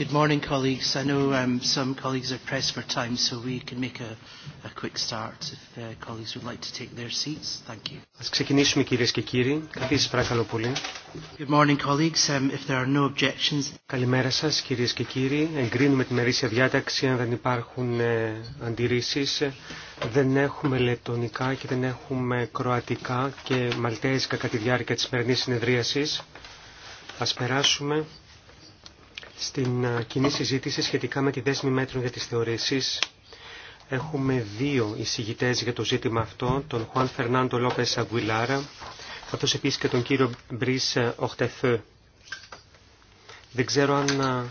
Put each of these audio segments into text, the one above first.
Good morning, colleagues. I know um, some colleagues are pressed for time, so we can make a, a quick start if uh, colleagues would like to take their seats. Thank you. ξεκινήσουμε, κυρίες και κύριοι. Καθίστε παρακαλώ πολύ. Good morning, colleagues. Um, if there are no objections. Καλημέρα σας, κυρίες και κύριοι. Εγκρίνουμε τη μερίσια διάταξη αν δεν υπάρχουν ε, αντιρρήσεις. Δεν έχουμε λετωνικά και δεν έχουμε κροατικά και μαλτέζικα κατά τη διάρκεια της σημερινής συνεδρίασης. Ας περάσουμε στην κοινή συζήτηση σχετικά με τη δέσμη μέτρων για τις θεωρήσεις έχουμε δύο εισηγητές για το ζήτημα αυτό, τον Χουάν Φερνάντο Λόπες Αγκουιλάρα, καθώς επίσης και τον κύριο Μπρίς ε, Οχτεφέ. Δεν ξέρω αν...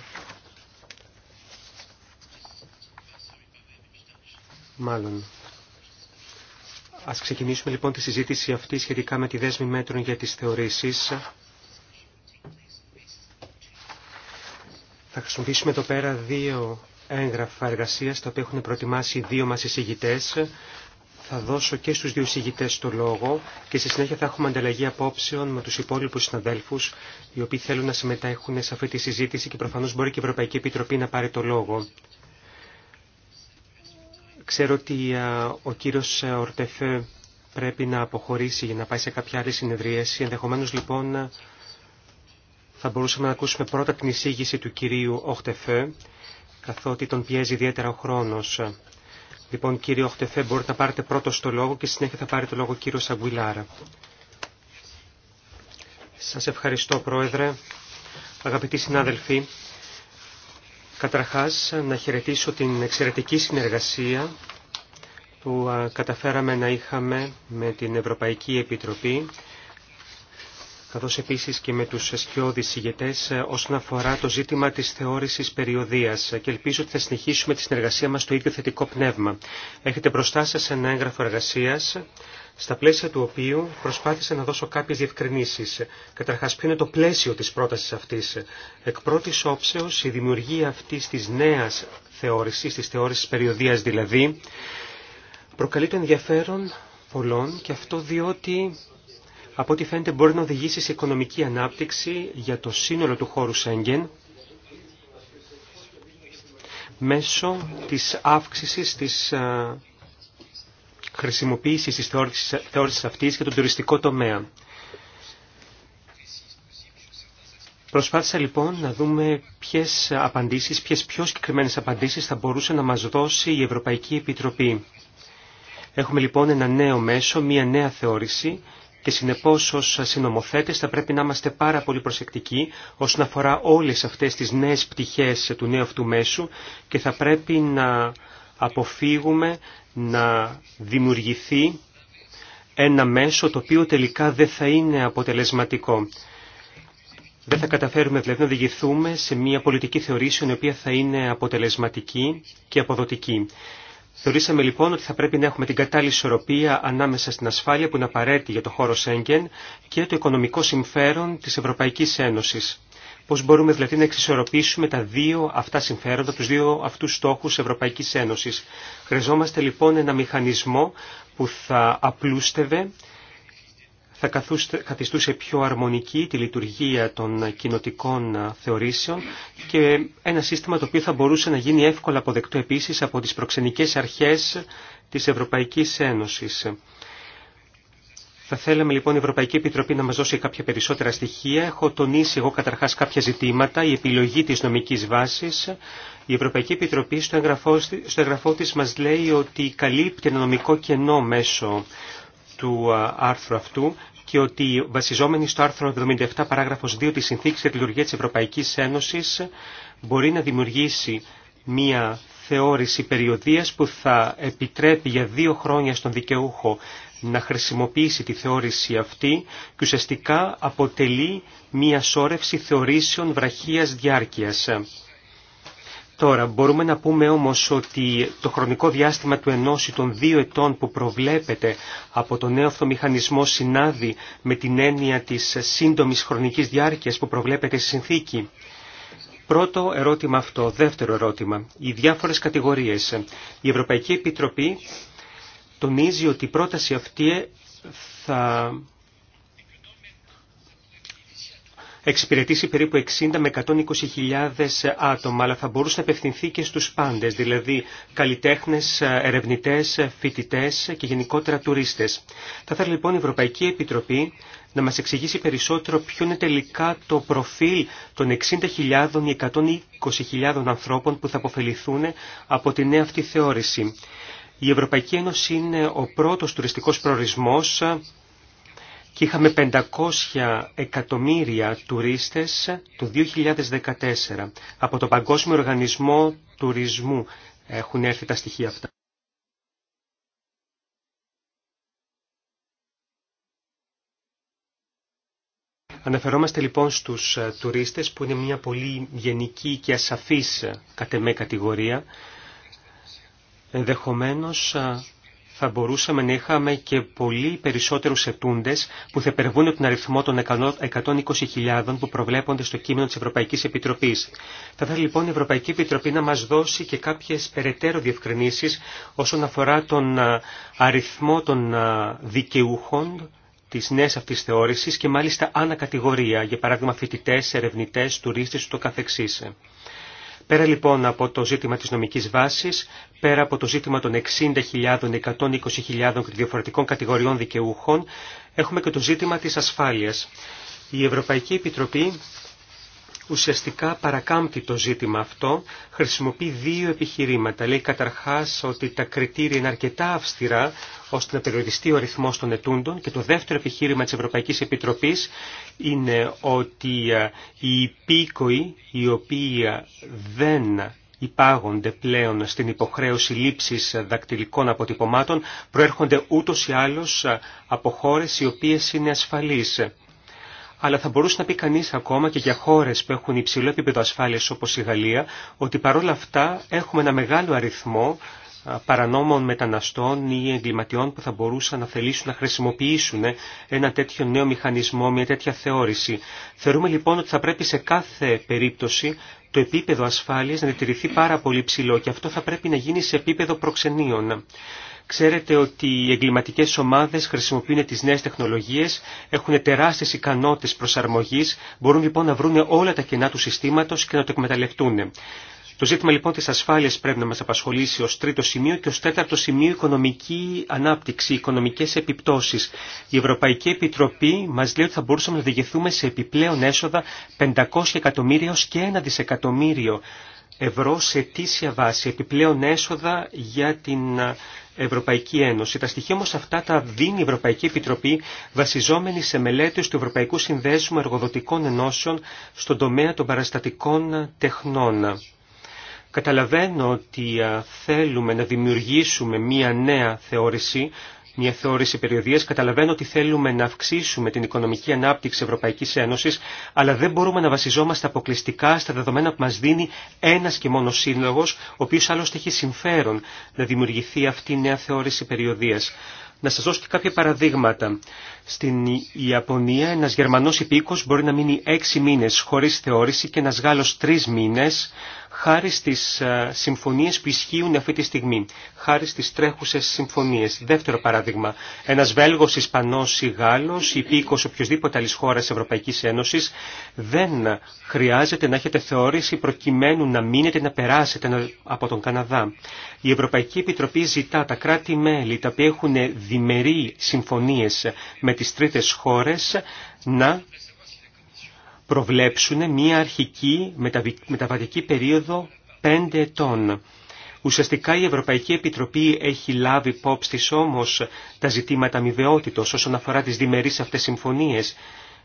Μάλλον. Ας ξεκινήσουμε λοιπόν τη συζήτηση αυτή σχετικά με τη δέσμη μέτρων για τις θεωρήσεις. Θα χρησιμοποιήσουμε εδώ πέρα δύο έγγραφα εργασία τα οποία έχουν προετοιμάσει δύο μα εισηγητέ. Θα δώσω και στου δύο εισηγητέ το λόγο και στη συνέχεια θα έχουμε ανταλλαγή απόψεων με του υπόλοιπου συναδέλφου, οι οποίοι θέλουν να συμμετέχουν σε αυτή τη συζήτηση και προφανώ μπορεί και η Ευρωπαϊκή Επιτροπή να πάρει το λόγο. Ξέρω ότι ο κύριο Ορτεφέ πρέπει να αποχωρήσει για να πάει σε κάποια άλλη συνεδρίαση. Ενδεχομένω λοιπόν θα μπορούσαμε να ακούσουμε πρώτα την εισήγηση του κυρίου Οχτεφέ, καθότι τον πιέζει ιδιαίτερα ο χρόνος. Λοιπόν, κύριε Οχτεφέ, μπορείτε να πάρετε πρώτο το λόγο και συνέχεια θα πάρει το λόγο κύριο Σαγκουιλάρα. Σας ευχαριστώ, Πρόεδρε. Αγαπητοί συνάδελφοι, καταρχάς να χαιρετήσω την εξαιρετική συνεργασία που καταφέραμε να είχαμε με την Ευρωπαϊκή Επιτροπή καθώς επίσης και με τους σκιώδεις ηγετές ε, όσον αφορά το ζήτημα της θεώρησης περιοδίας ε, και ελπίζω ότι θα συνεχίσουμε τη συνεργασία μας στο ίδιο θετικό πνεύμα. Έχετε μπροστά σας ένα έγγραφο εργασίας στα πλαίσια του οποίου προσπάθησα να δώσω κάποιε διευκρινήσει. Καταρχά, ποιο είναι το πλαίσιο τη πρόταση αυτή. Εκ πρώτη όψεω, η δημιουργία αυτή τη νέα θεώρηση, τη θεώρηση περιοδία δηλαδή, προκαλεί το ενδιαφέρον πολλών και αυτό διότι από ό,τι φαίνεται μπορεί να οδηγήσει σε οικονομική ανάπτυξη για το σύνολο του χώρου Σέγγεν μέσω της αύξησης της ε, χρησιμοποίησης της θεώρησης αυτής για τον τουριστικό τομέα. Προσπάθησα λοιπόν να δούμε ποιες απαντήσεις, ποιες πιο συγκεκριμένες απαντήσεις θα μπορούσε να μας δώσει η Ευρωπαϊκή Επιτροπή. Έχουμε λοιπόν ένα νέο μέσο, μία νέα θεώρηση, και συνεπώς ως συνομοθέτες θα πρέπει να είμαστε πάρα πολύ προσεκτικοί όσον αφορά όλες αυτές τις νέες πτυχές του νέου αυτού μέσου και θα πρέπει να αποφύγουμε να δημιουργηθεί ένα μέσο το οποίο τελικά δεν θα είναι αποτελεσματικό. Δεν θα καταφέρουμε δηλαδή να οδηγηθούμε σε μια πολιτική θεωρήσεων η οποία θα είναι αποτελεσματική και αποδοτική. Θεωρήσαμε λοιπόν ότι θα πρέπει να έχουμε την κατάλληλη ισορροπία ανάμεσα στην ασφάλεια που είναι απαραίτητη για το χώρο Σέγγεν και το οικονομικό συμφέρον της Ευρωπαϊκής Ένωσης. Πώς μπορούμε δηλαδή να εξισορροπήσουμε τα δύο αυτά συμφέροντα, τους δύο αυτούς στόχους Ευρωπαϊκής Ένωσης. Χρειαζόμαστε λοιπόν ένα μηχανισμό που θα απλούστευε θα καθιστούσε πιο αρμονική τη λειτουργία των κοινοτικών θεωρήσεων και ένα σύστημα το οποίο θα μπορούσε να γίνει εύκολα αποδεκτό επίσης από τις προξενικές αρχές της Ευρωπαϊκής Ένωσης. Θα θέλαμε λοιπόν η Ευρωπαϊκή Επιτροπή να μας δώσει κάποια περισσότερα στοιχεία. Έχω τονίσει εγώ καταρχάς κάποια ζητήματα, η επιλογή της νομικής βάσης. Η Ευρωπαϊκή Επιτροπή στο εγγραφό, στο μα της μας λέει ότι καλύπτει ένα νομικό κενό μέσω του άρθρου αυτού και ότι βασιζόμενοι στο άρθρο 77 παράγραφος 2 της Συνθήκης για τη Λειτουργία της Ευρωπαϊκής Ένωσης μπορεί να δημιουργήσει μία θεώρηση περιοδίας που θα επιτρέπει για δύο χρόνια στον δικαιούχο να χρησιμοποιήσει τη θεώρηση αυτή και ουσιαστικά αποτελεί μία σώρευση θεωρήσεων βραχίας διάρκειας. Τώρα, μπορούμε να πούμε όμως ότι το χρονικό διάστημα του ενός ή των δύο ετών που προβλέπεται από το νέο αυτό μηχανισμό συνάδει με την έννοια της σύντομης χρονικής διάρκειας που προβλέπεται στη συνθήκη. Πρώτο ερώτημα αυτό. Δεύτερο ερώτημα. Οι διάφορες κατηγορίες. Η Ευρωπαϊκή Επιτροπή τονίζει ότι η πρόταση αυτή θα εξυπηρετήσει περίπου 60 με 120.000 άτομα, αλλά θα μπορούσε να απευθυνθεί και στους πάντες, δηλαδή καλλιτέχνες, ερευνητές, φοιτητές και γενικότερα τουρίστες. Θα ήθελα λοιπόν η Ευρωπαϊκή Επιτροπή να μας εξηγήσει περισσότερο ποιο είναι τελικά το προφίλ των 60.000 ή 120.000 ανθρώπων που θα αποφεληθούν από την νέα αυτή θεώρηση. Η Ευρωπαϊκή Ένωση είναι ο πρώτος τουριστικός προορισμός και είχαμε 500 εκατομμύρια τουρίστες το 2014. Από το Παγκόσμιο Οργανισμό Τουρισμού έχουν έρθει τα στοιχεία αυτά. Αναφερόμαστε λοιπόν στους ε, τουρίστες που είναι μια πολύ γενική και ασαφής ε, κατεμέ κατηγορία. Ενδεχομένως ε, θα μπορούσαμε να είχαμε και πολύ περισσότερους ετούντες που θα υπερβούν τον αριθμό των 120.000 που προβλέπονται στο κείμενο της Ευρωπαϊκής Επιτροπής. Θα θέλει λοιπόν η Ευρωπαϊκή Επιτροπή να μας δώσει και κάποιες περαιτέρω διευκρινήσεις όσον αφορά τον αριθμό των δικαιούχων της νέας αυτής θεώρησης και μάλιστα ανακατηγορία, για παράδειγμα φοιτητές, ερευνητές, τουρίστες το καθεξής. Πέρα λοιπόν από το ζήτημα της νομικής βάσης, πέρα από το ζήτημα των 60.000, 120.000 και διαφορετικών κατηγοριών δικαιούχων, έχουμε και το ζήτημα της ασφάλειας. Η Ευρωπαϊκή Επιτροπή ουσιαστικά παρακάμπτει το ζήτημα αυτό, χρησιμοποιεί δύο επιχειρήματα. Λέει καταρχάς ότι τα κριτήρια είναι αρκετά αυστηρά ώστε να περιοριστεί ο αριθμός των ετούντων και το δεύτερο επιχείρημα της Ευρωπαϊκής Επιτροπής είναι ότι οι υπήκοοι οι οποίοι δεν υπάγονται πλέον στην υποχρέωση λήψης δακτυλικών αποτυπωμάτων προέρχονται ούτως ή άλλως από χώρες οι οποίες είναι ασφαλείς αλλά θα μπορούσε να πει κανεί ακόμα και για χώρε που έχουν υψηλό επίπεδο ασφάλεια όπω η Γαλλία, ότι παρόλα αυτά έχουμε ένα μεγάλο αριθμό παρανόμων μεταναστών ή εγκληματιών που θα μπορούσαν να θελήσουν να χρησιμοποιήσουν ε, ένα τέτοιο νέο μηχανισμό, μια τέτοια θεώρηση. Θεωρούμε λοιπόν ότι θα πρέπει σε κάθε περίπτωση το επίπεδο ασφάλειας να διατηρηθεί πάρα πολύ ψηλό και αυτό θα πρέπει να γίνει σε επίπεδο προξενείων. Ξέρετε ότι οι εγκληματικές ομάδες χρησιμοποιούν τις νέες τεχνολογίες, έχουν τεράστιες ικανότητες προσαρμογής, μπορούν λοιπόν να βρουν όλα τα κενά του συστήματος και να το εκμεταλλευτούν. Το ζήτημα λοιπόν της ασφάλειας πρέπει να μας απασχολήσει ως τρίτο σημείο και ως τέταρτο σημείο οικονομική ανάπτυξη, οικονομικές επιπτώσεις. Η Ευρωπαϊκή Επιτροπή μας λέει ότι θα μπορούσαμε να διηγηθούμε σε επιπλέον έσοδα 500 εκατομμύρια ως και 1 δισεκατομμύριο ευρώ σε τήσια βάση, επιπλέον έσοδα για την Ευρωπαϊκή Ένωση. Τα στοιχεία όμω αυτά τα δίνει η Ευρωπαϊκή Επιτροπή βασιζόμενη σε μελέτες του Ευρωπαϊκού Συνδέσμου Εργοδοτικών Ενώσεων στον τομέα των παραστατικών τεχνών. Καταλαβαίνω ότι θέλουμε να δημιουργήσουμε μία νέα θεώρηση μια θεώρηση περιοδίας. Καταλαβαίνω ότι θέλουμε να αυξήσουμε την οικονομική ανάπτυξη Ευρωπαϊκής Ένωσης, αλλά δεν μπορούμε να βασιζόμαστε αποκλειστικά στα δεδομένα που μας δίνει ένας και μόνος σύλλογος, ο οποίος άλλωστε έχει συμφέρον να δημιουργηθεί αυτή η νέα θεώρηση περιοδίας. Να σας δώσω και κάποια παραδείγματα. Στην Ιαπωνία ένας Γερμανός υπήκος μπορεί να μείνει έξι μήνες χωρίς θεώρηση και ένα Γάλλος τρει μήνες χάρη στις ε, συμφωνίες που ισχύουν αυτή τη στιγμή, χάρη στις τρέχουσες συμφωνίες. Δεύτερο παράδειγμα, ένας Βέλγος, Ισπανός ή Γάλλος, υπήκος οποιοδήποτε άλλη χώρας Ευρωπαϊκής Ένωσης, δεν χρειάζεται να έχετε θεώρηση προκειμένου να μείνετε να περάσετε από τον Καναδά. Η γαλλος υπηκος οποιοδηποτε αλλης χωρας ευρωπαικης ενωσης δεν Επιτροπή ζητά τα κράτη-μέλη τα οποία έχουν διμερεί συμφωνίες με τις τρίτες χώρες να προβλέψουν μία αρχική μεταβατική περίοδο πέντε ετών. Ουσιαστικά η Ευρωπαϊκή Επιτροπή έχει λάβει υπόψη όμως τα ζητήματα αμοιβαιότητος όσον αφορά τις διμερείς αυτές συμφωνίες.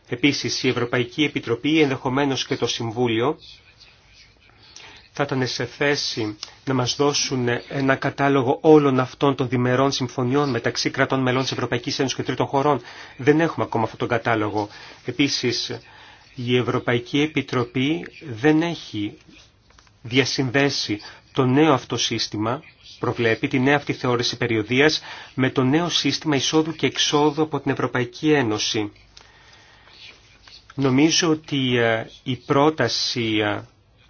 Επίσης η Ευρωπαϊκή Επιτροπή, ενδεχομένως και το Συμβούλιο, θα ήταν σε θέση να μας δώσουν ένα κατάλογο όλων αυτών των διμερών συμφωνιών μεταξύ κρατών μελών της Ευρωπαϊκής Ένωσης και τρίτων χωρών. Δεν έχουμε ακόμα αυτόν τον κατάλογο. Επίσης, η Ευρωπαϊκή Επιτροπή δεν έχει διασυνδέσει το νέο αυτό σύστημα, προβλέπει τη νέα αυτή θεώρηση περιοδίας, με το νέο σύστημα εισόδου και εξόδου από την Ευρωπαϊκή Ένωση. Νομίζω ότι ε, η πρόταση ε,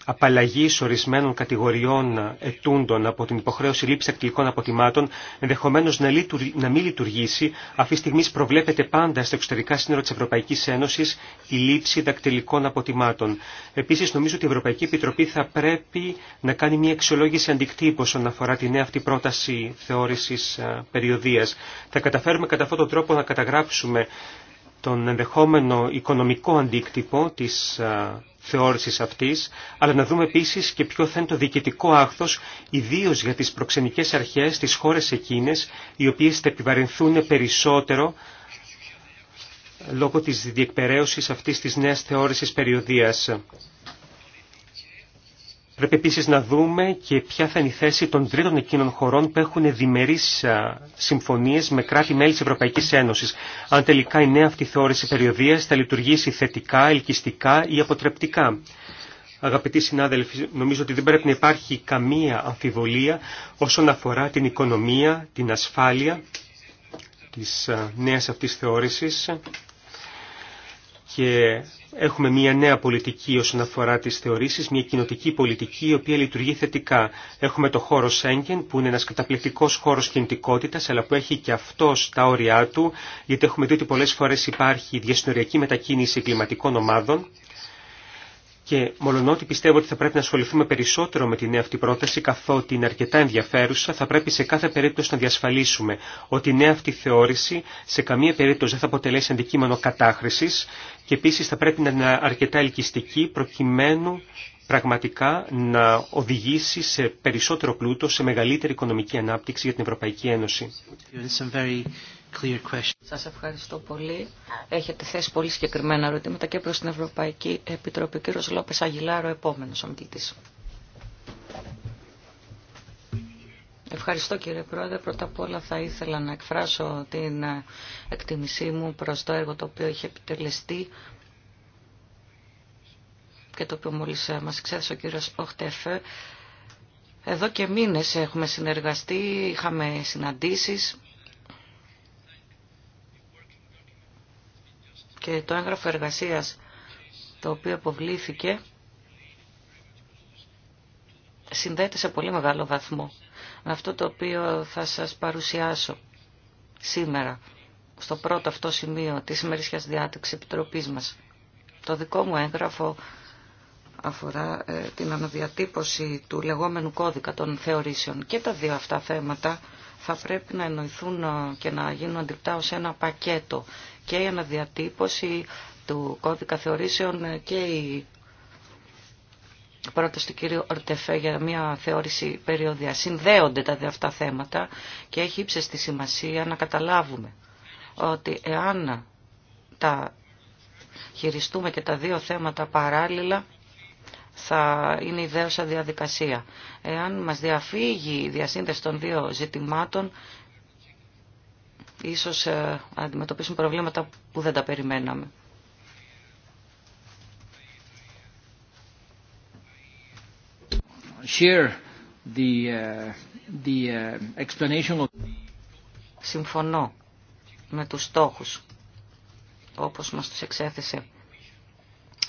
απαλλαγή ορισμένων κατηγοριών ετούντων από την υποχρέωση λήψη ακτιλικών αποτιμάτων ενδεχομένω να μην λειτουργήσει. Αυτή τη στιγμή προβλέπεται πάντα στα εξωτερικά σύνορα τη Ευρωπαϊκή Ένωση η λήψη δακτυλικών αποτιμάτων. Επίση, νομίζω ότι η Ευρωπαϊκή Επιτροπή θα πρέπει να κάνει μια αξιολόγηση αντικτύπωση όσον αφορά τη νέα αυτή πρόταση θεώρηση ε, περιοδία. Θα καταφέρουμε κατά αυτόν τον τρόπο να καταγράψουμε τον ενδεχόμενο οικονομικό αντίκτυπο της ε, θεώρησης αυτής, αλλά να δούμε επίσης και ποιο θα είναι το διοικητικό άχθος, ιδίως για τις προξενικές αρχές στις χώρες εκείνες, οι οποίες θα επιβαρυνθούν περισσότερο λόγω της διεκπαιρέωσης αυτής της νέας θεώρησης περιοδίας. Πρέπει επίσης να δούμε και ποια θα είναι η θέση των τρίτων εκείνων χωρών που έχουν διμερείς συμφωνίες με κράτη-μέλη της Ευρωπαϊκής Ένωσης. Αν τελικά η νέα αυτή θεώρηση περιοδίας θα λειτουργήσει θετικά, ελκυστικά ή αποτρεπτικά. Αγαπητοί συνάδελφοι, νομίζω ότι δεν πρέπει να υπάρχει καμία αμφιβολία όσον αφορά την οικονομία, την ασφάλεια της νέας αυτής θεώρησης και Έχουμε μια νέα πολιτική όσον αφορά τις θεωρήσεις, μια κοινοτική πολιτική η οποία λειτουργεί θετικά. Έχουμε το χώρο Σέγγεν που είναι ένας καταπληκτικός χώρος κινητικότητας αλλά που έχει και αυτό τα όρια του γιατί έχουμε δει ότι πολλές φορές υπάρχει διασυνοριακή μετακίνηση κλιματικών ομάδων και μολονότι πιστεύω ότι θα πρέπει να ασχοληθούμε περισσότερο με την νέα αυτή πρόταση, καθότι είναι αρκετά ενδιαφέρουσα, θα πρέπει σε κάθε περίπτωση να διασφαλίσουμε ότι η νέα αυτή θεώρηση σε καμία περίπτωση δεν θα αποτελέσει αντικείμενο κατάχρηση και επίση θα πρέπει να είναι αρκετά ελκυστική προκειμένου πραγματικά να οδηγήσει σε περισσότερο πλούτο, σε μεγαλύτερη οικονομική ανάπτυξη για την Ευρωπαϊκή Ένωση clear Σας ευχαριστώ πολύ. Έχετε θέσει πολύ συγκεκριμένα ερωτήματα και προς την Ευρωπαϊκή Επιτροπή. Κύριο Λόπες Αγιλάρο, επόμενος ομιλητής. Ευχαριστώ κύριε Πρόεδρε. Πρώτα απ' όλα θα ήθελα να εκφράσω την εκτιμησή μου προς το έργο το οποίο έχει επιτελεστεί και το οποίο μόλις μας εξέθεσε ο κύριος Οχτεφέ. Εδώ και μήνες έχουμε συνεργαστεί, είχαμε συναντήσεις και το έγγραφο εργασίας το οποίο αποβλήθηκε συνδέεται σε πολύ μεγάλο βαθμό με αυτό το οποίο θα σας παρουσιάσω σήμερα στο πρώτο αυτό σημείο της ημερήσιας διάταξης επιτροπής μας. Το δικό μου έγγραφο αφορά ε, την αναδιατύπωση του λεγόμενου κώδικα των θεωρήσεων. Και τα δύο αυτά θέματα θα πρέπει να εννοηθούν ε, και να γίνουν αντιπτά ως ένα πακέτο και η αναδιατύπωση του κώδικα θεωρήσεων και η πρόταση του κυρίου Ορτεφέ για μια θεώρηση περιοδία. Συνδέονται τα δύο αυτά θέματα και έχει στη σημασία να καταλάβουμε ότι εάν τα χειριστούμε και τα δύο θέματα παράλληλα, θα είναι ιδέωσα διαδικασία. Εάν μας διαφύγει η διασύνδεση των δύο ζητημάτων, ίσως ε, αντιμετωπίσουν προβλήματα που δεν τα περιμέναμε. Share the, uh, the uh, explanation of... Συμφωνώ με τους στόχους, όπως μας τους εξέθεσε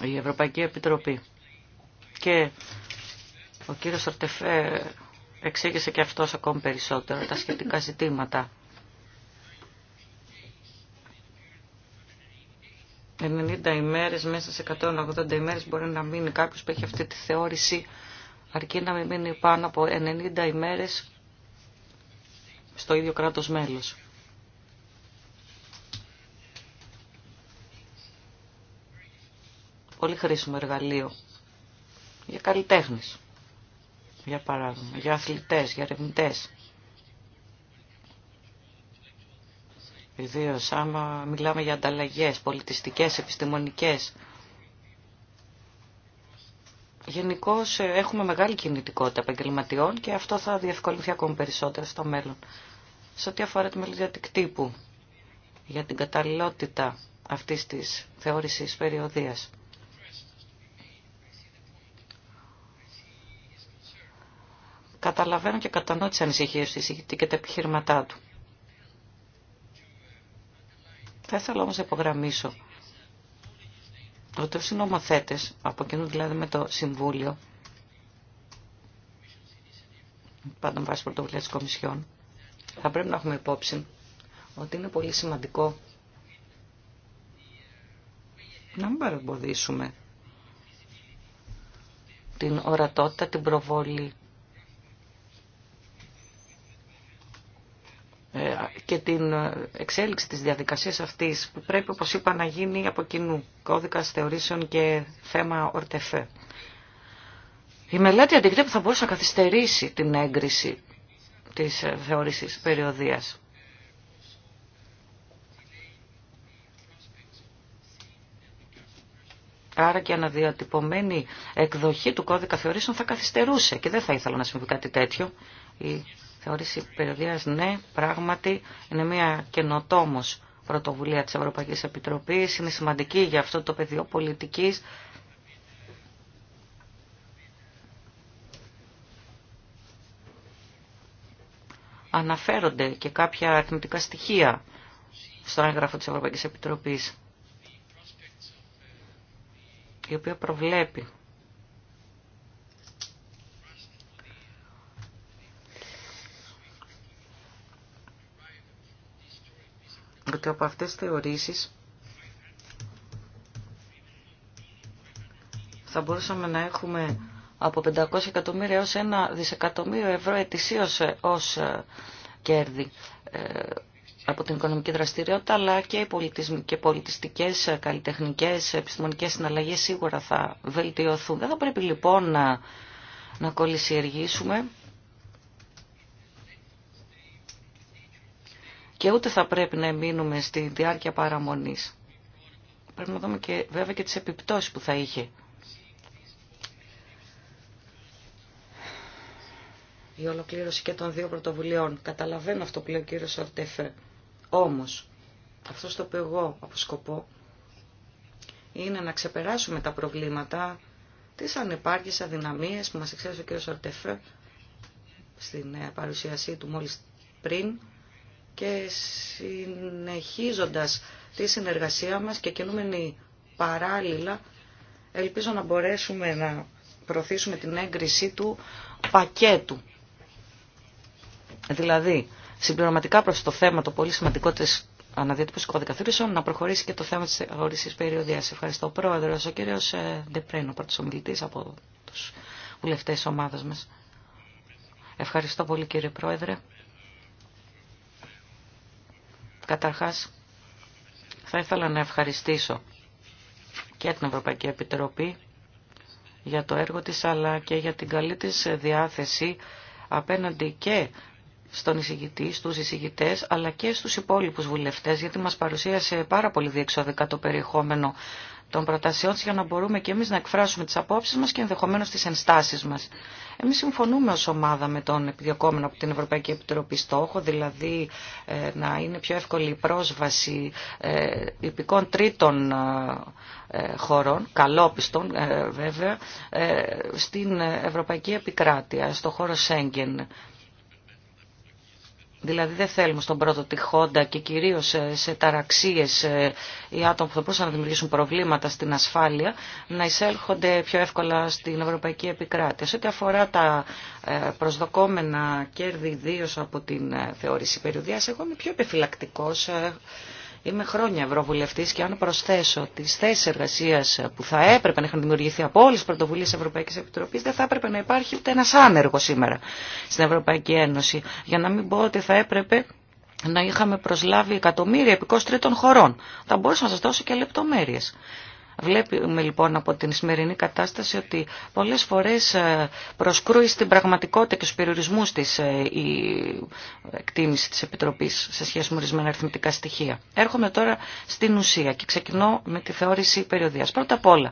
η Ευρωπαϊκή Επιτροπή. Και ο κύριος Ορτεφέ εξήγησε και αυτός ακόμη περισσότερο τα σχετικά ζητήματα 90 ημέρες μέσα σε 180 ημέρες μπορεί να μείνει κάποιος που έχει αυτή τη θεώρηση αρκεί να μην μείνει πάνω από 90 ημέρες στο ίδιο κράτος μέλος. Πολύ χρήσιμο εργαλείο για καλλιτέχνες, για παράδειγμα, για αθλητές, για ερευνητέ. Ιδίω άμα μιλάμε για ανταλλαγές πολιτιστικές, επιστημονικές. Γενικώ έχουμε μεγάλη κινητικότητα επαγγελματιών και αυτό θα διευκολυνθεί ακόμη περισσότερο στο μέλλον. Σε ό,τι αφορά τη μελλοντική τύπου για την καταλληλότητα αυτής της θεώρησης περιοδίας. Καταλαβαίνω και κατανοώ τις ανησυχίες της και τα επιχείρηματά του. Θα ήθελα όμως να υπογραμμίσω ότι όσοι νομοθέτες, από κοινού δηλαδή με το Συμβούλιο, πάντα βάση πρωτοβουλία της Κομισιόν, θα πρέπει να έχουμε υπόψη ότι είναι πολύ σημαντικό να μην παρεμποδίσουμε την ορατότητα, την προβολή Ε, και την εξέλιξη της διαδικασίας αυτής που πρέπει όπως είπα να γίνει από κοινού κώδικας θεωρήσεων και θέμα ορτεφέ. Η μελέτη αντικτύπου θα μπορούσε να καθυστερήσει την έγκριση της θεώρησης περιοδίας. Άρα και αναδιατυπωμένη εκδοχή του κώδικα θεωρήσεων θα καθυστερούσε και δεν θα ήθελα να συμβεί κάτι τέτοιο. Η Θεώρηση περιοδίας, ναι, πράγματι είναι μια καινοτόμος πρωτοβουλία της Ευρωπαϊκής Επιτροπής, είναι σημαντική για αυτό το πεδίο πολιτικής. Αναφέρονται και κάποια αριθμητικά στοιχεία στο έγγραφο της Ευρωπαϊκής Επιτροπής, η οποία προβλέπει ότι από αυτές τις θεωρήσεις θα μπορούσαμε να έχουμε από 500 εκατομμύρια έως 1 δισεκατομμύριο ευρώ ετησίως ε, ως ε, κέρδη ε, από την οικονομική δραστηριότητα, αλλά και πολιτισμικές, πολιτιστικές, καλλιτεχνικές, επιστημονικές συναλλαγές σίγουρα θα βελτιωθούν. Δεν θα πρέπει λοιπόν να, να κολλησιεργήσουμε και ούτε θα πρέπει να μείνουμε στη διάρκεια παραμονής. Πρέπει να δούμε και βέβαια και τις επιπτώσεις που θα είχε. Η ολοκλήρωση και των δύο πρωτοβουλειών. Καταλαβαίνω αυτό που λέει ο κύριος Σορτεφέ. Όμως, αυτό το οποίο εγώ αποσκοπώ είναι να ξεπεράσουμε τα προβλήματα, τις ανεπάρκειες αδυναμίες που μας εξέφερε ο κύριος στην ε, παρουσίασή του μόλις πριν και συνεχίζοντας τη συνεργασία μας και κινούμενη παράλληλα ελπίζω να μπορέσουμε να προωθήσουμε την έγκρισή του πακέτου. Δηλαδή, συμπληρωματικά προς το θέμα το πολύ σημαντικό της αναδιατύπωσης κωδικαθήρισεων, να προχωρήσει και το θέμα της αγορήσης περιοδίας. Ευχαριστώ πρόεδρος, ο κύριος ε, Ντεπρέν, ο πρώτος ομιλητής από τους βουλευτές ομάδας μας. Ευχαριστώ πολύ κύριε πρόεδρε. Καταρχάς, θα ήθελα να ευχαριστήσω και την Ευρωπαϊκή Επιτροπή για το έργο της, αλλά και για την καλή της διάθεση απέναντι και στον εισηγητή, στους εισηγητές, αλλά και στους υπόλοιπους βουλευτές, γιατί μας παρουσίασε πάρα πολύ διεξοδικά το περιεχόμενο των προτασιών για να μπορούμε και εμείς να εκφράσουμε τις απόψεις μας και ενδεχομένως τις ενστάσεις μας. Εμείς συμφωνούμε ως ομάδα με τον επιδιωκόμενο από την Ευρωπαϊκή Επιτροπή στόχο, δηλαδή ε, να είναι πιο εύκολη η πρόσβαση ε, τρίτων ε, ε, χωρών, καλόπιστων βέβαια, στην Ευρωπαϊκή Επικράτεια, στο χώρο Σέγγεν. Δηλαδή δεν θέλουμε στον πρώτο τυχόντα και κυρίως σε ταραξίες ε, οι άτομα που θα μπορούσαν να δημιουργήσουν προβλήματα στην ασφάλεια να εισέλχονται πιο εύκολα στην ευρωπαϊκή επικράτεια. Σε ό,τι αφορά τα ε, προσδοκόμενα κέρδη ιδίω από την ε, θεώρηση περιοδίας, εγώ είμαι πιο επιφυλακτικός. Είμαι χρόνια Ευρωβουλευτή και αν προσθέσω τι θέσει εργασία που θα έπρεπε να είχαν δημιουργηθεί από όλε τι πρωτοβουλίε τη Ευρωπαϊκή Επιτροπή, δεν θα έπρεπε να υπάρχει ούτε ένα άνεργο σήμερα στην Ευρωπαϊκή Ένωση. Για να μην πω ότι θα έπρεπε να είχαμε προσλάβει εκατομμύρια επικόστριτων χωρών. Θα μπορούσα να σα δώσω και λεπτομέρειε. Βλέπουμε λοιπόν από την σημερινή κατάσταση ότι πολλές φορές ε, προσκρούει στην πραγματικότητα και στους περιορισμούς της ε, η εκτίμηση της Επιτροπής σε σχέση με ορισμένα αριθμητικά στοιχεία. Έρχομαι τώρα στην ουσία και ξεκινώ με τη θεώρηση περιοδίας. Πρώτα απ' όλα,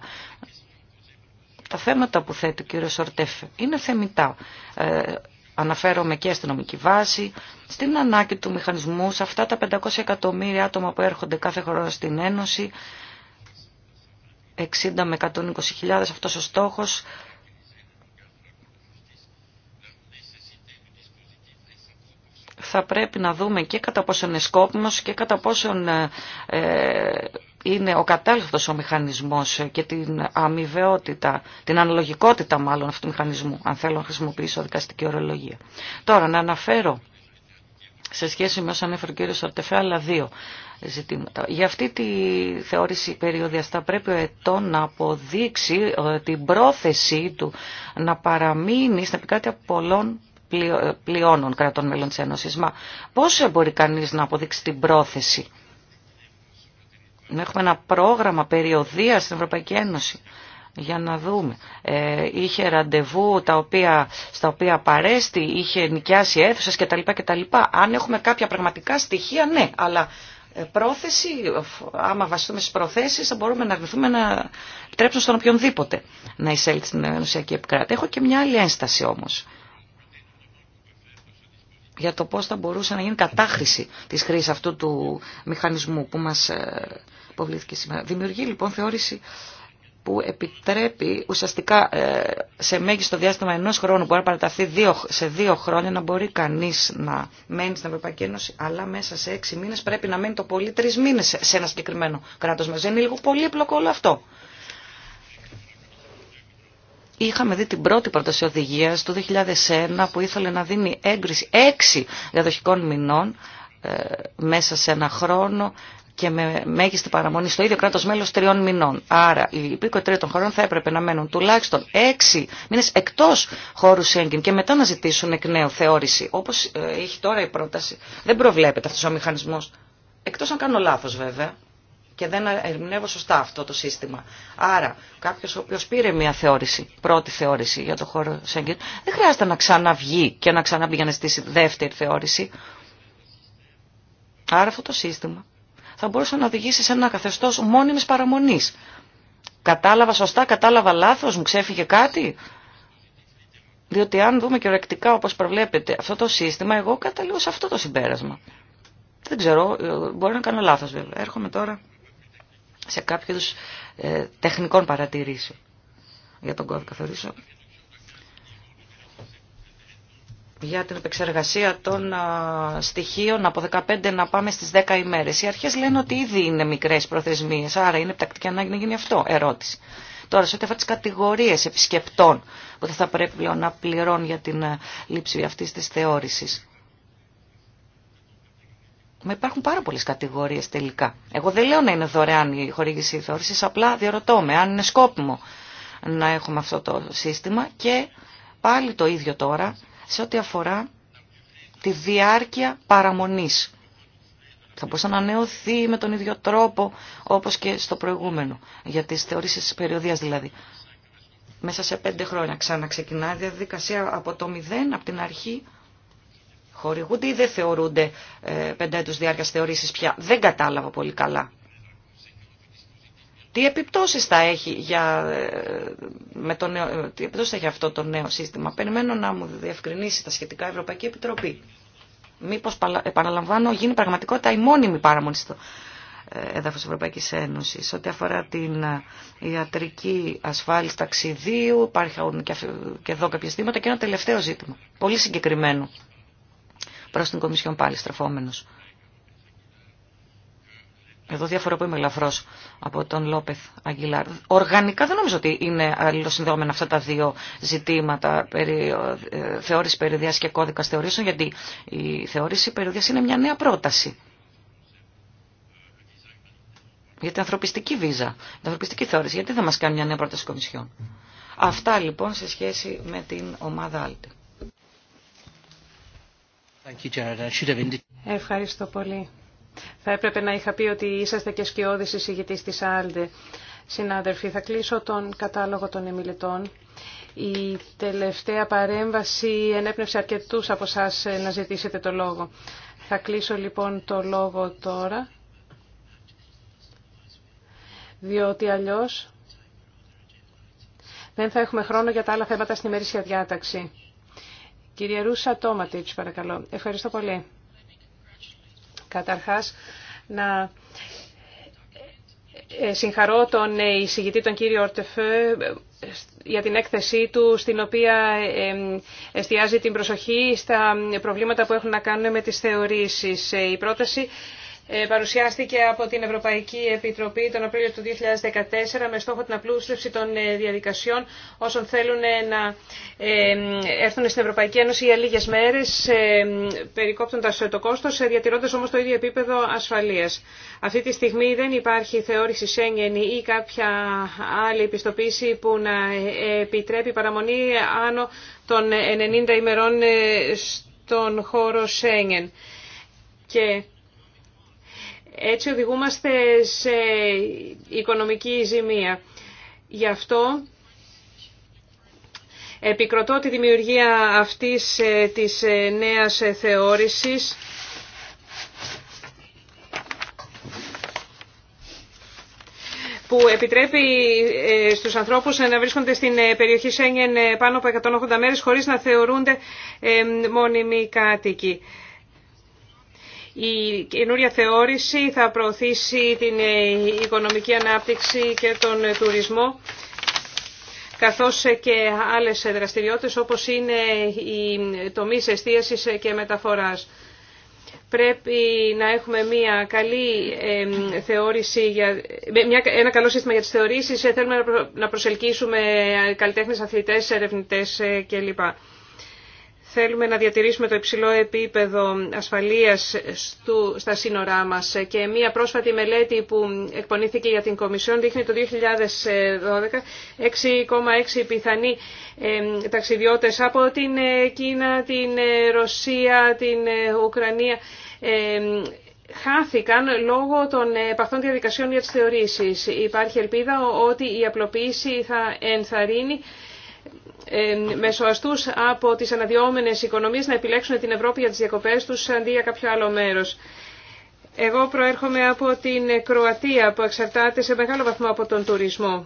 τα θέματα που θέτει ο κ. Σορτέφ είναι θεμητά. Ε, αναφέρομαι και στην νομική βάση, στην ανάγκη του μηχανισμού, σε αυτά τα 500 εκατομμύρια άτομα που έρχονται κάθε χρόνο στην Ένωση, 60 με 120.000 αυτός ο στόχος. Θα πρέπει να δούμε και κατά πόσο είναι σκόπιμος και κατά πόσον ε, ε, είναι ο κατάλληλος ο μηχανισμός και την αμοιβαιότητα, την αναλογικότητα μάλλον αυτού του μηχανισμού, αν θέλω να χρησιμοποιήσω δικαστική ορολογία. Τώρα, να αναφέρω σε σχέση με όσα ανέφερε ο κύριος αλλά δύο ζητήματα. Για αυτή τη θεώρηση περιοδιαστά πρέπει ο ετών να αποδείξει ε, την πρόθεσή του να παραμείνει στην επικράτεια πολλών ε, πλειώνων κρατών μέλων της Ένωσης. Μα Πώ μπορεί κανείς να αποδείξει την πρόθεση. Να έχουμε ένα πρόγραμμα περιοδία στην Ευρωπαϊκή Ένωση για να δούμε. Ε, είχε ραντεβού τα οποία, στα οποία παρέστη, είχε νοικιάσει αίθουσε κτλ, Αν έχουμε κάποια πραγματικά στοιχεία, ναι, αλλά ε, πρόθεση, άμα βασιστούμε στι προθέσει, θα μπορούμε να αρνηθούμε να επιτρέψουμε στον οποιονδήποτε να εισέλθει στην ενωσιακή επικράτη. Έχω και μια άλλη ένσταση όμω. για το πώς θα μπορούσε να γίνει κατάχρηση της χρήσης αυτού του μηχανισμού που μας ε, υποβλήθηκε σήμερα. Δημιουργεί λοιπόν θεώρηση που επιτρέπει ουσιαστικά ε, σε μέγιστο διάστημα ενός χρόνου, μπορεί να παραταθεί σε δύο χρόνια, να μπορεί κανείς να μένει στην Ευρωπαϊκή Ένωση, αλλά μέσα σε έξι μήνες πρέπει να μένει το πολύ τρει μήνες σε ένα συγκεκριμένο κράτος μας. Είναι λίγο πολύπλοκο όλο αυτό. Είχαμε δει την πρώτη πρόταση οδηγία του 2001 που ήθελε να δίνει έγκριση έξι διαδοχικών μηνών ε, μέσα σε ένα χρόνο και με μέγιστη παραμονή στο ίδιο κράτο μέλο τριών μηνών. Άρα, οι υπήκοοι τρίτων χωρών θα έπρεπε να μένουν τουλάχιστον έξι μήνε εκτό χώρου σέγγιν και μετά να ζητήσουν εκ νέου θεώρηση. Όπω ε, έχει τώρα η πρόταση, δεν προβλέπεται αυτό ο μηχανισμό. Εκτό αν κάνω λάθο βέβαια και δεν ερμηνεύω σωστά αυτό το σύστημα. Άρα, κάποιο ο οποίο πήρε μια θεώρηση, πρώτη θεώρηση για το χώρο σέγγιν δεν χρειάζεται να ξαναβγεί και να ξαναμπεί για να δεύτερη θεώρηση. Άρα αυτό το σύστημα θα μπορούσε να οδηγήσει σε ένα καθεστώ μόνιμη παραμονής. Κατάλαβα σωστά, κατάλαβα λάθος, μου ξέφυγε κάτι. Διότι αν δούμε και ορεκτικά όπως προβλέπετε αυτό το σύστημα, εγώ καταλήγω σε αυτό το συμπέρασμα. Δεν ξέρω, ε, μπορεί να κάνω λάθο, βέβαια. Έρχομαι τώρα σε κάποιους ε, τεχνικών παρατηρήσεων για τον κώδικα θεωρήσω για την επεξεργασία των στοιχείων από 15 να πάμε στις 10 ημέρες. Οι αρχές λένε ότι ήδη είναι μικρές προθεσμίες, άρα είναι πτακτική ανάγκη να γίνει αυτό, ερώτηση. Τώρα, σε ό,τι αφορά τις κατηγορίες επισκεπτών που θα πρέπει πλέον να πληρώνουν για την λήψη αυτής της θεώρησης. Μα υπάρχουν πάρα πολλέ κατηγορίε τελικά. Εγώ δεν λέω να είναι δωρεάν η χορήγηση θεώρησης απλά διαρωτώ με αν είναι σκόπιμο να έχουμε αυτό το σύστημα και πάλι το ίδιο τώρα σε ό,τι αφορά τη διάρκεια παραμονής. Θα μπορούσε να ανανεωθεί με τον ίδιο τρόπο όπως και στο προηγούμενο, για τις θεωρήσεις της περιοδίας δηλαδή. Μέσα σε πέντε χρόνια ξαναξεκινά η διαδικασία από το μηδέν, από την αρχή, χορηγούνται ή δεν θεωρούνται ε, έτους διάρκειας θεωρήσεις πια. Δεν κατάλαβα πολύ καλά τι επιπτώσεις θα έχει, για, ε, με το ε, τι επιπτώσεις θα έχει αυτό το νέο σύστημα. Περιμένω να μου διευκρινίσει τα σχετικά Ευρωπαϊκή Επιτροπή. Μήπως, επαναλαμβάνω, γίνει πραγματικότητα η μόνιμη παραμονή στο ε, έδαφος Ευρωπαϊκής Ένωσης. Ό,τι αφορά την ιατρική ασφάλιση ταξιδίου, υπάρχουν και εδώ κάποια ζητήματα και ένα τελευταίο ζήτημα, πολύ συγκεκριμένο προς την Κομισιόν πάλι στρεφόμενος. Εδώ είμαι ελαφρώ από τον Λόπεθ Αγγιλάρ. Οργανικά δεν νομίζω ότι είναι αλληλοσυνδεόμενα αυτά τα δύο ζητήματα, περί, ε, θεώρηση περιοδία και κώδικα θεωρήσεων, γιατί η θεώρηση περιοδία είναι μια νέα πρόταση. Για την ανθρωπιστική βίζα, την ανθρωπιστική θεώρηση. Γιατί δεν μα κάνει μια νέα πρόταση Κομισιόν. Αυτά λοιπόν σε σχέση με την ομάδα Άλτε. Ευχαριστώ πολύ. Θα έπρεπε να είχα πει ότι είσαστε και σκιώδης εισηγητής της Άλντε. Συνάδελφοι, θα κλείσω τον κατάλογο των εμιλητών. Η τελευταία παρέμβαση ενέπνευσε αρκετούς από εσά να ζητήσετε το λόγο. Θα κλείσω λοιπόν το λόγο τώρα, διότι αλλιώς δεν θα έχουμε χρόνο για τα άλλα θέματα στην ημερήσια διάταξη. Κυρία Ρούσα Τόματιτς, παρακαλώ. Ευχαριστώ πολύ. Καταρχάς, να ε, συγχαρώ τον εισηγητή, τον κύριο Ορτεφέ, για την έκθεσή του, στην οποία εστιάζει την προσοχή στα προβλήματα που έχουν να κάνουν με τις θεωρήσεις. Ε, η πρόταση ε, παρουσιάστηκε από την Ευρωπαϊκή Επιτροπή τον Απρίλιο του 2014 με στόχο την απλούστευση των ε, διαδικασιών όσων θέλουν ε, να έρθουν στην Ευρωπαϊκή Ένωση για λίγες μέρες περικόπτοντας το κόστος, διατηρώντας όμως το ίδιο επίπεδο ασφαλείας. Αυτή τη στιγμή δεν υπάρχει θεώρηση Σέγγεν ή κάποια άλλη επιστοποίηση που να επιτρέπει παραμονή άνω των 90 ημερών στον χώρο Σέγγεν. Και έτσι οδηγούμαστε σε οικονομική ζημία. Γι' αυτό επικροτώ τη δημιουργία αυτής ε, της ε, νέας ε, θεώρησης που επιτρέπει στους ανθρώπους να βρίσκονται στην περιοχή Σέγγεν πάνω από 180 μέρες χωρίς να θεωρούνται μόνιμοι κάτοικοι. Η καινούρια θεώρηση θα προωθήσει την ε, οικονομική ανάπτυξη και τον ε, τουρισμό καθώς ε, και άλλες δραστηριότητες όπως είναι οι τομείς εστίασης και μεταφοράς. Πρέπει να έχουμε μια καλή θεώρηση, για, ένα καλό σύστημα για τις θεωρήσεις. Θέλουμε να προσελκύσουμε καλλιτέχνες, αθλητές, ερευνητές κλπ. Θέλουμε να διατηρήσουμε το υψηλό επίπεδο ασφαλείας στα σύνορά μας και μία πρόσφατη μελέτη που εκπονήθηκε για την Κομισιόν δείχνει το 2012 6,6 πιθανοί ταξιδιώτες από την ε, Κίνα, την ε, Ρωσία, την ε, Ουκρανία χάθηκαν λόγω των επαυτών διαδικασιών για τις θεωρήσεις. Υπάρχει ελπίδα ότι η απλοποίηση θα ενθαρρύνει ε, μεσοαστούς από τι αναδυόμενε οικονομίες να επιλέξουν την Ευρώπη για τις διακοπέ τους αντί για κάποιο άλλο μέρο. Εγώ προέρχομαι από την Κροατία που εξαρτάται σε μεγάλο βαθμό από τον τουρισμό.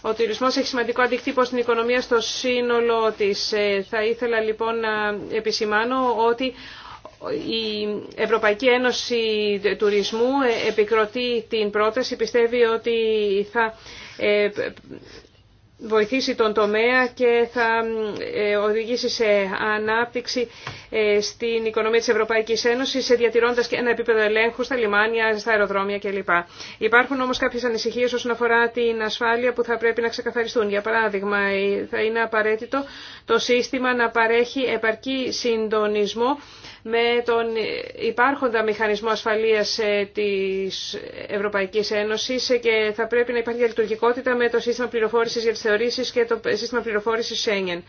Ο τουρισμός έχει σημαντικό αντικτύπο στην οικονομία στο σύνολό της. Ε, θα ήθελα λοιπόν να επισημάνω ότι η Ευρωπαϊκή Ένωση Τουρισμού ε, επικροτεί την πρόταση, πιστεύει ότι θα βοηθήσει τον τομέα και θα ε, οδηγήσει σε ανάπτυξη ε, στην οικονομία της Ευρωπαϊκής Ένωσης διατηρώντας και ένα επίπεδο ελέγχου στα λιμάνια, στα αεροδρόμια κλπ. Υπάρχουν όμως κάποιες ανησυχίες όσον αφορά την ασφάλεια που θα πρέπει να ξεκαθαριστούν. Για παράδειγμα, θα είναι απαραίτητο το σύστημα να παρέχει επαρκή συντονισμό με τον υπάρχοντα μηχανισμό ασφαλείας ε, της Ευρωπαϊκής Ένωσης ε, και θα πρέπει να υπάρχει λειτουργικότητα με το σύστημα πληροφόρησης για τις θεωρήσεις και το σύστημα πληροφόρησης Schengen.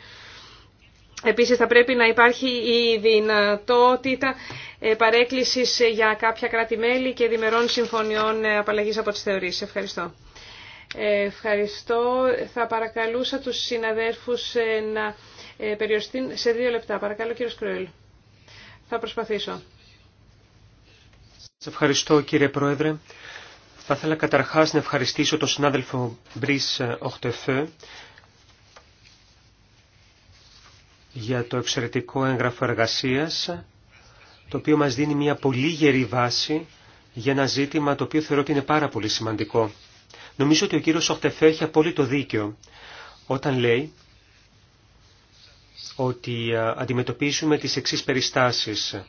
Επίσης θα πρέπει να υπάρχει η δυνατότητα ε, παρέκκλησης για κάποια κράτη-μέλη και διμερών συμφωνιών απαλλαγής από τις θεωρήσεις. Ευχαριστώ. Ευχαριστώ. Θα παρακαλούσα τους συναδέρφους να περιοριστούν σε δύο λεπτά. Παρακαλώ κύριο Σκρουέλ. Θα προσπαθήσω. Σας ευχαριστώ κύριε Πρόεδρε. Θα ήθελα καταρχάς να ευχαριστήσω τον συνάδελφο Μπρίς Οχτεφέ για το εξαιρετικό έγγραφο εργασίας, το οποίο μας δίνει μια πολύ γερή βάση για ένα ζήτημα το οποίο θεωρώ ότι είναι πάρα πολύ σημαντικό. Νομίζω ότι ο κύριος Οχτεφέ έχει απόλυτο δίκιο όταν λέει ότι ε, αντιμετωπίσουμε τις εξής περιστάσεις.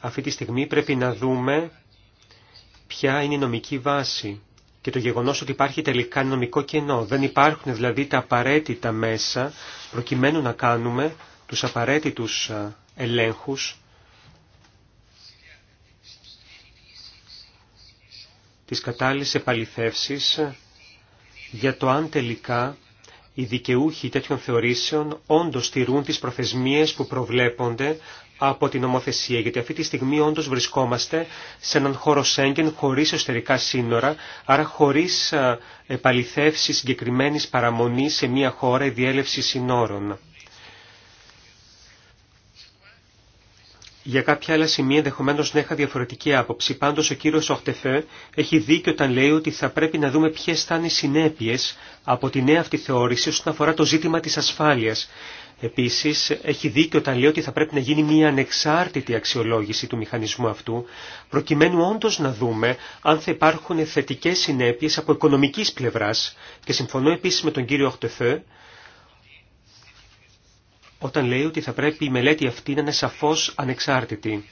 Αυτή τη στιγμή πρέπει να δούμε ποια είναι η νομική βάση και το γεγονός ότι υπάρχει τελικά νομικό κενό. Δεν υπάρχουν δηλαδή τα απαραίτητα μέσα προκειμένου να κάνουμε τους απαραίτητους ε, ελέγχους της κατάλληλες επαληθεύσεις για το αν τελικά οι δικαιούχοι τέτοιων θεωρήσεων όντως τηρούν τις προθεσμίες που προβλέπονται από την νομοθεσία, γιατί αυτή τη στιγμή όντως βρισκόμαστε σε έναν χώρο Σέγγεν χωρίς εσωτερικά σύνορα, άρα χωρίς ε, επαληθεύση συγκεκριμένης παραμονής σε μια χώρα η διέλευση συνόρων. για κάποια άλλα σημεία ενδεχομένω να είχα διαφορετική άποψη. Πάντω ο κύριο Οχτεφέ έχει δίκιο όταν λέει ότι θα πρέπει να δούμε ποιε θα είναι οι συνέπειε από τη νέα αυτή θεώρηση όσον αφορά το ζήτημα τη ασφάλεια. Επίση, έχει δίκιο όταν λέει ότι θα πρέπει να γίνει μια ανεξάρτητη αξιολόγηση του μηχανισμού αυτού, προκειμένου όντω να δούμε αν θα υπάρχουν θετικέ συνέπειε από οικονομική πλευρά. Και συμφωνώ επίση με τον κύριο Οχτεφέ όταν λέει ότι θα πρέπει η μελέτη αυτή να είναι σαφώς ανεξάρτητη.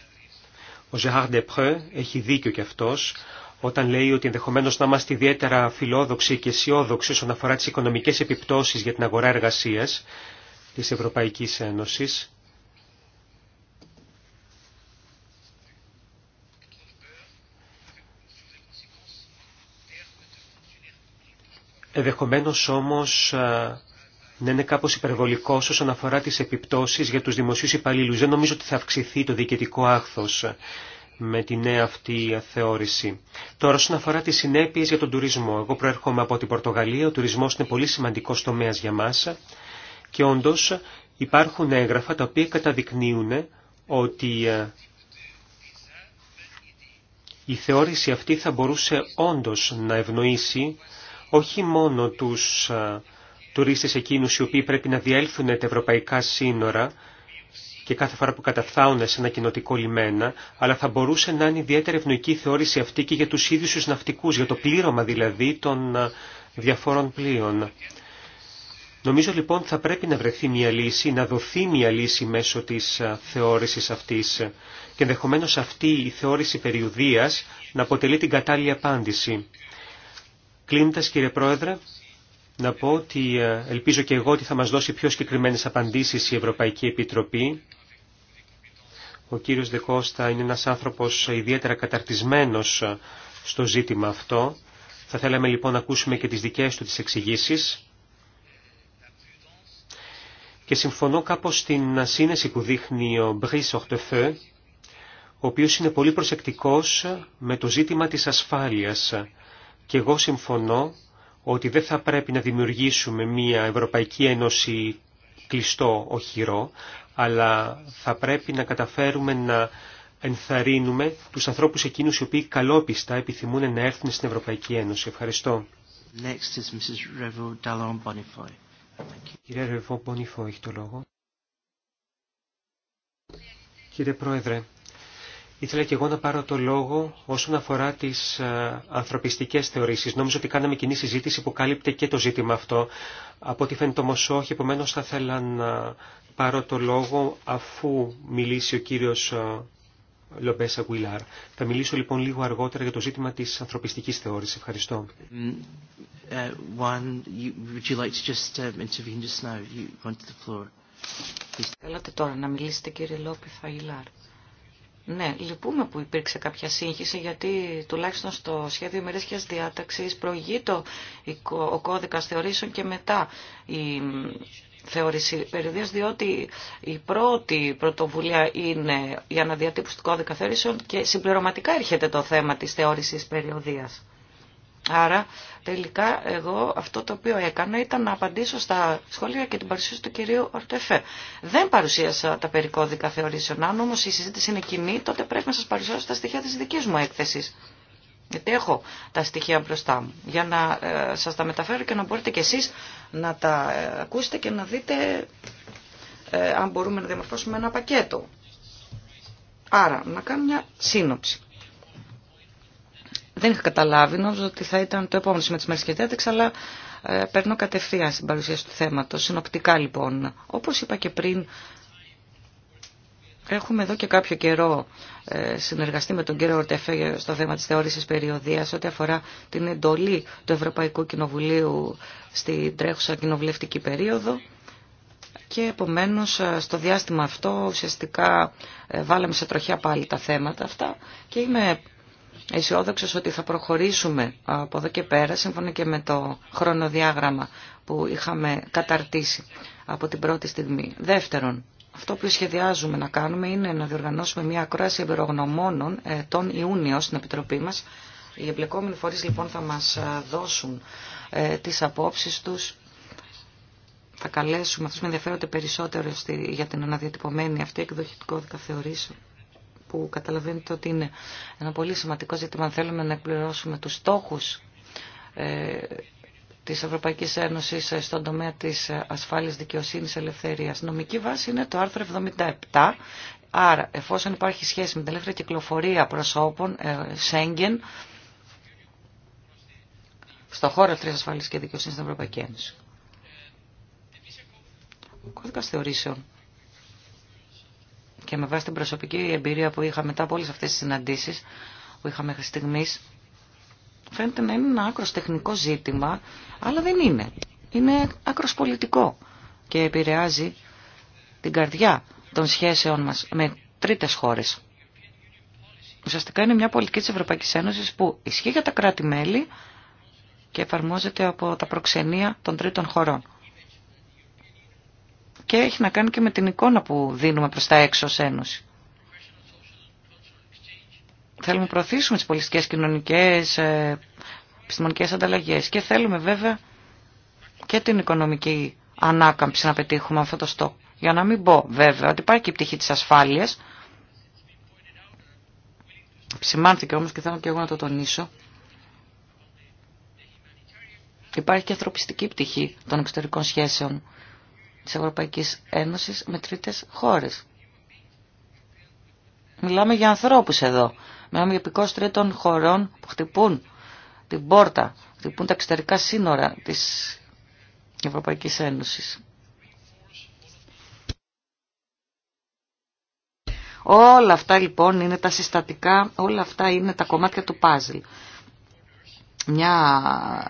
Ο Ζεχάρ Ντεπρέ έχει δίκιο κι αυτός όταν λέει ότι ενδεχομένως να είμαστε ιδιαίτερα φιλόδοξοι και αισιόδοξοι όσον αφορά τις οικονομικές επιπτώσεις για την αγορά εργασίας της Ευρωπαϊκής Ένωσης. Ενδεχομένως όμως να είναι κάπως υπερβολικός όσον αφορά τις επιπτώσεις για τους δημοσίους υπαλλήλους. Δεν νομίζω ότι θα αυξηθεί το διοικητικό άχθος με τη νέα αυτή θεώρηση. Τώρα, όσον αφορά τις συνέπειε για τον τουρισμό, εγώ προέρχομαι από την Πορτογαλία. Ο τουρισμός είναι πολύ σημαντικό τομέα για μα και όντως υπάρχουν έγγραφα τα οποία καταδεικνύουν ότι ε, η θεώρηση αυτή θα μπορούσε όντως να ευνοήσει όχι μόνο τους ε, τουρίστες εκείνους οι οποίοι πρέπει να διέλθουν τα ευρωπαϊκά σύνορα και κάθε φορά που καταφθάουν σε ένα κοινοτικό λιμένα, αλλά θα μπορούσε να είναι ιδιαίτερη ευνοϊκή θεώρηση αυτή και για τους ίδιους τους ναυτικούς, για το πλήρωμα δηλαδή των ε, διαφόρων πλοίων. Νομίζω λοιπόν θα πρέπει να βρεθεί μια λύση, να δοθεί μια λύση μέσω της ε, θεώρησης αυτής και ενδεχομένω αυτή η θεώρηση περιουδίας να αποτελεί την κατάλληλη απάντηση. Κλείνοντας κύριε Πρόεδρε, να πω ότι ε, ελπίζω και εγώ ότι θα μας δώσει πιο συγκεκριμένες απαντήσεις η Ευρωπαϊκή Επιτροπή. Ο κύριος Δεχώστα είναι ένας άνθρωπος ιδιαίτερα καταρτισμένος ε, στο ζήτημα αυτό. Θα θέλαμε λοιπόν να ακούσουμε και τις δικές του τις εξηγήσεις. Και συμφωνώ κάπως στην σύνεση που δείχνει ο Μπρίς Ορτεφέ, ο οποίος είναι πολύ προσεκτικός με το ζήτημα της ασφάλειας. Και εγώ συμφωνώ ότι δεν θα πρέπει να δημιουργήσουμε μια Ευρωπαϊκή Ένωση κλειστό οχυρό, αλλά θα πρέπει να καταφέρουμε να ενθαρρύνουμε τους ανθρώπους εκείνους οι οποίοι καλόπιστα επιθυμούν να έρθουν στην Ευρωπαϊκή Ένωση. Ευχαριστώ. Next is Mrs. Revo Bonifoy. Κύριε Ρεβό Ήθελα και εγώ να πάρω το λόγο όσον αφορά τις ε, ανθρωπιστικές θεωρήσεις. Νόμιζα ότι κάναμε κοινή συζήτηση που κάλυπτε και το ζήτημα αυτό. Από ό,τι φαίνεται όμως όχι, επομένως θα ήθελα να πάρω το λόγο αφού μιλήσει ο κύριος ε, Λομπέσα Γουιλάρ. Θα μιλήσω λοιπόν λίγο αργότερα για το ζήτημα της ανθρωπιστικής θεώρησης. Ευχαριστώ. Θέλατε τώρα να μιλήσετε κύριε Λόπη Γουιλάρ. Ναι, λυπούμε που υπήρξε κάποια σύγχυση γιατί τουλάχιστον στο σχέδιο ημερήσια διάταξη προηγείται ο κώδικα θεωρήσεων και μετά η θεώρηση περιοδία, διότι η πρώτη πρωτοβουλία είναι η αναδιατύπωση του κώδικα θεωρήσεων και συμπληρωματικά έρχεται το θέμα της θεώρησης περιοδίας. Άρα τελικά εγώ αυτό το οποίο έκανα ήταν να απαντήσω στα σχόλια και την παρουσίαση του κυρίου Ορτεφέ. Δεν παρουσίασα τα περικόδικα θεωρήσεων. Αν όμω η συζήτηση είναι κοινή, τότε πρέπει να σα παρουσιάσω τα στοιχεία τη δική μου έκθεση. Γιατί έχω τα στοιχεία μπροστά μου. Για να ε, σας τα μεταφέρω και να μπορείτε κι εσείς να τα ε, ακούσετε και να δείτε ε, αν μπορούμε να διαμορφώσουμε ένα πακέτο. Άρα, να κάνω μια σύνοψη. Δεν είχα καταλάβει, νομίζω ότι θα ήταν το επόμενο σημείο της και αλλά ε, παίρνω κατευθείαν στην παρουσίαση του θέματο. Συνοπτικά λοιπόν, Όπω είπα και πριν, Έχουμε εδώ και κάποιο καιρό ε, συνεργαστεί με τον κύριο Ορτεφέ στο θέμα τη θεωρήση περιοδία ό,τι αφορά την εντολή του Ευρωπαϊκού Κοινοβουλίου στην τρέχουσα κοινοβουλευτική περίοδο και επομένως ε, στο διάστημα αυτό ουσιαστικά ε, βάλαμε σε τροχιά πάλι τα θέματα αυτά και είμαι αισιόδοξο ότι θα προχωρήσουμε από εδώ και πέρα, σύμφωνα και με το χρονοδιάγραμμα που είχαμε καταρτήσει από την πρώτη στιγμή. Δεύτερον, αυτό που σχεδιάζουμε να κάνουμε είναι να διοργανώσουμε μια ακρόαση εμπειρογνωμόνων ε, τον Ιούνιο στην Επιτροπή μας. Οι εμπλεκόμενοι φορείς λοιπόν θα μας ε, δώσουν ε, τις απόψεις τους. Θα καλέσουμε αυτούς που ενδιαφέρονται περισσότερο για την αναδιατυπωμένη αυτή του κώδικα θεωρήσεων που καταλαβαίνετε ότι είναι ένα πολύ σημαντικό ζήτημα αν θέλουμε να εκπληρώσουμε τους στόχους ε, της Ευρωπαϊκής Ένωσης ε, στον τομέα της ε, ασφάλειας δικαιοσύνης ελευθερίας. Νομική βάση είναι το άρθρο 77. Άρα, εφόσον υπάρχει σχέση με την ελεύθερη κυκλοφορία προσώπων, Σέγγεν, στο χώρο τη ασφάλειας και δικαιοσύνης στην Ευρωπαϊκή Ένωση. Ο θεωρήσεων και με βάση την προσωπική εμπειρία που είχα μετά από όλες αυτές τις συναντήσεις που είχα μέχρι στιγμής, φαίνεται να είναι ένα άκρος τεχνικό ζήτημα, αλλά δεν είναι. Είναι άκρος πολιτικό και επηρεάζει την καρδιά των σχέσεων μας με τρίτες χώρες. Ουσιαστικά είναι μια πολιτική της Ευρωπαϊκής Ένωσης που ισχύει για τα κράτη-μέλη και εφαρμόζεται από τα προξενία των τρίτων χωρών και έχει να κάνει και με την εικόνα που δίνουμε προς τα έξω ως Ένωση. Θέλουμε να προωθήσουμε τις πολιτικές κοινωνικές, ε, επιστημονικές ανταλλαγές και θέλουμε βέβαια και την οικονομική ανάκαμψη να πετύχουμε αυτό το στόχο. Για να μην πω βέβαια ότι υπάρχει και η πτυχή της ασφάλειας. Σημάνθηκε όμως και θέλω και εγώ να το τονίσω. Υπάρχει και ανθρωπιστική πτυχή των εξωτερικών σχέσεων της Ευρωπαϊκής Ένωσης με τρίτες χώρες. Μιλάμε για ανθρώπους εδώ. Μιλάμε για επικός τρίτων χωρών που χτυπούν την πόρτα, χτυπούν τα εξωτερικά σύνορα της Ευρωπαϊκής Ένωσης. Όλα αυτά λοιπόν είναι τα συστατικά, όλα αυτά είναι τα κομμάτια του παζλ. Μια,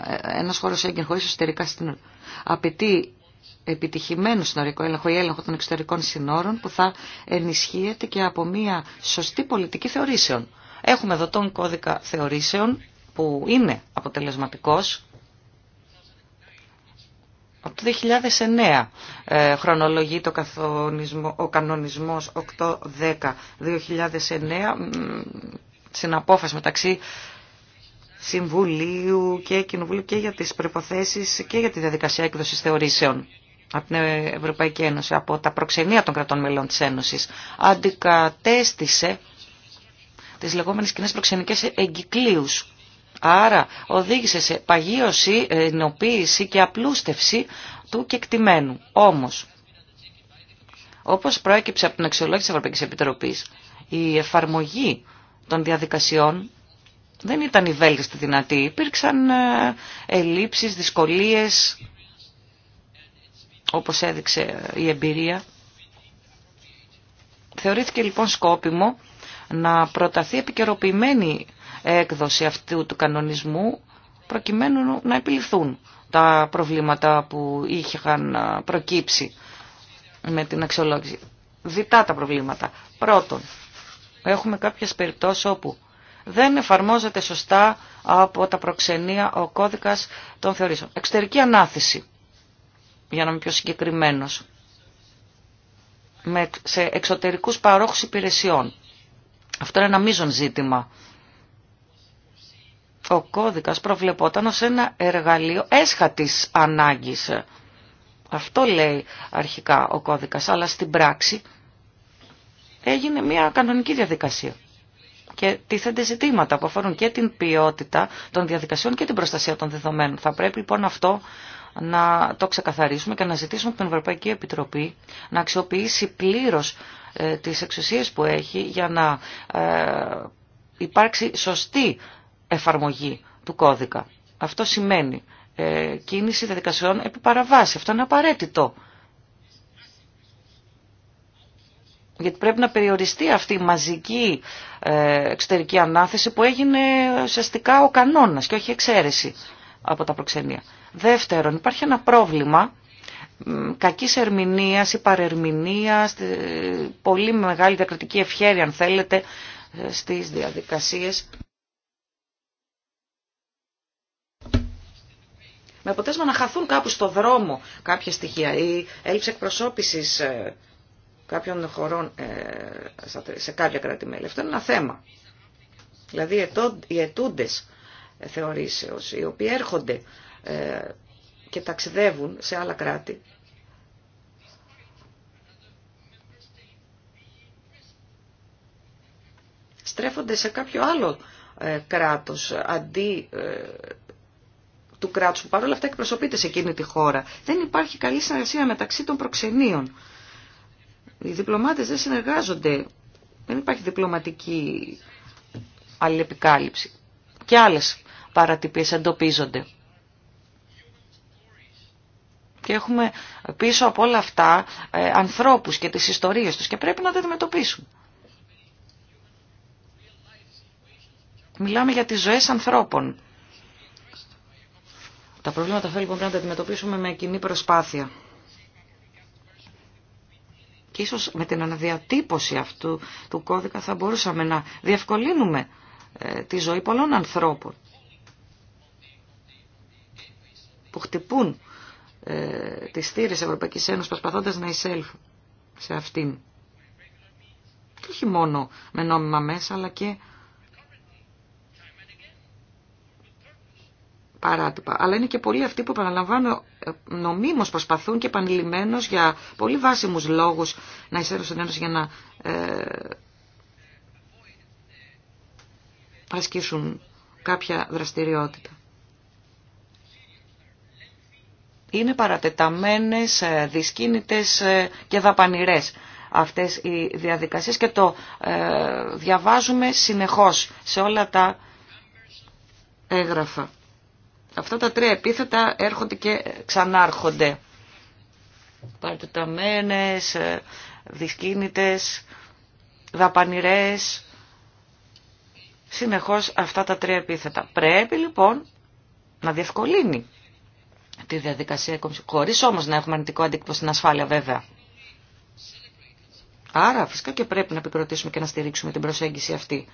ε, ένας χώρος χωρί χωρίς εσωτερικά σύνορα απαιτεί επιτυχημένο συνορικό έλεγχο ή έλεγχο των εξωτερικών συνόρων που θα ενισχύεται και από μια σωστή πολιτική θεωρήσεων. Έχουμε εδώ τον κώδικα θεωρήσεων που είναι αποτελεσματικός. Από το 2009 ε, χρονολογεί το καθονισμό, ο κανονισμος 10 810-2009 στην απόφαση μεταξύ Συμβουλίου και Κοινοβουλίου και για τις προϋποθέσεις και για τη διαδικασία έκδοσης θεωρήσεων από την Ευρωπαϊκή Ένωση, από τα προξενία των κρατών μελών της Ένωσης, αντικατέστησε τις λεγόμενες κοινέ προξενικές εγκυκλίους. Άρα οδήγησε σε παγίωση, ενοποίηση και απλούστευση του κεκτημένου. Όμως, όπως προέκυψε από την αξιολόγηση της Ευρωπαϊκής Επιτροπής, η εφαρμογή των διαδικασιών δεν ήταν η βέλτιστη δυνατή. Υπήρξαν ε, ελλείψεις, δυσκολίες, όπως έδειξε η εμπειρία. Θεωρήθηκε λοιπόν σκόπιμο να προταθεί επικαιροποιημένη έκδοση αυτού του κανονισμού προκειμένου να επιληθούν τα προβλήματα που είχαν προκύψει με την αξιολόγηση. Διτά τα προβλήματα. Πρώτον, έχουμε κάποιες περιπτώσεις όπου δεν εφαρμόζεται σωστά από τα προξενία ο κώδικας των θεωρήσεων. Εξωτερική ανάθεση για να είμαι πιο συγκεκριμένος, σε εξωτερικούς παρόχους υπηρεσιών. Αυτό είναι ένα μείζον ζήτημα. Ο κώδικας προβλεπόταν ως ένα εργαλείο έσχατης ανάγκης. Αυτό λέει αρχικά ο κώδικας, αλλά στην πράξη έγινε μια κανονική διαδικασία. Και τίθενται ζητήματα που αφορούν και την ποιότητα των διαδικασιών και την προστασία των δεδομένων. Θα πρέπει λοιπόν αυτό να το ξεκαθαρίσουμε και να ζητήσουμε από την Ευρωπαϊκή Επιτροπή να αξιοποιήσει πλήρως ε, τις εξουσίες που έχει για να ε, υπάρξει σωστή εφαρμογή του κώδικα. Αυτό σημαίνει ε, κίνηση διαδικασιών επί παραβάση. Αυτό είναι απαραίτητο. Γιατί πρέπει να περιοριστεί αυτή η μαζική εξωτερική ανάθεση που έγινε ουσιαστικά ο κανόνας και όχι εξαίρεση από τα προξενία. Δεύτερον, υπάρχει ένα πρόβλημα κακής ερμηνείας ή παρερμηνείας, ε, πολύ μεγάλη διακριτική ευχαίρεια αν θέλετε ε, στις διαδικασίες. Με αποτέλεσμα να χαθούν κάπου στο δρόμο κάποια στοιχεία ή έλλειψη εκπροσώπησης ε, κάποιων χωρών σε κάποια κράτη-μέλη. Αυτό είναι ένα θέμα. Δηλαδή οι ετούντες θεωρήσεως, οι οποίοι έρχονται ε, και ταξιδεύουν σε άλλα κράτη. Στρέφονται σε κάποιο άλλο ε, κράτος αντί ε, του κράτους που παρόλα αυτά εκπροσωπείται σε εκείνη τη χώρα. Δεν υπάρχει καλή συνεργασία μεταξύ των προξενείων. Οι διπλωμάτες δεν συνεργάζονται. Δεν υπάρχει διπλωματική αλληλεπικάλυψη. Και άλλες παρατυπίες εντοπίζονται. Και έχουμε πίσω από όλα αυτά ε, ανθρώπους και τις ιστορίες τους και πρέπει να τα αντιμετωπίσουμε. Μιλάμε για τις ζωές ανθρώπων. Τα προβλήματα αυτά λοιπόν πρέπει να τα αντιμετωπίσουμε με κοινή προσπάθεια. Και ίσως με την αναδιατύπωση αυτού του κώδικα θα μπορούσαμε να διευκολύνουμε ε, τη ζωή πολλών ανθρώπων που χτυπούν ε, τη στήριξη Ευρωπαϊκής Ένωσης προσπαθώντας να εισέλθουν σε αυτήν. Και όχι μόνο με νόμιμα μέσα, αλλά και παράτυπα. Αλλά είναι και πολλοί αυτοί που επαναλαμβάνω ε, νομίμως προσπαθούν και επανειλημμένως για πολύ βάσιμους λόγους να εισέλθουν στην Ένωση για να ε, ασκήσουν κάποια δραστηριότητα. είναι παρατεταμένες, ε, δυσκίνητες ε, και δαπανηρές αυτές οι διαδικασίες και το ε, διαβάζουμε συνεχώς σε όλα τα έγγραφα. Αυτά τα τρία επίθετα έρχονται και ξανάρχονται. Παρατεταμένες, δυσκίνητες, δαπανηρές, συνεχώς αυτά τα τρία επίθετα. Πρέπει λοιπόν να διευκολύνει τη διαδικασία χωρίς όμως να έχουμε αρνητικό αντίκτυπο στην ασφάλεια βέβαια. Άρα φυσικά και πρέπει να επικροτήσουμε και να στηρίξουμε την προσέγγιση αυτή.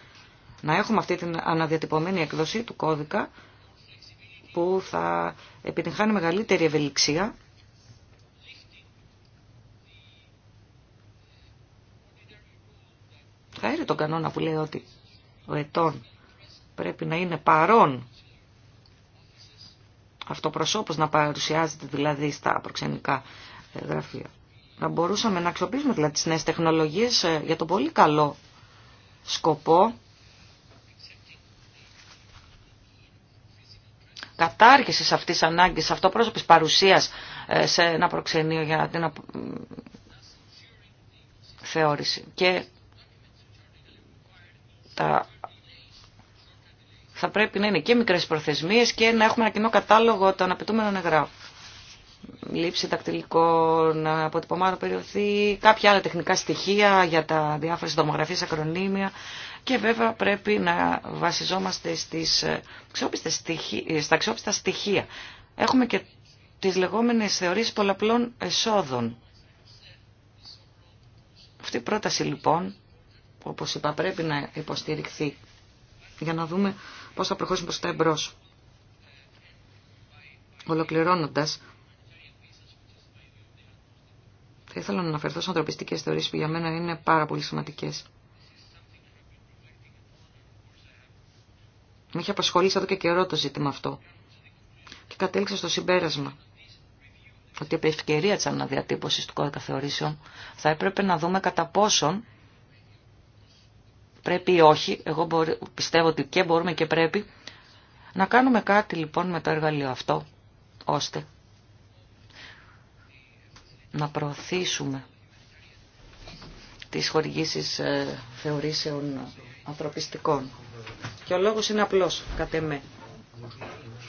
Να έχουμε αυτή την αναδιατυπωμένη εκδοσή του κώδικα που θα επιτυγχάνει μεγαλύτερη ευελιξία Θα έρει τον κανόνα που λέει ότι ο ετών πρέπει να είναι παρόν αυτοπροσώπους να παρουσιάζεται δηλαδή στα προξενικά ε, γραφεία. Να μπορούσαμε να αξιοποιήσουμε δηλαδή τις νέες τεχνολογίες ε, για τον πολύ καλό σκοπό κατάργησης αυτής της ανάγκης, αυτοπρόσωπης παρουσίας ε, σε ένα προξενείο για την θεώρηση. Και τα θα πρέπει να είναι και μικρές προθεσμίες και να έχουμε ένα κοινό κατάλογο των απαιτούμενων εγγράφων. Λήψη τακτιλικών, αποτυπωμάτων περιοχή, κάποια άλλα τεχνικά στοιχεία για τα διάφορε δομογραφίε, ακρονίμια και βέβαια πρέπει να βασιζόμαστε στις, ε, ε, στα αξιόπιστα στοιχεία. Έχουμε και τις λεγόμενες θεωρίες πολλαπλών εσόδων. Αυτή η πρόταση λοιπόν, όπως είπα, πρέπει να υποστηριχθεί για να δούμε Πώ θα προχωρήσουν πω είναι εμπρό. Ολοκληρώνοντα. θα προχωρήσουν προ τα εμπρο Ολοκληρώνοντας, θα ήθελα να αναφερθώ στι ανθρωπιστικέ θεωρίε που για μένα είναι πάρα πολύ σημαντικέ. Με έχει απασχολήσει εδώ και καιρό το ζήτημα αυτό. Και κατέληξα στο συμπέρασμα ότι επί ευκαιρία τη αναδιατύπωσης του κώδικα θεωρήσεων θα έπρεπε να δούμε κατά πόσον πρέπει ή όχι. Εγώ πιστεύω ότι και μπορούμε και πρέπει να κάνουμε κάτι λοιπόν με το εργαλείο αυτό, ώστε να προωθήσουμε τις χορηγήσεις ε, θεωρήσεων ανθρωπιστικών. Και ο λόγος είναι απλός, κατ'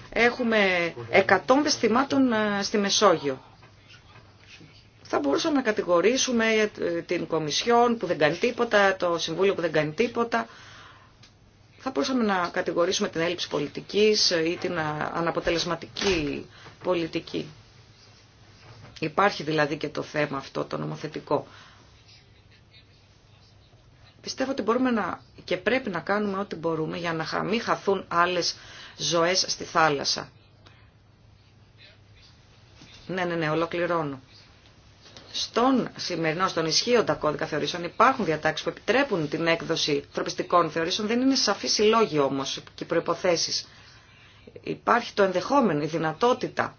Έχουμε 100 θυμάτων ε, στη Μεσόγειο. Θα μπορούσαμε να κατηγορήσουμε ε, την Κομισιόν που δεν κάνει τίποτα, το Συμβούλιο που δεν κάνει τίποτα. Θα μπορούσαμε να κατηγορήσουμε την έλλειψη πολιτικής ε, ή την ε, αναποτελεσματική πολιτική. Υπάρχει δηλαδή και το θέμα αυτό το νομοθετικό. Πιστεύω ότι μπορούμε να και πρέπει να κάνουμε ό,τι μπορούμε για να μην χαθούν άλλες ζωές στη θάλασσα. Ναι, ναι, ναι, ολοκληρώνω. Στον σημερινό, στον ισχύοντα κώδικα θεωρήσεων υπάρχουν διατάξει που επιτρέπουν την έκδοση τροπιστικών θεωρήσεων, δεν είναι σαφή οι λόγοι όμω και οι προποθέσει. Υπάρχει το ενδεχόμενο, η δυνατότητα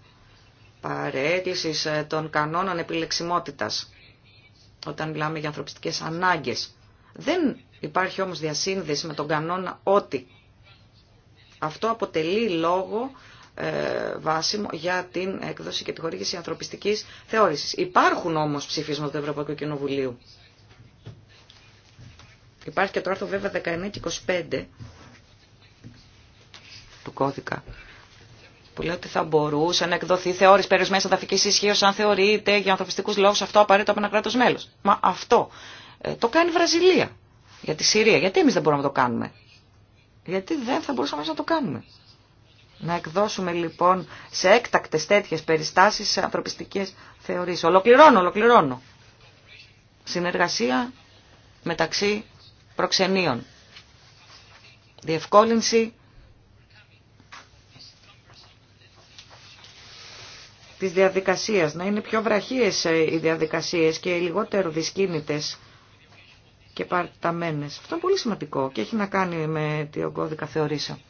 παρέκκληση ε, των κανόνων επιλεξιμότητα όταν μιλάμε για ανθρωπιστικέ ανάγκε. Δεν υπάρχει όμω διασύνδεση με τον κανόνα ότι αυτό αποτελεί λόγο ε, βάσιμο για την έκδοση και τη χορήγηση ανθρωπιστικής θεώρησης. Υπάρχουν όμως ψηφίσματα του Ευρωπαϊκού Κοινοβουλίου. Υπάρχει και το άρθρο βέβαια 19 και 25 του κώδικα που λέει ότι θα μπορούσε να εκδοθεί θεώρηση περιορισμένη ανταφική ισχύω αν θεωρείται για ανθρωπιστικού λόγου αυτό απαραίτητο από ένα κράτο μέλο. Μα αυτό ε, το κάνει η Βραζιλία για τη Συρία. Γιατί εμεί δεν μπορούμε να το κάνουμε. Γιατί δεν θα μπορούσαμε να το κάνουμε. Να εκδώσουμε λοιπόν σε έκτακτες τέτοιες περιστάσεις σε ανθρωπιστικές θεωρίες. Ολοκληρώνω, ολοκληρώνω. Συνεργασία μεταξύ προξενείων. Διευκόλυνση της διαδικασίας. Να είναι πιο βραχίες ε, οι διαδικασίες και λιγότερο δυσκίνητες και παρταμένες. Αυτό είναι πολύ σημαντικό και έχει να κάνει με τον κώδικα θεωρήσεων.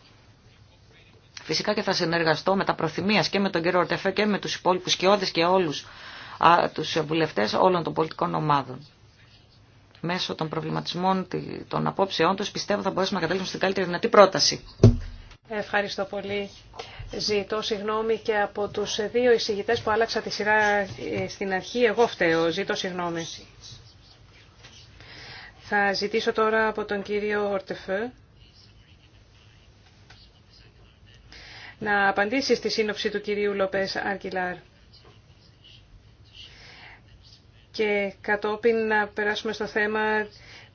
Φυσικά και θα συνεργαστώ με τα προθυμία και με τον κύριο Ορτεφέ και με τους υπόλοιπους όδε και όλους του τους όλων των πολιτικών ομάδων. Μέσω των προβληματισμών των απόψεών τους πιστεύω θα μπορέσουμε να καταλήξουμε στην καλύτερη δυνατή πρόταση. Ευχαριστώ πολύ. Ζητώ συγγνώμη και από τους δύο εισηγητές που άλλαξα τη σειρά ε, στην αρχή. Εγώ φταίω. Ζητώ συγγνώμη. Θα ζητήσω τώρα από τον κύριο Ορτεφέ να απαντήσει στη σύνοψη του κυρίου Λοπές Αρκιλάρ. Και κατόπιν να περάσουμε στο θέμα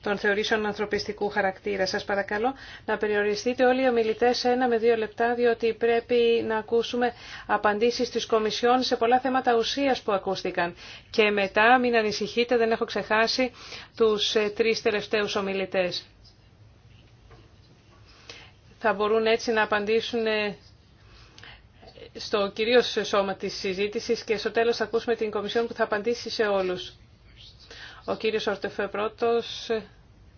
των θεωρήσεων ανθρωπιστικού χαρακτήρα. Σας παρακαλώ να περιοριστείτε όλοι οι ομιλητές σε ένα με δύο λεπτά, διότι πρέπει να ακούσουμε απαντήσεις της Κομισιόν σε πολλά θέματα ουσίας που ακούστηκαν. Και μετά, μην ανησυχείτε, δεν έχω ξεχάσει τους ε, τρεις τελευταίους ομιλητές. Θα μπορούν έτσι να απαντήσουν ε, στο κυρίως σώμα της συζήτησης και στο τέλος θα ακούσουμε την Κομισιόν που θα απαντήσει σε όλους. Ο κύριος Ορτεφέ πρώτος,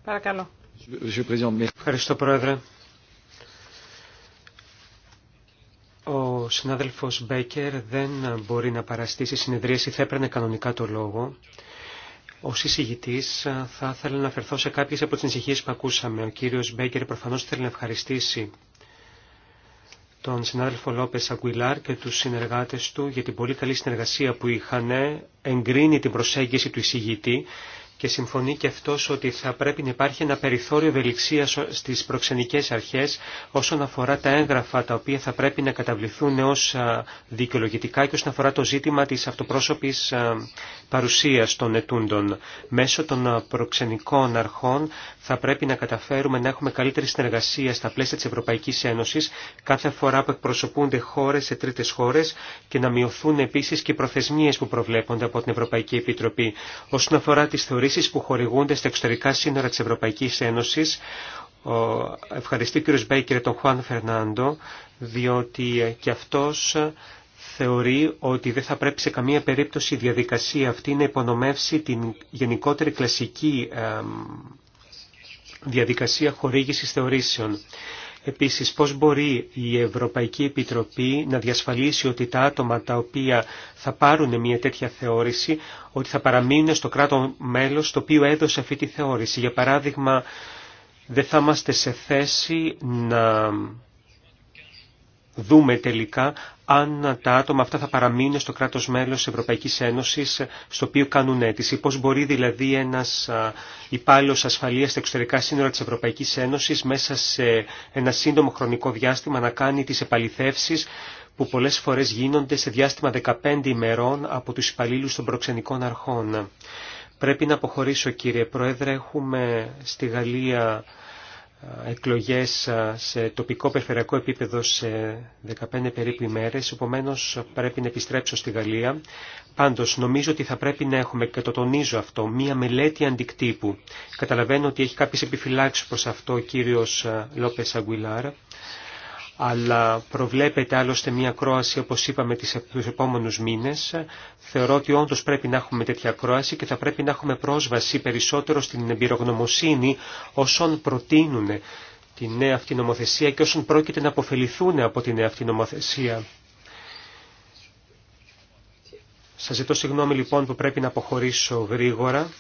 παρακαλώ. Ευχαριστώ Πρόεδρε. Ο συνάδελφος Μπέκερ δεν μπορεί να παραστήσει συνεδρίαση, θα έπαιρνε κανονικά το λόγο. Ο εισηγητή, θα ήθελα να αφαιρθώ σε κάποιε από τι ανησυχίε που ακούσαμε. Ο κύριο Μπέκερ προφανώ θέλει να ευχαριστήσει τον συνάδελφο Λόπε Αγκουιλάρ και τους συνεργάτες του για την πολύ καλή συνεργασία που είχαν εγκρίνει την προσέγγιση του εισηγητή και συμφωνεί και αυτός ότι θα πρέπει να υπάρχει ένα περιθώριο ευελιξίας στις προξενικές αρχές όσον αφορά τα έγγραφα τα οποία θα πρέπει να καταβληθούν ως δικαιολογητικά και όσον αφορά το ζήτημα της αυτοπρόσωπης παρουσίας των ετούντων. Μέσω των προξενικών αρχών θα πρέπει να καταφέρουμε να έχουμε καλύτερη συνεργασία στα πλαίσια της Ευρωπαϊκής Ένωσης κάθε φορά που εκπροσωπούνται χώρες σε τρίτες χώρες και να μειωθούν επίσης και οι προθεσμίες που προβλέπονται από την Ευρωπαϊκή Επιτροπή. Όσον αφορά τις που χορηγούνται στα εξωτερικά σύνορα της Ευρωπαϊκής Ένωσης. Ευχαριστεί κ. Μπέικερ τον Χουάν Φερνάντο, διότι και αυτός θεωρεί ότι δεν θα πρέπει σε καμία περίπτωση η διαδικασία αυτή να υπονομεύσει την γενικότερη κλασική διαδικασία χορήγησης θεωρήσεων. Επίσης, πώς μπορεί η Ευρωπαϊκή Επιτροπή να διασφαλίσει ότι τα άτομα τα οποία θα πάρουν μια τέτοια θεώρηση, ότι θα παραμείνουν στο κράτο μέλος το οποίο έδωσε αυτή τη θεώρηση. Για παράδειγμα, δεν θα είμαστε σε θέση να δούμε τελικά αν τα άτομα αυτά θα παραμείνουν στο κράτος μέλος της Ευρωπαϊκής Ένωσης στο οποίο κάνουν αίτηση. Πώς μπορεί δηλαδή ένας υπάλληλος ασφαλείας στα εξωτερικά σύνορα της Ευρωπαϊκής Ένωσης μέσα σε ένα σύντομο χρονικό διάστημα να κάνει τις επαληθεύσεις που πολλές φορές γίνονται σε διάστημα 15 ημερών από τους υπαλλήλους των προξενικών αρχών. Πρέπει να αποχωρήσω κύριε Πρόεδρε, έχουμε στη Γαλλία εκλογές σε τοπικό περιφερειακό επίπεδο σε 15 περίπου ημέρες, επομένως πρέπει να επιστρέψω στη Γαλλία. Πάντως νομίζω ότι θα πρέπει να έχουμε, και το τονίζω αυτό, μία μελέτη αντικτύπου. Καταλαβαίνω ότι έχει κάποιες επιφυλάξεις προς αυτό ο κύριος Λόπες Αγκουιλάρα αλλά προβλέπεται άλλωστε μια κρόαση όπως είπαμε τους επόμενους μήνες. Θεωρώ ότι όντως πρέπει να έχουμε τέτοια κρόαση και θα πρέπει να έχουμε πρόσβαση περισσότερο στην εμπειρογνωμοσύνη όσων προτείνουν τη νέα αυτή νομοθεσία και όσων πρόκειται να αποφεληθούν από τη νέα αυτή νομοθεσία. Σας ζητώ συγγνώμη λοιπόν που πρέπει να αποχωρήσω γρήγορα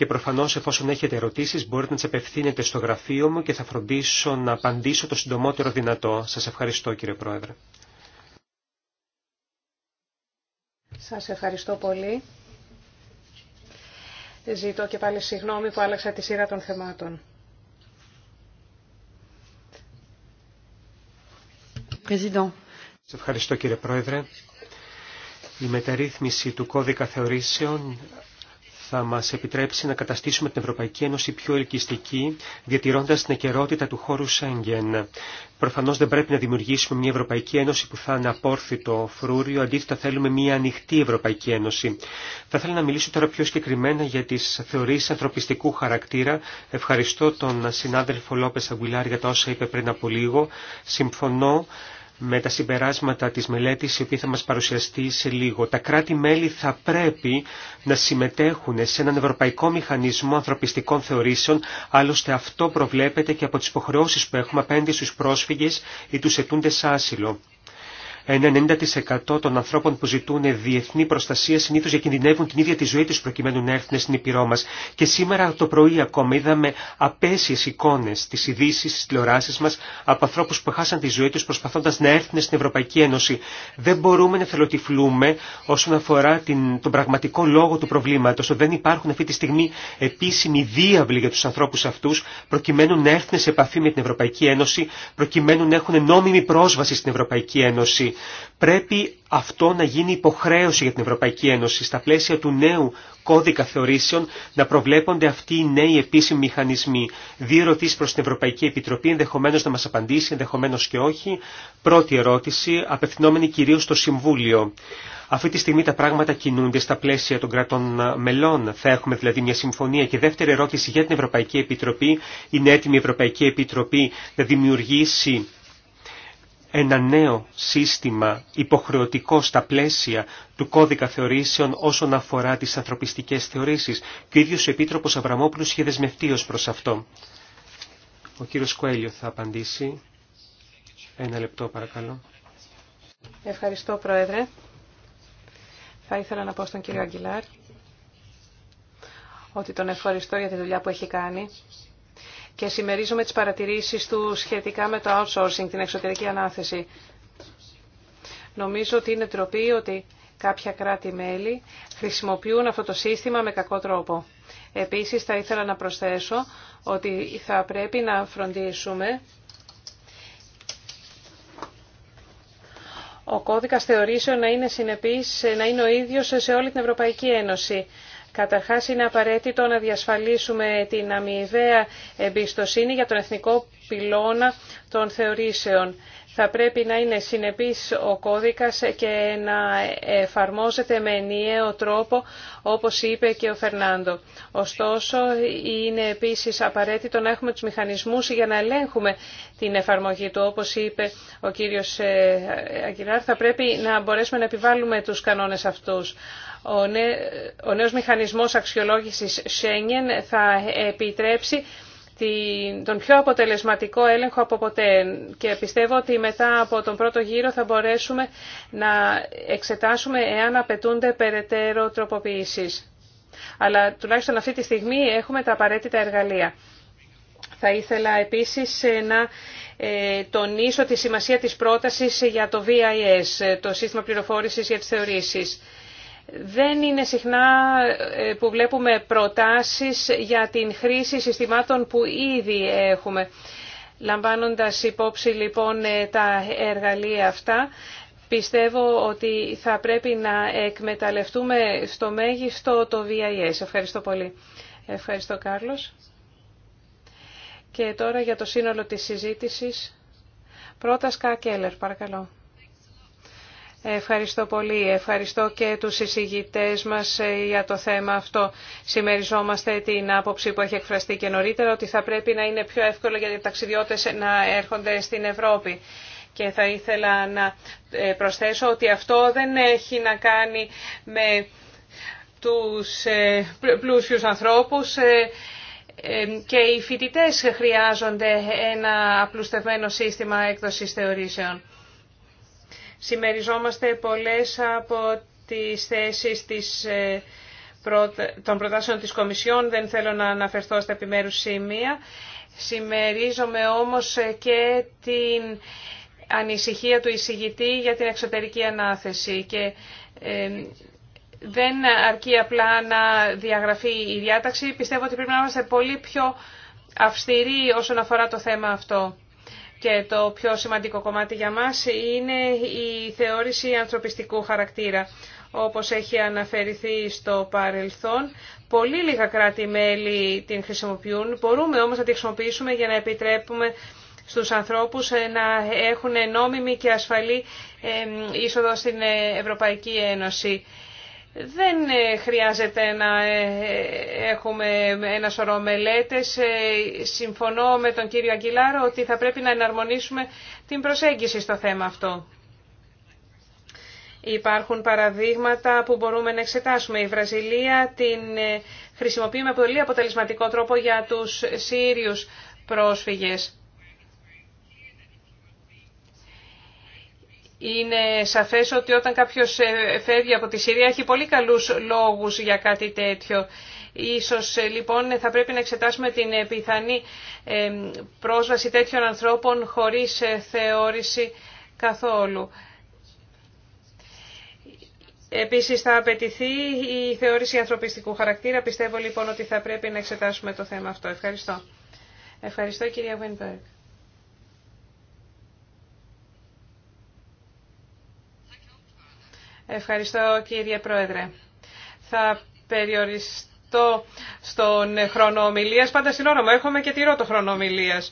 και προφανώς εφόσον έχετε ερωτήσεις μπορείτε να τις απευθύνετε στο γραφείο μου και θα φροντίσω να απαντήσω το συντομότερο δυνατό. Σας ευχαριστώ κύριε Πρόεδρε. Σας ευχαριστώ πολύ. Ζητώ και πάλι συγγνώμη που άλλαξα τη σειρά των θεμάτων. President. Σας ευχαριστώ κύριε Πρόεδρε. Η μεταρρύθμιση του κώδικα θεωρήσεων θα μας επιτρέψει να καταστήσουμε την Ευρωπαϊκή Ένωση πιο ελκυστική, διατηρώντας την εκαιρότητα του χώρου Σέγγεν. Προφανώς δεν πρέπει να δημιουργήσουμε μια Ευρωπαϊκή Ένωση που θα είναι απόρθητο φρούριο, αντίθετα θέλουμε μια ανοιχτή Ευρωπαϊκή Ένωση. Θα ήθελα να μιλήσω τώρα πιο συγκεκριμένα για τις θεωρίες ανθρωπιστικού χαρακτήρα. Ευχαριστώ τον συνάδελφο Λόπες Αγγουλάρη για τα όσα είπε πριν από λίγο. Συμφωνώ με τα συμπεράσματα της μελέτης η οποία θα μας παρουσιαστεί σε λίγο. Τα κράτη-μέλη θα πρέπει να συμμετέχουν σε έναν ευρωπαϊκό μηχανισμό ανθρωπιστικών θεωρήσεων, άλλωστε αυτό προβλέπεται και από τις υποχρεώσεις που έχουμε απέναντι στους πρόσφυγες ή τους ετούντες άσυλο. Ένα 90% των ανθρώπων που ζητούν διεθνή προστασία συνήθω διακινδυνεύουν την ίδια τη ζωή του προκειμένου να έρθουν στην Ήπειρό μα. Και σήμερα το πρωί ακόμα είδαμε απέσιε εικόνε στι ειδήσει, στι τηλεοράσει μα από ανθρώπου που χάσαν τη ζωή του προσπαθώντα να έρθουν στην Ευρωπαϊκή Ένωση. Δεν μπορούμε να θελοτυφλούμε όσον αφορά την, τον πραγματικό λόγο του προβλήματο. Δεν υπάρχουν αυτή τη στιγμή επίσημοι διάβλοι για του ανθρώπου αυτού προκειμένου να έρθουν σε επαφή με την Ευρωπαϊκή Ένωση, προκειμένου να έχουν νόμιμη πρόσβαση στην Ευρωπαϊκή Ένωση πρέπει αυτό να γίνει υποχρέωση για την Ευρωπαϊκή Ένωση στα πλαίσια του νέου κώδικα θεωρήσεων να προβλέπονται αυτοί οι νέοι επίσημοι μηχανισμοί. Δύο ερωτήσει προ την Ευρωπαϊκή Επιτροπή, ενδεχομένω να μα απαντήσει, ενδεχομένω και όχι. Πρώτη ερώτηση, απευθυνόμενη κυρίω στο Συμβούλιο. Αυτή τη στιγμή τα πράγματα κινούνται στα πλαίσια των κρατών μελών. Θα έχουμε δηλαδή μια συμφωνία. Και δεύτερη ερώτηση για την Ευρωπαϊκή Επιτροπή. Είναι έτοιμη η Ευρωπαϊκή Επιτροπή να δημιουργήσει ένα νέο σύστημα υποχρεωτικό στα πλαίσια του κώδικα θεωρήσεων όσον αφορά τις ανθρωπιστικές θεωρήσεις και ο ίδιος ο Επίτροπος Αβραμόπουλος είχε δεσμευτεί ως προς αυτό. Ο κύριος Κουέλιο θα απαντήσει. Ένα λεπτό παρακαλώ. Ευχαριστώ Πρόεδρε. Θα ήθελα να πω στον κύριο Αγγιλάρ ότι τον ευχαριστώ για τη δουλειά που έχει κάνει και συμμερίζομαι τις παρατηρήσεις του σχετικά με το outsourcing, την εξωτερική ανάθεση. Νομίζω ότι είναι τροπή ότι κάποια κράτη-μέλη χρησιμοποιούν αυτό το σύστημα με κακό τρόπο. Επίσης θα ήθελα να προσθέσω ότι θα πρέπει να φροντίσουμε ο κώδικας θεωρήσεων να είναι συνεπής, να είναι ο ίδιος σε όλη την Ευρωπαϊκή Ένωση. Καταρχάς είναι απαραίτητο να διασφαλίσουμε την αμοιβαία εμπιστοσύνη για τον εθνικό πυλώνα των θεωρήσεων. Θα πρέπει να είναι συνεπής ο κώδικας και να εφαρμόζεται με ενιαίο τρόπο, όπως είπε και ο Φερνάντο. Ωστόσο, είναι επίσης απαραίτητο να έχουμε τους μηχανισμούς για να ελέγχουμε την εφαρμογή του. Όπως είπε ο κύριος ε, Αγκυράρ, θα πρέπει να μπορέσουμε να επιβάλλουμε τους κανόνες αυτούς. Ο, ο νέος μηχανισμός αξιολόγησης Schengen θα επιτρέψει τον πιο αποτελεσματικό έλεγχο από ποτέ και πιστεύω ότι μετά από τον πρώτο γύρο θα μπορέσουμε να εξετάσουμε εάν απαιτούνται περαιτέρω τροποποιήσεις. Αλλά τουλάχιστον αυτή τη στιγμή έχουμε τα απαραίτητα εργαλεία. Θα ήθελα επίσης ε, να ε, τονίσω τη σημασία της πρότασης για το VIS, ε, το σύστημα πληροφόρησης για τις θεωρήσεις. Δεν είναι συχνά ε, που βλέπουμε προτάσεις για την χρήση συστημάτων που ήδη έχουμε. Λαμβάνοντας υπόψη λοιπόν ε, τα εργαλεία αυτά, πιστεύω ότι θα πρέπει να εκμεταλλευτούμε στο μέγιστο το VIS. Ευχαριστώ πολύ. Ευχαριστώ Κάρλος. Και τώρα για το σύνολο της συζήτησης. Πρώτα Σκά Κέλλερ, παρακαλώ. Ευχαριστώ πολύ. Ευχαριστώ και τους εισηγητές μας ε, για το θέμα αυτό. Σημεριζόμαστε την άποψη που έχει εκφραστεί και νωρίτερα ότι θα πρέπει να είναι πιο εύκολο για τους ταξιδιώτες να έρχονται στην Ευρώπη. Και θα ήθελα να ε, προσθέσω ότι αυτό δεν έχει να κάνει με τους ε, πλούσιους ανθρώπους. Και οι φοιτητές χρειάζονται ένα απλουστευμένο σύστημα έκδοσης θεωρήσεων. Συμμεριζόμαστε πολλές από τις θέσεις της, ε, των προτάσεων της Κομισιόν. Δεν θέλω να αναφερθώ στα επιμέρους σημεία. Συμμερίζομαι όμως ε, και την ανησυχία του εισηγητή για την εξωτερική ανάθεση και ε, δεν αρκεί απλά να διαγραφεί η διάταξη. Πιστεύω ότι πρέπει να είμαστε πολύ πιο αυστηροί όσον αφορά το θέμα αυτό. Και το πιο σημαντικό κομμάτι για μας είναι η θεώρηση ανθρωπιστικού χαρακτήρα. Όπως έχει αναφερθεί στο παρελθόν, πολύ λίγα κράτη-μέλη την χρησιμοποιούν. Μπορούμε όμως να τη χρησιμοποιήσουμε για να επιτρέπουμε στους ανθρώπους ε, να έχουν νόμιμη και ασφαλή ε, είσοδο στην ε, Ευρωπαϊκή Ένωση δεν ε, χρειάζεται να ε, έχουμε ένα σωρό μελέτες. Ε, συμφωνώ με τον κύριο Αγγιλάρο ότι θα πρέπει να εναρμονίσουμε την προσέγγιση στο θέμα αυτό. Υπάρχουν παραδείγματα που μπορούμε να εξετάσουμε. Η Βραζιλία την χρησιμοποιεί με πολύ αποτελεσματικό τρόπο για τους Σύριους πρόσφυγες. Είναι σαφές ότι όταν κάποιος ε, φεύγει από τη Συρία έχει πολύ καλούς λόγους για κάτι τέτοιο. Ίσως ε, λοιπόν θα πρέπει να εξετάσουμε την ε, πιθανή πρόσβαση τέτοιων ανθρώπων χωρίς θεώρηση καθόλου. Επίσης θα απαιτηθεί η θεώρηση ανθρωπιστικού χαρακτήρα. Πιστεύω λοιπόν ότι θα πρέπει να εξετάσουμε το θέμα αυτό. Ευχαριστώ. Ευχαριστώ κυρία Βενπέργκ. Ευχαριστώ κύριε Πρόεδρε. Θα περιοριστώ στον χρόνο ομιλία. Πάντα στην ώρα μου Έχουμε και τηρώ το χρόνο ομιλία.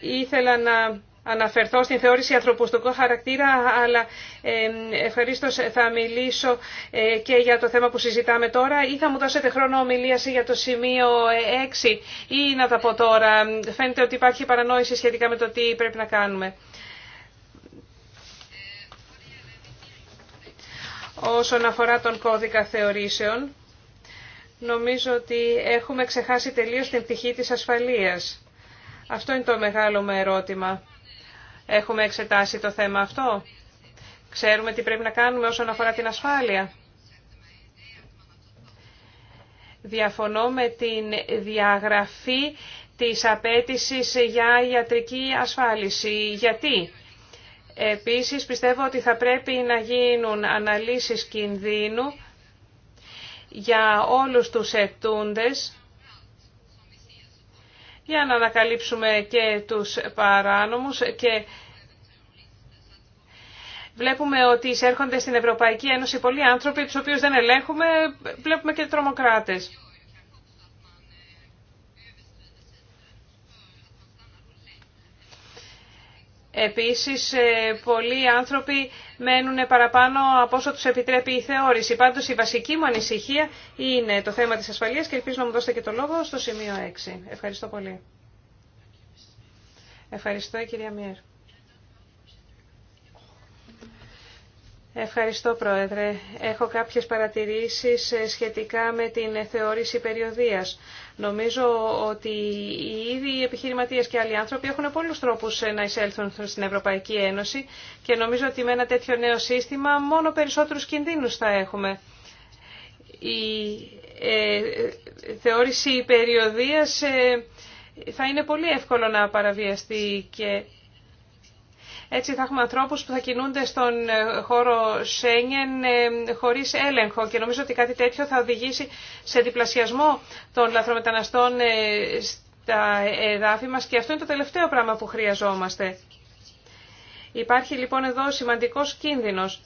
Ήθελα να αναφερθώ στην θεώρηση ανθρωποστικού χαρακτήρα, αλλά ευχαριστώ, θα μιλήσω ε, και για το θέμα που συζητάμε τώρα ή θα μου δώσετε χρόνο ομιλίας για το σημείο 6 ε, ή να τα πω τώρα. Φαίνεται ότι υπάρχει παρανόηση σχετικά με το τι πρέπει να κάνουμε. όσον αφορά τον κώδικα θεωρήσεων, νομίζω ότι έχουμε ξεχάσει τελείως την πτυχή της ασφαλείας. Αυτό είναι το μεγάλο μου ερώτημα. Έχουμε εξετάσει το θέμα αυτό. Ξέρουμε τι πρέπει να κάνουμε όσον αφορά την ασφάλεια. Διαφωνώ με την διαγραφή της απέτησης για ιατρική ασφάλιση. Γιατί? Επίσης πιστεύω ότι θα πρέπει να γίνουν αναλύσεις κινδύνου για όλους τους ετούντες για να ανακαλύψουμε και τους παράνομους και βλέπουμε ότι εισέρχονται στην Ευρωπαϊκή Ένωση πολλοί άνθρωποι τους οποίους δεν ελέγχουμε, βλέπουμε και τρομοκράτες. Επίσης, ε, πολλοί άνθρωποι μένουν παραπάνω από όσο τους επιτρέπει η θεώρηση. Πάντως, η βασική μου ανησυχία είναι το θέμα της ασφαλείας και ελπίζω να μου δώσετε και το λόγο στο σημείο 6. Ευχαριστώ πολύ. Ευχαριστώ, κυρία Μιέρ. Ευχαριστώ, Πρόεδρε. Έχω κάποιες παρατηρήσεις ε, σχετικά με την θεώρηση περιοδίας. Νομίζω ότι οι ίδιοι επιχειρηματίες και άλλοι άνθρωποι έχουν πολλούς τρόπους ε, να εισέλθουν στην Ευρωπαϊκή Ένωση και νομίζω ότι με ένα τέτοιο νέο σύστημα μόνο περισσότερους κινδύνους θα έχουμε. Η ε, θεώρηση περιοδίας ε, θα είναι πολύ εύκολο να παραβιαστεί και έτσι θα έχουμε ανθρώπους που θα κινούνται στον ε, χώρο Σέγγεν ε, χωρίς έλεγχο και νομίζω ότι κάτι τέτοιο θα οδηγήσει σε διπλασιασμό των λαθρομεταναστών ε, στα εδάφη μας και αυτό είναι το τελευταίο πράγμα που χρειαζόμαστε. Υπάρχει λοιπόν εδώ σημαντικός κίνδυνος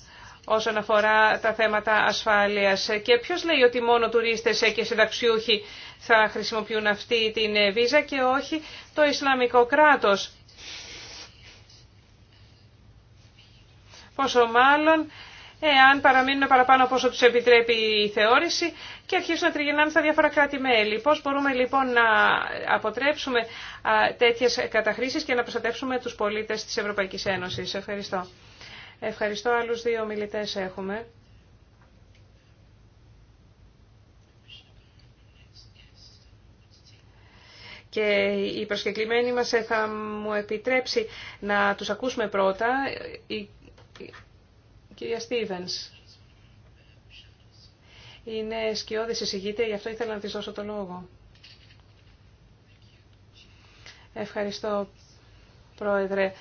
όσον αφορά τα θέματα ασφάλειας. Και ποιος λέει ότι μόνο τουρίστες και συνταξιούχοι θα χρησιμοποιούν αυτή την βίζα και όχι το Ισλαμικό κράτος. πόσο μάλλον εάν παραμείνουν παραπάνω από όσο τους επιτρέπει η θεώρηση και αρχίσουν να τριγυρνάνε στα διάφορα κράτη-μέλη. Πώς μπορούμε λοιπόν να αποτρέψουμε τέτοιες καταχρήσεις και να προστατεύσουμε τους πολίτες της Ευρωπαϊκής Ένωσης. Ευχαριστώ. Ευχαριστώ. Άλλους δύο μιλητές έχουμε. και η προσκεκλημένη μας θα μου επιτρέψει να τους ακούσουμε πρώτα. Κυρία Στίβενς, είναι σκιώδης εισηγήτρια, γι' αυτό ήθελα να της δώσω το λόγο. Ευχαριστώ, Πρόεδρε.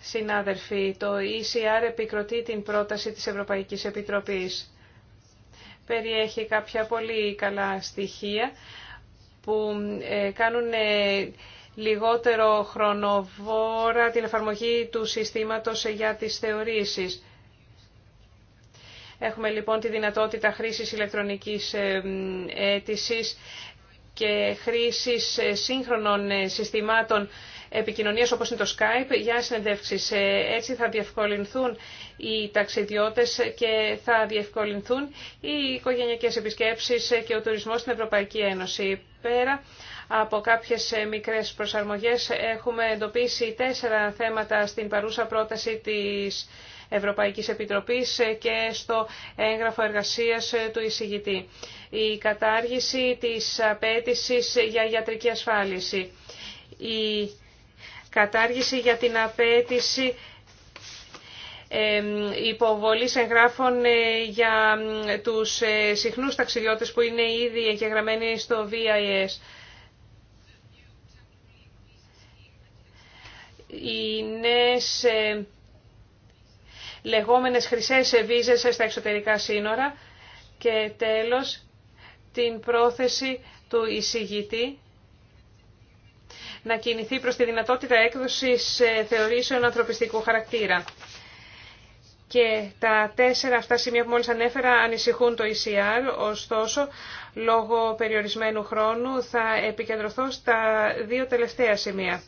Συνάδελφοι, το ECR επικροτεί την πρόταση της Ευρωπαϊκής Επιτροπής. Περιέχει κάποια πολύ καλά στοιχεία που ε, κάνουν ε, λιγότερο χρονοβόρα την εφαρμογή του συστήματος για τις θεωρήσεις. Έχουμε λοιπόν τη δυνατότητα χρήσης ηλεκτρονικής ε, αίτησης και χρήσης ε, σύγχρονων ε, συστημάτων επικοινωνίας όπως είναι το Skype για συνεντεύξεις. Έτσι θα διευκολυνθούν οι ταξιδιώτες και θα διευκολυνθούν οι οικογενειακές επισκέψεις και ο τουρισμός στην Ευρωπαϊκή Ένωση πέρα από κάποιες ε, μικρές προσαρμογές έχουμε εντοπίσει τέσσερα θέματα στην παρούσα πρόταση της Ευρωπαϊκής Επιτροπής ε, και στο έγγραφο εργασίας ε, του εισηγητή. Η κατάργηση της απέτηση για ιατρική ασφάλιση. Η κατάργηση για την απέτηση υποβολής εγγράφων ε, για τους ε, συχνούς ταξιδιώτες που είναι ήδη εγγεγραμμένοι στο VIS. Οι νέες ε, λεγόμενες χρυσές βίζες στα εξωτερικά σύνορα και τέλος την πρόθεση του εισηγητή να κινηθεί προς τη δυνατότητα έκδοσης θεωρήσεων ανθρωπιστικού χαρακτήρα. Και τα τέσσερα αυτά σημεία που μόλις ανέφερα ανησυχούν το ECR, ωστόσο λόγω περιορισμένου χρόνου θα επικεντρωθώ στα δύο τελευταία σημεία.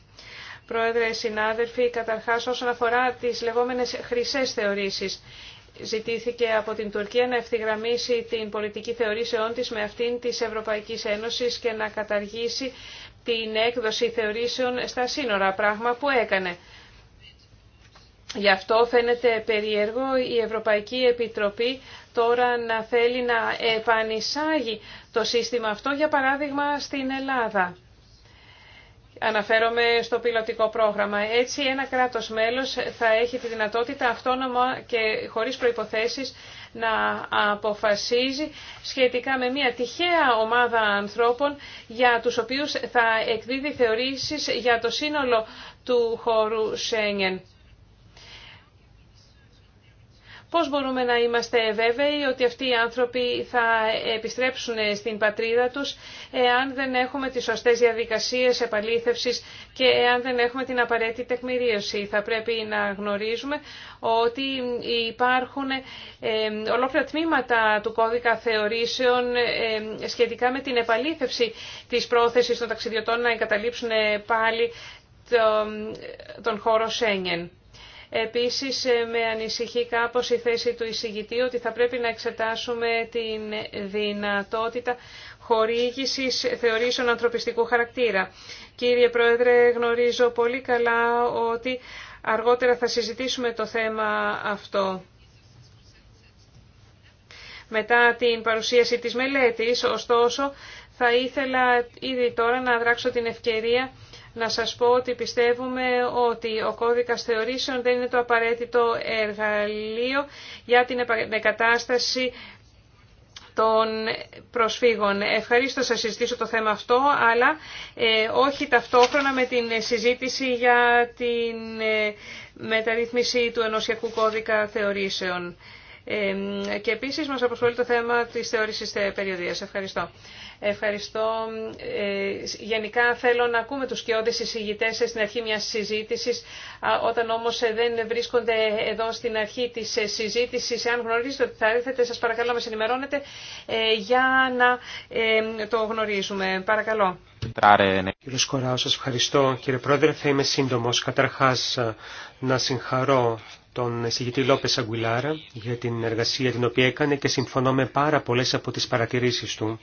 Πρόεδρε, συνάδελφοι, καταρχάς όσον αφορά τις λεγόμενες χρυσές θεωρήσεις. Ζητήθηκε από την Τουρκία να ευθυγραμμίσει την πολιτική θεωρήσεών της με αυτήν της Ευρωπαϊκής Ένωσης και να καταργήσει την έκδοση θεωρήσεων στα σύνορα, πράγμα που έκανε. Γι' αυτό φαίνεται περίεργο η Ευρωπαϊκή Επιτροπή τώρα να θέλει να επανεισάγει το σύστημα αυτό, για παράδειγμα στην Ελλάδα. Αναφέρομαι στο πιλωτικό πρόγραμμα. Έτσι ένα κράτος μέλος θα έχει τη δυνατότητα αυτόνομα και χωρίς προϋποθέσεις να αποφασίζει σχετικά με μια τυχαία ομάδα ανθρώπων για τους οποίους θα εκδίδει θεωρήσεις για το σύνολο του χώρου Σέγγεν. Πώς μπορούμε να είμαστε βέβαιοι ότι αυτοί οι άνθρωποι θα επιστρέψουν στην πατρίδα τους εάν δεν έχουμε τις σωστές διαδικασίες επαλήθευσης και εάν δεν έχουμε την απαραίτητη τεκμηρίωση. Θα πρέπει να γνωρίζουμε ότι υπάρχουν ε, ολόκληρα τμήματα του κώδικα θεωρήσεων ε, σχετικά με την επαλήθευση της πρόθεσης των ταξιδιωτών να εγκαταλείψουν πάλι τον χώρο Σέγγεν. Επίσης, ε, με ανησυχεί κάπως η θέση του εισηγητή ότι θα πρέπει να εξετάσουμε την δυνατότητα χορήγησης θεωρήσεων ανθρωπιστικού χαρακτήρα. Κύριε Πρόεδρε, γνωρίζω πολύ καλά ότι αργότερα θα συζητήσουμε το θέμα αυτό. Μετά την παρουσίαση της μελέτης, ωστόσο, θα ήθελα ήδη τώρα να δράξω την ευκαιρία να σας πω ότι πιστεύουμε ότι ο κώδικας θεωρήσεων δεν είναι το απαραίτητο εργαλείο για την επανεκατάσταση των προσφύγων. Ευχαρίστω να συζητήσω το θέμα αυτό, αλλά ε, όχι ταυτόχρονα με την συζήτηση για την ε, μεταρρύθμιση του ενωσιακού κώδικα θεωρήσεων. Ε, και επίσης μας αποσχολεί το θέμα της θεώρησης περιοδίας. Ευχαριστώ. Ευχαριστώ. Ε, γενικά θέλω να ακούμε τους κοιόδες εισηγητές στην αρχή μιας συζήτησης. Όταν όμως ε, δεν βρίσκονται εδώ στην αρχή της ε, συζήτησης, αν γνωρίζετε ότι θα έρθετε, σας παρακαλώ να μας ενημερώνετε για να το γνωρίζουμε. Παρακαλώ. Ναι. Κύριε Σκοράου, σας ευχαριστώ. Κύριε Πρόεδρε, θα είμαι σύντομος. Καταρχάς, να συγχαρώ τον εισηγητή Λόπε Αγκουιλάρα για την εργασία την οποία έκανε και συμφωνώ με πάρα πολλές από τις παρατηρήσεις του.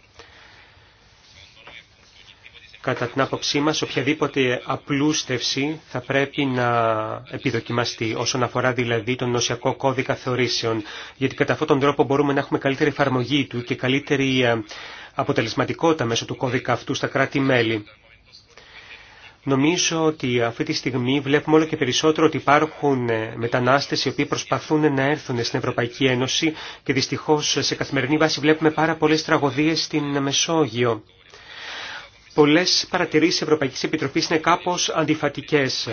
Κατά την άποψή μας, οποιαδήποτε απλούστευση θα πρέπει να επιδοκιμαστεί, όσον αφορά δηλαδή τον νοσιακό κώδικα θεωρήσεων, γιατί κατά αυτόν τον τρόπο μπορούμε να έχουμε καλύτερη εφαρμογή του και καλύτερη ε, αποτελεσματικότητα μέσω του κώδικα αυτού στα κράτη-μέλη. Νομίζω ότι αυτή τη στιγμή βλέπουμε όλο και περισσότερο ότι υπάρχουν ε, μετανάστες οι οποίοι προσπαθούν να έρθουν στην Ευρωπαϊκή Ένωση και δυστυχώς σε καθημερινή βάση βλέπουμε πάρα πολλές τραγωδίες στην Μεσόγειο πολλές παρατηρήσεις Ευρωπαϊκής Επιτροπής είναι κάπως αντιφατικές.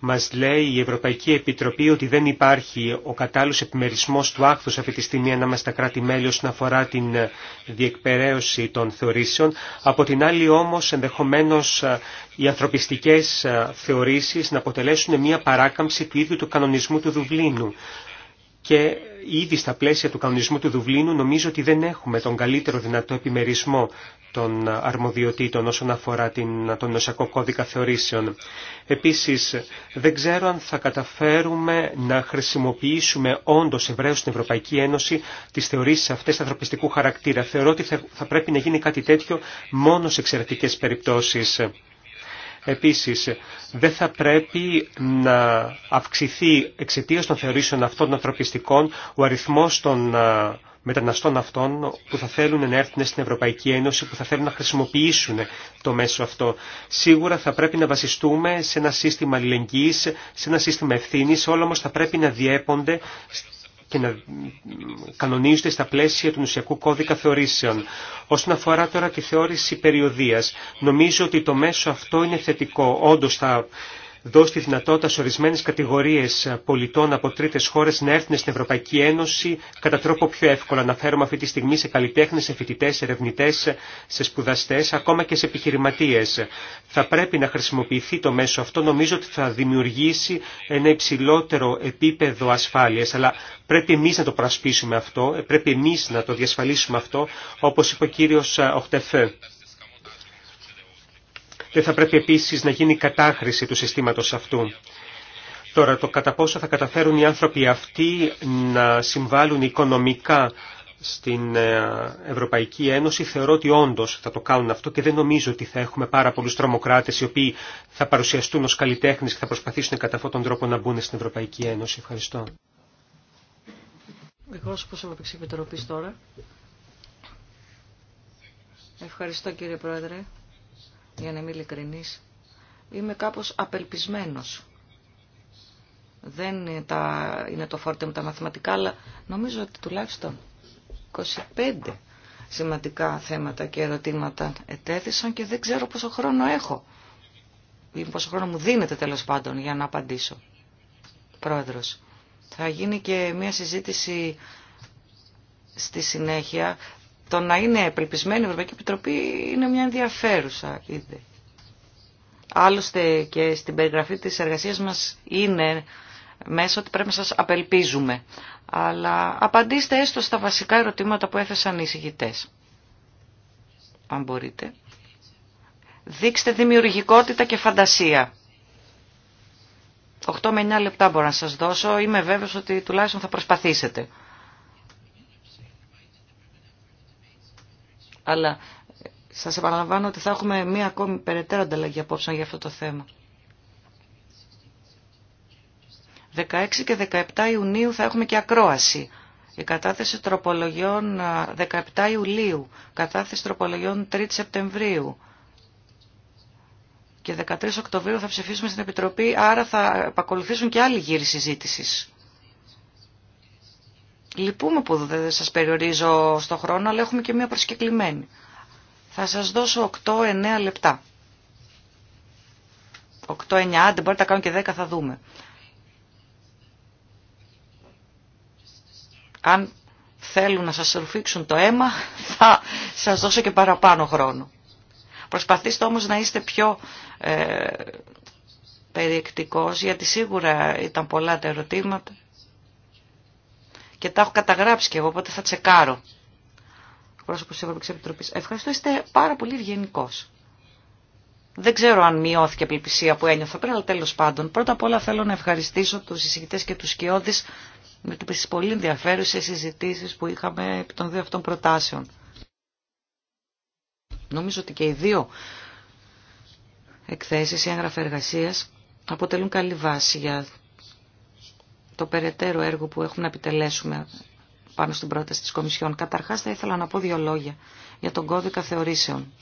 Μας λέει η Ευρωπαϊκή Επιτροπή ότι δεν υπάρχει ο κατάλληλος επιμερισμός του άκθους αυτή τη στιγμή ανάμεσα στα κράτη-μέλη όσον αφορά την διεκπαιρέωση των θεωρήσεων. Από την άλλη όμως ενδεχομένως οι ανθρωπιστικές θεωρήσεις να αποτελέσουν μια παράκαμψη του ίδιου του κανονισμού του Δουβλίνου και ήδη στα πλαίσια του κανονισμού του Δουβλίνου νομίζω ότι δεν έχουμε τον καλύτερο δυνατό επιμερισμό των αρμοδιοτήτων όσον αφορά την, τον νοσιακό κώδικα θεωρήσεων. Επίσης, δεν ξέρω αν θα καταφέρουμε να χρησιμοποιήσουμε όντως ευρέως στην Ευρωπαϊκή Ένωση τις θεωρήσεις αυτές ανθρωπιστικού χαρακτήρα. Θεωρώ ότι θα, πρέπει να γίνει κάτι τέτοιο μόνο σε εξαιρετικές περιπτώσεις. Επίσης, δεν θα πρέπει να αυξηθεί εξαιτίας των θεωρήσεων αυτών των ανθρωπιστικών ο αριθμός των μεταναστών αυτών που θα θέλουν να έρθουν στην Ευρωπαϊκή Ένωση, που θα θέλουν να χρησιμοποιήσουν το μέσο αυτό. Σίγουρα θα πρέπει να βασιστούμε σε ένα σύστημα αλληλεγγύης, σε ένα σύστημα ευθύνης, όλα όμως θα πρέπει να διέπονται και να κανονίζονται στα πλαίσια του νοσιακού κώδικα θεωρήσεων. Όσον αφορά τώρα τη θεώρηση περιοδίας, νομίζω ότι το μέσο αυτό είναι θετικό. Όντως θα δώσει τη δυνατότητα σε ορισμένε κατηγορίε πολιτών από τρίτε χώρε να έρθουν στην Ευρωπαϊκή Ένωση κατά τρόπο πιο εύκολα. Αναφέρομαι αυτή τη στιγμή σε καλλιτέχνε, σε φοιτητέ, σε ερευνητέ, σε σπουδαστέ, ακόμα και σε επιχειρηματίε. Θα πρέπει να χρησιμοποιηθεί το μέσο αυτό. Νομίζω ότι θα δημιουργήσει ένα υψηλότερο επίπεδο ασφάλεια. Αλλά πρέπει εμεί να το προασπίσουμε αυτό, πρέπει εμεί να το διασφαλίσουμε αυτό, όπω είπε ο κύριο Οχτεφέ. Δεν θα πρέπει επίσης να γίνει κατάχρηση του συστήματος αυτού. Τώρα, το κατά πόσο θα καταφέρουν οι άνθρωποι αυτοί να συμβάλλουν οικονομικά στην ε, Ευρωπαϊκή Ένωση θεωρώ ότι όντω θα το κάνουν αυτό και δεν νομίζω ότι θα έχουμε πάρα πολλούς τρομοκράτε οι οποίοι θα παρουσιαστούν ως καλλιτέχνε και θα προσπαθήσουν κατά αυτόν τον τρόπο να μπουν στην Ευρωπαϊκή Ένωση. Ευχαριστώ. Ευχαριστώ κύριε Πρόεδρε για να είμαι ειλικρινής, είμαι κάπως απελπισμένος. Δεν είναι, τα, είναι το φόρτε μου τα μαθηματικά, αλλά νομίζω ότι τουλάχιστον 25 σημαντικά θέματα και ερωτήματα ετέθησαν και δεν ξέρω πόσο χρόνο έχω ή πόσο χρόνο μου δίνεται τέλος πάντων για να απαντήσω. Πρόεδρος, θα γίνει και μια συζήτηση στη συνέχεια το να είναι επελπισμένη η Ευρωπαϊκή Επιτροπή είναι μια ενδιαφέρουσα είδη. Άλλωστε και στην περιγραφή της εργασίας μας είναι μέσα ότι πρέπει να σας απελπίζουμε. Αλλά απαντήστε έστω στα βασικά ερωτήματα που έθεσαν οι εισηγητές. Αν μπορείτε. Δείξτε δημιουργικότητα και φαντασία. 8 με 9 λεπτά μπορώ να σας δώσω. Είμαι βέβαιος ότι τουλάχιστον θα προσπαθήσετε. Αλλά σας επαναλαμβάνω ότι θα έχουμε μία ακόμη περαιτέρω ανταλλαγή απόψε για αυτό το θέμα. 16 και 17 Ιουνίου θα έχουμε και ακρόαση. Η κατάθεση τροπολογιών 17 Ιουλίου, κατάθεση τροπολογιών 3 Σεπτεμβρίου και 13 Οκτωβρίου θα ψηφίσουμε στην Επιτροπή, άρα θα επακολουθήσουν και άλλοι γύροι συζήτησης. Λυπούμε που δεν σας περιορίζω στο χρόνο, αλλά έχουμε και μία προσκεκλημένη. Θα σας δώσω 8-9 λεπτά. 8-9, αν δεν μπορείτε να κάνω και 10 θα δούμε. Αν θέλουν να σας ρουφήξουν το αίμα, θα σας δώσω και παραπάνω χρόνο. Προσπαθήστε όμως να είστε πιο ε, περιεκτικός, γιατί σίγουρα ήταν πολλά τα ερωτήματα και τα έχω καταγράψει και εγώ, οπότε θα τσεκάρω. Πρόσωπος της Ευρωπαϊκής Επιτροπής. Ευχαριστώ, είστε πάρα πολύ ευγενικό. Δεν ξέρω αν μειώθηκε η απελπισία που ένιωθα πριν, αλλά τέλος πάντων. Πρώτα απ' όλα θέλω να ευχαριστήσω του συζητητέ και του σκιώδει με τι πολύ ενδιαφέρουσε συζητήσει που είχαμε επί των δύο αυτών προτάσεων. Νομίζω ότι και οι δύο εκθέσει ή έγγραφα εργασία αποτελούν καλή βάση για το περαιτέρω έργο που έχουμε να επιτελέσουμε πάνω στην πρόταση της Κομισιόν. Καταρχάς θα ήθελα να πω δύο λόγια για τον κώδικα θεωρήσεων.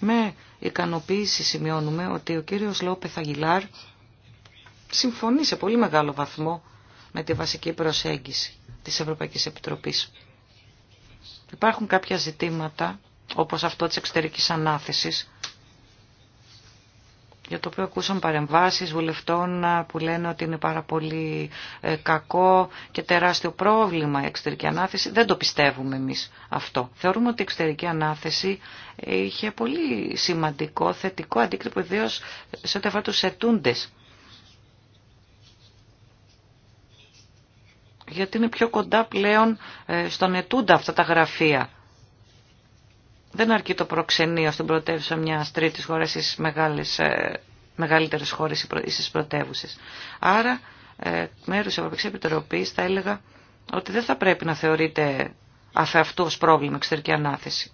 Με ικανοποίηση σημειώνουμε ότι ο κύριος Λόπεθ Αγγιλάρ συμφωνεί σε πολύ μεγάλο βαθμό με τη βασική προσέγγιση της Ευρωπαϊκής Επιτροπής. Υπάρχουν κάποια ζητήματα, όπως αυτό της εξωτερικής ανάθεσης, για το οποίο ακούσαν παρεμβάσεις βουλευτών που λένε ότι είναι πάρα πολύ ε, κακό και τεράστιο πρόβλημα η εξωτερική ανάθεση. Δεν το πιστεύουμε εμείς αυτό. Θεωρούμε ότι η εξωτερική ανάθεση είχε πολύ σημαντικό θετικό αντίκτυπο ιδίω σε ό,τι αφορά τους ετούντες. Γιατί είναι πιο κοντά πλέον ε, στον ετούντα αυτά τα γραφεία δεν αρκεί το προξενείο στην πρωτεύουσα μια τρίτη χώρα στι μεγαλύτερε χώρε ή στι ε, πρωτεύουσε. Άρα, ε, μέρου τη Ευρωπαϊκή Επιτροπή θα έλεγα ότι δεν θα πρέπει να θεωρείται αφεαυτού πρόβλημα εξωτερική ανάθεση.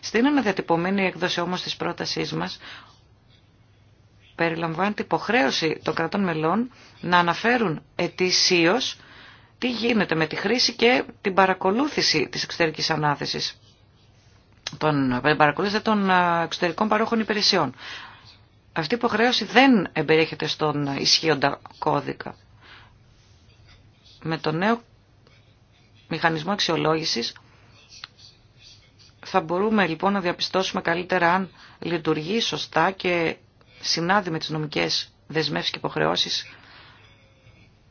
Στην αναδιατυπωμένη έκδοση όμως πρότασή μα μας την υποχρέωση των κρατών μελών να αναφέρουν ετησίω τι γίνεται με τη χρήση και την παρακολούθηση της εξωτερική ανάθεσης των, ε, των ε, εξωτερικών παρόχων υπηρεσιών. Αυτή η υποχρέωση δεν εμπεριέχεται στον ισχύοντα κώδικα. Με το νέο μηχανισμό αξιολόγησης θα μπορούμε λοιπόν να διαπιστώσουμε καλύτερα αν λειτουργεί σωστά και συνάδει με τις νομικές δεσμεύσεις και υποχρεώσεις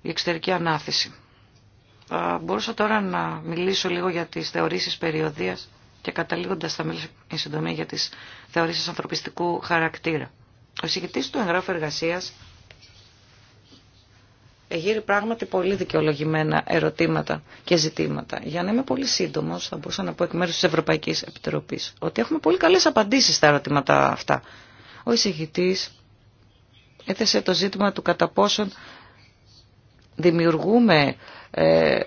η εξωτερική ανάθεση. μπορούσα τώρα να μιλήσω λίγο για τις θεωρήσεις περιοδίας και καταλήγοντα, θα μιλήσω εν συντομία για τι θεωρήσει ανθρωπιστικού χαρακτήρα. Ο συγκεκριτή του εγγράφου εργασία εγείρει πράγματι πολύ δικαιολογημένα ερωτήματα και ζητήματα. Για να είμαι πολύ σύντομο, θα μπορούσα να πω εκ μέρου τη Ευρωπαϊκή Επιτροπή ότι έχουμε πολύ καλέ απαντήσει στα ερωτήματα αυτά. Ο εισηγητή έθεσε το ζήτημα του κατά πόσον δημιουργούμε ε,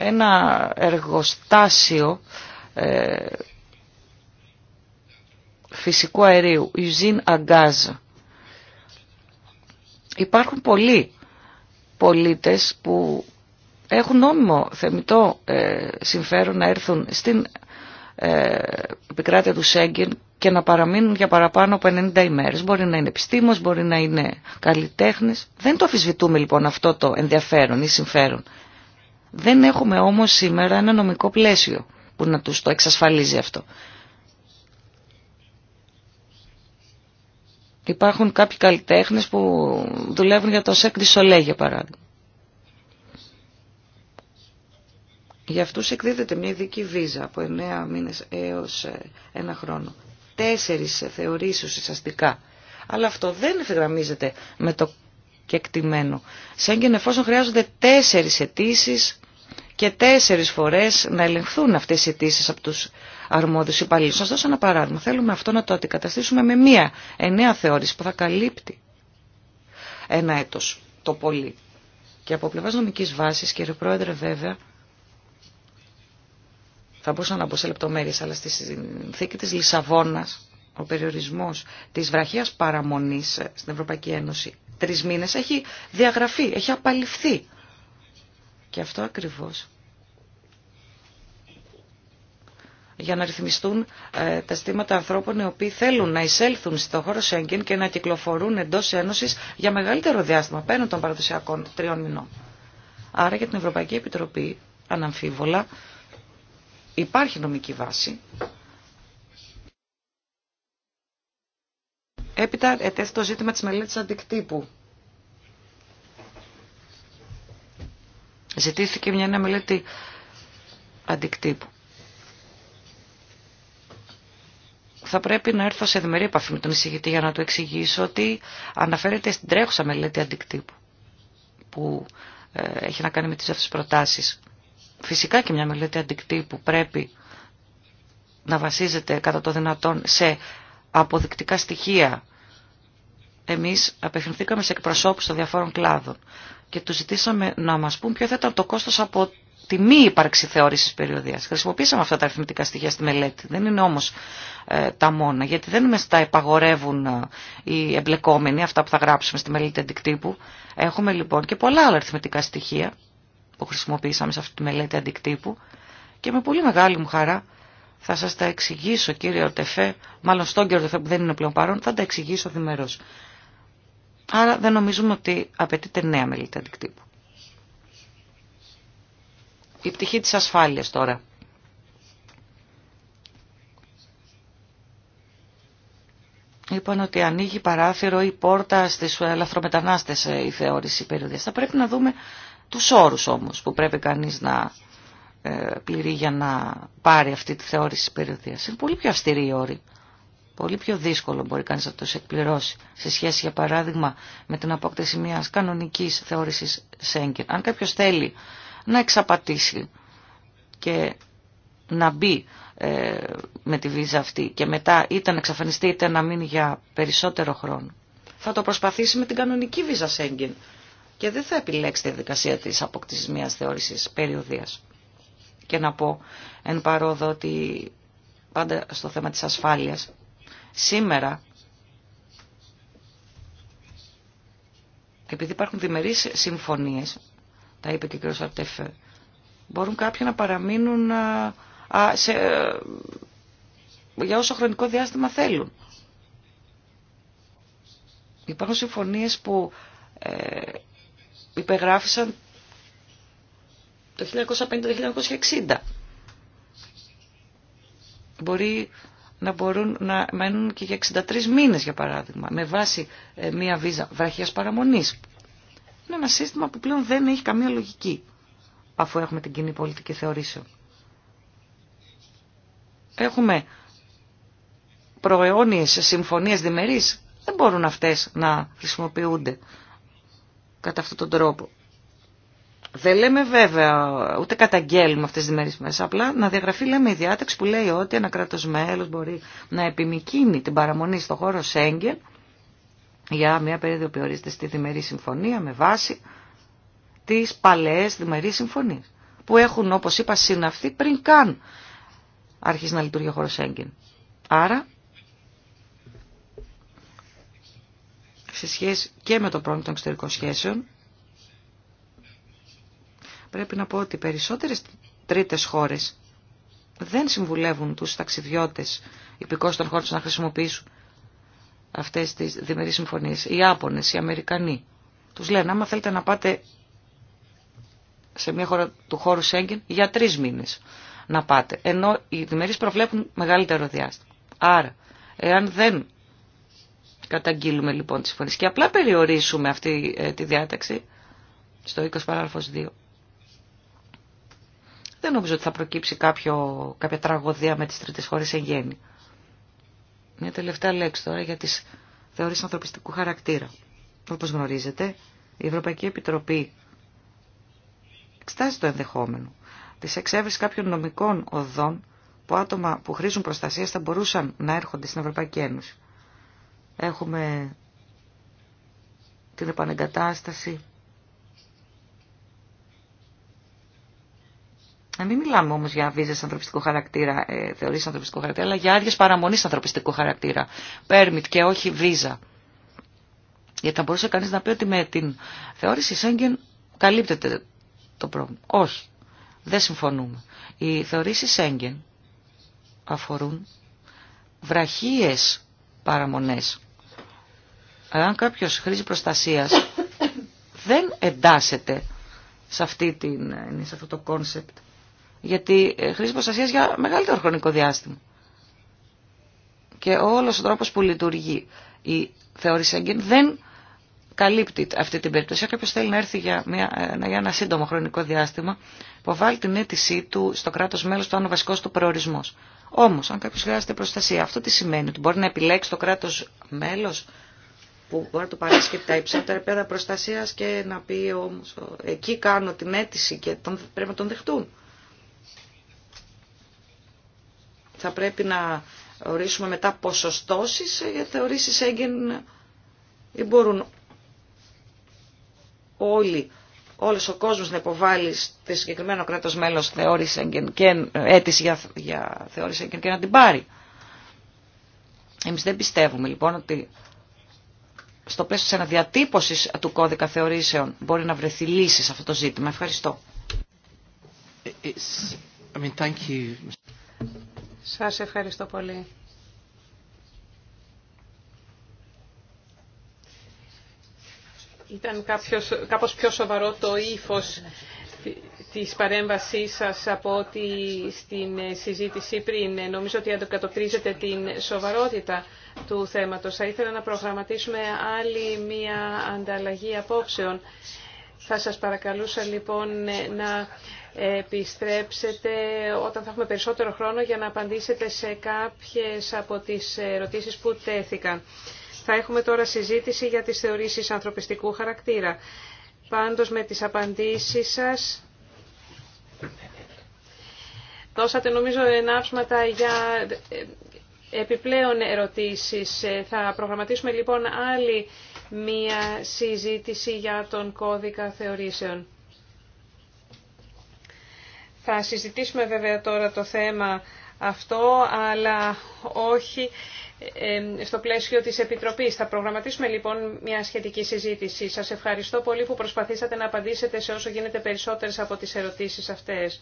ένα εργοστάσιο ε, φυσικού αερίου, Ιουζίν Αγκάζ. Υπάρχουν πολλοί πολίτες που έχουν νόμιμο θεμητό ε, συμφέρον να έρθουν στην ε, επικράτεια του Σέγγεν και να παραμείνουν για παραπάνω από 90 ημέρες. Μπορεί να είναι επιστήμος, μπορεί να είναι καλλιτέχνης. Δεν το αφισβητούμε λοιπόν αυτό το ενδιαφέρον ή συμφέρον. Δεν έχουμε όμως σήμερα ένα νομικό πλαίσιο που να τους το εξασφαλίζει αυτό. Υπάρχουν κάποιοι καλλιτέχνες που δουλεύουν για το Σεκ Σολέ, για παράδειγμα. Για αυτούς εκδίδεται μια ειδική βίζα από 9 μήνες έως ε, ένα χρόνο. Τέσσερις θεωρήσεις ουσιαστικά. Αλλά αυτό δεν εφηγραμμίζεται με το και εκτιμένο. Σαν εφόσον χρειάζονται τέσσερις αιτήσει και τέσσερις φορές να ελεγχθούν αυτές οι αιτήσει από τους αρμόδιους υπαλλήλους. Σας δώσω ένα παράδειγμα. Θέλουμε αυτό να το αντικαταστήσουμε με μία εννέα θεώρηση που θα καλύπτει ένα έτος το πολύ. Και από πλευρά νομική βάση, κύριε Πρόεδρε, βέβαια, θα μπορούσα να μπω σε λεπτομέρειε, αλλά στη συνθήκη τη Λισαβόνα, ο περιορισμό τη βραχία παραμονή στην Ευρωπαϊκή Ένωση Τρει μήνες έχει διαγραφεί, έχει απαλληφθεί. Και αυτό ακριβώς για να ρυθμιστούν ε, τα στήματα ανθρώπων οι οποίοι θέλουν να εισέλθουν στο χώρο Σέγγεν και να κυκλοφορούν εντό Ένωσης για μεγαλύτερο διάστημα πέραν των παραδοσιακών τριών μηνών. Άρα για την Ευρωπαϊκή Επιτροπή, αναμφίβολα, υπάρχει νομική βάση Έπειτα ετέθη το ζήτημα της μελέτης αντικτύπου. Ζητήθηκε μια νέα μελέτη αντικτύπου. Θα πρέπει να έρθω σε δημερή επαφή με τον εισηγητή για να του εξηγήσω ότι αναφέρεται στην τρέχουσα μελέτη αντικτύπου που ε, έχει να κάνει με τις αυτές προτάσεις. Φυσικά και μια μελέτη αντικτύπου πρέπει να βασίζεται κατά το δυνατόν σε αποδεικτικά στοιχεία εμείς απευθυνθήκαμε σε εκπροσώπους των διαφόρων κλάδων και του ζητήσαμε να μας πούν ποιο θα ήταν το κόστος από τη μη ύπαρξη θεώρησης περιοδίας. Χρησιμοποίησαμε αυτά τα αριθμητικά στοιχεία στη μελέτη. Δεν είναι όμως ε, τα μόνα, γιατί δεν μας τα επαγορεύουν ε, οι εμπλεκόμενοι, αυτά που θα γράψουμε στη μελέτη αντικτύπου. Έχουμε λοιπόν και πολλά άλλα αριθμητικά στοιχεία που χρησιμοποίησαμε σε αυτή τη μελέτη αντικτύπου και με πολύ μεγάλη μου χαρά θα σας τα εξηγήσω κύριε Ορτεφέ, μάλλον στον κύριο Ορτεφέ που δεν είναι πλέον παρόν, θα τα εξηγήσω διμερώς. Άρα δεν νομίζουμε ότι απαιτείται νέα μελέτη αντικτύπου. Η πτυχή της ασφάλειας τώρα. Είπαν ότι ανοίγει παράθυρο ή πόρτα στις ελαφρομετανάστες ε, η θεώρηση περιοδίας. Θα πρέπει να δούμε τους όρους όμως που πρέπει κανείς να ε, πληρεί για να πάρει αυτή τη θεώρηση περιοδίας. Είναι πολύ πιο αυστηρή η όρη πολύ πιο δύσκολο μπορεί κανείς να το εκπληρώσει σε σχέση για παράδειγμα με την απόκτηση μιας κανονικής θεώρησης Σέγγεν. Αν κάποιος θέλει να εξαπατήσει και να μπει ε, με τη βίζα αυτή και μετά είτε να εξαφανιστεί είτε να μείνει για περισσότερο χρόνο, θα το προσπαθήσει με την κανονική βίζα Σέγγεν και δεν θα επιλέξει τη διαδικασία της αποκτήσης μιας θεώρησης περιοδίας. Και να πω εν παρόδο ότι πάντα στο θέμα της ασφάλειας Σήμερα, επειδή υπάρχουν διμερείς συμφωνίες, τα είπε και ο κ. Σαρτεφέ, μπορούν κάποιοι να παραμείνουν α, σε, ε, για όσο χρονικό διάστημα θέλουν. Υπάρχουν συμφωνίες που ε, υπεγράφησαν το 1950-1960. Μπορεί να μπορούν να μένουν και για 63 μήνες για παράδειγμα, με βάση ε, μία βίζα βραχίας παραμονής. Είναι ένα σύστημα που πλέον δεν έχει καμία λογική, αφού έχουμε την κοινή πολιτική θεωρήσεων. Έχουμε προαιώνιες συμφωνίες διμερείς, δεν μπορούν αυτές να χρησιμοποιούνται κατά αυτόν τον τρόπο. Δεν λέμε βέβαια, ούτε καταγγέλουμε αυτές τις μέρες μέσα, απλά να διαγραφεί λέμε η διάταξη που λέει ότι ένα κράτος μέλος μπορεί να επιμηκύνει την παραμονή στο χώρο Σέγγεν για μια περίοδο που ορίζεται στη διμερή συμφωνία με βάση τις παλαιές διμερή συμφωνίες που έχουν όπως είπα συναυθεί πριν καν αρχίσει να λειτουργεί ο χώρος Σέγγεν. Άρα σε σχέση και με το πρόβλημα των εξωτερικών σχέσεων πρέπει να πω ότι περισσότερες τρίτες χώρες δεν συμβουλεύουν τους ταξιδιώτες υπηκός των χώρων να χρησιμοποιήσουν αυτές τις διμερείς συμφωνίες. Οι Άπωνες, οι Αμερικανοί. Τους λένε άμα θέλετε να πάτε σε μια χώρα του χώρου Σέγγεν για τρεις μήνες να πάτε. Ενώ οι διμερείς προβλέπουν μεγαλύτερο διάστημα. Άρα, εάν δεν καταγγείλουμε λοιπόν τις συμφωνίες και απλά περιορίσουμε αυτή ε, τη διάταξη στο 20 παράγραφος 2, δεν νομίζω ότι θα προκύψει κάποιο, κάποια τραγωδία με τις τρίτες χώρες εν γέννη. Μια τελευταία λέξη τώρα για τις θεωρίες ανθρωπιστικού χαρακτήρα. Όπως γνωρίζετε, η Ευρωπαϊκή Επιτροπή εξτάζει το ενδεχόμενο της εξέβρισης κάποιων νομικών οδών που άτομα που χρήζουν προστασία θα μπορούσαν να έρχονται στην Ευρωπαϊκή Ένωση. Έχουμε την επανεγκατάσταση Να μην μιλάμε όμω για βίζε ανθρωπιστικού χαρακτήρα, ε, ανθρωπιστικού χαρακτήρα, αλλά για άδειε παραμονή ανθρωπιστικού χαρακτήρα. Πέρμιτ και όχι βίζα. Γιατί θα μπορούσε κανεί να πει ότι με την θεώρηση Σέγγεν καλύπτεται το πρόβλημα. Όχι. Δεν συμφωνούμε. Οι θεωρήσει Σέγγεν αφορούν βραχίε παραμονέ. αν κάποιο χρήζει προστασία δεν εντάσσεται σε, αυτή την, σε αυτό το κόνσεπτ γιατί ε, χρήση προστασία για μεγαλύτερο χρονικό διάστημα. Και όλο ο τρόπο που λειτουργεί η θεώρηση έγκαιν δεν καλύπτει αυτή την περίπτωση. Αν κάποιο θέλει να έρθει για, μια, ε, για ένα σύντομο χρονικό διάστημα, υποβάλλει την αίτησή του στο κράτο μέλο, του αν ο βασικό του προορισμό. Όμω, αν κάποιο χρειάζεται προστασία, αυτό τι σημαίνει, ότι μπορεί να επιλέξει το κράτο μέλο που μπορεί να του παράσχει τα υψηλότερα επίπεδα προστασία και να πει όμω εκεί κάνω την αίτηση και τον, πρέπει να τον δεχτούν. θα πρέπει να ορίσουμε μετά ποσοστώσεις ε, για θεωρήσεις έγκαιν ή μπορούν όλοι, όλος ο κόσμος να υποβάλει στο συγκεκριμένο κράτος μέλος θεώρηση έγκαιν και ε, αίτηση για, για θεώρηση και να την πάρει. Εμείς δεν πιστεύουμε λοιπόν ότι στο πλαίσιο της αναδιατύπωσης του κώδικα θεωρήσεων μπορεί να βρεθεί λύση σε αυτό το ζήτημα. Ευχαριστώ. Σας ευχαριστώ πολύ. Ήταν κάποιος, κάπως πιο σοβαρό το ύφος της παρέμβασής σας από ότι στην συζήτηση πριν. Νομίζω ότι αντοκατοπτρίζεται την σοβαρότητα του θέματος. Θα ήθελα να προγραμματίσουμε άλλη μία ανταλλαγή απόψεων. Θα σας παρακαλούσα λοιπόν να επιστρέψετε όταν θα έχουμε περισσότερο χρόνο για να απαντήσετε σε κάποιες από τις ερωτήσεις που τέθηκαν. Θα έχουμε τώρα συζήτηση για τις θεωρήσεις ανθρωπιστικού χαρακτήρα. Πάντως με τις απαντήσεις σας δώσατε νομίζω ενάψματα για ε, επιπλέον ερωτήσεις. Θα προγραμματίσουμε λοιπόν άλλη μία συζήτηση για τον κώδικα θεωρήσεων. Θα συζητήσουμε βέβαια τώρα το θέμα αυτό, αλλά όχι στο πλαίσιο της Επιτροπής. Θα προγραμματίσουμε λοιπόν μια σχετική συζήτηση. Σας ευχαριστώ πολύ που προσπαθήσατε να απαντήσετε σε όσο γίνεται περισσότερες από τις ερωτήσεις αυτές.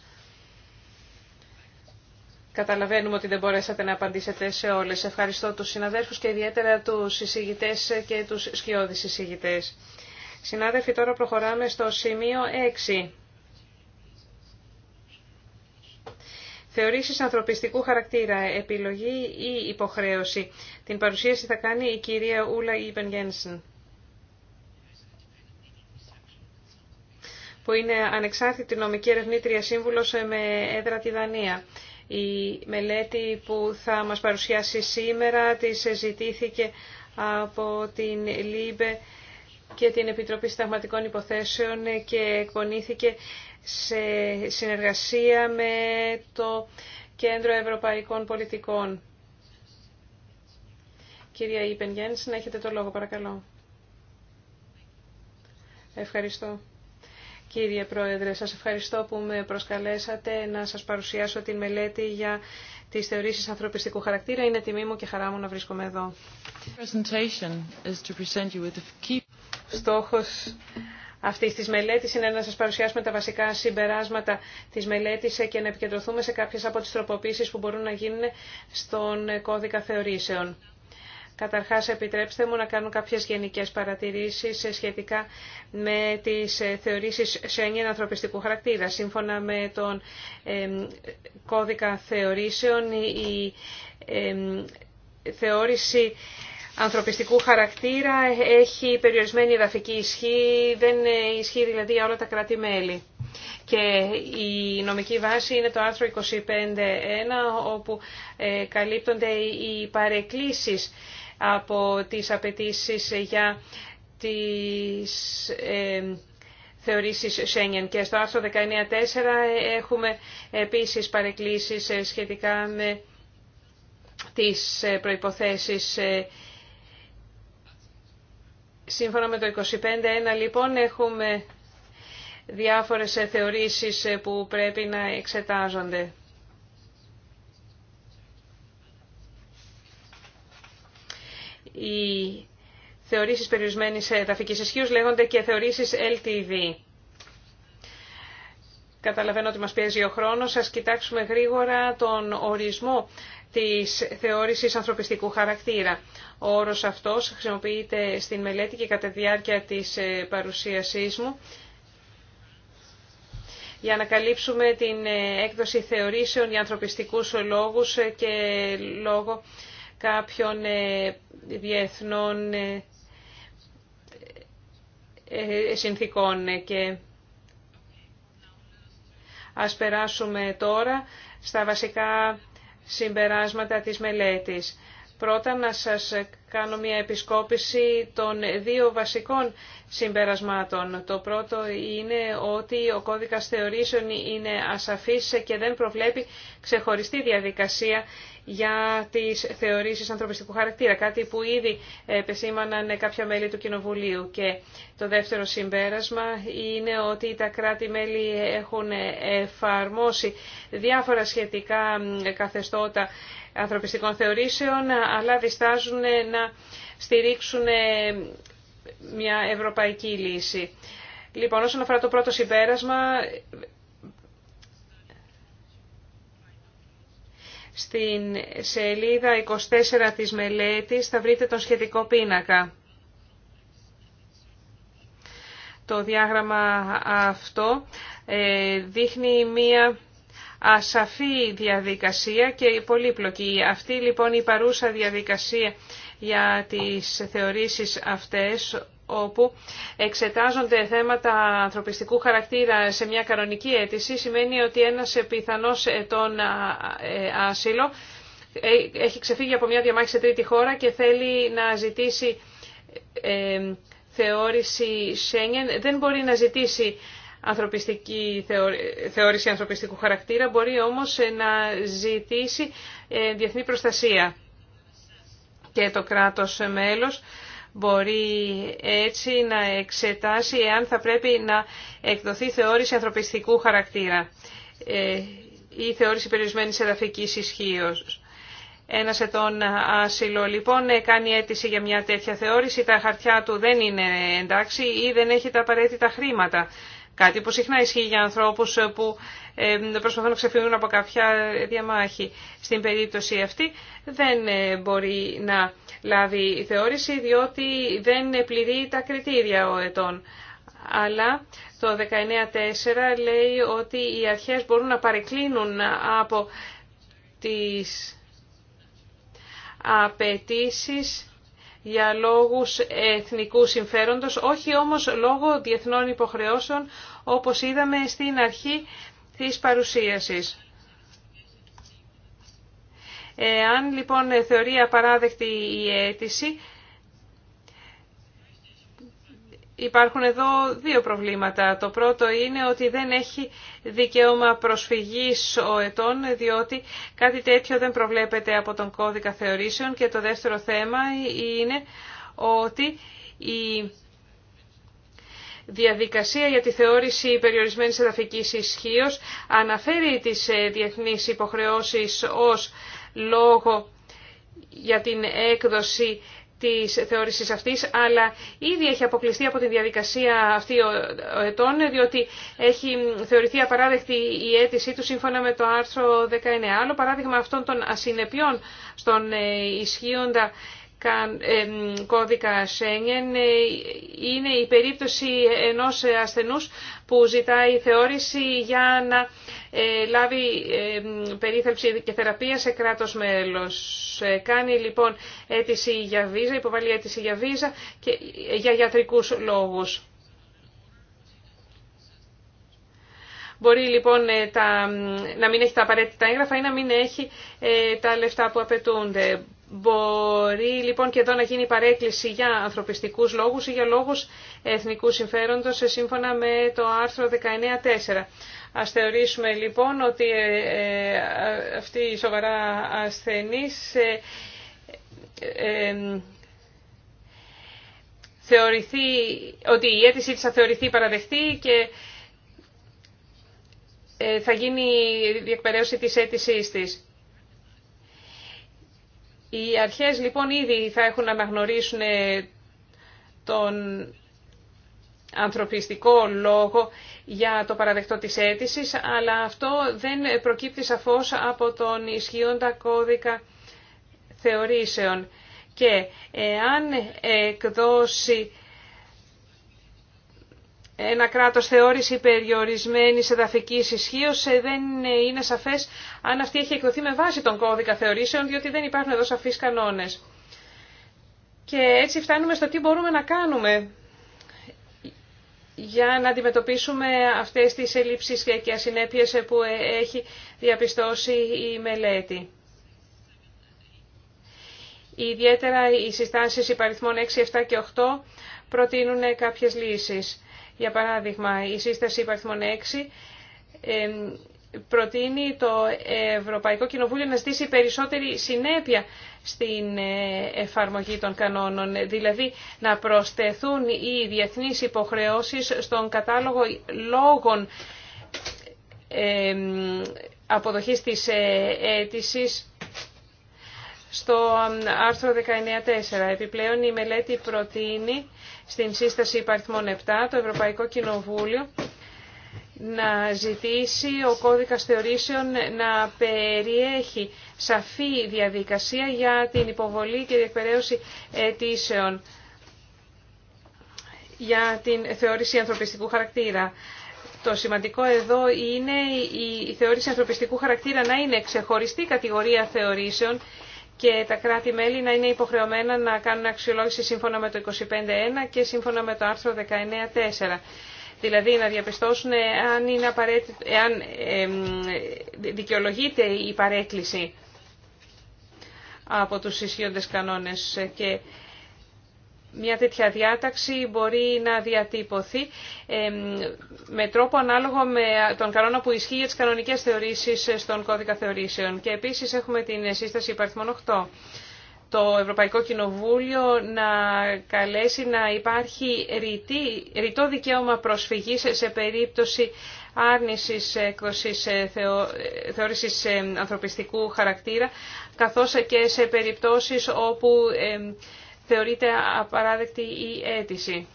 Καταλαβαίνουμε ότι δεν μπορέσατε να απαντήσετε σε όλες. Ευχαριστώ τους συναδέλφους και ιδιαίτερα τους συζητητές και τους σκιώδεις συζητητές. Συνάδελφοι, τώρα προχωράμε στο σημείο 6. Θεωρήσεις ανθρωπιστικού χαρακτήρα, επιλογή ή υποχρέωση. Την παρουσίαση θα κάνει η κυρία Ούλα Ιπεν Γένσεν, που είναι ανεξάρτητη νομική ερευνήτρια σύμβουλος με έδρα τη Δανία. Η μελέτη που θα μας παρουσιάσει σήμερα τη συζητήθηκε από την ΛΥΜΠΕ και την Επιτροπή Συνταγματικών Υποθέσεων και εκπονήθηκε σε συνεργασία με το Κέντρο Ευρωπαϊκών Πολιτικών. Κυρία Υπενγέννης, να έχετε το λόγο, παρακαλώ. Ευχαριστώ. Κύριε Πρόεδρε, σας ευχαριστώ που με προσκαλέσατε να σας παρουσιάσω την μελέτη για τις θεωρήσεις ανθρωπιστικού χαρακτήρα. Είναι τιμή μου και χαρά μου να βρίσκομαι εδώ. Αυτή τη μελέτη είναι να σα παρουσιάσουμε τα βασικά συμπεράσματα της μελέτης και να επικεντρωθούμε σε κάποιε από τις τροποποίησεις που μπορούν να γίνουν στον κώδικα θεωρήσεων. Καταρχάς, επιτρέψτε μου να κάνω κάποιες γενικές παρατηρήσεις σχετικά με τις θεωρήσεις έννοια ανθρωπιστικού χαρακτήρα. Σύμφωνα με τον κώδικα θεωρήσεων, η θεώρηση ανθρωπιστικού χαρακτήρα, έχει περιορισμένη εδαφική ισχύ, δεν ισχύει δηλαδή για όλα τα κράτη-μέλη. Και η νομική βάση είναι το άρθρο 25.1, όπου ε, καλύπτονται οι παρεκκλήσεις από τις απαιτήσει για τις ε, θεωρήσεις Schengen. Και στο άρθρο 19.4 έχουμε επίσης παρεκκλήσεις ε, σχετικά με τις προϋποθέσεις Σύμφωνα με το 25.1 λοιπόν έχουμε διάφορες θεωρήσεις ε, που πρέπει να εξετάζονται. Οι θεωρήσεις περιορισμένης ε, ταφικής ισχύους λέγονται και θεωρήσεις LTV. Καταλαβαίνω ότι μας πιέζει ο χρόνος. Σας κοιτάξουμε γρήγορα τον ορισμό της θεώρησης ανθρωπιστικού χαρακτήρα. Ο όρος αυτός χρησιμοποιείται στην μελέτη και κατά διάρκεια της ε, παρουσίασής μου για να καλύψουμε την ε, έκδοση θεωρήσεων για ανθρωπιστικούς λόγους ε, και λόγω κάποιων διεθνών συνθήκων. Και ας περάσουμε τώρα στα βασικά συμπεράσματα της μελέτης. Πρώτα να σας κάνω μια επισκόπηση των δύο βασικών συμπερασμάτων. Το πρώτο είναι ότι ο κώδικας θεωρήσεων είναι ασαφής και δεν προβλέπει ξεχωριστή διαδικασία για τις θεωρήσεις ανθρωπιστικού χαρακτήρα, κάτι που ήδη επεσήμαναν κάποια μέλη του Κοινοβουλίου. Και το δεύτερο συμπέρασμα είναι ότι τα κράτη-μέλη έχουν εφαρμόσει διάφορα σχετικά καθεστώτα ανθρωπιστικών θεωρήσεων, αλλά διστάζουν να στηρίξουν μια ευρωπαϊκή λύση. Λοιπόν, όσον αφορά το πρώτο συμπέρασμα, στην σελίδα 24 της μελέτης θα βρείτε τον σχετικό πίνακα. Το διάγραμμα αυτό ε, δείχνει μία ασαφή διαδικασία και πολύπλοκη. Αυτή λοιπόν η παρούσα διαδικασία για τις θεωρήσεις αυτές όπου εξετάζονται θέματα ανθρωπιστικού χαρακτήρα σε μια κανονική αίτηση σημαίνει ότι ένας πιθανός ετών ε, άσυλο ε, έχει ξεφύγει από μια διαμάχη σε τρίτη χώρα και θέλει να ζητήσει ε, θεώρηση Σέγγεν. Δεν μπορεί να ζητήσει ανθρωπιστική θεώρηση ανθρωπιστικού χαρακτήρα, μπορεί όμως ε, να ζητήσει ε, διεθνή προστασία. Και το κράτος μέλος μπορεί έτσι να εξετάσει εάν θα πρέπει να εκδοθεί θεώρηση ανθρωπιστικού χαρακτήρα ε, ή θεώρηση περιορισμένης εδαφικής ισχύως. Ένα ετών άσυλο λοιπόν κάνει αίτηση για μια τέτοια θεώρηση, τα χαρτιά του δεν είναι εντάξει ή δεν έχει τα απαραίτητα χρήματα. Κάτι που συχνά ισχύει για ανθρώπους ε, που ε, προσπαθούν να ξεφύγουν από κάποια διαμάχη. Στην περίπτωση αυτή δεν ε, μπορεί να λάβει θεώρηση διότι δεν πληρεί τα κριτήρια ο ετών. Αλλά το 19.4 λέει ότι οι αρχές μπορούν να παρεκκλίνουν από τις απαιτήσει για λόγους εθνικού συμφέροντος, όχι όμως λόγω διεθνών υποχρεώσεων, όπως είδαμε στην αρχή της παρουσίασης. Ε, αν λοιπόν θεωρεί απαράδεκτη η αίτηση, Υπάρχουν εδώ δύο προβλήματα. Το πρώτο είναι ότι δεν έχει δικαίωμα προσφυγής ο ετών, διότι κάτι τέτοιο δεν προβλέπεται από τον κώδικα θεωρήσεων. Και το δεύτερο θέμα είναι ότι η διαδικασία για τη θεώρηση περιορισμένης εδαφικής ισχύω αναφέρει τις ε, διεθνείς υποχρεώσεις ως λόγο για την έκδοση της θεώρησης αυτής, αλλά ήδη έχει αποκλειστεί από τη διαδικασία αυτή ο ετών, διότι έχει θεωρηθεί απαράδεκτη η αίτησή του σύμφωνα με το άρθρο 19. Άλλο παράδειγμα αυτών των ασυνεπιών στον ε, ισχύοντα κώδικα Σέγγεν ε, είναι η περίπτωση ενός ασθενούς που ζητάει θεώρηση για να ε, λάβει περίθαλψη και θεραπεία σε κράτος μέλος. Ε, κάνει λοιπόν αίτηση για βίζα, υποβάλλει αίτηση για βίζα και για γιατρικούς λόγους. Μπορεί λοιπόν τα, να μην έχει τα απαραίτητα έγγραφα ή να μην έχει τα λεφτά που απαιτούνται. Μπορεί λοιπόν και εδώ να γίνει παρέκκληση για ανθρωπιστικούς λόγους ή για λόγους εθνικού συμφέροντος ε, σύμφωνα με το άρθρο 19.4. Ας θεωρήσουμε λοιπόν ότι ε, ε, αυτή η σοβαρά ασθενής θεωρηθεί, ότι η αίτησή της θα θεωρηθεί παραδεχτή και θα γίνει η διεκπαιρέωση της αίτησής της. Οι αρχές λοιπόν ήδη θα έχουν να αναγνωρίσουν ε, τον ανθρωπιστικό λόγο για το παραδεκτό της αίτηση, αλλά αυτό δεν προκύπτει σαφώς από τον ισχύοντα κώδικα θεωρήσεων. Και εάν εκδώσει ένα κράτος θεώρηση περιορισμένη εδαφική ισχύω ε, δεν είναι σαφές αν αυτή έχει εκδοθεί με βάση τον κώδικα θεωρήσεων, διότι δεν υπάρχουν εδώ σαφείς κανόνες. Και έτσι φτάνουμε στο τι μπορούμε να κάνουμε για να αντιμετωπίσουμε αυτές τις ελλείψεις και ασυνέπειες που ε, έχει διαπιστώσει η μελέτη. Ιδιαίτερα οι συστάσεις υπαριθμών 6, 7 και 8 προτείνουν κάποιες λύσεις. Για παράδειγμα, η σύσταση υπαριθμών 6 προτείνει το Ευρωπαϊκό Κοινοβούλιο να ζητήσει περισσότερη συνέπεια στην ε, εφαρμογή των κανόνων, δηλαδή να προσθεθούν οι διεθνείς υποχρεώσεις στον κατάλογο λόγων αποδοχής της ε, αίτησης στο άρθρο 19.4. Επιπλέον η μελέτη προτείνει στην σύσταση υπαριθμών 7 το Ευρωπαϊκό Κοινοβούλιο να ζητήσει ο κώδικας θεωρήσεων να περιέχει σαφή διαδικασία για την υποβολή και διεκπαιρέωση αιτήσεων για την θεώρηση ανθρωπιστικού χαρακτήρα. Το σημαντικό εδώ είναι η θεώρηση ανθρωπιστικού χαρακτήρα να είναι ξεχωριστή κατηγορία θεωρήσεων και τα κράτη-μέλη να είναι υποχρεωμένα να κάνουν αξιολόγηση σύμφωνα με το 25.1 και σύμφωνα με το άρθρο 19.4. Δηλαδή να διαπιστώσουν αν είναι εάν δικαιολογείται η παρέκκληση από τους ισχύοντες κανόνες και μια τέτοια διάταξη μπορεί να διατύπωθεί με τρόπο ανάλογο με τον κανόνα που ισχύει για τις κανονικές θεωρήσεις στον κώδικα θεωρήσεων. Και επίσης έχουμε την σύσταση υπαρθμών 8 το Ευρωπαϊκό Κοινοβούλιο να καλέσει να υπάρχει ρητό δικαίωμα προσφυγής σε περίπτωση άρνησης έκδοσης ε, θεω, ε, θεώρησης ε, ανθρωπιστικού χαρακτήρα, καθώς και σε περιπτώσεις όπου θεωρείται απαράδεκτη η αίτηση.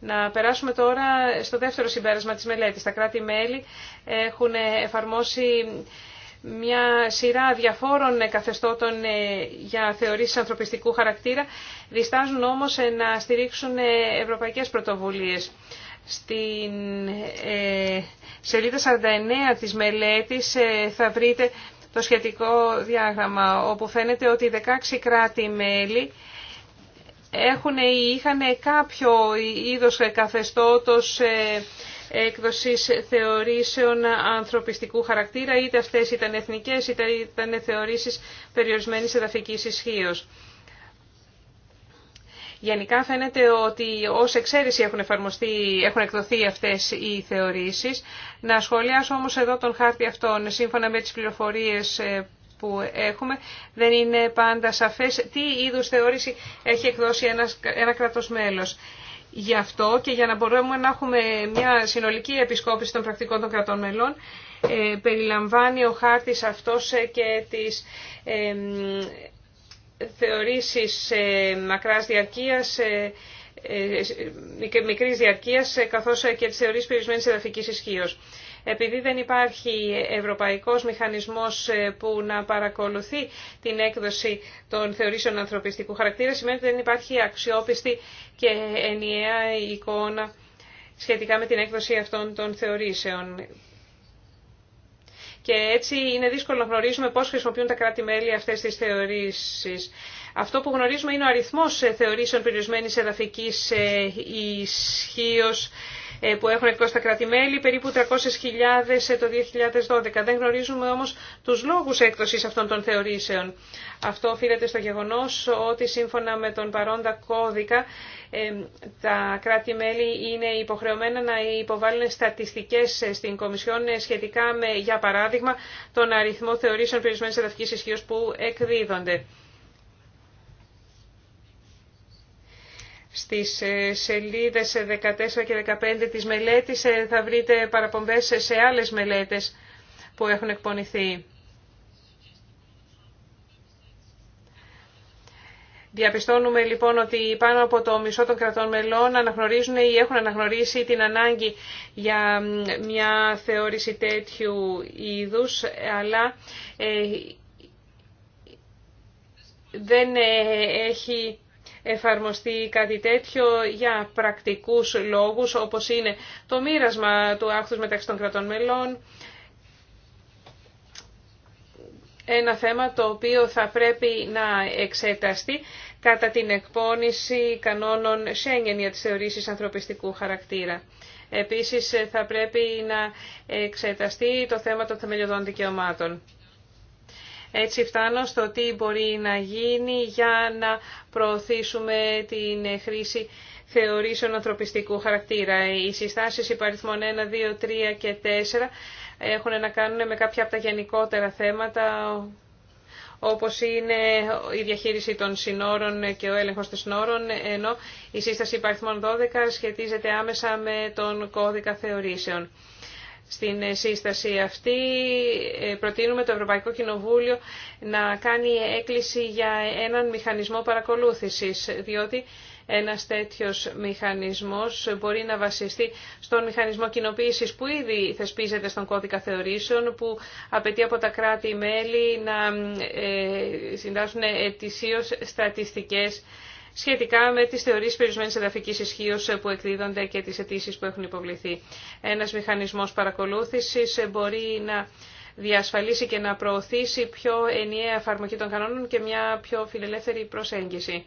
Να περάσουμε τώρα στο δεύτερο συμπέρασμα της μελέτης. Τα κράτη-μέλη έχουν εφαρμόσει μια σειρά διαφόρων καθεστώτων ε, για θεωρήσεις ανθρωπιστικού χαρακτήρα, διστάζουν όμως ε, να στηρίξουν ε, ευρωπαϊκές πρωτοβουλίες. Στην σελίδα 49 της μελέτης θα βρείτε το σχετικό διάγραμμα, όπου φαίνεται ότι 16 κράτη-μέλη έχουν ή είχαν κάποιο είδος καθεστώτος ε, έκδοσης θεωρήσεων ανθρωπιστικού χαρακτήρα, είτε αυτές ήταν εθνικές, είτε ήταν θεωρήσεις περιορισμένης εδαφικής ισχύω. Γενικά φαίνεται ότι ως εξαίρεση έχουν, εφαρμοστεί, έχουν εκδοθεί αυτές οι θεωρήσεις. Να σχολιάσω όμως εδώ τον χάρτη αυτόν, σύμφωνα με τις πληροφορίες ε, που έχουμε, δεν είναι πάντα σαφές τι είδους θεώρηση έχει εκδώσει ένα, ένα κρατός Γι' αυτό και για να μπορούμε να έχουμε μια συνολική επισκόπηση των πρακτικών των κρατών μελών, ε, περιλαμβάνει ο χάρτης αυτός ε, και τις θεωρήσεις ε, μακράς διαρκείας ε, ε, και μικρής διαρκείας, καθώς και τις θεωρήσεις περιορισμένης εδαφικής ισχύω. Επειδή δεν υπάρχει ευρωπαϊκός μηχανισμός που να παρακολουθεί την έκδοση των θεωρήσεων ανθρωπιστικού χαρακτήρα, σημαίνει ότι δεν υπάρχει αξιόπιστη και ενιαία εικόνα σχετικά με την έκδοση αυτών των θεωρήσεων και έτσι είναι δύσκολο να γνωρίζουμε πώς χρησιμοποιούν τα κράτη-μέλη αυτές τις θεωρήσεις. Αυτό που γνωρίζουμε είναι ο αριθμός θεωρήσεων περιορισμένης εδαφικής ε, ισχύω ε, που έχουν εκτός τα κράτη-μέλη, περίπου 300.000 ε, το 2012. Δεν γνωρίζουμε όμως τους λόγους έκδοσης αυτών των θεωρήσεων. Αυτό οφείλεται στο γεγονός ότι σύμφωνα με τον παρόντα κώδικα ε, τα κράτη-μέλη είναι υποχρεωμένα να υποβάλουν στατιστικές στην Κομισιόν σχετικά με, για παράδειγμα, τον αριθμό θεωρήσεων περιορισμένης εδαφικής ισχύως που εκδίδονται. Στις ε, σελίδες 14 ε, και 15 της μελέτης ε, θα βρείτε παραπομπές σε άλλες μελέτες που έχουν εκπονηθεί. Διαπιστώνουμε λοιπόν ότι πάνω από το μισό των κρατών μελών αναγνωρίζουν ή έχουν αναγνωρίσει την ανάγκη για μια θεώρηση τέτοιου είδους, αλλά δεν έχει εφαρμοστεί κάτι τέτοιο για πρακτικούς λόγους όπως είναι το μοίρασμα του άχθους μεταξύ των κρατών μελών, ένα θέμα το οποίο θα πρέπει να εξεταστεί κατά την εκπόνηση κανόνων Σέγγεν για τις θεωρήσεις ανθρωπιστικού χαρακτήρα. Επίσης θα πρέπει να εξεταστεί το θέμα των θεμελιωδών δικαιωμάτων. Έτσι φτάνω στο τι μπορεί να γίνει για να προωθήσουμε την χρήση θεωρήσεων ανθρωπιστικού χαρακτήρα. Οι συστάσεις υπαριθμών 1, 2, 3 και 4 έχουν να κάνουν με κάποια από τα γενικότερα θέματα όπως είναι η διαχείριση των συνόρων και ο έλεγχος των συνόρων, ενώ η σύσταση υπαριθμών 12 σχετίζεται άμεσα με τον κώδικα θεωρήσεων. Στην ε, σύσταση αυτή ε, προτείνουμε το Ευρωπαϊκό Κοινοβούλιο να κάνει έκκληση για έναν μηχανισμό παρακολούθησης, διότι ένας τέτοιος μηχανισμός μπορεί να βασιστεί στον μηχανισμό κοινοποίησης που ήδη θεσπίζεται στον κώδικα θεωρήσεων, που απαιτεί από τα κράτη-μέλη να ε, συντάσσουν ετησίως στατιστικές σχετικά με τις θεωρίες περιορισμένη εδαφική ισχύω που εκδίδονται και τις αιτήσει που έχουν υποβληθεί. Ένας μηχανισμός παρακολούθησης μπορεί να διασφαλίσει και να προωθήσει πιο ενιαία εφαρμογή των κανόνων και μια πιο φιλελεύθερη προσέγγιση.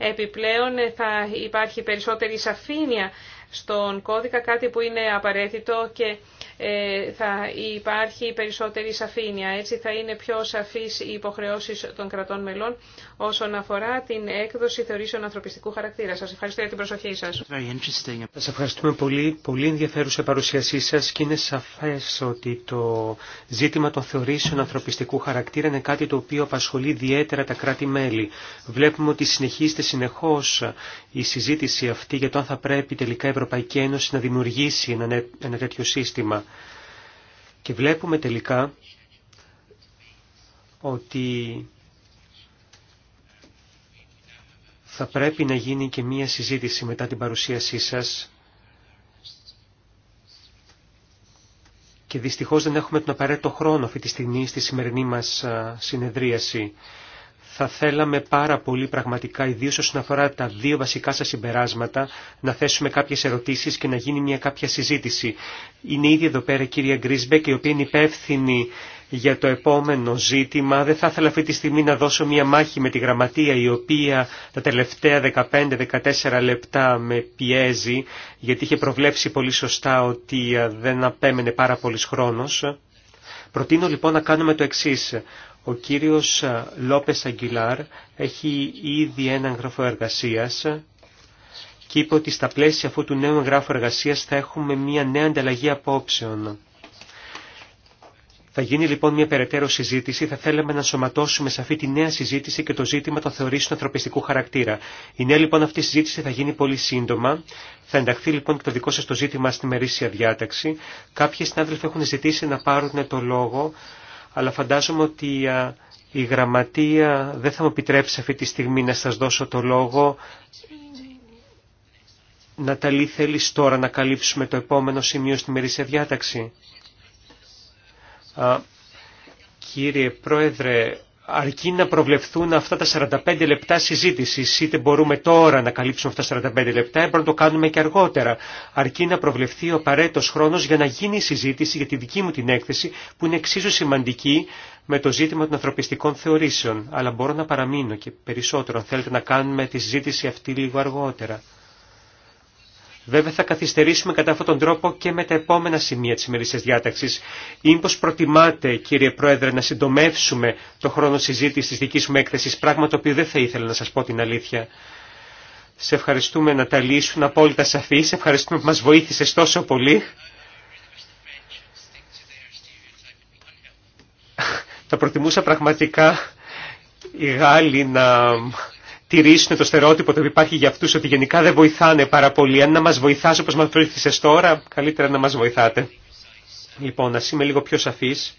Επιπλέον θα υπάρχει περισσότερη σαφήνεια στον κώδικα, κάτι που είναι απαραίτητο και ε, θα υπάρχει περισσότερη σαφήνεια. Έτσι θα είναι πιο σαφείς οι υποχρεώσεις των κρατών μελών όσον αφορά την έκδοση θεωρήσεων ανθρωπιστικού χαρακτήρα. Σας ευχαριστώ για την προσοχή σας. Σας ευχαριστούμε πολύ. Πολύ ενδιαφέρουσα παρουσίασή σας και είναι σαφές ότι το ζήτημα των θεωρήσεων ανθρωπιστικού χαρακτήρα είναι κάτι το οποίο απασχολεί ιδιαίτερα τα κράτη-μέλη. Βλέπουμε ότι συνεχίζεται συνεχώς η συζήτηση αυτή για το αν θα πρέπει τελικά η Ευρωπαϊκή Ένωση να δημιουργήσει ένα, ένα τέτοιο σύστημα. Και βλέπουμε τελικά ότι θα πρέπει να γίνει και μία συζήτηση μετά την παρουσίασή σας και δυστυχώς δεν έχουμε τον απαραίτητο χρόνο αυτή τη στιγμή στη σημερινή μας συνεδρίαση θα θέλαμε πάρα πολύ πραγματικά, ιδίως όσον αφορά τα δύο βασικά σας συμπεράσματα, να θέσουμε κάποιες ερωτήσεις και να γίνει μια κάποια συζήτηση. Είναι ήδη εδώ πέρα η κυρία Γκρίσμπεκ, η οποία είναι υπεύθυνη για το επόμενο ζήτημα. Δεν θα ήθελα αυτή τη στιγμή να δώσω μια μάχη με τη γραμματεία η οποία τα τελευταία 15-14 λεπτά με πιέζει γιατί είχε προβλέψει πολύ σωστά ότι ε, δεν απέμενε πάρα πολύ χρόνος. Προτείνω λοιπόν να κάνουμε το εξής. Ο κύριος ε, Λόπες Αγγιλάρ έχει ήδη έναν γράφο εργασίας και είπε ότι στα πλαίσια αυτού του νέου γράφου εργασίας θα έχουμε μια νέα ανταλλαγή απόψεων. Θα γίνει λοιπόν μια περαιτέρω συζήτηση. Θα θέλαμε να σωματώσουμε σε αυτή τη νέα συζήτηση και το ζήτημα των θεωρήσεων ανθρωπιστικού χαρακτήρα. Η νέα λοιπόν αυτή συζήτηση θα γίνει πολύ σύντομα. Θα ενταχθεί λοιπόν και το δικό σας το ζήτημα στη μερίσια διάταξη. Κάποιοι συνάδελφοι έχουν ζητήσει να πάρουν το λόγο αλλά φαντάζομαι ότι η γραμματεία δεν θα μου επιτρέψει αυτή τη στιγμή να σας δώσω το λόγο. Ναταλή, θέλεις τώρα να καλύψουμε το επόμενο σημείο στη μερίσια διάταξη. Α, κύριε Πρόεδρε, αρκεί να προβλεφθούν αυτά τα 45 λεπτά συζήτηση. Είτε μπορούμε τώρα να καλύψουμε αυτά τα 45 λεπτά, ή να το κάνουμε και αργότερα. Αρκεί να προβλεφθεί ο απαραίτητο χρόνο για να γίνει η συζήτηση για τη δική μου την έκθεση, που είναι εξίσου σημαντική με το ζήτημα των ανθρωπιστικών θεωρήσεων. Αλλά μπορώ να παραμείνω και περισσότερο, αν θέλετε, να κάνουμε τη συζήτηση αυτή λίγο αργότερα. Βέβαια θα καθυστερήσουμε κατά αυτόν τον τρόπο και με τα επόμενα σημεία της ημερήσιας διάταξης. Ήμπως προτιμάτε κύριε Πρόεδρε να συντομεύσουμε το χρόνο συζήτησης της δικής μου έκθεσης, πράγμα το οποίο δεν θα ήθελα να σας πω την αλήθεια. Σε ευχαριστούμε να τα λύσουν απόλυτα σαφή, σε ευχαριστούμε που μας βοήθησες τόσο πολύ. θα προτιμούσα πραγματικά οι Γάλλοι να τηρήσουν το στερότυπο το οποίο υπάρχει για αυτούς ότι γενικά δεν βοηθάνε πάρα πολύ. Αν να μας βοηθάς όπως μας βοήθησες τώρα, καλύτερα να μας βοηθάτε. Λοιπόν, να είμαι λίγο πιο σαφής.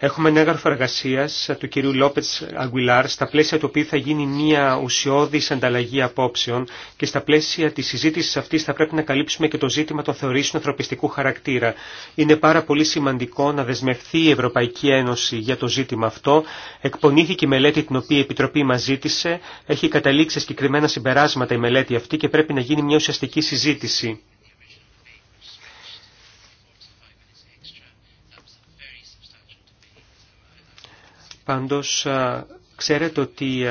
Έχουμε ένα έγγραφο εργασία του κυρίου Λόπετ Αγκουιλάρ, στα πλαίσια του οποίου θα γίνει μια ουσιώδη ανταλλαγή απόψεων και στα πλαίσια τη συζήτηση αυτή θα πρέπει να καλύψουμε και το ζήτημα των θεωρήσεων ανθρωπιστικού χαρακτήρα. Είναι πάρα πολύ σημαντικό να δεσμευθεί η Ευρωπαϊκή Ένωση για το ζήτημα αυτό. Εκπονήθηκε η μελέτη την οποία η Επιτροπή μα ζήτησε. Έχει καταλήξει συγκεκριμένα συμπεράσματα η μελέτη αυτή και πρέπει να γίνει μια ουσιαστική συζήτηση. Πάντως, ξέρετε ότι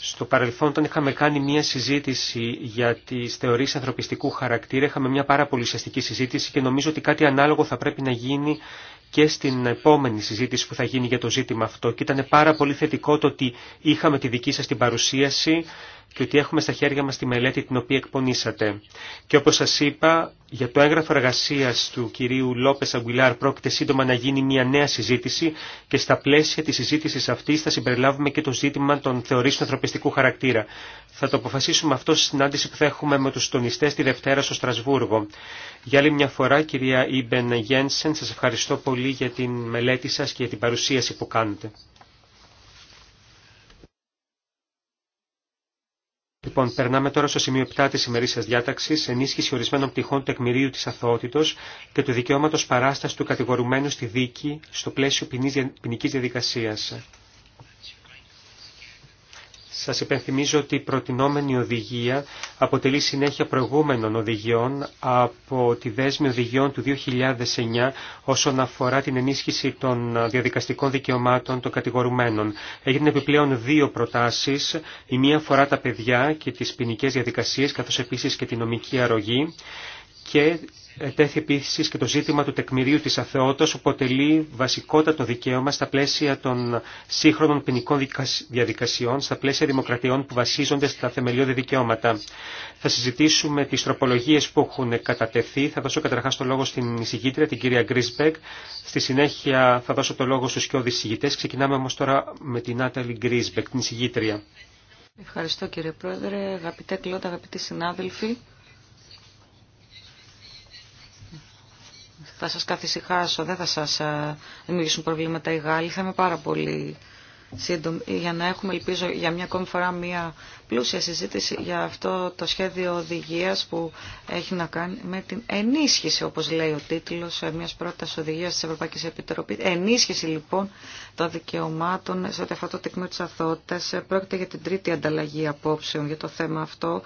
στο παρελθόν, όταν είχαμε κάνει μία συζήτηση για τις θεωρίες ανθρωπιστικού χαρακτήρα, είχαμε μία πάρα πολύ ουσιαστική συζήτηση και νομίζω ότι κάτι ανάλογο θα πρέπει να γίνει και στην επόμενη συζήτηση που θα γίνει για το ζήτημα αυτό. Και ήταν πάρα πολύ θετικό το ότι είχαμε τη δική σας την παρουσίαση και ότι έχουμε στα χέρια μας τη μελέτη την οποία εκπονήσατε. Και όπως σας είπα, για το έγγραφο εργασία του κυρίου Λόπες Αγκουιλάρ πρόκειται σύντομα να γίνει μια νέα συζήτηση και στα πλαίσια της συζήτησης αυτής θα συμπεριλάβουμε και το ζήτημα των θεωρήσεων ανθρωπιστικού χαρακτήρα. Θα το αποφασίσουμε αυτό στη συνάντηση που θα έχουμε με τους τονιστές τη Δευτέρα στο Στρασβούργο. Για άλλη μια φορά, κυρία Ιμπεν Γένσεν, σας ευχαριστώ πολύ για την μελέτη σας και για την παρουσίαση που κάνετε. Λοιπόν, περνάμε τώρα στο σημείο 7 τη σας διάταξη, ενίσχυση ορισμένων πτυχών του τεκμηρίου τη αθωότητο και του δικαιώματο παράσταση του κατηγορουμένου στη δίκη στο πλαίσιο ποινική διαδικασία. Σας υπενθυμίζω ότι η προτινόμενη οδηγία αποτελεί συνέχεια προηγούμενων οδηγιών από τη δέσμη οδηγιών του 2009 όσον αφορά την ενίσχυση των διαδικαστικών δικαιωμάτων των κατηγορουμένων. Έγιναν επιπλέον δύο προτάσεις, η μία αφορά τα παιδιά και τις ποινικέ διαδικασίες καθώς επίσης και τη νομική αρρωγή και Ετέθη επίση και το ζήτημα του τεκμηρίου τη αθεότητα, που αποτελεί βασικότατο δικαίωμα στα πλαίσια των σύγχρονων ποινικών διαδικασιών, στα πλαίσια δημοκρατιών που βασίζονται στα θεμελιώδη δικαιώματα. Θα συζητήσουμε τι τροπολογίε που έχουν κατατεθεί. Θα δώσω καταρχά το λόγο στην εισηγήτρια, την κυρία Γκρίσμπεκ. Στη συνέχεια θα δώσω το λόγο στου κοιόδη εισηγητέ. Ξεκινάμε όμω τώρα με την Άταλη Γκρίσμπεκ, την εισηγήτρια. Ευχαριστώ κύριε Πρόεδρε, αγαπητέ Κλώτα, αγαπητοί συνάδελφοι. θα σας καθησυχάσω, δεν θα σας ε, δημιουργήσουν προβλήματα οι Γάλλοι. Θα είμαι πάρα πολύ σύντομη για να έχουμε, ελπίζω, για μια ακόμη φορά μια πλούσια συζήτηση για αυτό το σχέδιο οδηγίας που έχει να κάνει με την ενίσχυση, όπως λέει ο τίτλος, ε, μιας πρώτας οδηγίας της Ευρωπαϊκής Επιτροπής. Ενίσχυση, λοιπόν, των δικαιωμάτων σε αυτό το τεκμήριο της αθότητας. Ε, πρόκειται για την τρίτη ανταλλαγή απόψεων για το θέμα αυτό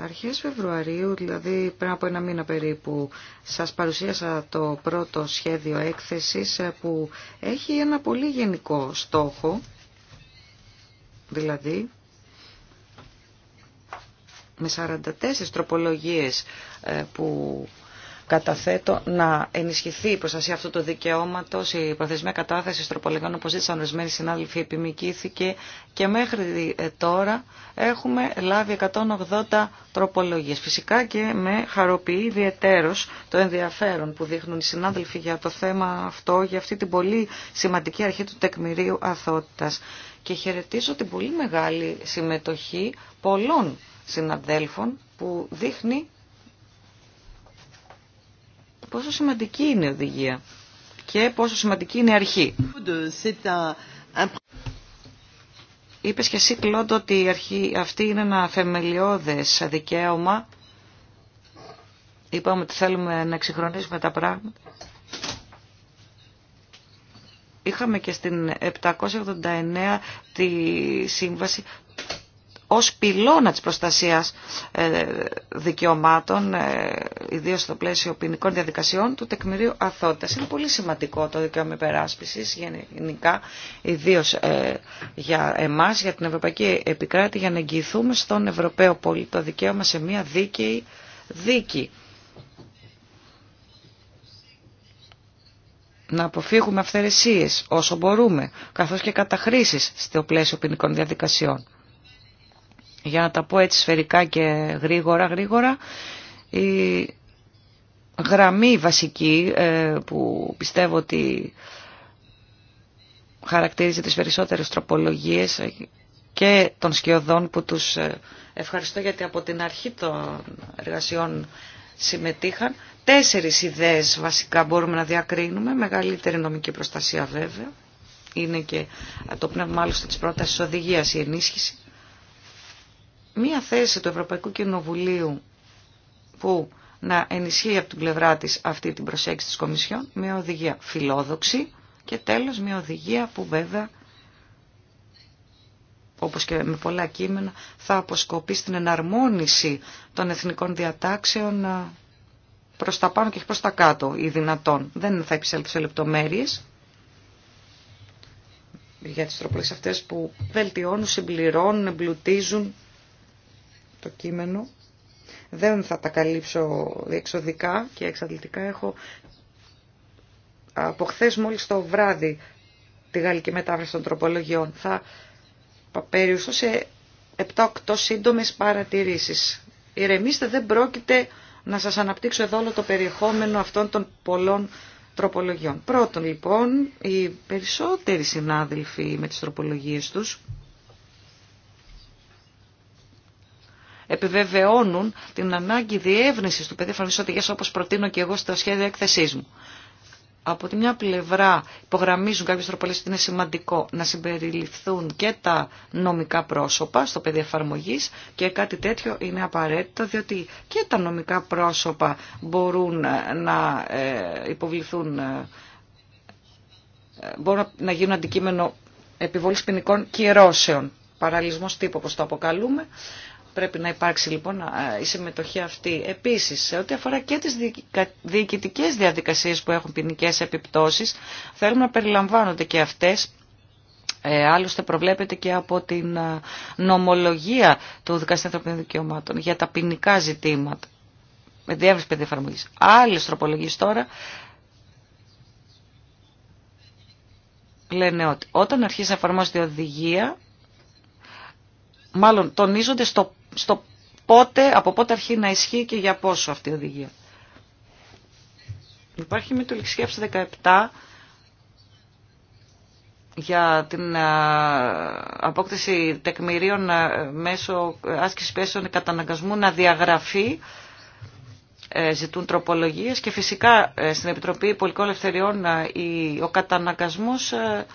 Αρχές Φεβρουαρίου, δηλαδή πριν από ένα μήνα περίπου, σας παρουσίασα το πρώτο σχέδιο έκθεσης ε, που έχει ένα πολύ γενικό στόχο, δηλαδή με 44 τροπολογίες ε, που καταθέτω να ενισχυθεί η προστασία αυτού του δικαιώματο. Η προθεσμία κατάθεση τροπολογιών, όπω ζήτησαν ορισμένοι συνάδελφοι, επιμηκύθηκε και μέχρι ε, τώρα έχουμε λάβει 180 τροπολογίε. Φυσικά και με χαροποιεί ιδιαιτέρω το ενδιαφέρον που δείχνουν οι συνάδελφοι για το θέμα αυτό, για αυτή την πολύ σημαντική αρχή του τεκμηρίου αθότητα. Και χαιρετίζω την πολύ μεγάλη συμμετοχή πολλών συναδέλφων που δείχνει πόσο σημαντική είναι η οδηγία και πόσο σημαντική είναι η αρχή. Είπε και εσύ, Κλόντ, ότι η αρχή αυτή είναι ένα θεμελιώδες δικαίωμα. Είπαμε ότι θέλουμε να εξυγχρονίσουμε τα πράγματα. Είχαμε και στην 789 τη σύμβαση ως πυλώνα της προστασίας ε, δικαιωμάτων, ε, ιδίως στο πλαίσιο ποινικών διαδικασιών, του τεκμηρίου αθότητας. Είναι πολύ σημαντικό το δικαίωμα υπεράσπισης γενικά, ιδίως ε, για εμάς, για την Ευρωπαϊκή Επικράτη, για να εγγυηθούμε στον Ευρωπαίο Πολιτό δικαίωμα σε μια δίκαιη δίκη. να αποφύγουμε αυθαιρεσίες όσο μπορούμε, καθώς και καταχρήσεις στο πλαίσιο ποινικών διαδικασιών για να τα πω έτσι σφαιρικά και γρήγορα, γρήγορα, η γραμμή βασική ε, που πιστεύω ότι χαρακτηρίζει τις περισσότερες τροπολογίες και των σκιωδών που τους ε, ευχαριστώ γιατί από την αρχή των εργασιών συμμετείχαν. Τέσσερις ιδέες βασικά μπορούμε να διακρίνουμε, μεγαλύτερη νομική προστασία βέβαια. Είναι και το πνεύμα μάλιστα της πρότασης οδηγίας η ενίσχυση μία θέση του Ευρωπαϊκού Κοινοβουλίου που να ενισχύει από την πλευρά της αυτή την προσέγγιση της Κομισιόν, μια οδηγία φιλόδοξη και τέλος μια οδηγία που βέβαια, όπως και με πολλά κείμενα, θα αποσκοπεί στην εναρμόνιση των εθνικών διατάξεων ε, προς τα πάνω και προς τα κάτω ή δυνατόν. Δεν θα επισέλθω σε λεπτομέρειες για τις αυτές που βελτιώνουν, συμπληρώνουν, εμπλουτίζουν το κείμενο. Δεν θα τα καλύψω διεξοδικά και εξαντλητικά. Έχω από χθε μόλις το βράδυ τη γαλλική μετάφραση των τροπολογιών. Θα περιουστώ σε 7-8 σύντομες παρατηρήσεις. Ηρεμήστε, δεν πρόκειται να σας αναπτύξω εδώ όλο το περιεχόμενο αυτών των πολλών τροπολογιών. Πρώτον λοιπόν, οι περισσότεροι συνάδελφοι με τις τροπολογίες τους επιβεβαιώνουν την ανάγκη διεύνηση του πεδίου εφαρμογή όπω προτείνω και εγώ στο σχέδιο έκθεσή μου. Από τη μια πλευρά υπογραμμίζουν κάποιε τροπολέ ότι είναι σημαντικό να συμπεριληφθούν και τα νομικά πρόσωπα στο πεδίο εφαρμογή και κάτι τέτοιο είναι απαραίτητο διότι και τα νομικά πρόσωπα μπορούν ε, να ε, υποβληθούν ε, μπορούν να γίνουν αντικείμενο επιβολής ποινικών κυρώσεων, παραλυσμός τύπου όπως το αποκαλούμε, Πρέπει να υπάρξει λοιπόν η συμμετοχή αυτή. Επίσης, σε ό,τι αφορά και τις διοικητικές διαδικασίες που έχουν ποινικέ επιπτώσεις, θέλουμε να περιλαμβάνονται και αυτές ε, άλλωστε προβλέπεται και από την νομολογία του Δικαστήριου Ανθρωπίνων Δικαιωμάτων για τα ποινικά ζητήματα. Με διεύρυνση παιδί εφαρμογή. Άλλε τροπολογίε τώρα λένε ότι όταν αρχίσει να εφαρμόζεται η οδηγία, μάλλον τονίζονται στο στο πότε, από πότε αρχεί να ισχύει και για πόσο αυτή η οδηγία. Υπάρχει με το σκέψη 17 για την απόκτηση τεκμηρίων μέσω άσκηση πέσεων καταναγκασμού να διαγραφεί ε, ζητούν τροπολογίες και φυσικά ε, στην Επιτροπή Πολιτικών Ελευθεριών ο καταναγκασμός ε,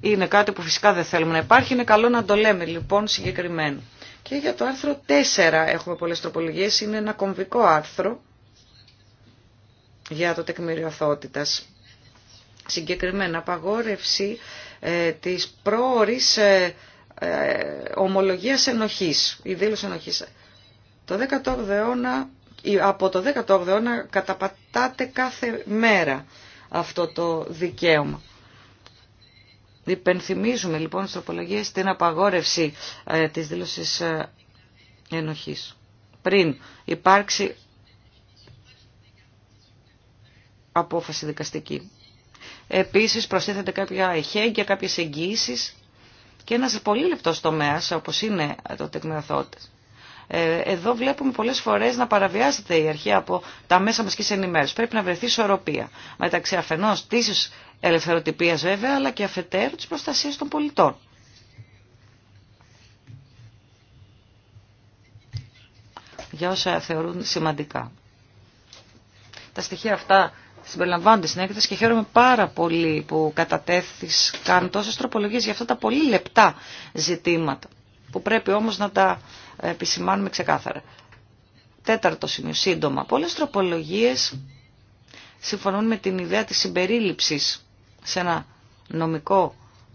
είναι κάτι που φυσικά δεν θέλουμε να υπάρχει. Είναι καλό να το λέμε λοιπόν συγκεκριμένο. Και για το άρθρο 4 έχουμε πολλές τροπολογίες. Είναι ένα κομβικό άρθρο για το τεκμήριο αθότητας. Συγκεκριμένα, απαγόρευση ε, της πρόορης ε, ε, ομολογίας ενοχής, η δήλωση ενοχής. Το 18ο αιώνα, από το 18ο αιώνα καταπατάται κάθε μέρα αυτό το δικαίωμα. Υπενθυμίζουμε λοιπόν στις τροπολογίες την απαγόρευση ε, της δήλωσης ε, ενοχής. Πριν υπάρξει απόφαση δικαστική. Επίσης προσθέθεται κάποια εχέγγυα, κάποιες εγγύησεις και ένας πολύ λεπτός τομέας όπως είναι το τεκμεαθότητας. Ε, εδώ βλέπουμε πολλές φορές να παραβιάζεται η αρχή από τα μέσα μαζικής ενημέρωσης. Πρέπει να βρεθεί ισορροπία μεταξύ αφενός της ελευθεροτυπίας βέβαια, αλλά και αφετέρου της προστασίας των πολιτών. για όσα θεωρούν σημαντικά. Τα στοιχεία αυτά συμπεριλαμβάνονται στην έκθεση και χαίρομαι πάρα πολύ που κατατέθησαν τόσες τροπολογίες για αυτά τα πολύ λεπτά ζητήματα που πρέπει όμως να τα επισημάνουμε ξεκάθαρα. Τέταρτο σημείο, σύντομα. Πολλές τροπολογίες συμφωνούν με την ιδέα της συμπερίληψης σε ένα νομικό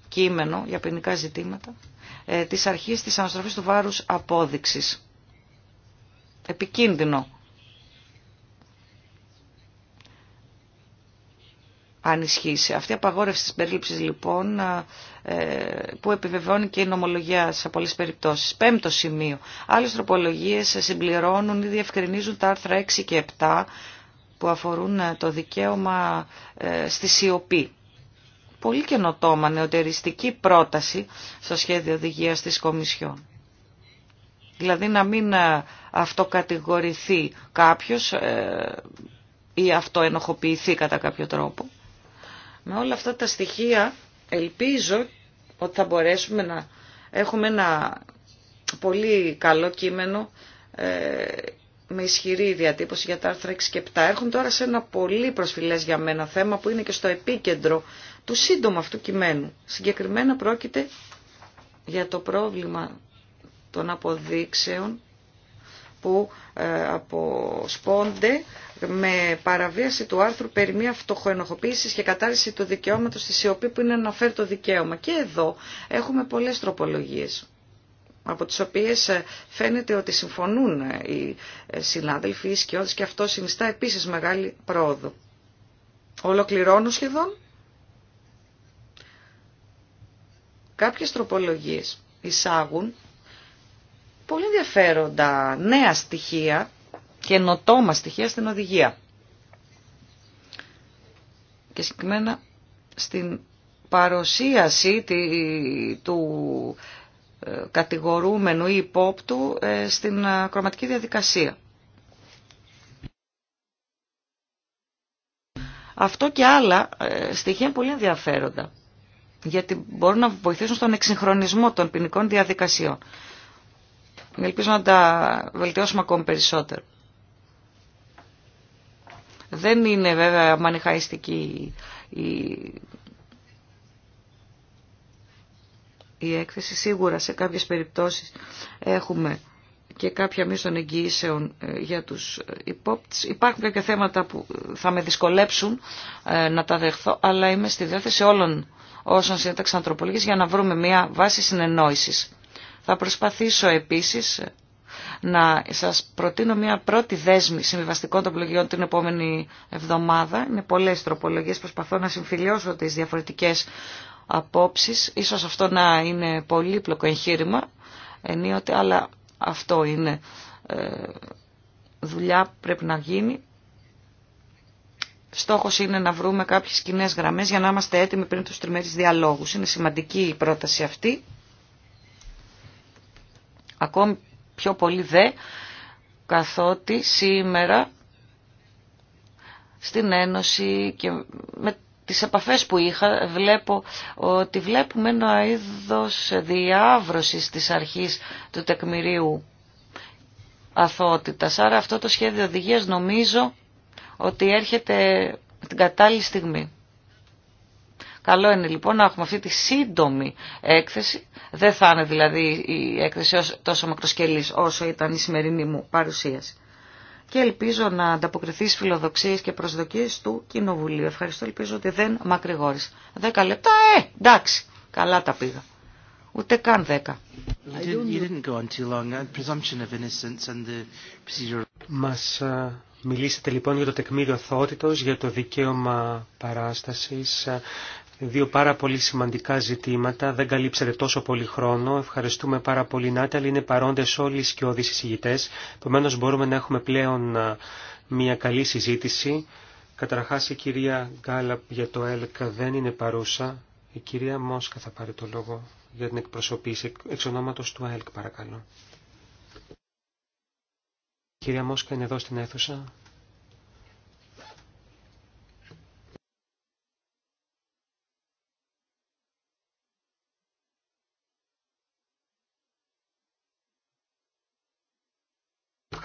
κείμενο για ποινικά ζητήματα ε, της αρχής της αναστροφής του βάρους απόδειξης. Επικίνδυνο. Αν ισχύσει. Αυτή η απαγόρευση της περίληψης λοιπόν ε, ε, που επιβεβαιώνει και η νομολογία σε πολλέ περιπτώσει. Πέμπτο σημείο. Άλλε τροπολογίε συμπληρώνουν ή διευκρινίζουν τα άρθρα 6 και 7 που αφορούν ε, το δικαίωμα ε, στη σιωπή. Πολύ καινοτόμα νεοτεριστική πρόταση στο σχέδιο οδηγίας της Κομισιόν. Δηλαδή να μην αυτοκατηγορηθεί κάποιος ή αυτοενοχοποιηθεί κατά κάποιο τρόπο. Με όλα αυτά τα στοιχεία Ελπίζω ότι θα μπορέσουμε να έχουμε ένα πολύ καλό κείμενο ε, με ισχυρή διατύπωση για τα άρθρα 6 και 7. τώρα σε ένα πολύ προσφυλές για μένα θέμα που είναι και στο επίκεντρο του σύντομα αυτού κειμένου. Συγκεκριμένα πρόκειται για το πρόβλημα των αποδείξεων που ε, αποσπώνται με παραβίαση του άρθρου περί μια φτωχοενοχοποίηση και κατάρριση του δικαιώματο στη σιωπή που είναι αναφέρει το δικαίωμα. Και εδώ έχουμε πολλέ τροπολογίε από τις οποίες ε, φαίνεται ότι συμφωνούν ε, οι συνάδελφοι, οι σκιώδες και αυτό συνιστά επίσης μεγάλη πρόοδο. Ολοκληρώνω σχεδόν κάποιες τροπολογίες εισάγουν πολύ ενδιαφέροντα νέα στοιχεία, καινοτόμα στοιχεία στην οδηγία. Και συγκεκριμένα στην παρουσίαση του ε, κατηγορούμενου ή υπόπτου ε, στην ε, κροματική διαδικασία. Αυτό και άλλα στοιχεία είναι πολύ ενδιαφέροντα, γιατί μπορούν να βοηθήσουν στον εξυγχρονισμό των ποινικών διαδικασιών. Ελπίζω να τα βελτιώσουμε ακόμη περισσότερο. Δεν είναι βέβαια μανιχαϊστική η... η έκθεση. Σίγουρα σε κάποιες περιπτώσεις έχουμε και κάποια μίσθων των εγγυήσεων ε, για τους ε, υπόπτες. Υπάρχουν κάποια θέματα που ε, θα με δυσκολέψουν να τα δεχθώ, αλλά είμαι στη διάθεση όλων όσων συνέταξαν ανθρωπολογίες για να βρούμε μια βάση συνεννόησης. Θα προσπαθήσω επίσης να σας προτείνω μια πρώτη δέσμη συμβιβαστικών τροπολογιών την επόμενη εβδομάδα. Είναι πολλές τροπολογίες, προσπαθώ να συμφιλιώσω τις διαφορετικές απόψεις. Ίσως αυτό να είναι πολύπλοκο εγχείρημα, ενίοτε, αλλά αυτό είναι ε, δουλειά που πρέπει να γίνει. Στόχος είναι να βρούμε κάποιες κοινέ γραμμές για να είμαστε έτοιμοι πριν τους τριμμένους διαλόγου. Είναι σημαντική η πρόταση αυτή. Ακόμη πιο πολύ δε, καθότι σήμερα στην Ένωση και με τις επαφές που είχα βλέπω ότι βλέπουμε ένα είδος διάβρωσης της αρχής του τεκμηρίου αθότητας. Άρα αυτό το σχέδιο οδηγίας νομίζω ότι έρχεται την κατάλληλη στιγμή. Καλό είναι λοιπόν να έχουμε αυτή τη σύντομη έκθεση. Δεν θα είναι δηλαδή η έκθεση τόσο μακροσκελής όσο ήταν η σημερινή μου παρουσίαση. Και ελπίζω να ανταποκριθεί στι φιλοδοξίες και προσδοκίε του Κοινοβουλίου. Ευχαριστώ, ελπίζω ότι δεν μακρηγόρησε. Δέκα λεπτά, ε, εντάξει, καλά τα πήγα. Ούτε καν δέκα. Uh, Μα Μιλήσατε λοιπόν για το τεκμήριο για το δικαίωμα παράσταση. Δύο πάρα πολύ σημαντικά ζητήματα. Δεν καλύψατε τόσο πολύ χρόνο. Ευχαριστούμε πάρα πολύ, Νάταλ. Είναι παρόντε όλοι οι σκιώδει συζητητέ. Επομένω, μπορούμε να έχουμε πλέον μια καλή συζήτηση. Καταρχά, η κυρία Γκάλαπ για το ΕΛΚ δεν είναι παρούσα. Η κυρία Μόσκα θα πάρει το λόγο για την εκπροσωπήση εξ ονόματο του Ελκ παρακαλώ. Η κυρία Μόσκα είναι εδώ στην αίθουσα.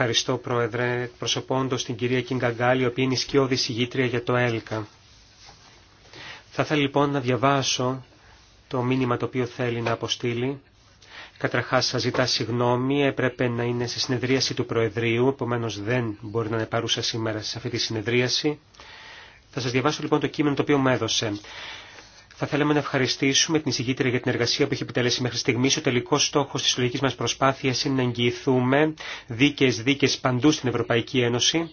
Ευχαριστώ, Πρόεδρε, προσωπώντος την κυρία Κιγκαγκάλη, η οποία είναι σκιώδη συγγήτρια για το ΕΛΚΑ. Θα ήθελα λοιπόν να διαβάσω το μήνυμα το οποίο θέλει να αποστείλει. Καταρχάς σας ζητά συγγνώμη, έπρεπε να είναι σε συνεδρίαση του Προεδρείου, επομένως δεν μπορεί να είναι παρούσα σήμερα σε αυτή τη συνεδρίαση. Θα σας διαβάσω λοιπόν το κείμενο το οποίο μου έδωσε. Θα θέλαμε να ευχαριστήσουμε την εισηγήτρια για την εργασία που έχει επιτελέσει μέχρι στιγμή. Ο τελικό στόχο τη συλλογική μα προσπάθεια είναι να εγγυηθούμε δίκαιε δίκαιε παντού στην Ευρωπαϊκή Ένωση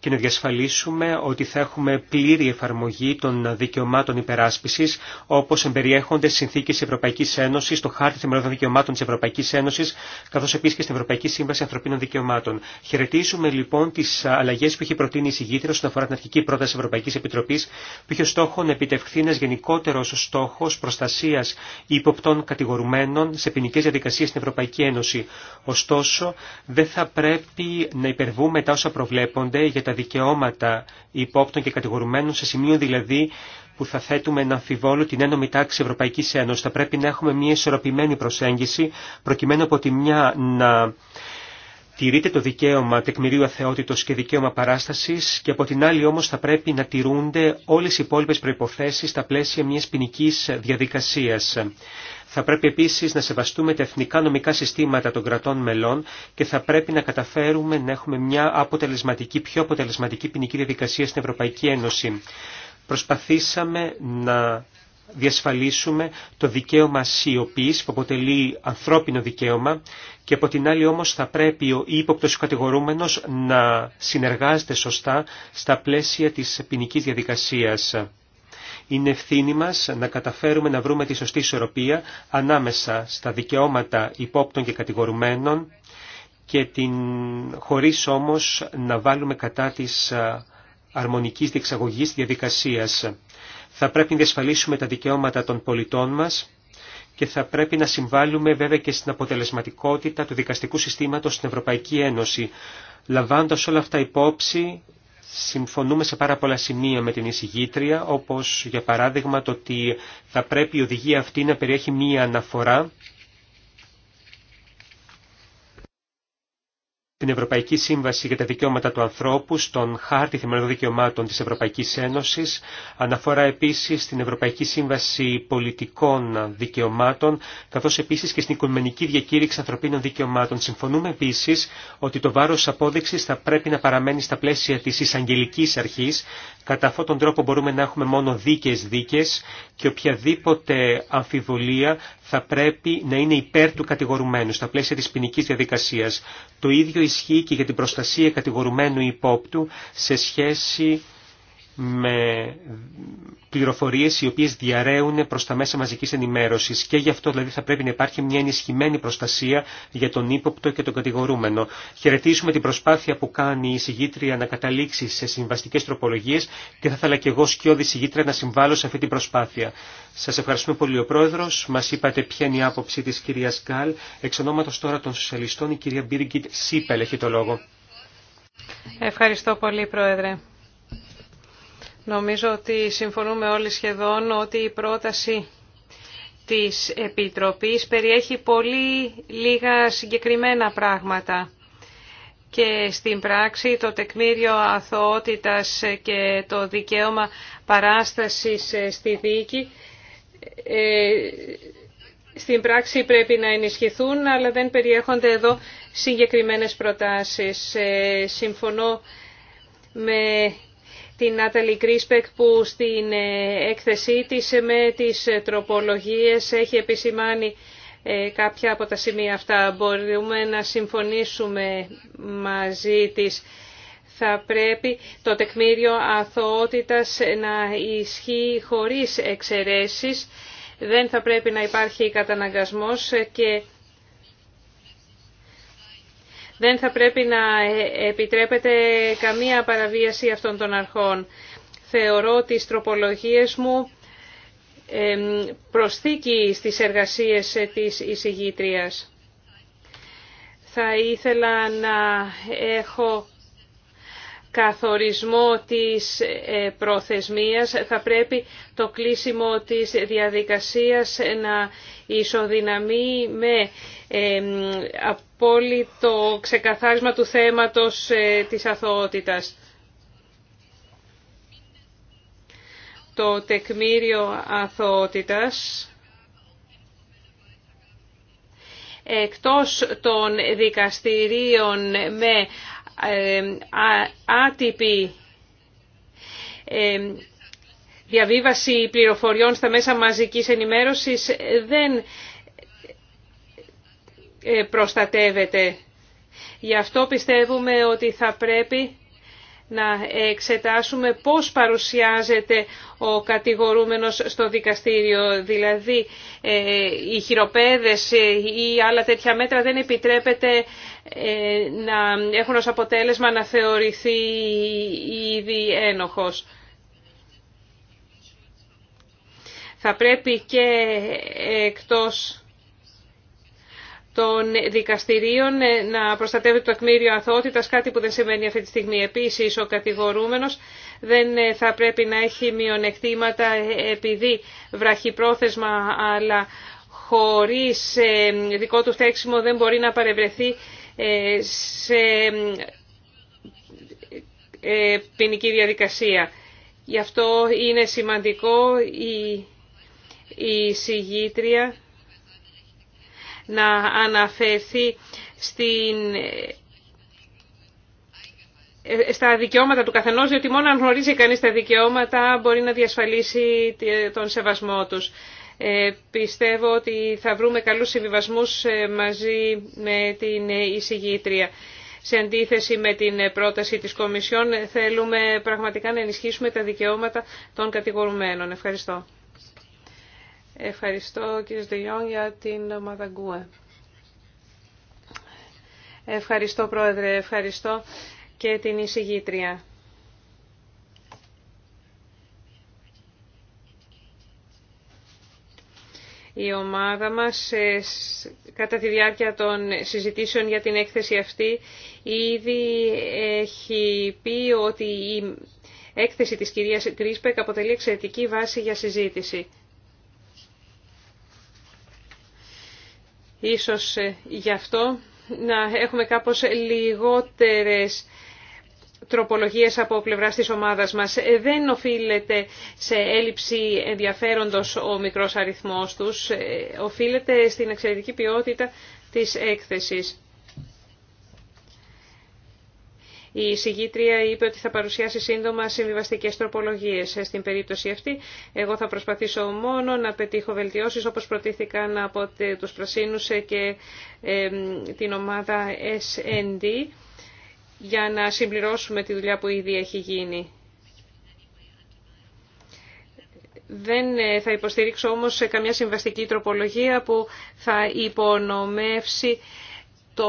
και να διασφαλίσουμε ότι θα έχουμε πλήρη εφαρμογή των δικαιωμάτων υπεράσπισης όπως εμπεριέχονται συνθήκες Ευρωπαϊκής Ένωσης, το χάρτη θεμελιώδων δικαιωμάτων της Ευρωπαϊκής Ένωσης καθώς επίσης και στην Ευρωπαϊκή Σύμβαση Ανθρωπίνων Δικαιωμάτων. Χαιρετίζουμε λοιπόν τις αλλαγές που έχει προτείνει η συγκήτρια όσον αφορά την αρχική πρόταση Ευρωπαϊκής Επιτροπής που είχε στόχο να επιτευχθεί ένας γενικότερος στόχος προστασίας υποπτών κατηγορουμένων σε ποινικέ διαδικασίες στην Ευρωπαϊκή Ένωση. Ωστόσο, δεν θα πρέπει να υπερβούμε τα όσα προβλέπονται για τα δικαιώματα υπόπτων και κατηγορουμένων σε σημείο δηλαδή που θα θέτουμε να αμφιβόλου την ένωμη τάξη Ευρωπαϊκής Ένωσης. Θα πρέπει να έχουμε μια ισορροπημένη προσέγγιση προκειμένου από τη μια να τηρείται το δικαίωμα τεκμηρίου αθεότητος και δικαίωμα παράστασης και από την άλλη όμως θα πρέπει να τηρούνται όλες οι υπόλοιπες προϋποθέσεις στα πλαίσια μιας ποινική διαδικασίας. Θα πρέπει επίσης να σεβαστούμε τα εθνικά νομικά συστήματα των κρατών μελών και θα πρέπει να καταφέρουμε να έχουμε μια αποτελεσματική, πιο αποτελεσματική ποινική διαδικασία στην Ευρωπαϊκή Ένωση. Προσπαθήσαμε να διασφαλίσουμε το δικαίωμα σιωπή που αποτελεί ανθρώπινο δικαίωμα και από την άλλη όμως θα πρέπει ο ύποπτος κατηγορούμενος να συνεργάζεται σωστά στα πλαίσια της ποινική διαδικασίας. Είναι ευθύνη μας να καταφέρουμε να βρούμε τη σωστή ισορροπία ανάμεσα στα δικαιώματα υπόπτων και κατηγορουμένων και την... χωρίς όμως να βάλουμε κατά της αρμονικής διεξαγωγής διαδικασίας. Θα πρέπει να διασφαλίσουμε τα δικαιώματα των πολιτών μας και θα πρέπει να συμβάλλουμε βέβαια και στην αποτελεσματικότητα του δικαστικού συστήματος στην Ευρωπαϊκή Ένωση, λαμβάνοντας όλα αυτά υπόψη συμφωνούμε σε πάρα πολλά σημεία με την εισηγήτρια, όπως για παράδειγμα το ότι θα πρέπει η οδηγία αυτή να περιέχει μία αναφορά την Ευρωπαϊκή Σύμβαση για τα Δικαιώματα του Ανθρώπου, στον Χάρτη Θεμελιωδών Δικαιωμάτων της Ευρωπαϊκής Ένωσης, αναφορά επίσης στην Ευρωπαϊκή Σύμβαση Πολιτικών Δικαιωμάτων, καθώς επίσης και στην Οικουμενική Διακήρυξη Ανθρωπίνων Δικαιωμάτων. Συμφωνούμε επίσης ότι το βάρος απόδειξης θα πρέπει να παραμένει στα πλαίσια της εισαγγελικής αρχής, κατά αυτόν τον τρόπο μπορούμε να έχουμε μόνο δίκαιες δίκες και οποιαδήποτε αμφιβολία θα πρέπει να είναι υπέρ του κατηγορουμένου στα πλαίσια της ποινική διαδικασίας. Το ίδιο ισχύει και για την προστασία κατηγορουμένου υπόπτου σε σχέση με πληροφορίες οι οποίες διαραίουν προς τα μέσα μαζικής ενημέρωσης και γι' αυτό δηλαδή θα πρέπει να υπάρχει μια ενισχυμένη προστασία για τον ύποπτο και τον κατηγορούμενο. Χαιρετίζουμε την προσπάθεια που κάνει η συγγήτρια να καταλήξει σε συμβαστικές τροπολογίες και θα ήθελα και εγώ σκιώδη συγγήτρια να συμβάλλω σε αυτή την προσπάθεια. Σας ευχαριστούμε πολύ ο Πρόεδρος, μας είπατε ποια είναι η άποψη της κυρίας Γκάλ, εξ τώρα των Σοσιαλιστών η κυρία Μπίργκιτ Σίπελ έχει το λόγο. Ευχαριστώ πολύ Πρόεδρε. Νομίζω ότι συμφωνούμε όλοι σχεδόν ότι η πρόταση της Επιτροπής περιέχει πολύ λίγα συγκεκριμένα πράγματα και στην πράξη το τεκμήριο αθωότητας και το δικαίωμα παράστασης ε, στη δίκη ε, στην πράξη πρέπει να ενισχυθούν αλλά δεν περιέχονται εδώ συγκεκριμένες προτάσεις. Ε, συμφωνώ με την Νάταλη Κρίσπεκ που στην ε, έκθεσή της ε, με τις ε, τροπολογίες έχει επισημάνει κάποια από τα σημεία αυτά. Μπορούμε να συμφωνήσουμε μαζί της. Θα πρέπει το τεκμήριο αθωότητας να ισχύει χωρίς εξαιρέσεις. Δεν θα πρέπει να υπάρχει καταναγκασμός και δεν θα πρέπει να ε, επιτρέπεται καμία παραβίαση αυτών των αρχών. Θεωρώ τις τροπολογίες μου προσθήκη στις εργασίες ε, της εισηγήτριας. Θα ήθελα να έχω καθορισμό της ε, προθεσμίας θα πρέπει το κλείσιμο της διαδικασίας να ισοδυναμεί με ε, απόλυτο ξεκαθάρισμα του θέματος ε, της αθωότητας. Το τεκμήριο αθωότητας εκτός των δικαστηρίων με ε, άτυπη ε, διαβίβαση πληροφοριών στα μέσα μαζικής ενημέρωσης ε, δεν προστατεύεται. Γι' αυτό πιστεύουμε ότι θα πρέπει να εξετάσουμε πώς παρουσιάζεται ο κατηγορούμενος στο δικαστήριο. Δηλαδή, ε, οι χειροπέδες ε, ή άλλα τέτοια μέτρα δεν επιτρέπεται ε, να έχουν ως αποτέλεσμα να θεωρηθεί ήδη ένοχος. Θα πρέπει και εκτός των δικαστηρίων ε, να προστατεύει το τεκμήριο αθωότητας, κάτι που δεν σημαίνει αυτή τη στιγμή. Επίσης, ο κατηγορούμενος δεν ε, θα πρέπει να έχει μειονεκτήματα ε, επειδή βραχυπρόθεσμα, αλλά χωρίς δικό του φταίξιμο δεν μπορεί να παρευρεθεί σε ποινική διαδικασία. Γι' αυτό είναι σημαντικό η, η συγγήτρια να αναφερθεί στα δικαιώματα του καθενός, διότι μόνο αν γνωρίζει κανείς τα δικαιώματα μπορεί να διασφαλίσει τον σεβασμό τους. Ε, πιστεύω ότι θα βρούμε καλούς συμβιβασμούς ε, μαζί με την εισηγήτρια. Σε αντίθεση με την πρόταση της Κομισιόν, θέλουμε πραγματικά να ενισχύσουμε τα δικαιώματα των κατηγορουμένων. Ευχαριστώ. Ευχαριστώ κύριε Στελιόν για την ομάδα Ευχαριστώ πρόεδρε, ευχαριστώ και την εισηγήτρια. Η ομάδα μας ε, κατά τη διάρκεια των συζητήσεων για την έκθεση αυτή ήδη έχει πει ότι η έκθεση της κυρίας Κρίσπεκ αποτελεί εξαιρετική βάση για συζήτηση. Ίσως ε, γι' αυτό να έχουμε κάπως λιγότερες τροπολογίες από πλευράς της ομάδας μας. Ε, δεν οφείλεται σε έλλειψη ενδιαφέροντος ο μικρός αριθμός τους, ε, οφείλεται στην εξαιρετική ποιότητα της έκθεσης. Η συγγήτρια είπε ότι θα παρουσιάσει σύντομα συμβιβαστικές τροπολογίες. Ε, στην περίπτωση αυτή, εγώ θα προσπαθήσω μόνο να πετύχω βελτιώσεις όπως προτίθηκαν από τους Πρασίνους και την ομάδα SND για να συμπληρώσουμε τη δουλειά που ήδη έχει γίνει. Δεν ε, θα υποστηρίξω όμως καμιά συμβαστική τροπολογία που θα υπονομεύσει το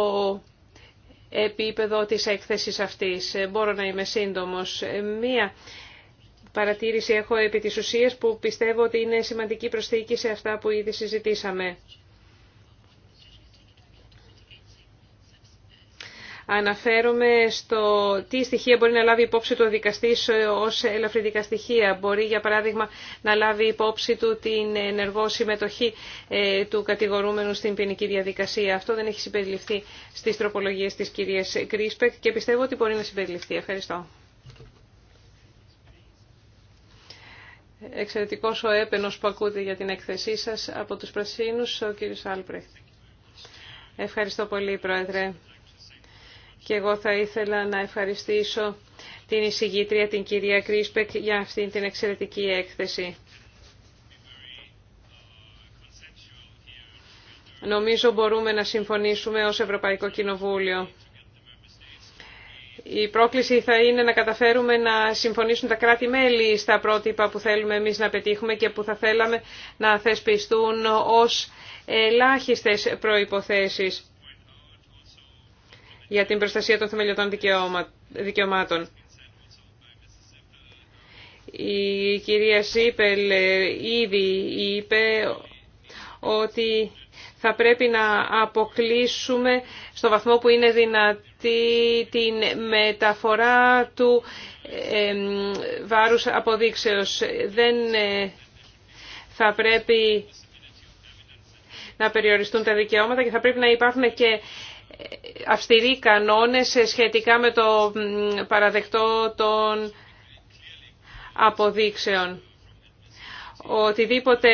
επίπεδο της έκθεσης αυτής. Ε, μπορώ να είμαι σύντομος. Ε, μία παρατήρηση έχω επί της ουσίας που πιστεύω ότι είναι σημαντική προσθήκη σε αυτά που ήδη συζητήσαμε. Αναφέρομαι στο τι στοιχεία μπορεί να λάβει υπόψη του ο δικαστή ε, ω ελαφρυντικά στοιχεία. Μπορεί, για παράδειγμα, να λάβει υπόψη του την ενεργό συμμετοχή ε, του κατηγορούμενου στην ποινική διαδικασία. Αυτό δεν έχει συμπεριληφθεί στι τροπολογίε τη κυρία Κρίσπεκ και πιστεύω ότι μπορεί να συμπεριληφθεί. Ευχαριστώ. Εξαιρετικό ο έπαινος που ακούτε για την έκθεσή σας από τους Πρασίνους, ο κύριος Άλπρεχτ. Ευχαριστώ πολύ, Πρόεδρε. Και εγώ θα ήθελα να ευχαριστήσω την εισηγήτρια, την κυρία Κρίσπεκ, για αυτήν την εξαιρετική έκθεση. Νομίζω μπορούμε να συμφωνήσουμε ως Ευρωπαϊκό Κοινοβούλιο. Η πρόκληση θα είναι να καταφέρουμε να συμφωνήσουν τα κράτη-μέλη στα πρότυπα που θέλουμε εμείς να πετύχουμε και που θα θέλαμε να θεσπιστούν ως ελάχιστες προϋποθέσεις για την προστασία των θεμελιωτών δικαιωμάτων. Η κυρία Σίπελ ε, ήδη είπε ότι θα πρέπει να αποκλείσουμε στο βαθμό που είναι δυνατή την μεταφορά του βάρους αποδείξεως. Δεν ε, θα πρέπει να περιοριστούν τα δικαιώματα και θα πρέπει να υπάρχουν και αυστηροί κανόνες σχετικά με το παραδεκτό των αποδείξεων. Οτιδήποτε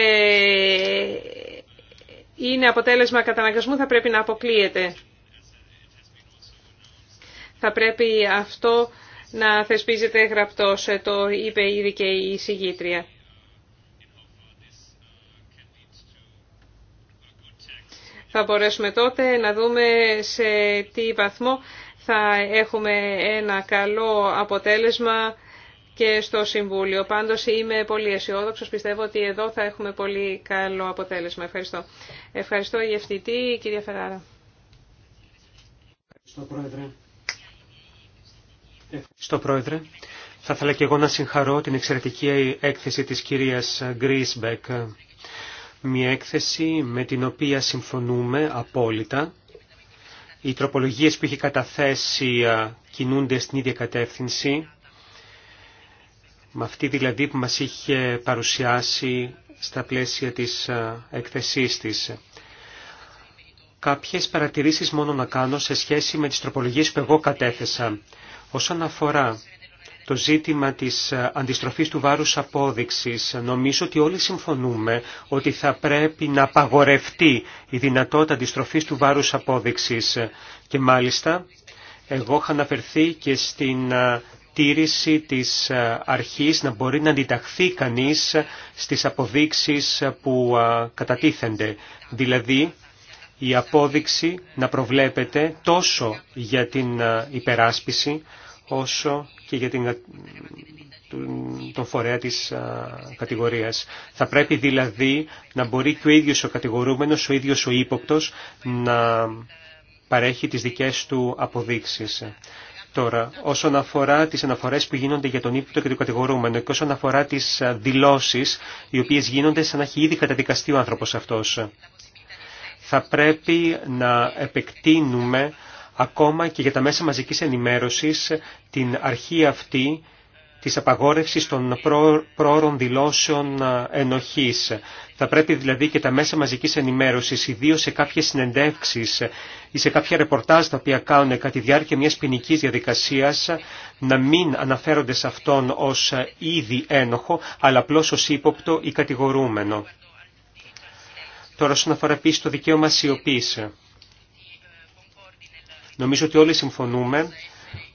είναι αποτέλεσμα καταναγκασμού θα πρέπει να αποκλείεται. Θα πρέπει αυτό να θεσπίζεται γραπτός, ε, το είπε ήδη και η συγγήτρια. θα μπορέσουμε τότε να δούμε σε τι βαθμό θα έχουμε ένα καλό αποτέλεσμα και στο Συμβούλιο. Πάντως είμαι πολύ αισιόδοξο. Πιστεύω ότι εδώ θα έχουμε πολύ καλό αποτέλεσμα. Ευχαριστώ. Ευχαριστώ η η κυρία Φεράρα. Ευχαριστώ, Πρόεδρε. Ευχαριστώ, Πρόεδρε. Θα ήθελα και εγώ να συγχαρώ την εξαιρετική έκθεση της κυρίας Γκρίσμπεκ. Μια έκθεση με την οποία συμφωνούμε απόλυτα. Οι τροπολογίες που έχει καταθέσει κινούνται στην ίδια κατεύθυνση. Με αυτή δηλαδή που μας είχε παρουσιάσει στα πλαίσια της εκθεσής της. Κάποιες παρατηρήσεις μόνο να κάνω σε σχέση με τις τροπολογίες που εγώ κατέθεσα. Όσον αφορά το ζήτημα της ε, αντιστροφής του βάρους απόδειξης. Νομίζω ότι όλοι συμφωνούμε ότι θα πρέπει να απαγορευτεί η δυνατότητα αντιστροφής του βάρους απόδειξης. Και μάλιστα, εγώ είχα αναφερθεί και στην ε, τήρηση της ε, αρχής να μπορεί να αντιταχθεί κανείς στις αποδείξεις που κατατίθενται. Δηλαδή, η απόδειξη να προβλέπεται τόσο για την υπεράσπιση όσο και για την, τον φορέα της κατηγορίας. Θα πρέπει δηλαδή να μπορεί και ο ίδιος ο κατηγορούμενος, ο ίδιος ο ύποπτος να παρέχει τις δικές του αποδείξεις. Τώρα, όσον αφορά τις αναφορές που γίνονται για τον ύποπτο και τον κατηγορούμενο και όσον αφορά τις δηλώσεις οι οποίες γίνονται σαν να έχει ήδη καταδικαστεί ο άνθρωπος αυτός. Θα πρέπει να επεκτείνουμε ακόμα και για τα μέσα μαζικής ενημέρωσης την αρχή αυτή της απαγόρευσης των πρόωρων δηλώσεων ε, ενοχής. Θα πρέπει δηλαδή και τα μέσα μαζικής ενημέρωσης, ιδίως σε κάποιες συνεντεύξεις ε, ή σε κάποια ρεπορτάζ τα οποία κάνουν κατά τη διάρκεια μιας ποινική διαδικασίας, να μην αναφέρονται σε αυτόν ως ε, ήδη ένοχο, αλλά απλώς ως ύποπτο ή κατηγορούμενο. Τώρα, όσον αφορά επίση το δικαίωμα σιωπή. Νομίζω ότι όλοι συμφωνούμε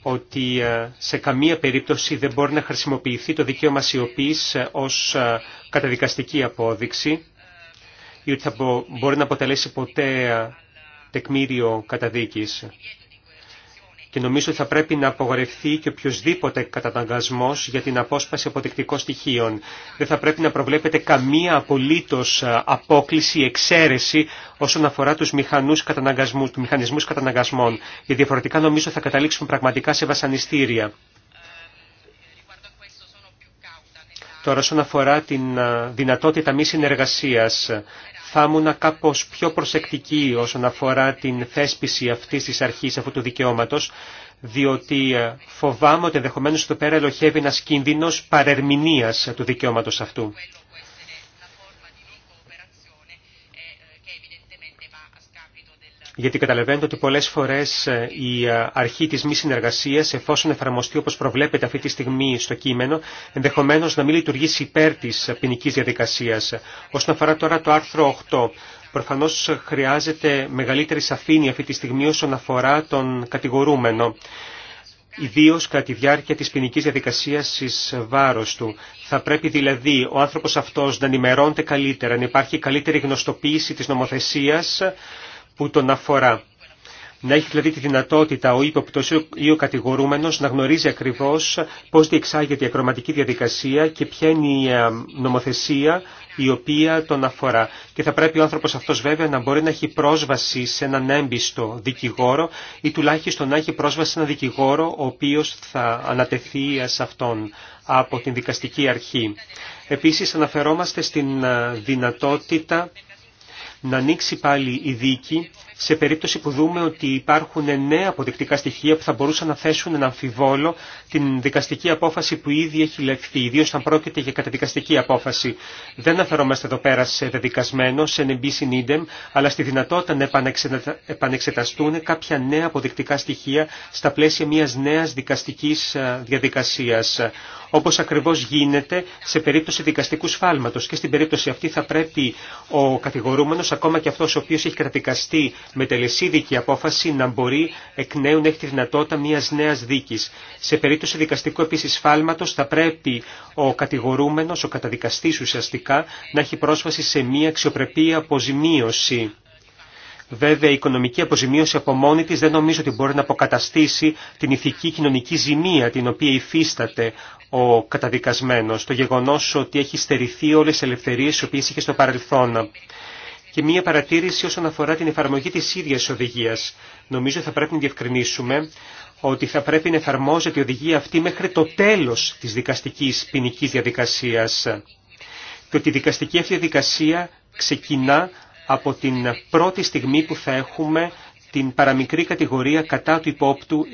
ότι ε, σε καμία περίπτωση δεν μπορεί να χρησιμοποιηθεί το δικαίωμα σιωπής ε, ως ε, καταδικαστική απόδειξη ή ότι θα μπορεί να αποτελέσει ποτέ τεκμήριο καταδίκης και νομίζω ότι θα πρέπει να απογορευτεί και οποιοδήποτε καταναγκασμό για την απόσπαση αποδεικτικών στοιχείων. Δεν θα πρέπει να προβλέπεται καμία απολύτω απόκληση, εξαίρεση όσον αφορά του μηχανισμού καταναγκασμών. Γιατί διαφορετικά νομίζω θα καταλήξουμε πραγματικά σε βασανιστήρια. Τώρα, όσον αφορά την δυνατότητα μη συνεργασίας, θα ήμουν κάπως πιο προσεκτική όσον αφορά την θέσπιση αυτής της αρχής αυτού του δικαιώματος, διότι ε, φοβάμαι ότι ενδεχομένω εδώ πέρα ελοχεύει ένας κίνδυνος παρερμηνίας του δικαιώματος αυτού. γιατί καταλαβαίνετε ότι πολλές φορές ε, η ε, αρχή της μη συνεργασίας, εφόσον εφαρμοστεί όπως προβλέπεται αυτή τη στιγμή στο κείμενο, ενδεχομένως να μην λειτουργήσει υπέρ της ποινική διαδικασίας. Όσον αφορά τώρα το άρθρο 8, προφανώς χρειάζεται μεγαλύτερη σαφήνεια αυτή τη στιγμή όσον αφορά τον κατηγορούμενο ιδίω κατά τη διάρκεια τη ποινική διαδικασία ει βάρο του. Θα πρέπει δηλαδή ο άνθρωπο αυτό να ενημερώνεται καλύτερα, να υπάρχει καλύτερη γνωστοποίηση τη νομοθεσία που τον αφορά. Να έχει δηλαδή τη δυνατότητα ο ύποπτος ή ο κατηγορούμενος να γνωρίζει ακριβώς πώς διεξάγεται η ακροματική διαδικασία και ποια είναι η ε, νομοθεσία η οποία τον αφορά. Και θα πρέπει ο άνθρωπος αυτός βέβαια να μπορεί να έχει πρόσβαση σε έναν έμπιστο δικηγόρο ή τουλάχιστον να έχει πρόσβαση σε έναν δικηγόρο ο οποίος θα ανατεθεί σε αυτόν από την δικαστική αρχή. Επίσης αναφερόμαστε στην ε, δυνατότητα να ανοίξει πάλι η δίκη σε περίπτωση που δούμε ότι υπάρχουν νέα αποδεικτικά στοιχεία που θα μπορούσαν να θέσουν ένα αμφιβόλο την δικαστική απόφαση που ήδη έχει λεφθεί, ιδίω όταν πρόκειται για καταδικαστική απόφαση. Δεν αναφερόμαστε εδώ πέρα σε δεδικασμένο, σε νεμπίση NIDEM, αλλά στη δυνατότητα να επανεξεταστούν κάποια νέα αποδεικτικά στοιχεία στα πλαίσια μια νέα δικαστική ε, διαδικασία. Όπω ακριβώ γίνεται σε περίπτωση δικαστικού σφάλματο. Και στην περίπτωση αυτή θα πρέπει ο κατηγορούμενο, ακόμα και αυτό ο οποίο έχει καταδικαστεί με τελεσίδικη απόφαση να μπορεί εκ νέου να έχει τη δυνατότητα μια νέα δίκη. Σε περίπτωση δικαστικού επίσης θα πρέπει ο κατηγορούμενο, ο καταδικαστή ουσιαστικά, να έχει πρόσβαση σε μια αξιοπρεπή αποζημίωση. Βέβαια, η οικονομική αποζημίωση από μόνη της δεν νομίζω ότι μπορεί να αποκαταστήσει την ηθική κοινωνική ζημία την οποία υφίσταται ο καταδικασμένος, το γεγονός ότι έχει στερηθεί όλες τις ελευθερίες τις οποίες είχε στο παρελθόν και μία παρατήρηση όσον αφορά την εφαρμογή της ίδιας οδηγίας. Νομίζω θα πρέπει να διευκρινίσουμε ότι θα πρέπει να εφαρμόζεται η οδηγία αυτή μέχρι το τέλος της δικαστικής ποινική διαδικασίας και ότι η δικαστική αυτή διαδικασία ξεκινά από την πρώτη στιγμή που θα έχουμε την παραμικρή κατηγορία κατά του υπόπτου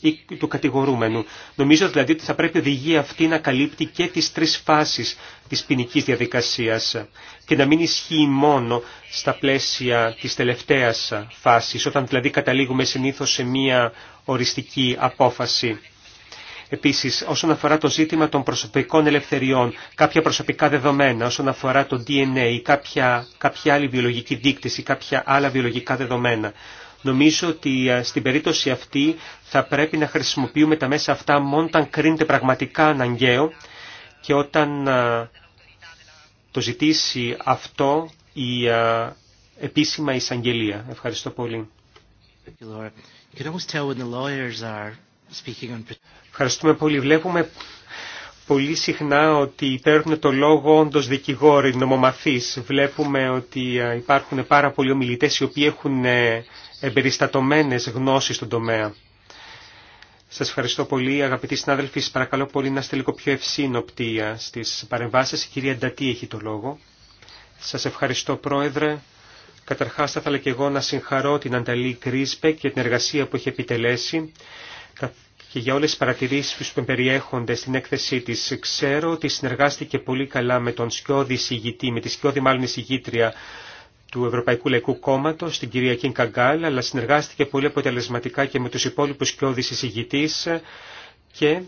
ή του κατηγορούμενου. Νομίζω δηλαδή ότι θα πρέπει η οδηγία αυτή να καλύπτει και τις τρεις φάσεις της ποινική διαδικασίας και να μην ισχύει μόνο στα πλαίσια της τελευταίας φάσης, όταν δηλαδή καταλήγουμε συνήθως σε μία οριστική απόφαση. Επίσης, όσον αφορά το ζήτημα των προσωπικών ελευθεριών, κάποια προσωπικά δεδομένα, όσον αφορά το DNA, κάποια, κάποια άλλη βιολογική δείκτηση, κάποια άλλα βιολογικά δεδομένα. Νομίζω ότι ε, στην περίπτωση αυτή θα πρέπει να χρησιμοποιούμε τα μέσα αυτά μόνο όταν κρίνεται πραγματικά αναγκαίο και όταν ε, το ζητήσει αυτό η ε, επίσημα εισαγγελία. Ευχαριστώ πολύ. Ευχαριστούμε πολύ. Βλέπουμε πολύ συχνά ότι παίρνουν το λόγο όντω δικηγόροι, νομομαθείς. Βλέπουμε ότι υπάρχουν πάρα πολλοί ομιλητές οι οποίοι έχουν εμπεριστατωμένες γνώσεις στον τομέα. Σας ευχαριστώ πολύ αγαπητοί συνάδελφοι, σας παρακαλώ πολύ να είστε λίγο πιο ευσύνοπτοι στις παρεμβάσεις. Η κυρία Ντατή έχει το λόγο. Σας ευχαριστώ πρόεδρε. Καταρχάς θα ήθελα και εγώ να συγχαρώ την Ανταλή Κρίσπε και την εργασία που έχει επιτελέσει και για όλες τις παρατηρήσεις που περιέχονται στην έκθεσή της. Ξέρω ότι συνεργάστηκε πολύ καλά με τον Σκιώδη συγητή, με τη Σκιώδη μάλλον συγήτρια, του Ευρωπαϊκού Λαϊκού Κόμματο, την κυρία Κιν Καγκάλ, αλλά συνεργάστηκε πολύ αποτελεσματικά και με τους υπόλοιπου κιόδη εισηγητή και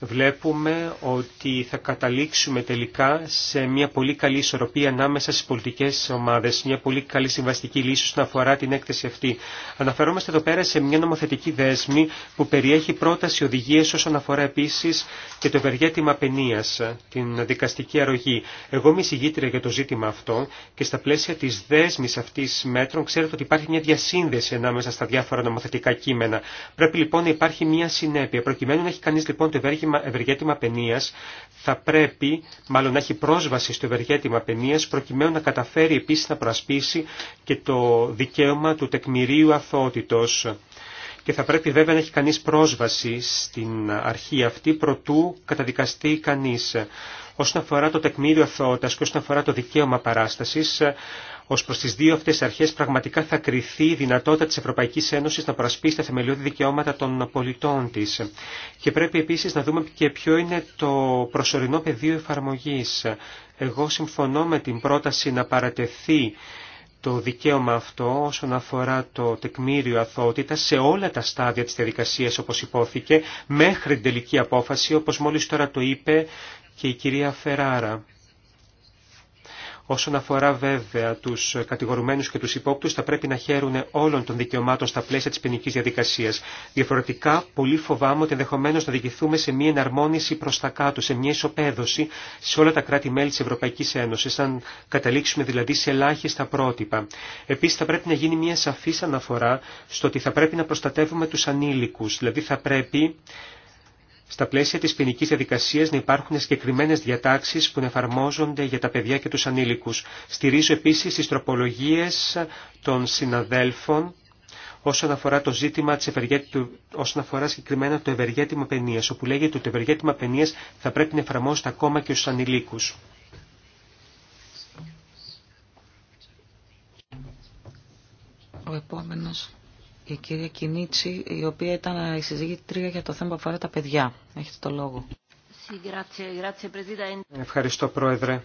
βλέπουμε ότι θα καταλήξουμε τελικά σε μια πολύ καλή ισορροπία ανάμεσα στις πολιτικές ομάδες, μια πολύ καλή συμβαστική λύση όσον αφορά την έκθεση αυτή. Αναφερόμαστε εδώ πέρα σε μια νομοθετική δέσμη που περιέχει πρόταση οδηγίες όσον αφορά επίσης και το ευεργέτημα παινίας, την δικαστική αρρωγή. Εγώ είμαι εισηγήτρια για το ζήτημα αυτό και στα πλαίσια της δέσμης αυτής μέτρων ξέρετε ότι υπάρχει μια διασύνδεση ανάμεσα στα διάφορα νομοθετικά κείμενα. Πρέπει λοιπόν να υπάρχει μια συνέπεια. Προκειμένου να έχει κανείς λοιπόν το ευεργέτημα παινίας θα πρέπει μάλλον να έχει πρόσβαση στο ευεργέτημα παινίας προκειμένου να καταφέρει επίσης να προασπίσει και το δικαίωμα του τεκμηρίου αθότητος Και θα πρέπει βέβαια να έχει κανείς πρόσβαση στην αρχή αυτή προτού καταδικαστεί κανείς όσον αφορά το τεκμήριο αθωότητας και όσον αφορά το δικαίωμα παράστασης, ε, Ω προ τι δύο αυτέ αρχέ, πραγματικά θα κρυθεί η δυνατότητα τη Ευρωπαϊκή Ένωση να προασπίσει τα θεμελιώδη δικαιώματα των πολιτών τη. Και πρέπει επίση να δούμε και ποιο είναι το προσωρινό πεδίο εφαρμογή. Εγώ συμφωνώ με την πρόταση να παρατεθεί το δικαίωμα αυτό όσον αφορά το τεκμήριο αθότητα σε όλα τα στάδια της διαδικασία, όπως υπόθηκε μέχρι την τελική απόφαση όπως μόλις τώρα το είπε και η κυρία Φεράρα. Όσον αφορά βέβαια του κατηγορουμένου και του υπόπτου, θα πρέπει να χαίρουν όλων των δικαιωμάτων στα πλαίσια τη ποινική διαδικασία. Διαφορετικά, πολύ φοβάμαι ότι ενδεχομένω να διηγηθούμε σε μια εναρμόνιση προ τα κάτω, σε μια ισοπαίδωση σε όλα τα κράτη-μέλη τη Ευρωπαϊκή Ένωση, αν καταλήξουμε δηλαδή σε ελάχιστα πρότυπα. Επίση, θα πρέπει να γίνει μια σαφή αναφορά στο ότι θα πρέπει να προστατεύουμε του ανήλικου, δηλαδή θα πρέπει στα πλαίσια της ποινική διαδικασίας να υπάρχουν συγκεκριμένε διατάξεις που εφαρμόζονται για τα παιδιά και τους ανήλικους. Στηρίζω επίσης τις τροπολογίες των συναδέλφων όσον αφορά το ζήτημα της όσον αφορά συγκεκριμένα το ευεργέτημα παινίας, όπου λέγεται ότι το ευεργέτημα παινίας θα πρέπει να εφαρμόζεται ακόμα και στους ανηλίκους. Ο επόμενος η κυρία Κινίτσι, η οποία ήταν η συζήτητρια για το θέμα που αφορά τα παιδιά. Έχετε το λόγο. Ευχαριστώ, Πρόεδρε.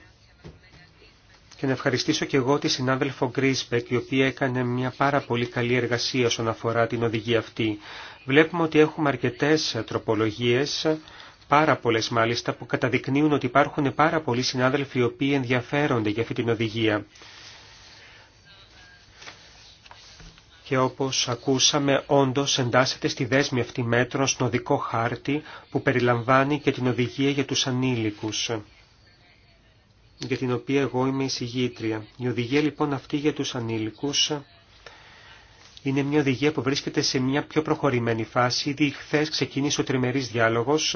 Και να ευχαριστήσω και εγώ τη συνάδελφο Γκρίσπεκ, η οποία έκανε μια πάρα πολύ καλή εργασία όσον αφορά την οδηγία αυτή. Βλέπουμε ότι έχουμε αρκετές τροπολογίες, πάρα πολλές μάλιστα, που καταδεικνύουν ότι υπάρχουν πάρα πολλοί συνάδελφοι οι οποίοι ενδιαφέρονται για αυτή την οδηγία. και όπως ακούσαμε όντως εντάσσεται στη δέσμη αυτή μέτρων στον οδικό χάρτη που περιλαμβάνει και την οδηγία για τους ανήλικους για την οποία εγώ είμαι εισηγήτρια. Η οδηγία λοιπόν αυτή για τους ανήλικους είναι μια οδηγία που βρίσκεται σε μια πιο προχωρημένη φάση. Ήδη χθε ξεκίνησε ο τριμερής διάλογος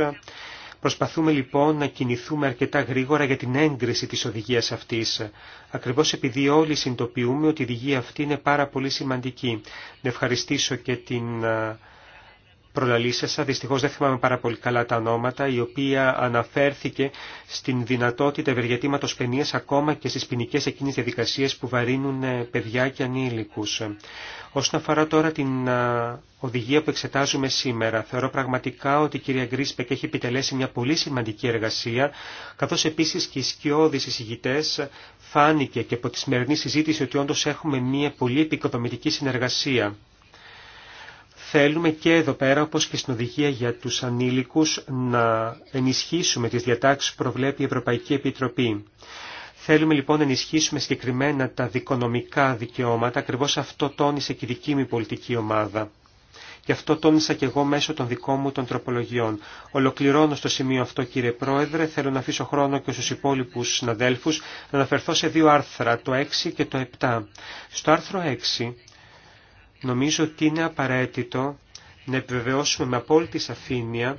Προσπαθούμε λοιπόν να κινηθούμε αρκετά γρήγορα για την έγκριση της οδηγίας αυτής. Ακριβώς επειδή όλοι συνειδητοποιούμε ότι η οδηγία αυτή είναι πάρα πολύ σημαντική. Να ευχαριστήσω και την ε, προλαλήσασα, δυστυχώς δεν θυμάμαι πάρα πολύ καλά τα ονόματα, η οποία αναφέρθηκε στην δυνατότητα ευεργετήματος παινίας ακόμα και στις ποινικέ εκείνες διαδικασίες που βαρύνουν ε, παιδιά και ανήλικους. Όσον αφορά τώρα την ε, οδηγία που εξετάζουμε σήμερα, θεωρώ πραγματικά ότι η κυρία Γκρίσπεκ έχει επιτελέσει μια πολύ σημαντική εργασία, καθώς επίσης και οι σκιώδεις εισηγητές φάνηκε και από τη σημερινή συζήτηση ότι όντως έχουμε μια πολύ επικοδομητική συνεργασία. Θέλουμε και εδώ πέρα, όπως και στην οδηγία για τους ανήλικους, να ενισχύσουμε τις διατάξεις που προβλέπει η Ευρωπαϊκή Επιτροπή. Θέλουμε λοιπόν να ενισχύσουμε συγκεκριμένα τα δικονομικά δικαιώματα, ακριβώς αυτό τόνισε και η δική μου πολιτική ομάδα. Γι' αυτό τόνισα και εγώ μέσω των δικών μου των τροπολογιών. Ολοκληρώνω στο σημείο αυτό κύριε Πρόεδρε, θέλω να αφήσω χρόνο και στους υπόλοιπους συναδέλφους να αναφερθώ σε δύο άρθρα, το 6 και το 7. Στο άρθρο 6 νομίζω ότι είναι απαραίτητο να επιβεβαιώσουμε με απόλυτη σαφήνεια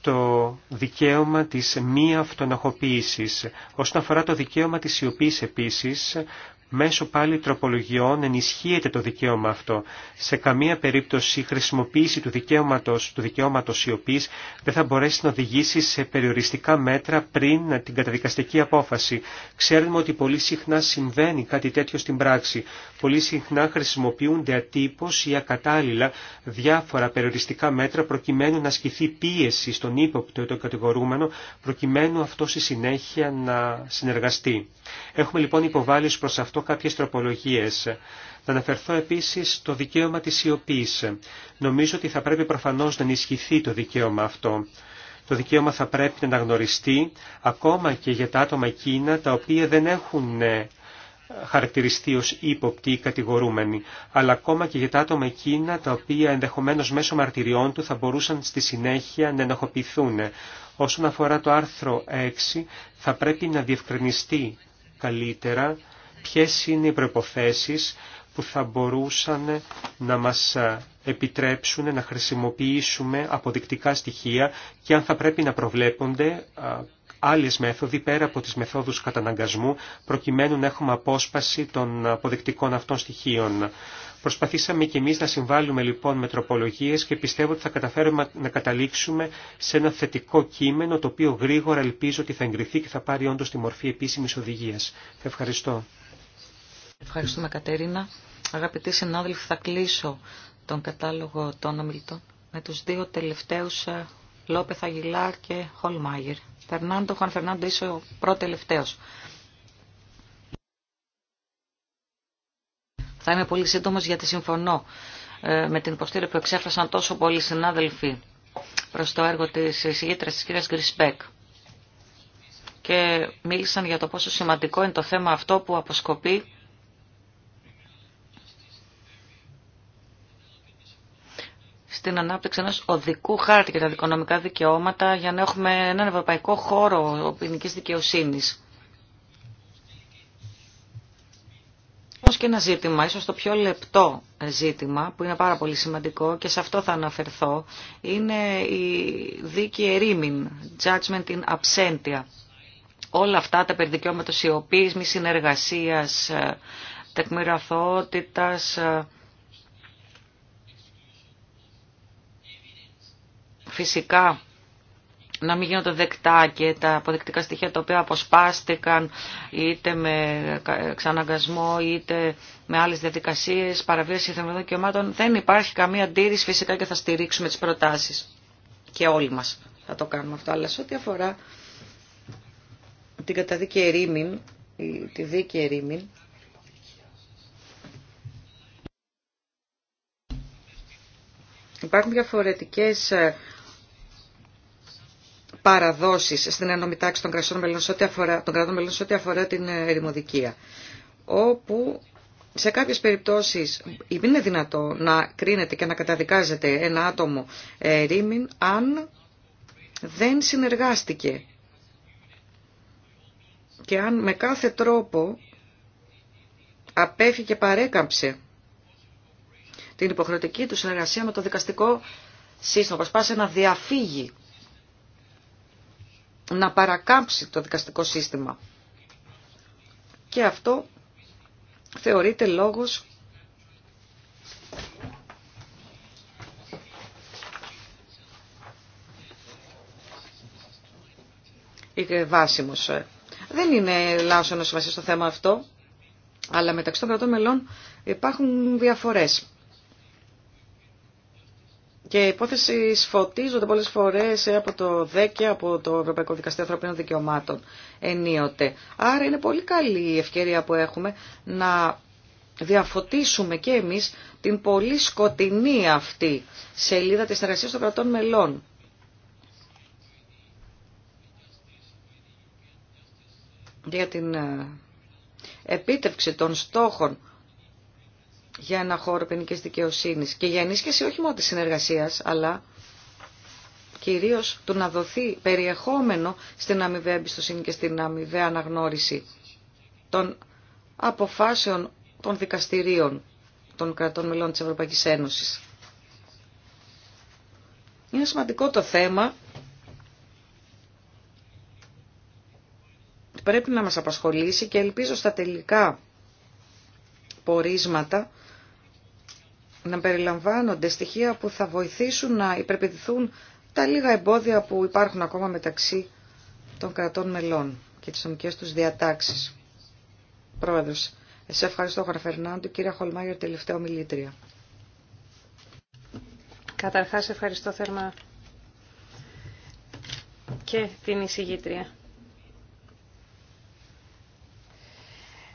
το δικαίωμα της μη αυτοναχοποίησης. Όσον αφορά το δικαίωμα της σιωπής επίσης, μέσω πάλι τροπολογιών ενισχύεται το δικαίωμα αυτό. Σε καμία περίπτωση η χρησιμοποίηση του δικαίωματος, του δικαιώματος ιοπής δεν θα μπορέσει να οδηγήσει σε περιοριστικά μέτρα πριν την καταδικαστική απόφαση. Ξέρουμε ότι πολύ συχνά συμβαίνει κάτι τέτοιο στην πράξη. Πολύ συχνά χρησιμοποιούνται ατύπως ή ακατάλληλα διάφορα περιοριστικά μέτρα προκειμένου να ασκηθεί πίεση στον ύποπτο ή τον κατηγορούμενο προκειμένου αυτό στη συνέχεια να συνεργαστεί. Έχουμε λοιπόν υποβάλει προς αυτό αυτό κάποιες τροπολογίες. Να αναφερθώ επίσης στο δικαίωμα της σιωπής. Νομίζω ότι θα πρέπει προφανώς να ενισχυθεί το δικαίωμα αυτό. Το δικαίωμα θα πρέπει να αναγνωριστεί ακόμα και για τα άτομα εκείνα τα οποία δεν έχουν ε, χαρακτηριστεί ως ύποπτοι ή κατηγορούμενοι, αλλά ακόμα και για τα άτομα εκείνα τα οποία ενδεχομένως μέσω μαρτυριών του θα μπορούσαν στη συνέχεια να ενοχοποιηθούν. Όσον αφορά το άρθρο 6, θα πρέπει να διευκρινιστεί καλύτερα ποιες είναι οι προϋποθέσεις που θα μπορούσαν να μας επιτρέψουν να χρησιμοποιήσουμε αποδεικτικά στοιχεία και αν θα πρέπει να προβλέπονται άλλες μέθοδοι πέρα από τις μεθόδους καταναγκασμού προκειμένου να έχουμε απόσπαση των αποδεικτικών αυτών στοιχείων. Προσπαθήσαμε και εμείς να συμβάλλουμε λοιπόν με τροπολογίες και πιστεύω ότι θα καταφέρουμε να καταλήξουμε σε ένα θετικό κείμενο το οποίο γρήγορα ελπίζω ότι θα εγκριθεί και θα πάρει όντως τη μορφή επίσημης οδηγίας. Ευχαριστώ. Ευχαριστούμε Κατερίνα. Αγαπητοί συνάδελφοι, θα κλείσω τον κατάλογο των ομιλητών με τους δύο τελευταίους ε, Λόπεθ Αγγιλάρ και Χολμάγερ. Φερνάντο, Χαν Φερνάντο είσαι ο πρώτο τελευταίος. Θα είμαι πολύ σύντομος γιατί συμφωνώ ε, με την υποστήριξη που εξέφρασαν τόσο πολλοί συνάδελφοι προς το έργο της εισηγήτρας της κυρίας Γκρισπέκ και μίλησαν για το πόσο σημαντικό είναι το θέμα αυτό που αποσκοπεί την ανάπτυξη ενός οδικού χάρτη για τα δικονομικά δικαιώματα για να έχουμε έναν ευρωπαϊκό χώρο ποινική δικαιοσύνη. Όμω και ένα ζήτημα, ίσω το πιο λεπτό ζήτημα που είναι πάρα πολύ σημαντικό και σε αυτό θα αναφερθώ, είναι η δίκη ερήμην, judgment in absentia. Όλα αυτά τα περί σιωπής, μη συνεργασίας, ε, τεκμηραθότητα, ε, φυσικά να μην γίνονται δεκτά και τα αποδεκτικά στοιχεία τα οποία αποσπάστηκαν είτε με ξαναγκασμό είτε με άλλες διαδικασίες παραβίαση θεμελιωδών δικαιωμάτων δεν υπάρχει καμία αντίρρηση φυσικά και θα στηρίξουμε τις προτάσεις και όλοι μας θα το κάνουμε αυτό αλλά σε ό,τι αφορά την καταδίκη ερήμην τη δίκη ερήμην Υπάρχουν διαφορετικές ε, παραδόσεις στην ενόμη τάξη των κρατών μελών σε ό,τι αφορά, αφορά την ε, ερημοδικία. Όπου σε κάποιες περιπτώσεις είναι δυνατό να κρίνεται και να καταδικάζεται ένα άτομο ερήμην αν δεν συνεργάστηκε και αν με κάθε τρόπο απέφυγε παρέκαμψε την υποχρεωτική του συνεργασία με το δικαστικό σύστημα, προσπάθησε να διαφύγει να παρακάμψει το δικαστικό σύστημα. Και αυτό θεωρείται λόγος βάσιμος. Δεν είναι λάθος να στο θέμα αυτό, αλλά μεταξύ των κρατών μελών υπάρχουν διαφορές. Και οι υπόθεση φωτίζονται πολλές φορές από το ΔΕΚΕ, από το Ευρωπαϊκό Δικαστήριο Ανθρωπίνων Δικαιωμάτων ενίοτε. Άρα είναι πολύ καλή η ευκαιρία που έχουμε να διαφωτίσουμε και εμείς την πολύ σκοτεινή αυτή σελίδα της εργασία των κρατών μελών. Για την ε, επίτευξη των στόχων για ένα χώρο ποινική δικαιοσύνη και για ενίσχυση όχι μόνο τη συνεργασία, αλλά κυρίω του να δοθεί περιεχόμενο στην αμοιβαία εμπιστοσύνη και στην αμοιβαία αναγνώριση των αποφάσεων των δικαστηρίων των κρατών μελών της Ευρωπαϊκής Ένωσης. Είναι σημαντικό το θέμα. Πρέπει να μας απασχολήσει και ελπίζω στα τελικά πορίσματα να περιλαμβάνονται στοιχεία που θα βοηθήσουν να υπερπαιδηθούν τα λίγα εμπόδια που υπάρχουν ακόμα μεταξύ των κρατών μελών και τις νομικές τους διατάξεις. Πρόεδρος, σε ευχαριστώ κύριε Φερνάντου, κυρία Χολμάγερ, τελευταία ομιλήτρια. Καταρχάς ευχαριστώ θερμά και την εισηγήτρια.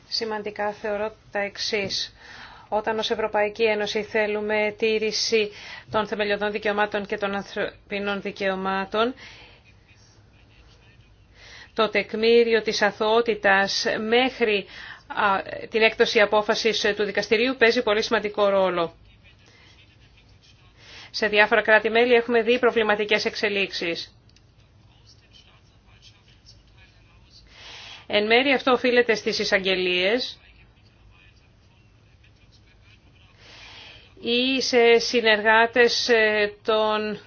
Σημαντικά θεωρώ τα εξής όταν ως Ευρωπαϊκή Ένωση θέλουμε τήρηση των θεμελιωδών δικαιωμάτων και των ανθρωπίνων δικαιωμάτων, το τεκμήριο της αθωότητας μέχρι την έκδοση απόφασης του δικαστηρίου παίζει πολύ σημαντικό ρόλο. Σε διάφορα κράτη-μέλη έχουμε δει προβληματικές εξελίξεις. Εν μέρει αυτό οφείλεται στις εισαγγελίες, ή σε συνεργάτες ε, των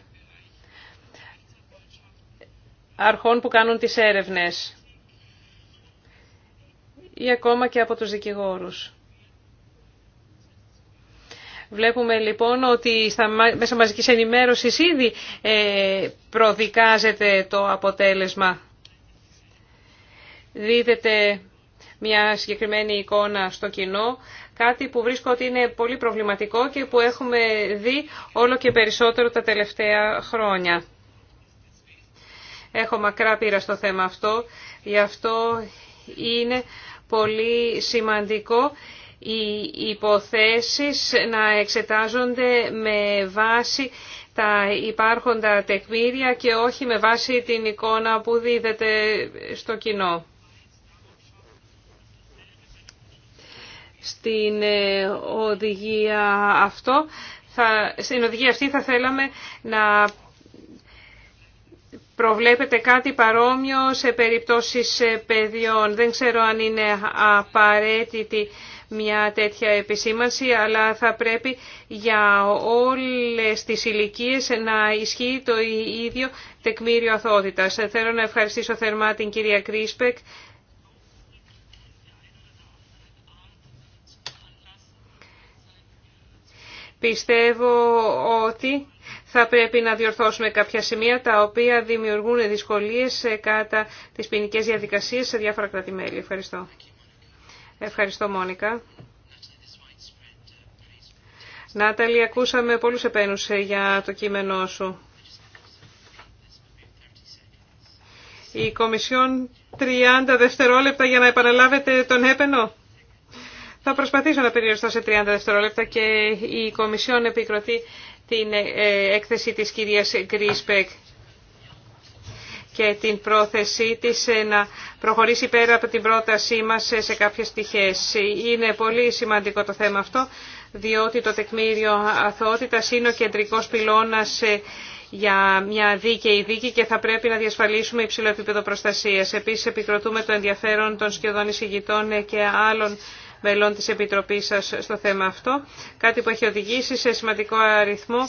αρχών που κάνουν τις έρευνες ή ακόμα και από τους δικηγόρους. Βλέπουμε λοιπόν ότι στα μέσα μαζικής ενημέρωσης ήδη ε, προδικάζεται το αποτέλεσμα. Δίδεται μια συγκεκριμένη εικόνα στο κοινό, κάτι που βρίσκω ότι είναι πολύ προβληματικό και που έχουμε δει όλο και περισσότερο τα τελευταία χρόνια. Έχω μακρά πείρα στο θέμα αυτό, γι' αυτό είναι πολύ σημαντικό οι υποθέσεις να εξετάζονται με βάση τα υπάρχοντα τεκμήρια και όχι με βάση την εικόνα που δίδεται στο κοινό. στην ε, οδηγία αυτό. Θα, στην οδηγία αυτή θα θέλαμε να προβλέπετε κάτι παρόμοιο σε περιπτώσεις ε, παιδιών. Δεν ξέρω αν είναι απαραίτητη μια τέτοια επισήμανση, αλλά θα πρέπει για όλες τις ηλικίε να ισχύει το ίδιο τεκμήριο αθότητας. Θέλω να ευχαριστήσω θερμά την κυρία Κρίσπεκ Πιστεύω ότι θα πρέπει να διορθώσουμε κάποια σημεία τα οποία δημιουργούν δυσκολίες κατά τις ποινικέ διαδικασίες σε διάφορα κράτη-μέλη. Ευχαριστώ. Ευχαριστώ Μόνικα. Νάταλη, ακούσαμε πολλούς επένους για το κείμενό σου. Η Κομισιόν 30 δευτερόλεπτα για να επαναλάβετε τον έπαινο. Θα προσπαθήσω να περιοριστώ σε 30 δευτερόλεπτα και η Κομισιόν επικροτεί την ε, έκθεση της κυρίας Γκρίσπεκ και την πρόθεσή της ε, να προχωρήσει πέρα από την πρότασή μας ε, σε κάποιες πτυχές. Είναι πολύ σημαντικό το θέμα αυτό, διότι το τεκμήριο αθωότητας είναι ο κεντρικός πυλώνας για μια δίκαιη δίκη και θα πρέπει να διασφαλίσουμε υψηλό επίπεδο προστασίας. Επίσης επικροτούμε το ενδιαφέρον των σχεδόν εισηγητών και άλλων μελών της Επιτροπής σας στο θέμα αυτό, κάτι που έχει οδηγήσει σε σημαντικό αριθμό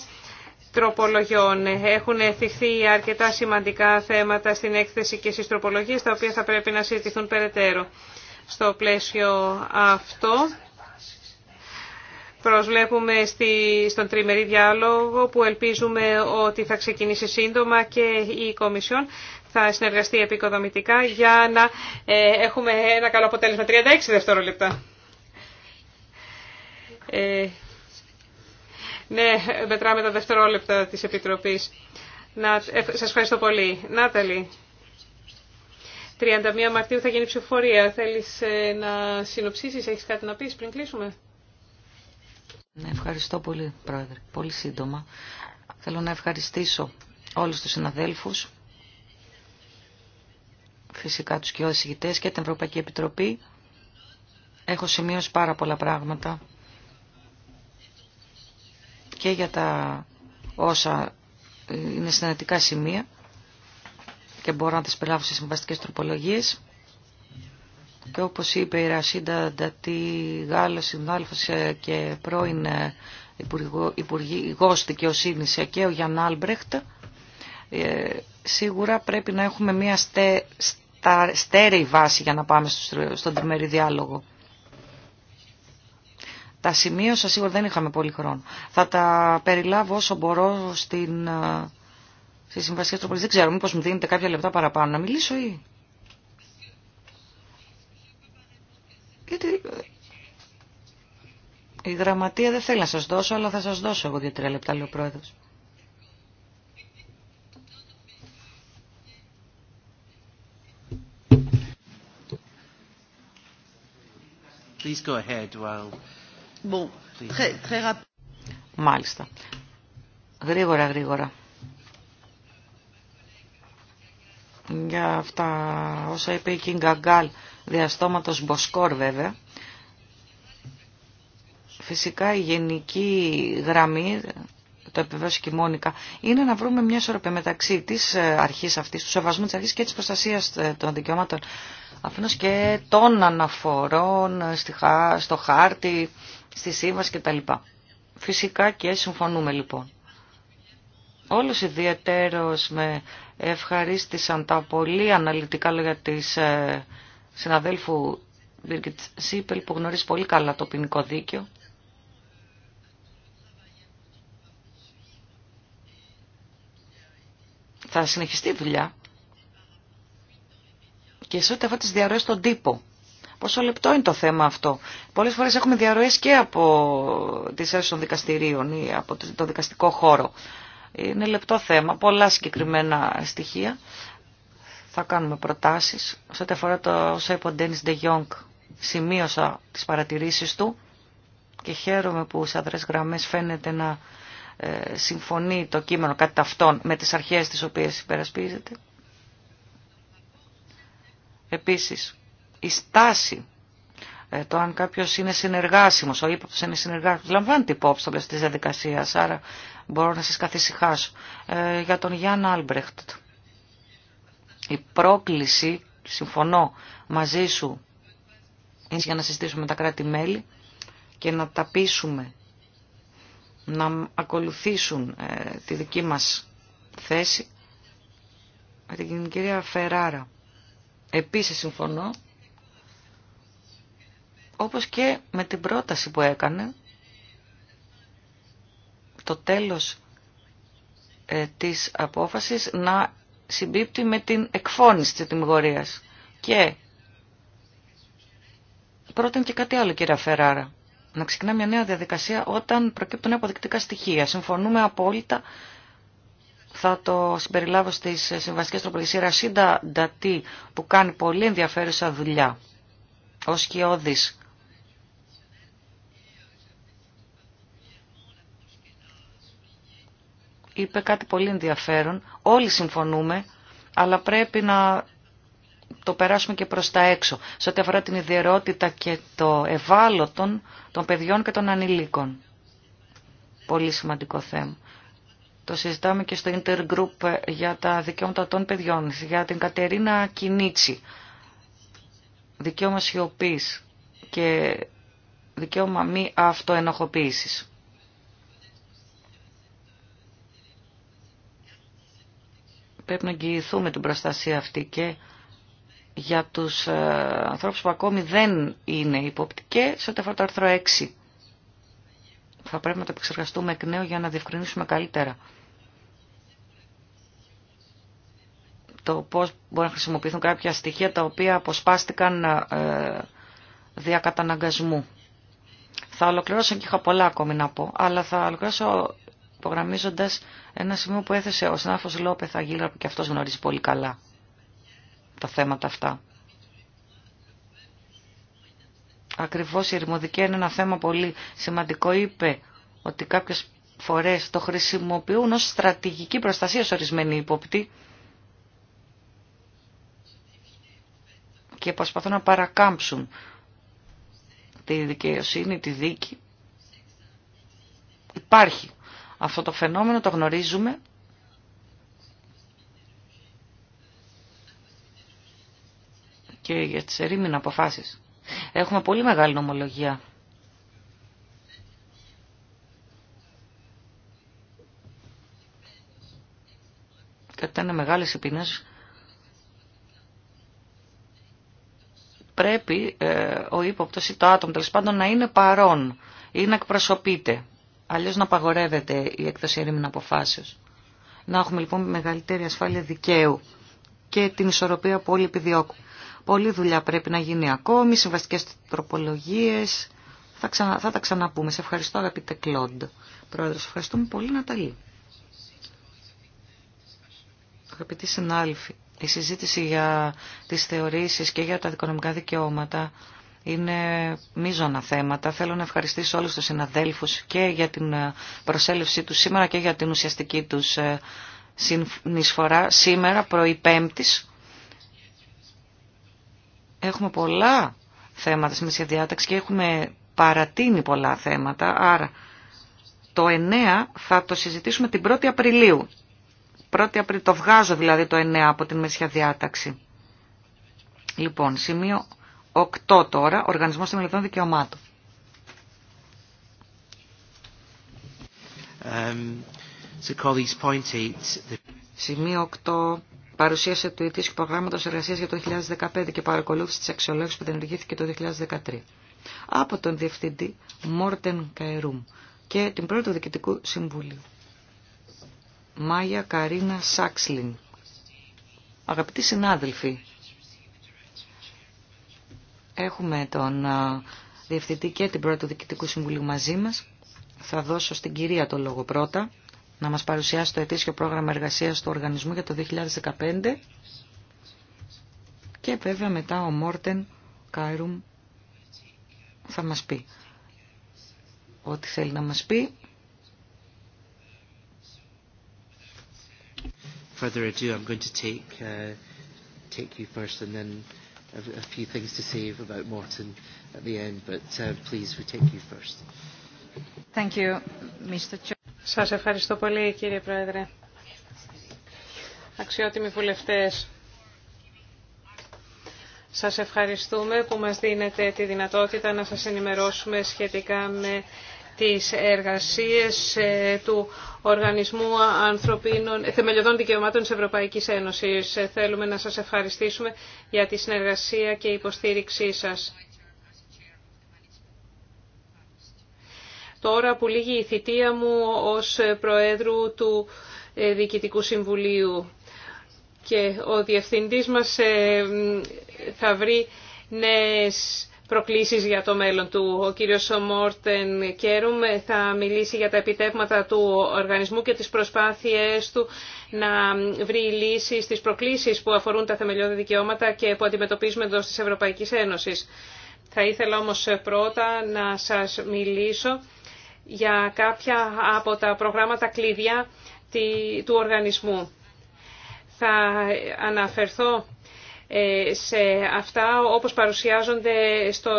τροπολογιών. Έχουν θυχθεί αρκετά σημαντικά θέματα στην έκθεση και στις τροπολογίες, τα οποία θα πρέπει να συζητηθούν περαιτέρω. Στο πλαίσιο αυτό προσβλέπουμε στη, στον τριμερή διάλογο που ελπίζουμε ότι θα ξεκινήσει σύντομα και η Κομισιόν θα συνεργαστεί επικοδομητικά για να ε, έχουμε ένα καλό αποτέλεσμα. 36 δευτερόλεπτα. Ε, ναι, μετράμε τα δευτερόλεπτα της Επιτροπής. Να, ε, σας ευχαριστώ πολύ. Νάταλη, 31 Μαρτίου θα γίνει ψηφοφορία. Θέλεις ε, να συνοψίσεις, έχεις κάτι να πεις πριν κλείσουμε. Ναι, ευχαριστώ πολύ, Πρόεδρε. Πολύ σύντομα. Θέλω να ευχαριστήσω όλους τους συναδέλφους, φυσικά τους και όλους και την Ευρωπαϊκή Επιτροπή. Έχω σημείωσει πάρα πολλά πράγματα και για τα όσα είναι συναντικά σημεία και μπορώ να τις περιλάβω σε συμβαστικές τροπολογίες. Και όπως είπε η Ρασίντα Ντατή Γάλλο, συνάδελφος και πρώην και ε, υπουργός δικαιοσύνης ε, και ο Γιάνν Άλμπρεχτ, ε, σίγουρα πρέπει να έχουμε μια στέρεη βάση για να πάμε στον τριμερή διάλογο. Τα σημείωσα, σίγουρα δεν είχαμε πολύ χρόνο. Θα τα περιλάβω όσο μπορώ στην, ε, στη συμβασία τροπολής. Δεν ξέρω, μήπως μου δίνετε κάποια λεπτά παραπάνω να μιλήσω ή... Γιατί ε, η γραμματεία δεν θέλει να σας δώσω, αλλά θα σας δώσω εγώ δύο-τρία λεπτά, λέει ο πρόεδρος. Please go ahead while Μάλιστα. Γρήγορα, γρήγορα. Για αυτά όσα είπε η Γκάλ, διαστόματος Μποσκόρ βέβαια. Φυσικά η γενική γραμμή, το επιβεβαίωσε και η Μόνικα, είναι να βρούμε μια ισορροπία μεταξύ της ε, αρχής αυτής, του σεβασμού της αρχής και της προστασίας ε, των δικαιώματων. Αφήνως και των αναφορών ε, στο χάρτη, στη σύμβαση κτλ. Φυσικά και συμφωνούμε λοιπόν. Όλος ιδιαίτερος με ευχαρίστησαν τα πολύ αναλυτικά λόγια της ε, συναδέλφου Birgit Σίπελ που γνωρίζει πολύ καλά το ποινικό δίκαιο. Θα συνεχιστεί η δουλειά και σε ό,τι αφορά τις διαρροές στον τύπο Πόσο λεπτό είναι το θέμα αυτό. Πολλέ φορές έχουμε διαρροές και από τις αίθουσε των δικαστηρίων ή από το δικαστικό χώρο. Είναι λεπτό θέμα, πολλά συγκεκριμένα στοιχεία. Θα κάνουμε προτάσεις. Σε ό,τι αφορά το όσα είπε ο Ντένι Ντε σημείωσα τι παρατηρήσεις του και χαίρομαι που σε αδρές γραμμέ φαίνεται να ε, συμφωνεί το κείμενο κατά αυτόν με τι αρχέ τι οποίε υπερασπίζεται. Επίσης, η στάση, ε, το αν κάποιος είναι συνεργάσιμος, ο ύποπτος είναι συνεργάσιμος, λαμβάνεται υπόψη στο πλαίσιο της διαδικασίας, άρα μπορώ να σας καθησυχάσω. Ε, για τον Γιάννα Άλμπρεχτ, η πρόκληση, συμφωνώ μαζί σου, είναι για να συζητήσουμε τα κράτη-μέλη και να τα πείσουμε να ακολουθήσουν ε, τη δική μας θέση. Με την κυρία Φεράρα. Επίσης συμφωνώ όπως και με την πρόταση που έκανε το τέλος ε, της απόφασης να συμπίπτει με την εκφώνηση της τιμιγορίας. Και πρώτον και κάτι άλλο κύριε Φεράρα. Να ξεκινά μια νέα διαδικασία όταν προκύπτουν αποδεικτικά στοιχεία. Συμφωνούμε απόλυτα. Θα το συμπεριλάβω στις συμβασικές τροπολογίες. Η Ρασίντα Ντατή που κάνει πολύ ενδιαφέρουσα δουλειά ως κοιόδης είπε κάτι πολύ ενδιαφέρον. Όλοι συμφωνούμε, αλλά πρέπει να το περάσουμε και προς τα έξω, σε ό,τι αφορά την ιδιαιρότητα και το ευάλωτον των παιδιών και των ανηλίκων. Πολύ σημαντικό θέμα. Το συζητάμε και στο Intergroup για τα δικαιώματα των παιδιών, για την Κατερίνα Κινίτσι, δικαίωμα σιωπής και δικαίωμα μη αυτοενοχοποίησης. πρέπει να εγγυηθούμε την προστασία αυτή και για τους ε, ανθρώπους που ακόμη δεν είναι υποπτικοί σε ό,τι αφορά το άρθρο 6. Θα πρέπει να το επεξεργαστούμε εκ νέου για να διευκρινίσουμε καλύτερα το πώς μπορεί να χρησιμοποιηθούν κάποια στοιχεία τα οποία αποσπάστηκαν ε, δια καταναγκασμού. Θα ολοκληρώσω και είχα πολλά ακόμη να πω, αλλά θα ολοκληρώσω υπογραμμίζοντας ένα σημείο που έθεσε ο συνάδελφος Λόπεθ Αγίλα, που και αυτός γνωρίζει πολύ καλά τα θέματα αυτά. Ακριβώς η ερημοδικία είναι ένα θέμα πολύ σημαντικό. Είπε ότι κάποιες φορές το χρησιμοποιούν ως στρατηγική προστασία σε ορισμένοι υποπτή και προσπαθούν να παρακάμψουν τη δικαιοσύνη, τη δίκη. Υπάρχει αυτό το φαινόμενο το γνωρίζουμε. Και για τις ερήμινα αποφάσεις. Έχουμε πολύ μεγάλη νομολογία. Κατά είναι μεγάλες οι Πρέπει ε, ο ύποπτος ή το άτομο τέλο πάντων να είναι παρόν ή να εκπροσωπείται. Αλλιώ να απαγορεύεται η έκδοση ερήμην αποφάσεω. Να έχουμε λοιπόν μεγαλύτερη ασφάλεια δικαίου και την ισορροπία που όλοι επιδιώκουν. Πολύ δουλειά πρέπει να γίνει ακόμη, συμβαστικέ τροπολογίε Θα, τα ξαναπούμε. Σε ευχαριστώ αγαπητέ Κλόντ. Προέδρο, ευχαριστούμε πολύ Ναταλή. Αγαπητοί συνάλφοι, η συζήτηση για τις θεωρήσεις και για τα δικονομικά δικαιώματα είναι μείζωνα θέματα. Θέλω να ευχαριστήσω όλους τους συναδέλφους και για την ε, προσέλευσή τους σήμερα και για την ουσιαστική τους ε, συνεισφορά. Σήμερα, πρωί Πέμπτης, έχουμε πολλά θέματα στη Διάταξη και έχουμε παρατείνει πολλά θέματα. Άρα, το 9 θα το συζητήσουμε την 1η Απριλίου. 1η Απριλίου, το βγάζω δηλαδή το 9 από τη Μεσιαδιάταξη. Διάταξη. Λοιπόν, σημείο 8 τώρα, Οργανισμός Θεμελιωδών Δικαιωμάτων. Um, Σημείο 8. Παρουσίασε του και προγράμματος εργασίας για το 2015 και παρακολούθηση της αξιολόγησης που δημιουργήθηκε το 2013. Από τον Διευθυντή Μόρτεν Καερούμ και την Πρώτη του Διοικητικού Συμβουλίου. Μάγια Καρίνα Σάξλιν. Αγαπητοί συνάδελφοι, Έχουμε τον Διευθυντή και την Πρώτη του Διοικητικού Συμβουλίου μαζί μας. Θα δώσω στην κυρία το λόγο πρώτα να μας παρουσιάσει το ετήσιο πρόγραμμα εργασίας του οργανισμού για το 2015 και βέβαια μετά ο Μόρτεν Κάιρουμ θα μας πει ό,τι θέλει να μας πει. Further I'm going to take, uh, take you first and then a Σας ευχαριστώ πολύ κύριε Πρόεδρε. Αξιότιμοι βουλευτές, σας ευχαριστούμε που μας δίνετε τη δυνατότητα να σας ενημερώσουμε σχετικά με τις εργασίες ε, του Οργανισμού Ανθρωπίνων, Θεμελιωδών Δικαιωμάτων της Ευρωπαϊκής Ένωσης. Ε, θέλουμε να σας ευχαριστήσουμε για τη συνεργασία και υποστήριξή σας. Τώρα που λύγει η θητεία μου ως Προέδρου του ε, Διοικητικού Συμβουλίου και ο Διευθυντής μας θα βρει νέες προκλήσεις για το μέλλον του. Ο κύριος Μόρτεν Κέρουμ θα μιλήσει για τα επιτεύγματα του οργανισμού και τις προσπάθειές του να βρει λύσεις στις προκλήσεις που αφορούν τα θεμελιώδη δικαιώματα και που αντιμετωπίζουμε εδώ της Ευρωπαϊκής Ένωσης. Θα ήθελα όμως πρώτα να σας μιλήσω για κάποια από τα προγράμματα κλειδιά του οργανισμού. Θα αναφερθώ ε, σε αυτά όπως παρουσιάζονται στο,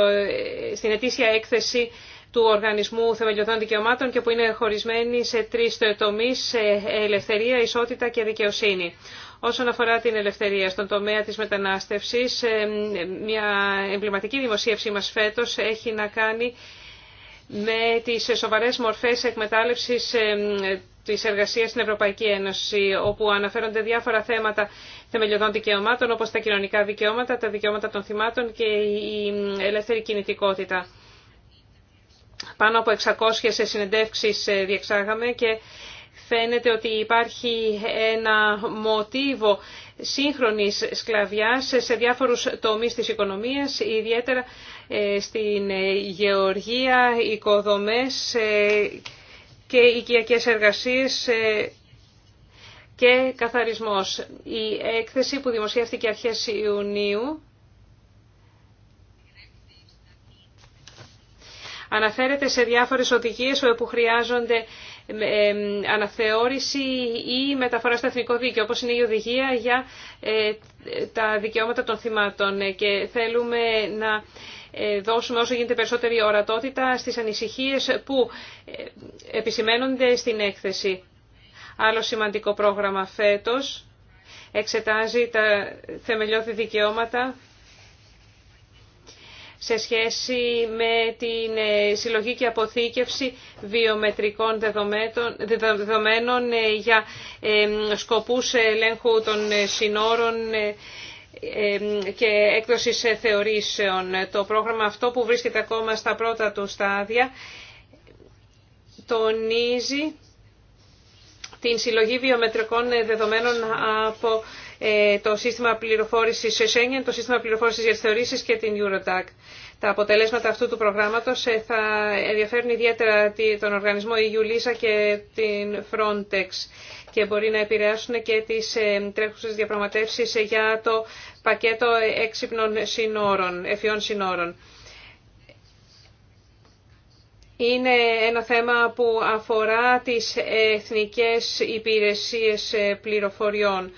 στην ετήσια έκθεση του Οργανισμού Θεμελιωδών Δικαιωμάτων και που είναι χωρισμένη σε τρεις τομείς, ελευθερία, ισότητα και δικαιοσύνη. Όσον αφορά την ελευθερία στον τομέα της μετανάστευσης, ε, μια εμπληματική δημοσίευση μας φέτος έχει να κάνει με τις σοβαρές μορφές εκμετάλλευσης ε, της εργασίας στην Ευρωπαϊκή Ένωση, όπου αναφέρονται διάφορα θέματα θεμελιωδών δικαιωμάτων, όπως τα κοινωνικά δικαιώματα, τα δικαιώματα των θυμάτων και η ελεύθερη κινητικότητα. Πάνω από 600 συνεντεύξεις ε, διεξάγαμε και φαίνεται ότι υπάρχει ένα μοτίβο σύγχρονης σκλαβιάς σε διάφορους τομείς της οικονομίας, ιδιαίτερα ε, στην ε, γεωργία, οικοδομές ε, και οικιακές εργασίες και καθαρισμός. Η έκθεση που δημοσιεύτηκε αρχές Ιουνίου αναφέρεται σε διάφορες οδηγίες όπου χρειάζονται αναθεώρηση ή μεταφορά στο εθνικό δίκαιο, όπως είναι η οδηγία για ε, τα δικαιώματα των θυμάτων. Ε, και θέλουμε να ε, δώσουμε όσο γίνεται περισσότερη ορατότητα στις ανησυχίες που επισημένονται στην έκθεση. Άλλο σημαντικό πρόγραμμα φέτος εξετάζει τα θεμελιώδη δικαιώματα σε σχέση με την ε, συλλογή και αποθήκευση βιομετρικών δεδομένων ε, για σκοπούς ελέγχου των ε, συνόρων και έκδοσης θεωρήσεων. Το πρόγραμμα αυτό που βρίσκεται ακόμα στα πρώτα του στάδια τονίζει την συλλογή βιομετρικών δεδομένων από ε, το σύστημα πληροφόρηση σε το σύστημα πληροφόρηση για τις θεωρήσει και την Eurodac. Τα αποτελέσματα αυτού του προγράμματος ε, θα ενδιαφέρουν ιδιαίτερα τον οργανισμό e και την Frontex και μπορεί να επηρεάσουν και τις ε, τρέχουσες διαπραγματεύσεις για το πακέτο έξυπνων συνόρων, εφιών συνόρων. Είναι ένα θέμα που αφορά τις εθνικές υπηρεσίες πληροφοριών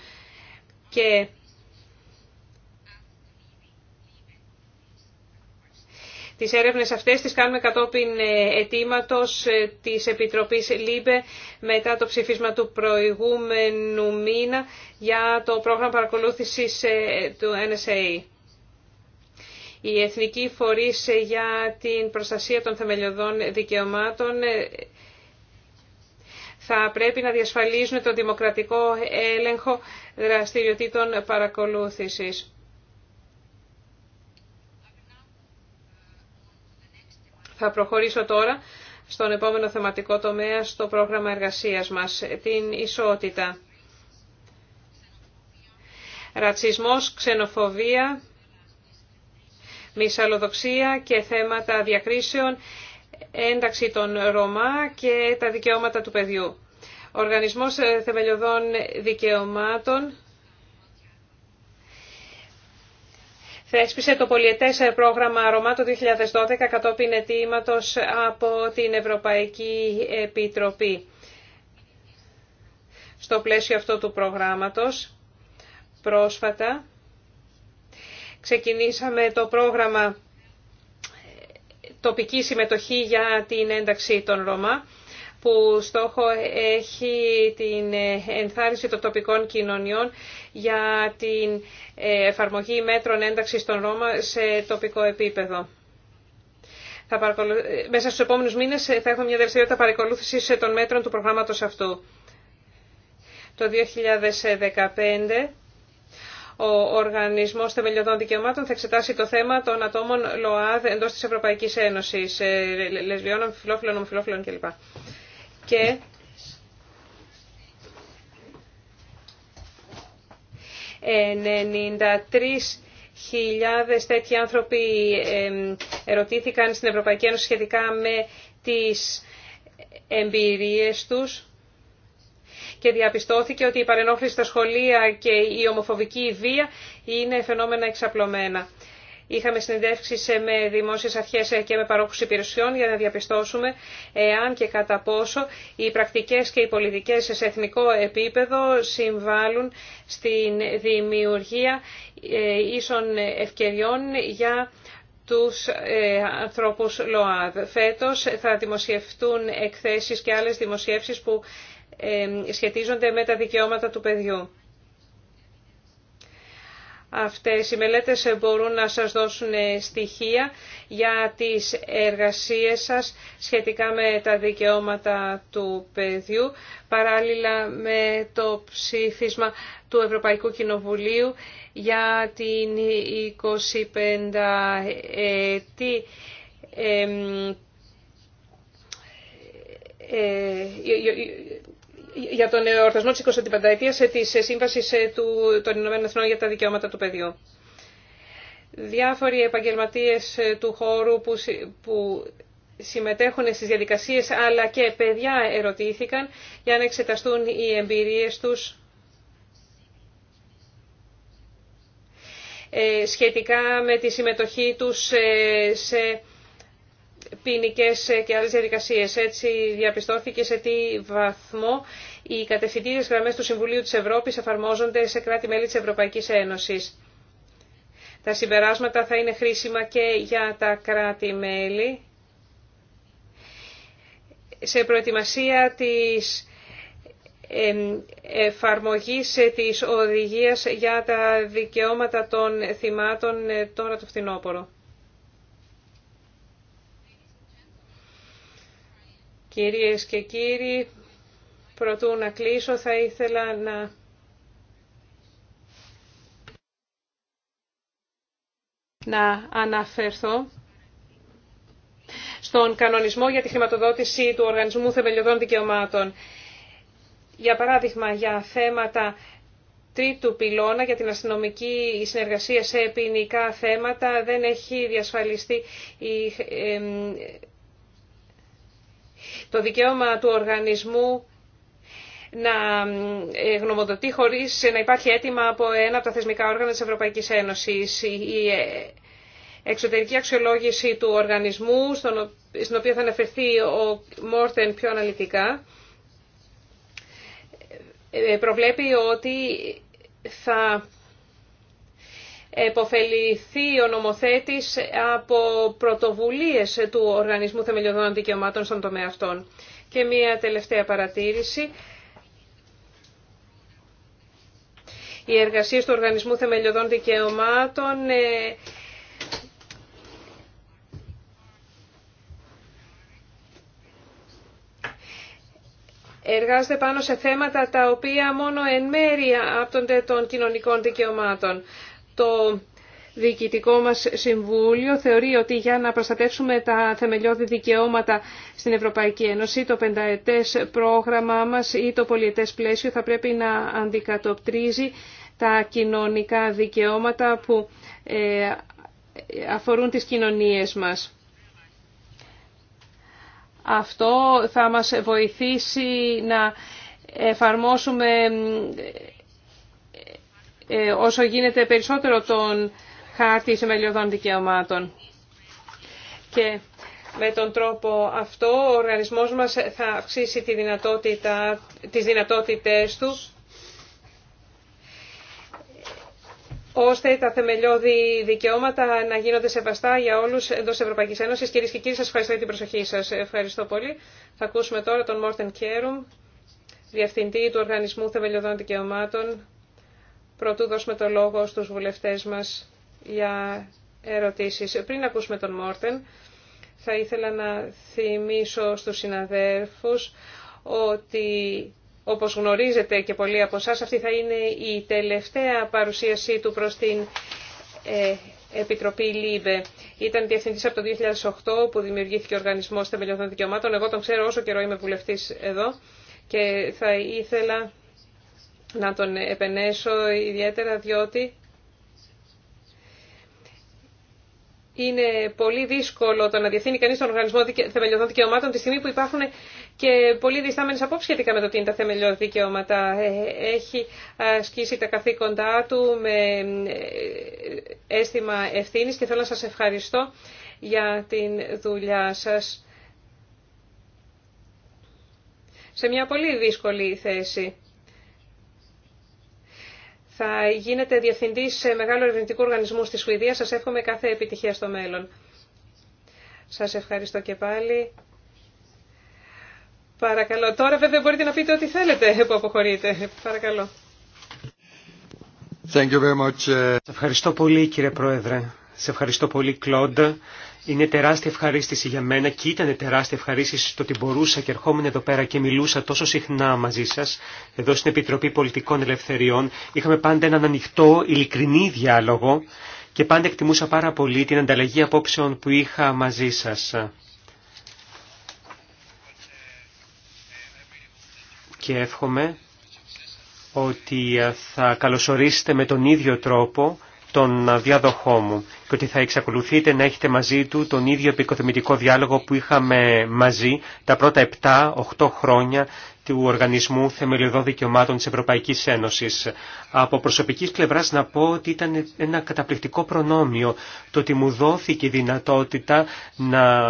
και Τις έρευνες αυτές τις κάνουμε κατόπιν ε, αιτήματος ε, της Επιτροπής ΛΥΜΠΕ μετά το ψηφίσμα του προηγούμενου μήνα για το πρόγραμμα παρακολούθησης ε, του NSA. Η Εθνική φορείς για την προστασία των θεμελιωδών δικαιωμάτων θα πρέπει να διασφαλίζουν τον δημοκρατικό έλεγχο δραστηριοτήτων παρακολούθησης. Θα προχωρήσω τώρα στον επόμενο θεματικό τομέα στο πρόγραμμα εργασίας μας, την ισότητα. Ρατσισμός, ξενοφοβία, μυσαλλοδοξία και θέματα διακρίσεων ένταξη των Ρωμά και τα δικαιώματα του παιδιού. Οργανισμός ε, Θεμελιωδών Δικαιωμάτων θέσπισε το πολιετές ε, πρόγραμμα Ρωμά το 2012 κατόπιν ετήματος από την Ευρωπαϊκή Επιτροπή. Στο πλαίσιο αυτό του προγράμματος, πρόσφατα, ξεκινήσαμε το πρόγραμμα τοπική συμμετοχή για την ένταξη των Ρωμά που στόχο έχει την ενθάρρυνση των τοπικών κοινωνιών για την ε, εφαρμογή μέτρων ένταξης των Ρώμα σε τοπικό επίπεδο. Θα παρακολου... Μέσα στους επόμενους μήνες θα έχουμε μια δραστηριότητα παρακολούθηση των μέτρων του προγράμματος αυτού. Το 2015 ο Οργανισμός Θεμελιωδών Δικαιωμάτων θα εξετάσει το θέμα των ατόμων ΛΟΑΔ εντός της Ευρωπαϊκής Ένωσης, ε, λεσβιών, αμφιλόφιλων, ομοφιλόφιλων κλπ. Και ε, τέτοιοι άνθρωποι ερωτήθηκαν στην Ευρωπαϊκή Ένωση σχετικά με τις εμπειρίες τους και διαπιστώθηκε ότι η παρενόχληση στα σχολεία και η ομοφοβική βία είναι φαινόμενα εξαπλωμένα. Είχαμε σε με δημόσιες αρχές και με παρόχους υπηρεσιών για να διαπιστώσουμε εάν και κατά πόσο οι πρακτικές και οι πολιτικές σε εθνικό επίπεδο συμβάλλουν στην δημιουργία ε, ίσων ευκαιριών για τους ε, ανθρώπους ΛΟΑΔ. Φέτος θα δημοσιευτούν εκθέσεις και άλλες δημοσιεύσεις που σχετίζονται με τα δικαιώματα του παιδιού. Αυτές οι μελέτες μπορούν να σας δώσουν στοιχεία για τις εργασίες σας σχετικά με τα δικαιώματα του παιδιού, παράλληλα με το ψήφισμα του Ευρωπαϊκού Κοινοβουλίου για την 25 ετή για τον εορτασμό της 25 ετίας ε, της ε, Σύμβασης ε, των Ηνωμένων Εθνών για τα Δικαιώματα του Παιδιού. Διάφοροι επαγγελματίες του χώρου που συμμετέχουν στις διαδικασίες αλλά και παιδιά ερωτήθηκαν για να εξεταστούν οι εμπειρίες τους σχετικά με τη συμμετοχή τους σε ποινικέ και άλλες διαδικασίες. Έτσι διαπιστώθηκε σε τι βαθμό οι κατευθυντήριες γραμμές του Συμβουλίου της Ευρώπης εφαρμόζονται σε κράτη-μέλη της Ευρωπαϊκής Ένωσης. Τα συμπεράσματα θα είναι χρήσιμα και για τα κράτη-μέλη σε προετοιμασία της εφαρμογής της οδηγίας για τα δικαιώματα των θυμάτων ε, τώρα το φθινόπωρο. Κυρίες και κύριοι, προτού να κλείσω θα ήθελα να... να αναφερθώ στον κανονισμό για τη χρηματοδότηση του Οργανισμού Θεμελιωδών Δικαιωμάτων. Για παράδειγμα, για θέματα τρίτου πυλώνα για την αστυνομική συνεργασία σε ποινικά θέματα δεν έχει διασφαλιστεί η ε, το δικαίωμα του οργανισμού να ε, γνωμοδοτεί χωρίς να υπάρχει αίτημα από ένα από τα θεσμικά όργανα της Ευρωπαϊκής Ένωσης. Η ε, εξωτερική αξιολόγηση του οργανισμού, στην οποία θα αναφερθεί ο Μόρτεν πιο αναλυτικά, ε, προβλέπει ότι θα εποφεληθεί ο νομοθέτης από πρωτοβουλίες του Οργανισμού Θεμελιωδών Δικαιωμάτων στον τομέα αυτών. Και μία τελευταία παρατήρηση. Οι εργασία του Οργανισμού Θεμελιωδών Δικαιωμάτων ε, εργάζεται πάνω σε θέματα τα οποία μόνο εν μέρη άπτονται των κοινωνικών δικαιωμάτων το διοικητικό μας συμβούλιο θεωρεί ότι για να προστατεύσουμε τα θεμελιώδη δικαιώματα στην Ευρωπαϊκή Ένωση, το πενταετές πρόγραμμά μας ή το πολιετές πλαίσιο θα πρέπει να αντικατοπτρίζει τα κοινωνικά δικαιώματα που ε, αφορούν τις κοινωνίες μας. Αυτό θα μας βοηθήσει να εφαρμόσουμε ε, όσο γίνεται περισσότερο τον χάρτη θεμελιωδών δικαιωμάτων. Και με τον τρόπο αυτό ο οργανισμός μας θα αυξήσει τη δυνατότητα, τις δυνατότητές του ώστε τα θεμελιώδη δικαιώματα να γίνονται σεβαστά για όλους εντός Ευρωπαϊκής Ένωσης. Κυρίες και κύριοι, σας ευχαριστώ για την προσοχή σας. Ευχαριστώ πολύ. Θα ακούσουμε τώρα τον Μόρτεν Κέρουμ, Διευθυντή του Οργανισμού Θεμελιωδών Δικαιωμάτων Πρωτού δώσουμε το λόγο στους βουλευτές μας για ερωτήσεις. Πριν ακούσουμε τον Μόρτεν, θα ήθελα να θυμίσω στους συναδέρφους ότι όπως γνωρίζετε και πολλοί από εσά, αυτή θα είναι η τελευταία παρουσίασή του προς την ε, Επιτροπή ΛΥΒΕ. Ήταν διευθυντής από το 2008 που δημιουργήθηκε ο Οργανισμός Θεμελιωδών Δικαιωμάτων. Εγώ τον ξέρω όσο καιρό είμαι βουλευτής εδώ και θα ήθελα να τον επενέσω ιδιαίτερα διότι είναι πολύ δύσκολο το να διευθύνει κανεί τον Οργανισμό Θεμελιωδών Δικαιωμάτων τη στιγμή που υπάρχουν και πολύ διστάμενε απόψει σχετικά με το τι είναι τα θεμελιώδη δικαιώματα. Ε, έχει ασκήσει τα καθήκοντά του με ε, αίσθημα ευθύνη και θέλω να σα ευχαριστώ για την δουλειά σας σε μια πολύ δύσκολη θέση θα γίνετε διευθυντή σε μεγάλο ερευνητικό οργανισμό στη Σουηδία. Σας εύχομαι κάθε επιτυχία στο μέλλον. Σας ευχαριστώ και πάλι. Παρακαλώ. Τώρα βέβαια μπορείτε να πείτε ό,τι θέλετε που αποχωρείτε. Παρακαλώ. Thank you very much. Σε ευχαριστώ πολύ κύριε Πρόεδρε. Σε ευχαριστώ πολύ Κλοντ. Είναι τεράστια ευχαρίστηση για μένα και ήταν τεράστια ευχαρίστηση το ότι μπορούσα και ερχόμουν εδώ πέρα και μιλούσα τόσο συχνά μαζί σα, εδώ στην Επιτροπή Πολιτικών Ελευθεριών. Είχαμε πάντα έναν ανοιχτό, ειλικρινή διάλογο και πάντα εκτιμούσα πάρα πολύ την ανταλλαγή απόψεων που είχα μαζί σα. Και εύχομαι ότι θα καλωσορίσετε με τον ίδιο τρόπο τον διάδοχό μου και ότι θα εξακολουθείτε να έχετε μαζί του τον ίδιο επικοδομητικό διάλογο που είχαμε μαζί τα πρώτα 7-8 χρόνια του Οργανισμού Θεμελιωδών Δικαιωμάτων της Ευρωπαϊκής Ένωσης. Από προσωπικής πλευράς να πω ότι ήταν ένα καταπληκτικό προνόμιο το ότι μου δόθηκε η δυνατότητα να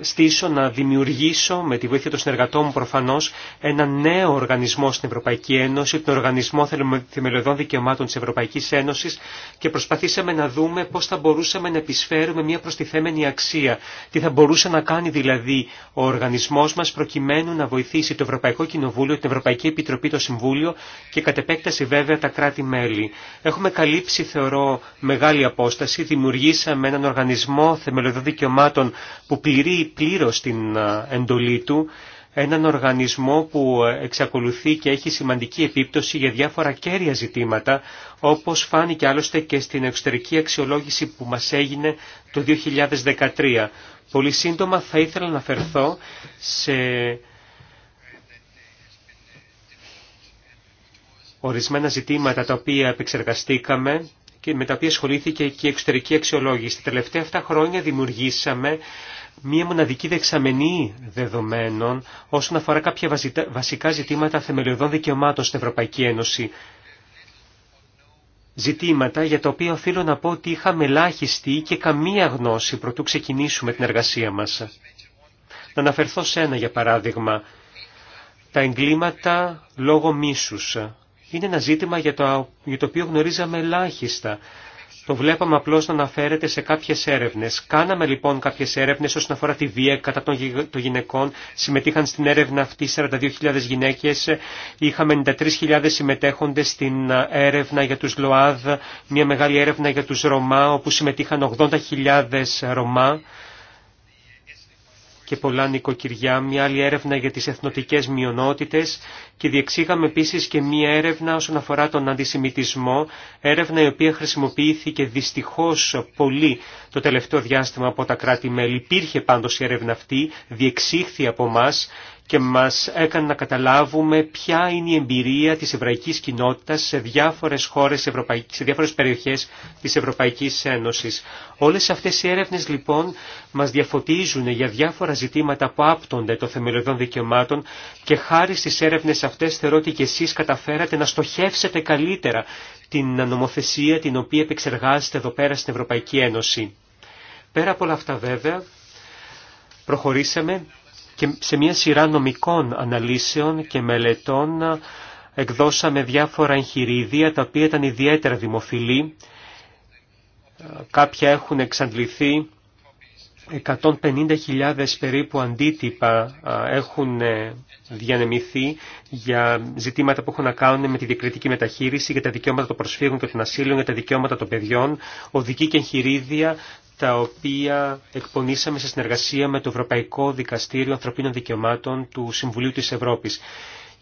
στήσω, να δημιουργήσω με τη βοήθεια των συνεργατών μου προφανώς ένα νέο οργανισμό στην Ευρωπαϊκή Ένωση, τον Οργανισμό Θεμελιωδών Δικαιωμάτων της Ευρωπαϊκής Ένωσης και προσπαθήσαμε να δούμε πώς θα μπορούσαμε να επισφέρουμε μια προστιθέμενη αξία. Τι θα μπορούσε να κάνει δηλαδή ο οργανισμός μας προκειμένου να βοηθήσει το Ευρωπαϊκό Κοινοβούλιο, την Ευρωπαϊκή Επιτροπή, το Συμβούλιο και κατ' επέκταση βέβαια τα κράτη-μέλη. Έχουμε καλύψει, θεωρώ, μεγάλη απόσταση. Δημιουργήσαμε έναν οργανισμό θεμελιωδών δικαιωμάτων που πληρεί πλήρω την ε, εντολή του. Έναν οργανισμό που εξακολουθεί και έχει σημαντική επίπτωση για διάφορα κέρια ζητήματα, όπως φάνηκε άλλωστε και στην εξωτερική αξιολόγηση που μας έγινε το 2013. Πολύ σύντομα θα ήθελα να αφαιρθώ σε ορισμένα ζητήματα τα οποία επεξεργαστήκαμε και με τα οποία ασχολήθηκε και η εξωτερική αξιολόγηση. Τα τελευταία αυτά χρόνια δημιουργήσαμε μία μοναδική δεξαμενή δεδομένων όσον αφορά κάποια βασικά ζητήματα θεμελιωδών δικαιωμάτων στην Ευρωπαϊκή Ένωση. Ζητήματα για τα οποία οφείλω να πω ότι είχαμε ελάχιστη και καμία γνώση προτού ξεκινήσουμε την εργασία μας. Να αναφερθώ σε ένα για παράδειγμα. Τα εγκλήματα λόγω μίσους, είναι ένα ζήτημα για το, το οποίο γνωρίζαμε ελάχιστα. Το βλέπαμε απλώ να αναφέρεται σε κάποιε έρευνε. Κάναμε λοιπόν κάποιε έρευνε όσον αφορά τη βία κατά των γυναικών. Συμμετείχαν στην έρευνα αυτή 42.000 γυναίκε. Είχαμε 93.000 συμμετέχοντε στην έρευνα για του ΛΟΑΔ, μια μεγάλη έρευνα για του Ρωμά, όπου συμμετείχαν 80.000 Ρωμά και πολλά νοικοκυριά, μια άλλη έρευνα για τις εθνοτικές μειονότητες και διεξήγαμε επίσης και μια έρευνα όσον αφορά τον αντισημιτισμό, έρευνα η οποία χρησιμοποιήθηκε δυστυχώς πολύ το τελευταίο διάστημα από τα κράτη-μέλη. Υπήρχε πάντως η έρευνα αυτή, διεξήχθη από μας και μας έκανε να καταλάβουμε ποια είναι η εμπειρία της εβραϊκής κοινότητας σε διάφορες χώρες, σε διάφορες περιοχές της Ευρωπαϊκής Ένωσης. Όλες αυτές οι έρευνες λοιπόν μας διαφωτίζουν για διάφορα ζητήματα που άπτονται των θεμελιωδών δικαιωμάτων και χάρη στις έρευνες αυτές θεωρώ ότι και εσείς καταφέρατε να στοχεύσετε καλύτερα την νομοθεσία την οποία επεξεργάζεται εδώ πέρα στην Ευρωπαϊκή Ένωση. Πέρα από όλα αυτά βέβαια, προχωρήσαμε και σε μια σειρά νομικών αναλύσεων και μελετών ε, εκδώσαμε διάφορα εγχειρίδια τα οποία ήταν ιδιαίτερα δημοφιλή. Ε, κάποια έχουν εξαντληθεί 150.000 περίπου αντίτυπα έχουν ε, διανεμηθεί για ζητήματα που έχουν να κάνουν με τη διακριτική μεταχείριση, για τα δικαιώματα των προσφύγων και των ασύλων, για τα δικαιώματα των παιδιών, οδική και εγχειρίδια, τα οποία εκπονήσαμε σε συνεργασία με το Ευρωπαϊκό Δικαστήριο Ανθρωπίνων Δικαιωμάτων του Συμβουλίου της Ευρώπης.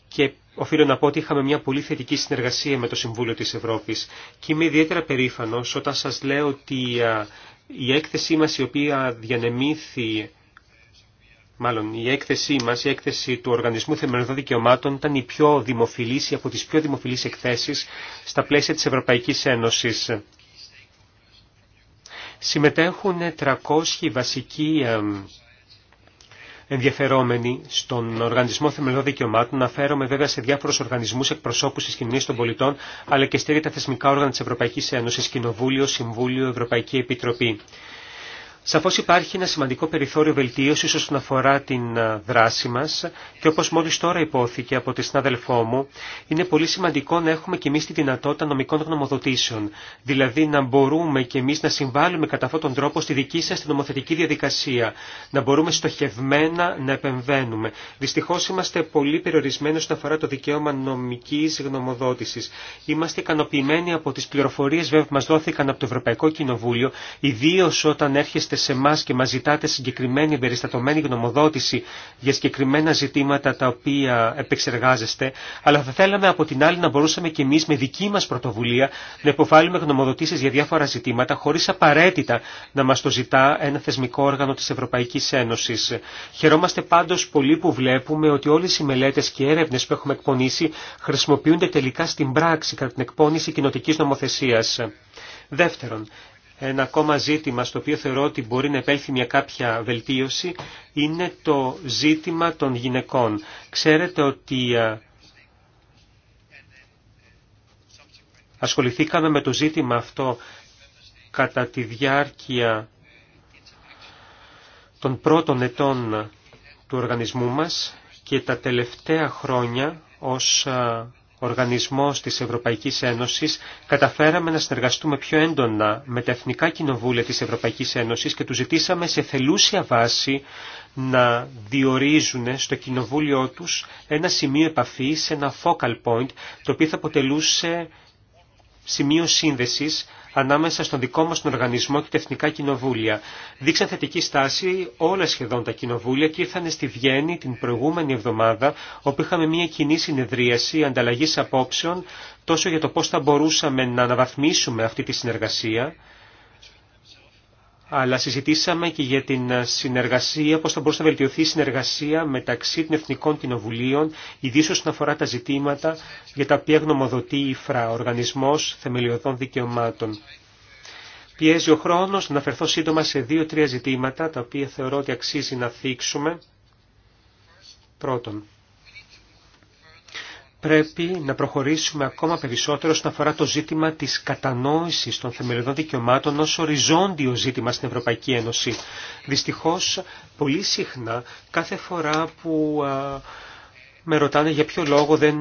Και οφείλω να πω ότι είχαμε μια πολύ θετική συνεργασία με το Συμβούλιο της Ευρώπης. Και είμαι ιδιαίτερα περήφανος όταν σας λέω ότι η έκθεσή μας η οποία διανεμήθη, μάλλον η έκθεσή μας, η έκθεση του Οργανισμού Θεμελιωδών Δικαιωμάτων ήταν η πιο δημοφιλή, από τις πιο δημοφιλείς εκθέσεις στα πλαίσια της Ευρωπαϊκής Ένωσης. Συμμετέχουν 300 βασικοί ενδιαφερόμενοι στον Οργανισμό Θεμελιών Δικαιωμάτων. Αναφέρομαι βέβαια σε διάφορου οργανισμού εκπροσώπου τη κοινωνία των πολιτών, αλλά και στέλνει τα θεσμικά όργανα τη Ευρωπαϊκή Ένωση, Κοινοβούλιο, Συμβούλιο, Ευρωπαϊκή Επιτροπή. Σαφώς υπάρχει ένα σημαντικό περιθώριο βελτίωσης όσον αφορά την ε, δράση μας και όπως μόλις τώρα υπόθηκε από τη συνάδελφό μου, είναι πολύ σημαντικό να έχουμε κι εμείς τη δυνατότητα νομικών γνωμοδοτήσεων, δηλαδή να μπορούμε κι εμείς να συμβάλλουμε κατά αυτόν τον τρόπο στη δική σας νομοθετική διαδικασία, να μπορούμε στοχευμένα να επεμβαίνουμε. Δυστυχώς είμαστε πολύ περιορισμένοι όσον αφορά το δικαίωμα νομικής γνωμοδότησης. Είμαστε ικανοποιημένοι από τις πληροφορίες βέβαια που μα δόθηκαν από το Ευρωπαϊκό Κοινοβούλιο, ιδίω όταν έρχεστε έρχεστε σε εμά και μας ζητάτε συγκεκριμένη περιστατωμένη γνωμοδότηση για συγκεκριμένα ζητήματα τα οποία επεξεργάζεστε, αλλά θα θέλαμε από την άλλη να μπορούσαμε και εμείς με δική μας πρωτοβουλία να υποβάλουμε γνωμοδοτήσεις για διάφορα ζητήματα χωρίς απαραίτητα να μας το ζητά ένα θεσμικό όργανο της Ευρωπαϊκής Ένωσης. Χαιρόμαστε πάντως πολύ που βλέπουμε ότι όλες οι μελέτες και έρευνες που έχουμε εκπονήσει χρησιμοποιούνται τελικά στην πράξη κατά την εκπόνηση κοινοτική νομοθεσίας. Δεύτερον, ένα ακόμα ζήτημα στο οποίο θεωρώ ότι μπορεί να επέλθει μια κάποια βελτίωση είναι το ζήτημα των γυναικών. Ξέρετε ότι ε, ασχοληθήκαμε με το ζήτημα αυτό κατά τη διάρκεια των πρώτων ετών του οργανισμού μας και τα τελευταία χρόνια ως ε, οργανισμός της Ευρωπαϊκής Ένωσης, καταφέραμε να συνεργαστούμε πιο έντονα με τα Εθνικά Κοινοβούλια της Ευρωπαϊκής Ένωσης και του ζητήσαμε σε θελούσια βάση να διορίζουν στο κοινοβούλιο τους ένα σημείο επαφής, ένα focal point, το οποίο θα αποτελούσε σημείο σύνδεσης ανάμεσα στον δικό μας τον οργανισμό και τα εθνικά κοινοβούλια. Δείξαν θετική στάση όλα σχεδόν τα κοινοβούλια και ήρθαν στη Βιέννη την προηγούμενη εβδομάδα όπου είχαμε μια κοινή συνεδρίαση ανταλλαγής απόψεων τόσο για το πώς θα μπορούσαμε να αναβαθμίσουμε αυτή τη συνεργασία αλλά συζητήσαμε και για την συνεργασία, πώς θα μπορούσε να βελτιωθεί η συνεργασία μεταξύ των Εθνικών Κοινοβουλίων, ιδίως όσον αφορά τα ζητήματα για τα οποία γνωμοδοτεί η ΦΡΑ, Οργανισμός Θεμελιωδών Δικαιωμάτων. Πιέζει ο χρόνος να αναφερθώ σύντομα σε δύο-τρία ζητήματα, τα οποία θεωρώ ότι αξίζει να θίξουμε. Πρώτον, πρέπει να προχωρήσουμε ακόμα περισσότερο όσον αφορά το ζήτημα της κατανόησης των θεμελιωδών δικαιωμάτων ως οριζόντιο ζήτημα στην Ευρωπαϊκή Ένωση. Δυστυχώς, πολύ συχνά, κάθε φορά που με ρωτάνε για ποιο λόγο δεν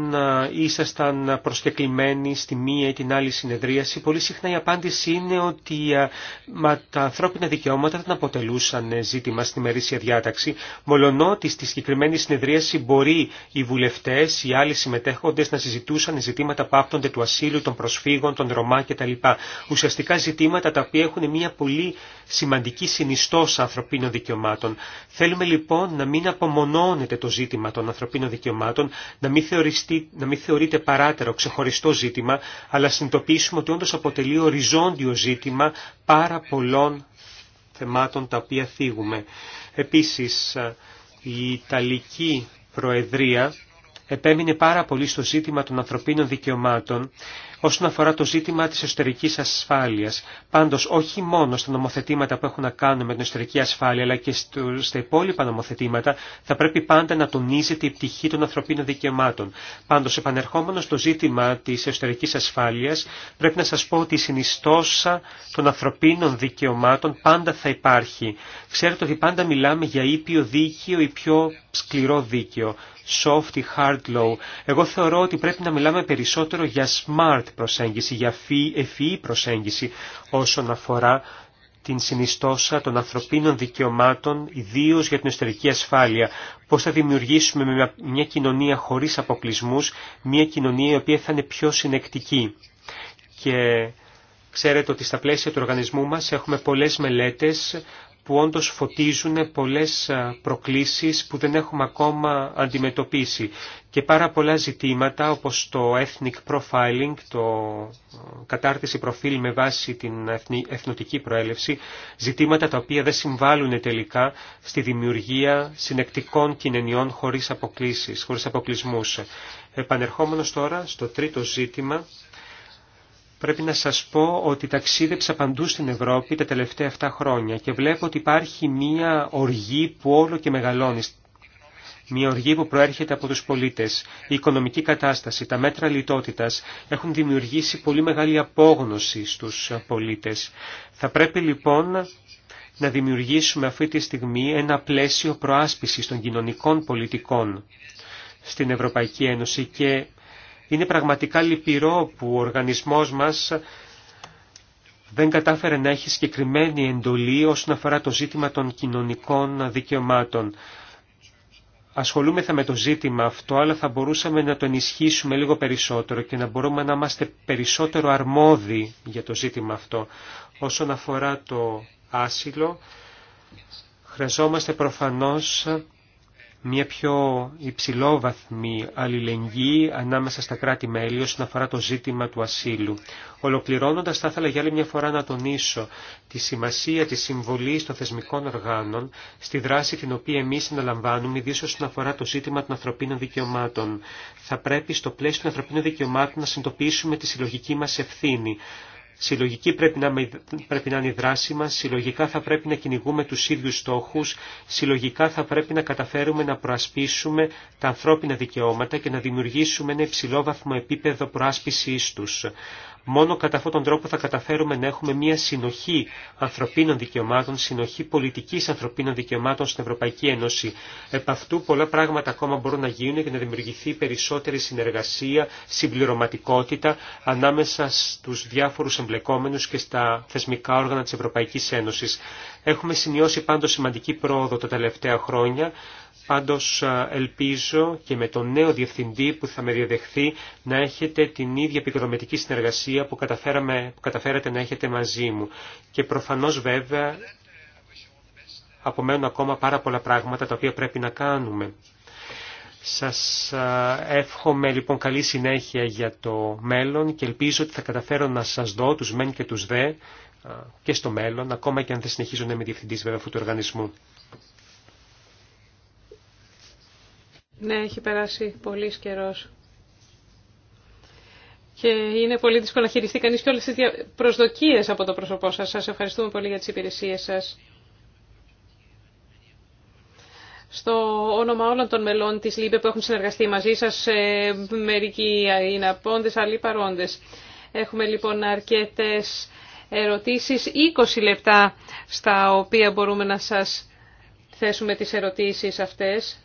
ήσασταν προσκεκλημένοι στη μία ή την άλλη συνεδρίαση. Πολύ συχνά η απάντηση είναι ότι μα, τα ανθρώπινα δικαιώματα δεν αποτελούσαν ζήτημα στη μερίσια διάταξη, μολονότι στη συγκεκριμένη συνεδρίαση μπορεί οι βουλευτές, οι άλλοι συμμετέχοντε να συζητούσαν ζητήματα που άπτονται του ασύλου, των προσφύγων, των Ρωμά κτλ. Ουσιαστικά ζητήματα τα οποία έχουν μια πολύ σημαντική συνιστόσα ανθρωπίνων δικαιωμάτων. Θέλουμε λοιπόν να μην απομονώνεται το ζήτημα των ανθρωπίνων δικαιωμάτων να μην, να θεωρείται παράτερο ξεχωριστό ζήτημα, αλλά συνειδητοποιήσουμε ότι όντω αποτελεί οριζόντιο ζήτημα πάρα πολλών θεμάτων τα οποία θίγουμε. Επίσης, η Ιταλική Προεδρία επέμεινε πάρα πολύ στο ζήτημα των ανθρωπίνων δικαιωμάτων όσον αφορά το ζήτημα της εσωτερικής ασφάλειας. Πάντως όχι μόνο στα νομοθετήματα που έχουν να κάνουν με την εσωτερική ασφάλεια αλλά και στα υπόλοιπα νομοθετήματα θα πρέπει πάντα να τονίζεται η πτυχή των ανθρωπίνων δικαιωμάτων. Πάντως επανερχόμενο στο ζήτημα της εσωτερικής ασφάλειας πρέπει να σας πω ότι η συνιστόσα των ανθρωπίνων δικαιωμάτων πάντα θα υπάρχει. Ξέρετε ότι πάντα μιλάμε για ήπιο δίκαιο ή πιο σκληρό δίκαιο soft hard Εγώ θεωρώ ότι πρέπει να μιλάμε περισσότερο για smart προσέγγιση, για ευφυή προσέγγιση όσον αφορά την συνιστόσα των ανθρωπίνων δικαιωμάτων, ιδίω για την εσωτερική ασφάλεια. Πώ θα δημιουργήσουμε μια κοινωνία χωρί αποκλεισμού, μια κοινωνία η οποία θα είναι πιο συνεκτική. Και ξέρετε ότι στα πλαίσια του οργανισμού μα έχουμε πολλέ μελέτε που όντως φωτίζουν πολλές προκλήσεις που δεν έχουμε ακόμα αντιμετωπίσει και πάρα πολλά ζητήματα όπως το ethnic profiling, το κατάρτιση προφίλ με βάση την εθνοτική προέλευση, ζητήματα τα οποία δεν συμβάλλουν τελικά στη δημιουργία συνεκτικών κοινωνιών χωρίς αποκλήσεις, χωρίς αποκλεισμούς. Επανερχόμενος τώρα στο τρίτο ζήτημα Πρέπει να σας πω ότι ταξίδεψα παντού στην Ευρώπη τα τελευταία 7 χρόνια και βλέπω ότι υπάρχει μία οργή που όλο και μεγαλώνει. Μία οργή που προέρχεται από τους πολίτες. Η οικονομική κατάσταση, τα μέτρα λιτότητας έχουν δημιουργήσει πολύ μεγάλη απόγνωση στους πολίτες. Θα πρέπει λοιπόν να δημιουργήσουμε αυτή τη στιγμή ένα πλαίσιο προάσπισης των κοινωνικών πολιτικών στην Ευρωπαϊκή Ένωση και είναι πραγματικά λυπηρό που ο οργανισμός μας δεν κατάφερε να έχει συγκεκριμένη εντολή όσον αφορά το ζήτημα των κοινωνικών δικαιωμάτων. Ασχολούμεθα με το ζήτημα αυτό, αλλά θα μπορούσαμε να το ενισχύσουμε λίγο περισσότερο και να μπορούμε να είμαστε περισσότερο αρμόδιοι για το ζήτημα αυτό. Όσον αφορά το άσυλο, χρειαζόμαστε προφανώς μια πιο υψηλόβαθμη αλληλεγγύη ανάμεσα στα κράτη-μέλη όσον αφορά το ζήτημα του ασύλου. Ολοκληρώνοντας, θα ήθελα για άλλη μια φορά να τονίσω τη σημασία της συμβολής των θεσμικών οργάνων στη δράση την οποία εμείς αναλαμβάνουμε, ιδίως όσον αφορά το ζήτημα των ανθρωπίνων δικαιωμάτων. Θα πρέπει στο πλαίσιο των ανθρωπίνων δικαιωμάτων να συνειδητοποιήσουμε τη συλλογική μας ευθύνη. Συλλογική πρέπει να, πρέπει να είναι η δράση μας, συλλογικά θα πρέπει να κυνηγούμε τους ίδιους στόχους, συλλογικά θα πρέπει να καταφέρουμε να προασπίσουμε τα ανθρώπινα δικαιώματα και να δημιουργήσουμε ένα υψηλό βαθμό επίπεδο προάσπισης τους. Μόνο κατά αυτόν τον τρόπο θα καταφέρουμε να έχουμε μια συνοχή ανθρωπίνων δικαιωμάτων, συνοχή πολιτική ανθρωπίνων δικαιωμάτων στην Ευρωπαϊκή Ένωση. Επ' αυτού πολλά πράγματα ακόμα μπορούν να γίνουν για να δημιουργηθεί περισσότερη συνεργασία, συμπληρωματικότητα ανάμεσα στου διάφορου εμπλεκόμενου και στα θεσμικά όργανα τη Ευρωπαϊκή Ένωση. Έχουμε σημειώσει πάντω σημαντική πρόοδο τα τελευταία χρόνια Πάντως ελπίζω και με τον νέο διευθυντή που θα με διαδεχθεί να έχετε την ίδια επικοδομητική συνεργασία που, καταφέραμε, που καταφέρατε να έχετε μαζί μου. Και προφανώς βέβαια απομένουν ακόμα πάρα πολλά πράγματα τα οποία πρέπει να κάνουμε. Σας εύχομαι λοιπόν καλή συνέχεια για το μέλλον και ελπίζω ότι θα καταφέρω να σας δω τους μεν και τους δε και στο μέλλον, ακόμα και αν δεν συνεχίζω να είμαι διευθυντής βέβαια αυτού του οργανισμού. Ναι, έχει περάσει πολύ καιρό. Και είναι πολύ δύσκολο να χειριστεί κανεί και όλε τι προσδοκίε από το πρόσωπό σα. Σα ευχαριστούμε πολύ για τι υπηρεσίε σα. Στο όνομα όλων των μελών της ΛΥΠΕ που έχουν συνεργαστεί μαζί σας, ε, μερικοί είναι απόντες, άλλοι παρόντες. Έχουμε λοιπόν αρκετές ερωτήσεις, 20 λεπτά στα οποία μπορούμε να σας θέσουμε τις ερωτήσεις αυτές.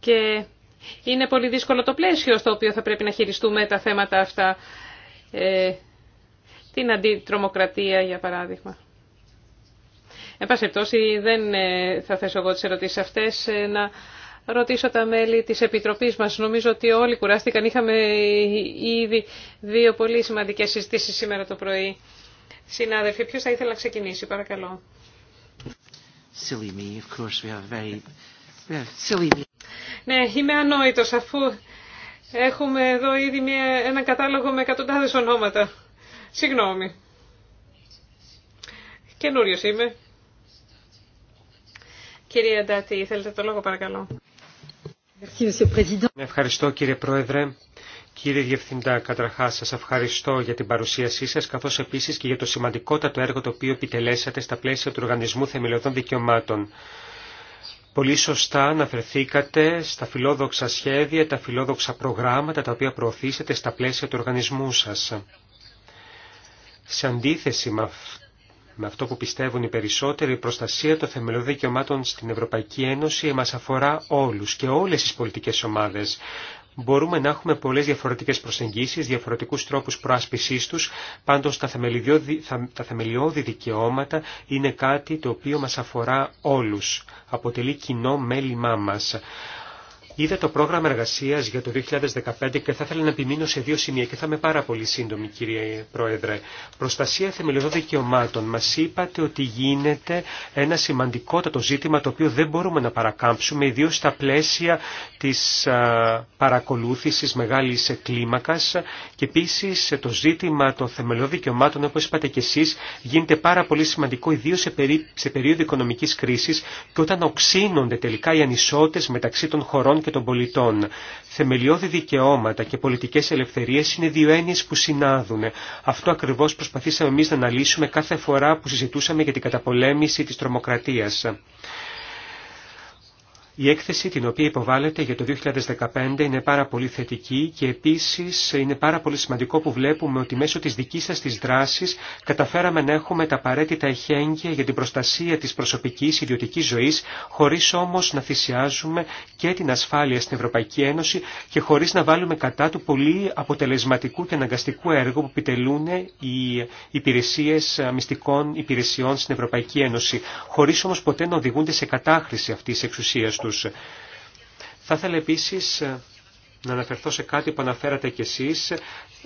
Και είναι πολύ δύσκολο το πλαίσιο στο οποίο θα πρέπει να χειριστούμε τα θέματα αυτά. Ε, την αντιτρομοκρατία, για παράδειγμα. Εν πάση περιπτώσει, δεν ε, θα θέσω εγώ τις ερωτήσεις αυτές. Ε, να ρωτήσω τα μέλη της Επιτροπής μας. Νομίζω ότι όλοι κουράστηκαν. Είχαμε ήδη δύο πολύ σημαντικές συζητήσεις σήμερα το πρωί. Συνάδελφοι, ποιος θα ήθελε να ξεκινήσει, παρακαλώ. Silly of course we have very ναι, είμαι ανόητος αφού έχουμε εδώ ήδη μια, ένα κατάλογο με εκατοντάδες ονόματα. Συγγνώμη. Καινούριο είμαι. Κυρία Ντάτη, θέλετε το λόγο παρακαλώ. Ναι, ευχαριστώ κύριε Πρόεδρε. Κύριε Διευθυντά, καταρχά σα ευχαριστώ για την παρουσίασή σα, καθώ επίση και για το σημαντικότατο έργο το οποίο επιτελέσατε στα πλαίσια του Οργανισμού Θεμελιωδών Δικαιωμάτων. Πολύ σωστά αναφερθήκατε στα φιλόδοξα σχέδια, τα φιλόδοξα προγράμματα τα οποία προωθήσετε στα πλαίσια του οργανισμού σας. Σε αντίθεση με αυτό που πιστεύουν οι περισσότεροι, η προστασία των θεμελιωδών στην Ευρωπαϊκή Ένωση μας αφορά όλους και όλες τις πολιτικές ομάδες. Μπορούμε να έχουμε πολλές διαφορετικές προσεγγίσεις, διαφορετικούς τρόπους προάσπισής τους, πάντως τα θεμελιώδη, τα θεμελιώδη δικαιώματα είναι κάτι το οποίο μας αφορά όλους. Αποτελεί κοινό μέλημά μας. Είδα το πρόγραμμα εργασία για το 2015 και θα ήθελα να επιμείνω σε δύο σημεία και θα είμαι πάρα πολύ σύντομη, κύριε Πρόεδρε. Προστασία θεμελιωδών δικαιωμάτων. Μα είπατε ότι γίνεται ένα σημαντικότατο ζήτημα το οποίο δεν μπορούμε να παρακάμψουμε, ιδίω στα πλαίσια τη παρακολούθηση μεγάλη κλίμακα και επίση το ζήτημα των θεμελιωδών δικαιωμάτων, όπω είπατε και εσεί, γίνεται πάρα πολύ σημαντικό, ιδίω σε, περί... περίοδο οικονομική κρίση και όταν οξύνονται τελικά οι ανισότητε μεταξύ των χωρών και των πολιτών. Θεμελιώδη δικαιώματα και πολιτικές ελευθερίες είναι δύο έννοιες που συνάδουν. Αυτό ακριβώς προσπαθήσαμε εμείς να αναλύσουμε κάθε φορά που συζητούσαμε για την καταπολέμηση της τρομοκρατίας. Η έκθεση την οποία υποβάλλεται για το 2015 είναι πάρα πολύ θετική και επίσης είναι πάρα πολύ σημαντικό που βλέπουμε ότι μέσω της δική σας της δράσης καταφέραμε να έχουμε τα απαραίτητα εχέγγυα για την προστασία της προσωπικής ιδιωτικής ζωής χωρίς όμως να θυσιάζουμε και την ασφάλεια στην Ευρωπαϊκή Ένωση και χωρίς να βάλουμε κατά του πολύ αποτελεσματικού και αναγκαστικού έργου που επιτελούν οι υπηρεσίες μυστικών υπηρεσιών στην Ευρωπαϊκή Ένωση χωρίς όμως ποτέ να οδηγούνται σε κατάχρηση αυτή τη εξουσία του. Θα ήθελα επίσης να αναφερθώ σε κάτι που αναφέρατε κι εσείς,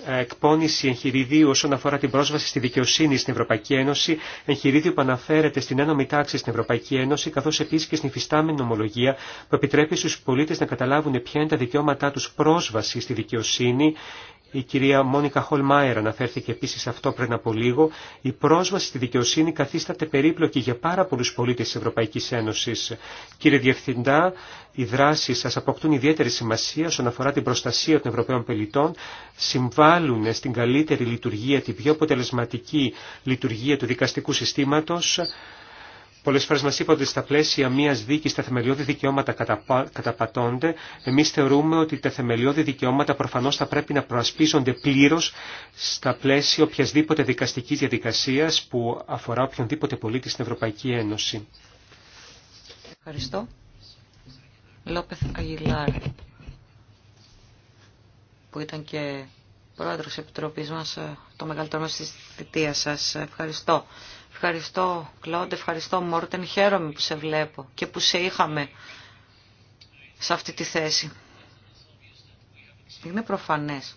εκπόνηση εγχειριδίου όσον αφορά την πρόσβαση στη δικαιοσύνη στην Ευρωπαϊκή Ένωση, εγχειρίδιο που αναφέρεται στην ένωμη τάξη στην Ευρωπαϊκή Ένωση, καθώς επίσης και στην υφιστάμενη νομολογία που επιτρέπει στους πολίτες να καταλάβουν ποια είναι τα δικαιώματά του πρόσβαση στη δικαιοσύνη η κυρία Μόνικα Χολμάιρα αναφέρθηκε επίση αυτό πριν από λίγο. Η πρόσβαση στη δικαιοσύνη καθίσταται περίπλοκη για πάρα πολλού πολίτες τη Ευρωπαϊκής Ένωση. Κύριε Διευθυντά, οι δράσει σας αποκτούν ιδιαίτερη σημασία όσον αφορά την προστασία των Ευρωπαίων πολιτών, συμβάλλουν στην καλύτερη λειτουργία, την πιο αποτελεσματική λειτουργία του δικαστικού συστήματο. Πολλέ φορέ μα είπατε ότι στα πλαίσια μια δίκη τα θεμελιώδη δικαιώματα καταπατώνται. Εμεί θεωρούμε ότι τα θεμελιώδη δικαιώματα προφανώ θα πρέπει να προασπίζονται πλήρω στα πλαίσια οποιασδήποτε δικαστική διαδικασία που αφορά οποιονδήποτε πολίτη στην Ευρωπαϊκή Ένωση. Ευχαριστώ. Λόπεθ Αγιλάρ, που ήταν και πρόεδρος Επιτροπής μας ε, το μεγαλύτερο μέρο της θητείας σας. Ευχαριστώ. Ευχαριστώ Κλόντ, ευχαριστώ Μόρτεν, χαίρομαι που σε βλέπω και που σε είχαμε σε αυτή τη θέση. Είναι προφανές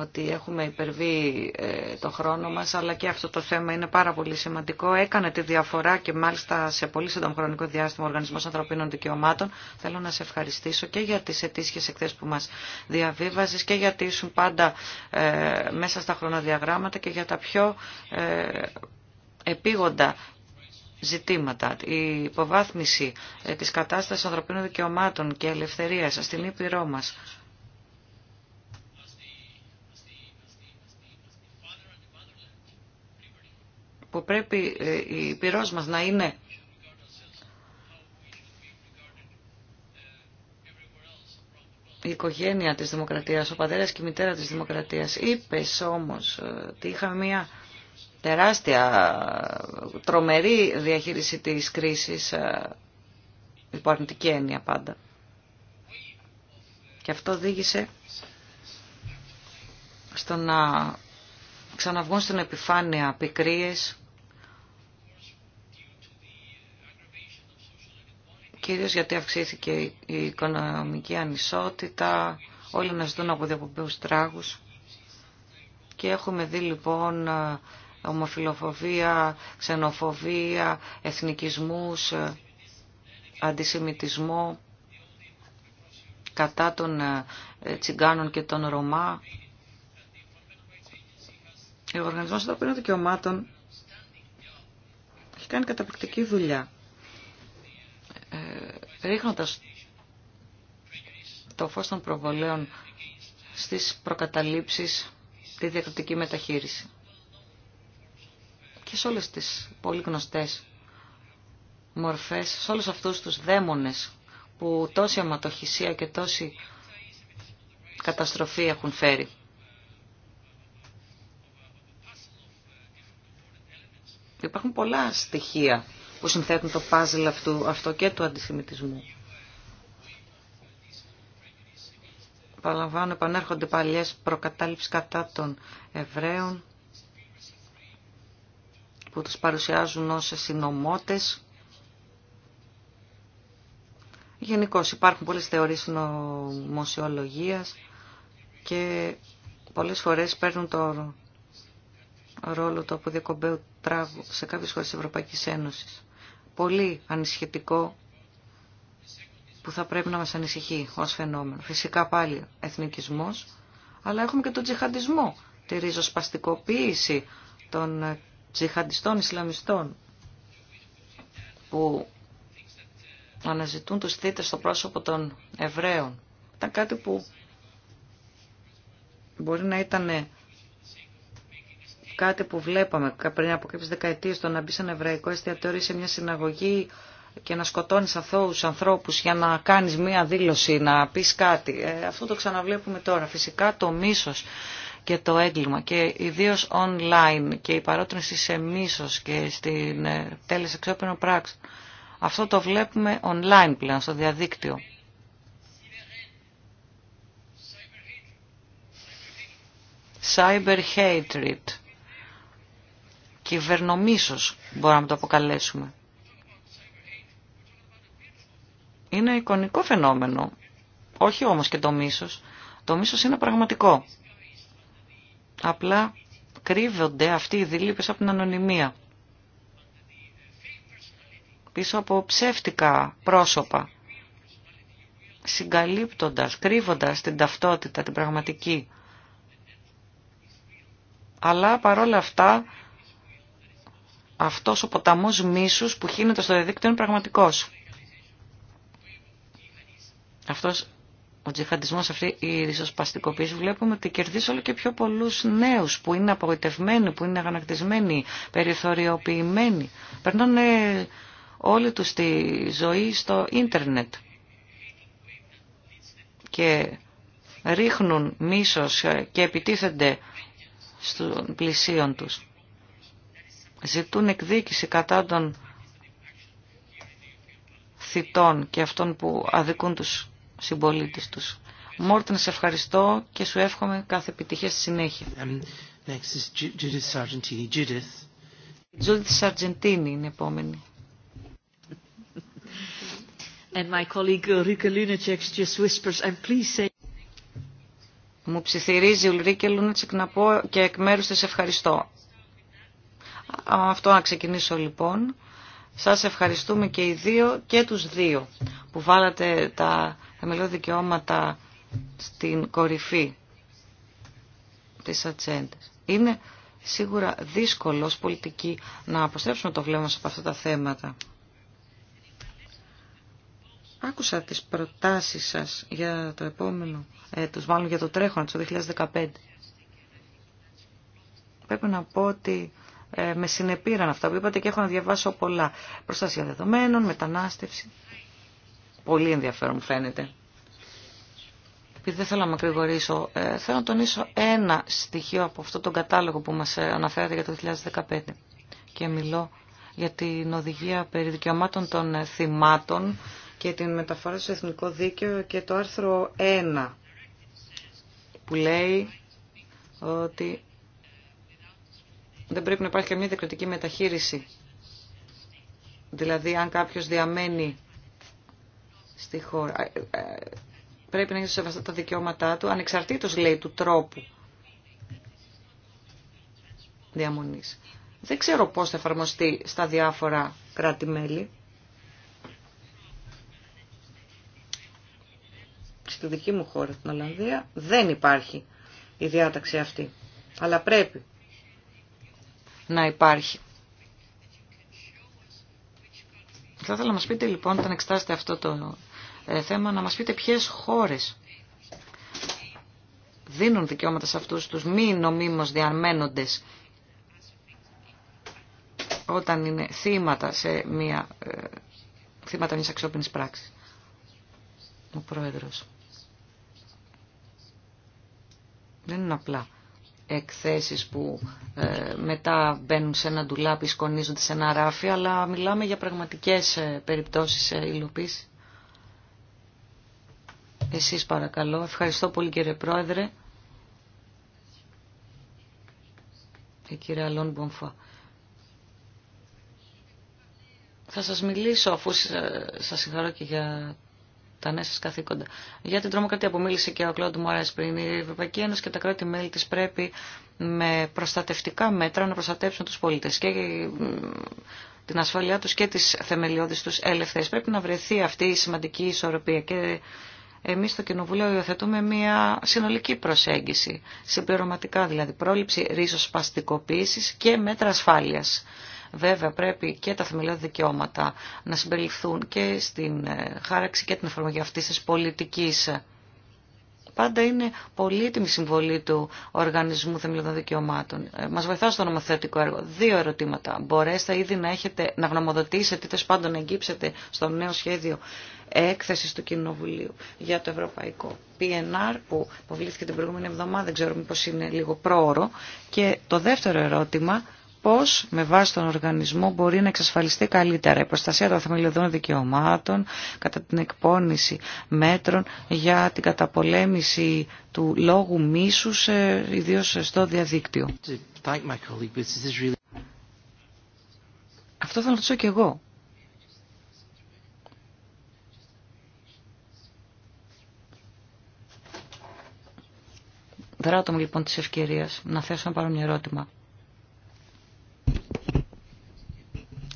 ότι έχουμε υπερβεί ε, το χρόνο μας, αλλά και αυτό το θέμα είναι πάρα πολύ σημαντικό. Έκανε τη διαφορά και μάλιστα σε πολύ σύντομο χρονικό διάστημα ο Οργανισμός Ανθρωπίνων Δικαιωμάτων. Θέλω να σε ευχαριστήσω και για τις ετήσιες εκθέσεις που μας διαβίβαζες και γιατί ήσουν πάντα ε, μέσα στα χρονοδιαγράμματα και για τα πιο ε, επίγοντα ζητήματα. Η υποβάθμιση της κατάστασης ανθρωπίνων δικαιωμάτων και ελευθερίας στην Ήπειρό μας που πρέπει ε, η πυρός μας να είναι η οικογένεια της δημοκρατίας, ο πατέρας και η μητέρα της δημοκρατίας. είπε όμως ε, ότι είχαμε μια τεράστια, τρομερή διαχείριση της κρίσης, ε, υπό αρνητική έννοια πάντα. Και αυτό οδήγησε στο να ξαναβγούν στην επιφάνεια πικρίες κυρίως γιατί αυξήθηκε η οικονομική ανισότητα, όλοι να ζητούν από τράγους. Και έχουμε δει λοιπόν ομοφιλοφοβία, ξενοφοβία, εθνικισμούς, αντισημιτισμό κατά των ε, τσιγκάνων και των Ρωμά. Ο Οργανισμός Ανθρωπίνων Δικαιωμάτων έχει κάνει καταπληκτική δουλειά ε, ρίχνοντας το φως των προβολέων στις προκαταλήψεις τη διακριτική μεταχείριση. Και σε όλες τις πολύ γνωστές μορφές, σε όλους αυτούς τους δαίμονες που τόση αματοχυσία και τόση καταστροφή έχουν φέρει. Υπάρχουν πολλά στοιχεία που συνθέτουν το πάζλ αυτού, αυτό και του αντισημιτισμού. Παραλαμβάνω, επανέρχονται παλιές προκατάληψεις κατά των Εβραίων που τους παρουσιάζουν ως συνομότες. Γενικώ υπάρχουν πολλές θεωρίες νομοσιολογίας και πολλές φορές παίρνουν το ρόλο του αποδιακομπέου τράβου σε κάποιες χώρες της Ευρωπαϊκής Ένωσης πολύ ανησυχητικό που θα πρέπει να μας ανησυχεί ως φαινόμενο. Φυσικά πάλι εθνικισμός, αλλά έχουμε και τον τζιχαντισμό, τη ριζοσπαστικοποίηση των τζιχαντιστών Ισλαμιστών που αναζητούν τους θήτες στο πρόσωπο των Εβραίων. Ήταν κάτι που μπορεί να ήταν κάτι που βλέπαμε πριν από κάποιες δεκαετίες, το να μπει σε ένα εβραϊκό εστιατόριο σε μια συναγωγή και να σκοτώνεις αθώους ανθρώπους για να κάνεις μία δήλωση, να πεις κάτι. Ε, αυτό το ξαναβλέπουμε τώρα. Φυσικά το μίσος και το έγκλημα και ιδίως online και η παρότρινση σε μίσος και στην ε, τέλεση εξώπινων Αυτό το βλέπουμε online πλέον, στο διαδίκτυο. Cyber hatred κυβερνομίσος μπορούμε να το αποκαλέσουμε. Είναι εικονικό φαινόμενο, όχι όμως και το μίσος. Το μίσος είναι πραγματικό. Απλά κρύβονται αυτοί οι δίληπες από την ανωνυμία. Πίσω από ψεύτικα πρόσωπα, συγκαλύπτοντας, κρύβοντας την ταυτότητα, την πραγματική. Αλλά παρόλα αυτά αυτός ο ποταμός μίσους που χύνεται στο διαδίκτυο είναι πραγματικός. Αυτός ο τζιχαντισμός, αυτή η ριζοσπαστικοποίηση βλέπουμε ότι κερδίζει όλο και πιο πολλούς νέους που είναι απογοητευμένοι, που είναι αγανακτισμένοι, περιθωριοποιημένοι. Περνάνε όλη τους τη ζωή στο ίντερνετ και ρίχνουν μίσος και επιτίθενται στους πλησίον τους ζητούν εκδίκηση κατά των θητών και αυτών που αδικούν τους συμπολίτες τους. Μόρτεν, σε ευχαριστώ και σου εύχομαι κάθε επιτυχία στη συνέχεια. Um, next is Judith Judith. είναι επόμενη. And my colleague uh, Ulrike Lunacek just whispers, and please say... Μου ψιθυρίζει η Ουλρίκε να πω και εκ μέρους της ευχαριστώ. Αυτό να ξεκινήσω λοιπόν. Σας ευχαριστούμε και οι δύο και τους δύο που βάλατε τα θεμελιώδη δικαιώματα στην κορυφή της ατζέντα. Είναι σίγουρα δύσκολο ως πολιτικοί να αποστρέψουμε το βλέμμα σε από αυτά τα θέματα. Άκουσα τις προτάσεις σας για το επόμενο έτος, μάλλον για το τρέχον, το 2015. Πρέπει να πω ότι ε, με συνεπήραν αυτά που είπατε και έχω να διαβάσω πολλά. Προστασία δεδομένων, μετανάστευση. Πολύ ενδιαφέρον μου φαίνεται. Επειδή δεν θέλω να με μακρηγορήσω, ε, θέλω να τονίσω ένα στοιχείο από αυτόν τον κατάλογο που μας ε, αναφέρατε για το 2015. Και μιλώ για την οδηγία περί δικαιωμάτων των θυμάτων και την μεταφορά στο εθνικό δίκαιο και το άρθρο 1 που λέει ότι δεν πρέπει να υπάρχει καμία δικαιωτική μεταχείριση. Δηλαδή, αν κάποιος διαμένει στη χώρα, ε, ε, πρέπει να έχει σεβαστά τα δικαιώματά του, ανεξαρτήτως, λέει, του τρόπου διαμονής. Δεν ξέρω πώς θα εφαρμοστεί στα διάφορα κράτη-μέλη. Στη δική μου χώρα, την Ολλανδία, δεν υπάρχει η διάταξη αυτή. Αλλά πρέπει να υπάρχει. Θα ήθελα να μας πείτε λοιπόν, όταν εξετάσετε αυτό το ε, θέμα, να μας πείτε ποιες χώρες δίνουν δικαιώματα σε αυτούς τους μη νομίμως διαμένοντες όταν είναι θύματα, σε μια, ε, θύματα μιας αξιόπινης πράξης. Ο Πρόεδρος. Δεν είναι απλά εκθέσεις που ε, μετά μπαίνουν σε ένα ντουλάπι, σκονίζονται σε ένα ράφι, αλλά μιλάμε για πραγματικές ε, περιπτώσεις ε, υλοποίησης. Εσείς παρακαλώ. Ευχαριστώ πολύ κύριε Πρόεδρε. Αλόν Θα σας μιλήσω αφού σας συγχαρώ και για τα καθήκοντα. Για την τρομοκρατία που μίλησε και ο Κλόντ Μωρέ πριν, η Ευρωπαϊκή Ένωση και τα κράτη-μέλη τη πρέπει με προστατευτικά μέτρα να προστατέψουν του πολίτε και ε, την ασφαλειά του και τι θεμελιώδει του ελευθερίε. Πρέπει να βρεθεί αυτή η σημαντική ισορροπία. Και εμεί στο Κοινοβούλιο υιοθετούμε μια συνολική προσέγγιση, συμπληρωματικά δηλαδή, πρόληψη ρίζοσπαστικοποίηση και μέτρα ασφάλεια. Βέβαια πρέπει και τα θεμελιώδη δικαιώματα να συμπεριληφθούν και στην ε, χάραξη και την εφαρμογή αυτής της πολιτικής. Πάντα είναι πολύτιμη συμβολή του Οργανισμού Θεμελιωδών Δικαιωμάτων. Ε, μας βοηθά στο νομοθετικό έργο. Δύο ερωτήματα. Μπορέστε ήδη να, έχετε, να γνωμοδοτήσετε, τέλο πάντων να εγγύψετε στο νέο σχέδιο έκθεση του Κοινοβουλίου για το Ευρωπαϊκό PNR που υποβλήθηκε την προηγούμενη εβδομάδα, δεν ξέρω μήπως είναι λίγο πρόωρο. Και το δεύτερο ερώτημα πώς με βάση τον οργανισμό μπορεί να εξασφαλιστεί καλύτερα η προστασία των θεμελιωδών δικαιωμάτων κατά την εκπόνηση μέτρων για την καταπολέμηση του λόγου μίσους, ε, ιδίως στο διαδίκτυο. Αυτό θα ρωτήσω και εγώ. Δράτω μου λοιπόν της ευκαιρίας να θέσω να πάρω μια ερώτημα.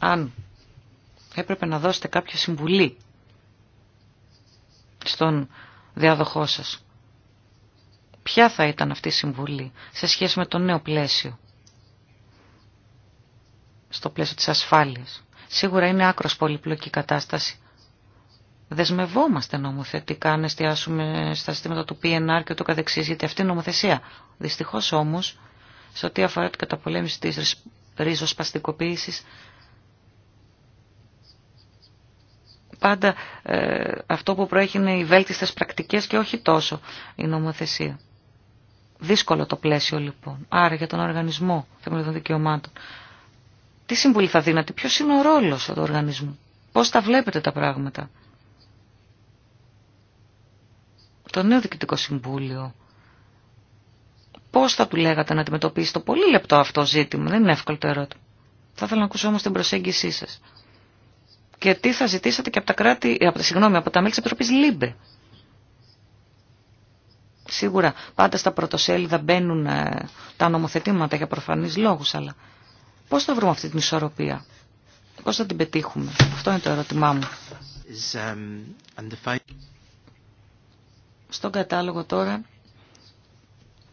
αν έπρεπε να δώσετε κάποια συμβουλή στον διάδοχό σας, ποια θα ήταν αυτή η συμβουλή σε σχέση με το νέο πλαίσιο, στο πλαίσιο της ασφάλειας. Σίγουρα είναι άκρος πολυπλοκή κατάσταση. Δεσμευόμαστε νομοθετικά να εστιάσουμε στα συστήματα του PNR και το καθεξής, γιατί αυτή είναι νομοθεσία. Δυστυχώς όμως, σε ό,τι αφορά την καταπολέμηση της ριζοσπαστικοποίησης, πάντα ε, αυτό που προέχει είναι οι βέλτιστες πρακτικές και όχι τόσο η νομοθεσία. Δύσκολο το πλαίσιο λοιπόν. Άρα για τον οργανισμό θεμελιωδών δικαιωμάτων. Τι συμβουλή θα δίνατε, ποιος είναι ο ρόλος του οργανισμού, πώς τα βλέπετε τα πράγματα. Το νέο διοικητικό συμβούλιο, πώς θα του λέγατε να αντιμετωπίσει το πολύ λεπτό αυτό ζήτημα, δεν είναι εύκολο το ερώτημα. Θα ήθελα να ακούσω όμως την προσέγγισή σας και τι θα ζητήσατε και από τα, κράτη, ε, από τα, συγγνώμη, από τα μέλη της Επιτροπής ΛΥΜΠΕ. Σίγουρα πάντα στα πρωτοσέλιδα μπαίνουν ε, τα νομοθετήματα για προφανείς λόγους, αλλά πώς θα βρούμε αυτή την ισορροπία, πώς θα την πετύχουμε. Αυτό είναι το ερώτημά μου. Is, um, Στον κατάλογο τώρα,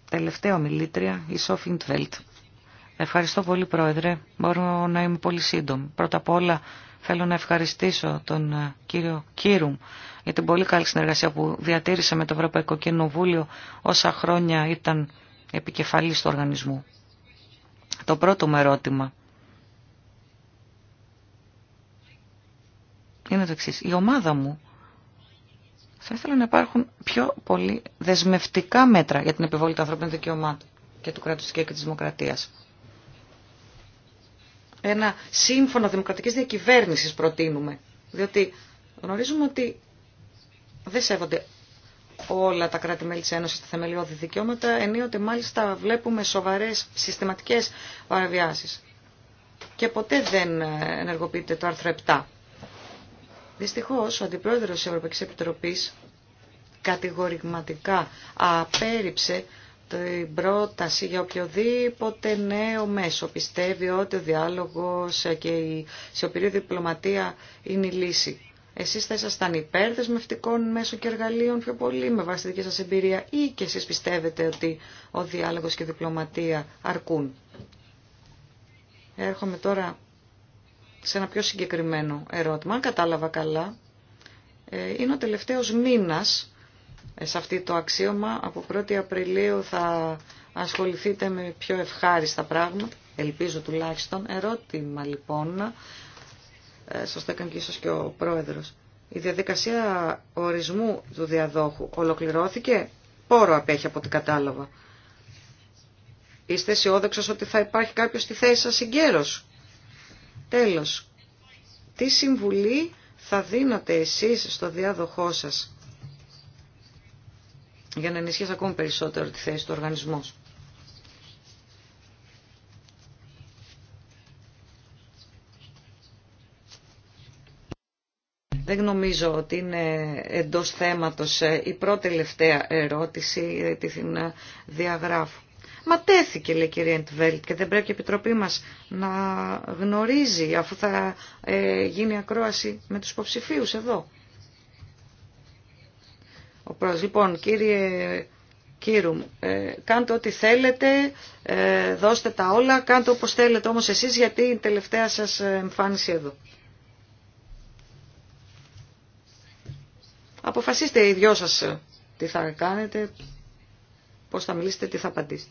τελευταία ομιλήτρια, η Σόφιν Τβέλτ. Ευχαριστώ πολύ, Πρόεδρε. Μπορώ να είμαι πολύ σύντομη. Πρώτα απ' όλα, Θέλω να ευχαριστήσω τον ε, κύριο Κύρουμ για την πολύ καλή συνεργασία που διατήρησε με το Ευρωπαϊκό Κοινοβούλιο όσα χρόνια ήταν επικεφαλής του οργανισμού. Το πρώτο μου ερώτημα είναι το εξής. Η ομάδα μου θα ήθελα να υπάρχουν πιο πολύ δεσμευτικά μέτρα για την επιβολή των ανθρώπινων δικαιωμάτων και του κράτους και της δημοκρατίας ένα σύμφωνο δημοκρατικής διακυβέρνησης προτείνουμε. Διότι γνωρίζουμε ότι δεν σέβονται όλα τα κράτη-μέλη της Ένωσης τα θεμελιώδη δικαιώματα, ενίοτε μάλιστα βλέπουμε σοβαρές συστηματικές παραβιάσεις. Και ποτέ δεν ενεργοποιείται το άρθρο 7. Δυστυχώς, ο Αντιπρόεδρος της Ευρωπαϊκής Επιτροπής κατηγορηματικά απέρριψε την πρόταση για οποιοδήποτε νέο μέσο. Πιστεύει ότι ο διάλογος και η σιωπηρή διπλωματία είναι η λύση. Εσείς θα ήσασταν υπέρ δεσμευτικών μέσων και εργαλείων πιο πολύ με βάση τη δική σας εμπειρία ή και εσείς πιστεύετε ότι ο διάλογος και η διπλωματία αρκούν. Έρχομαι τώρα σε ένα πιο συγκεκριμένο ερώτημα, αν κατάλαβα καλά. Ε, είναι ο τελευταίος μήνας σε αυτή το αξίωμα. Από 1η Απριλίου θα ασχοληθείτε με πιο ευχάριστα πράγματα, ελπίζω τουλάχιστον. Ερώτημα λοιπόν, ε, σας το έκανε και ίσως και ο Πρόεδρος. Η διαδικασία ορισμού του διαδόχου ολοκληρώθηκε, πόρο απέχει από την κατάλαβα. Είστε αισιόδοξο ότι θα υπάρχει κάποιος στη θέση σας εγκαίρος. Τέλος, τι συμβουλή θα δίνετε εσείς στο διάδοχό σας για να ενισχύσει ακόμη περισσότερο τη θέση του οργανισμού. Δεν νομίζω ότι είναι εντός θέματος ε, η πρώτη τελευταία ερώτηση ε, την ε, διαγράφω. Μα τέθηκε, λέει η κυρία Εντβέλτ, και δεν πρέπει η Επιτροπή μας να γνωρίζει αφού θα γίνει ακρόαση με τους υποψηφίου εδώ λοιπόν, κύριε Κύρουμ, ε, κάντε ό,τι θέλετε, ε, δώστε τα όλα, κάντε όπως θέλετε όμως εσείς γιατί η τελευταία σας εμφάνιση εδώ. Αποφασίστε οι δυο σας ε, τι θα κάνετε, πώς θα μιλήσετε, τι θα απαντήσετε.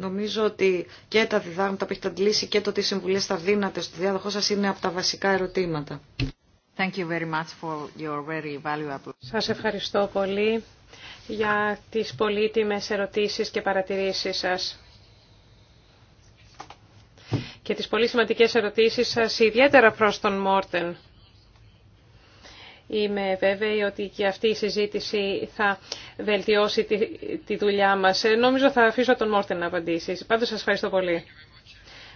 Νομίζω ότι και τα διδάγματα που έχετε αντλήσει και το τι συμβουλές θα δίνατε στο διάδοχό σας είναι από τα βασικά ερωτήματα. Thank Σας ευχαριστώ πολύ για τις πολύτιμες ερωτήσεις και παρατηρήσεις σας και τις πολύ σημαντικές ερωτήσεις σας, ιδιαίτερα προς τον Μόρτεν. Είμαι βέβαιη ότι και αυτή η συζήτηση θα βελτιώσει τη, τη δουλειά μας. Ε, νομίζω θα αφήσω τον Μόρτεν να απαντήσει. Πάντως σας ευχαριστώ πολύ.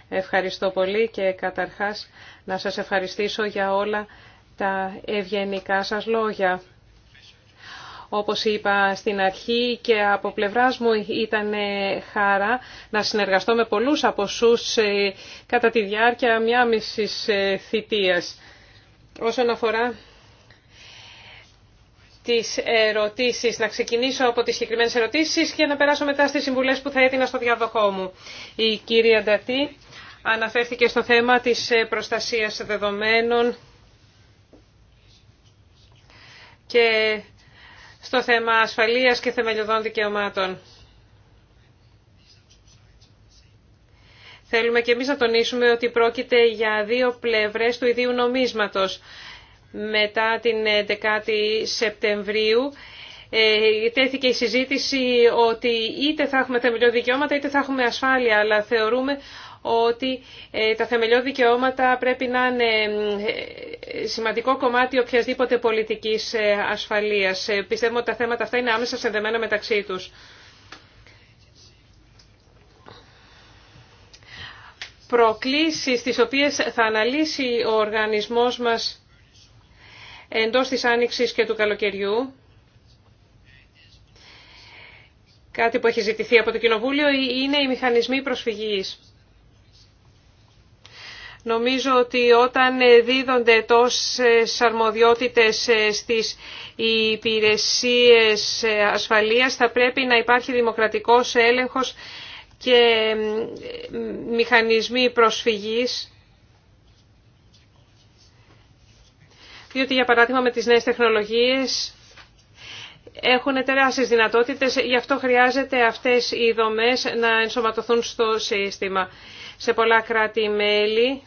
Ευχαριστώ πολύ και καταρχάς να σας ευχαριστήσω για όλα τα ευγενικά σας λόγια. Όπως είπα στην αρχή και από πλευράς μου ήταν χαρά να συνεργαστώ με πολλούς από σούς ε, κατά τη διάρκεια μια μισής ε, θητείας. Όσον αφορά τις ερωτήσεις. Να ξεκινήσω από τις συγκεκριμένες ερωτήσεις και να περάσω μετά στις συμβουλές που θα έδινα στο διαδοχό μου. Η κυρία Ντατή αναφέρθηκε στο θέμα της προστασίας δεδομένων και στο θέμα ασφαλείας και θεμελιωδών δικαιωμάτων. Θέλουμε και εμείς να τονίσουμε ότι πρόκειται για δύο πλευρές του ιδίου νομίσματος μετά την 11η ε, Σεπτεμβρίου ε, τέθηκε η συζήτηση ότι είτε θα έχουμε θεμελιώδη δικαιώματα είτε θα έχουμε ασφάλεια, αλλά θεωρούμε ότι ε, τα θεμελιώδη δικαιώματα πρέπει να είναι σημαντικό κομμάτι οποιασδήποτε πολιτικής ασφαλείας. Πιστεύουμε ότι τα θέματα αυτά είναι άμεσα συνδεμένα μεταξύ τους. Προκλήσεις τις οποίες θα αναλύσει ο οργανισμός μας εντός της άνοιξης και του καλοκαιριού. Κάτι που έχει ζητηθεί από το Κοινοβούλιο είναι οι μηχανισμοί προσφυγής. Νομίζω ότι όταν δίδονται τόσες αρμοδιότητες στις υπηρεσίες ασφαλείας θα πρέπει να υπάρχει δημοκρατικός έλεγχος και μηχανισμοί προσφυγής διότι για παράδειγμα με τις νέες τεχνολογίες έχουν τεράστιες δυνατότητες, γι' αυτό χρειάζεται αυτές οι δομές να ενσωματωθούν στο σύστημα. Σε πολλά κράτη-μέλη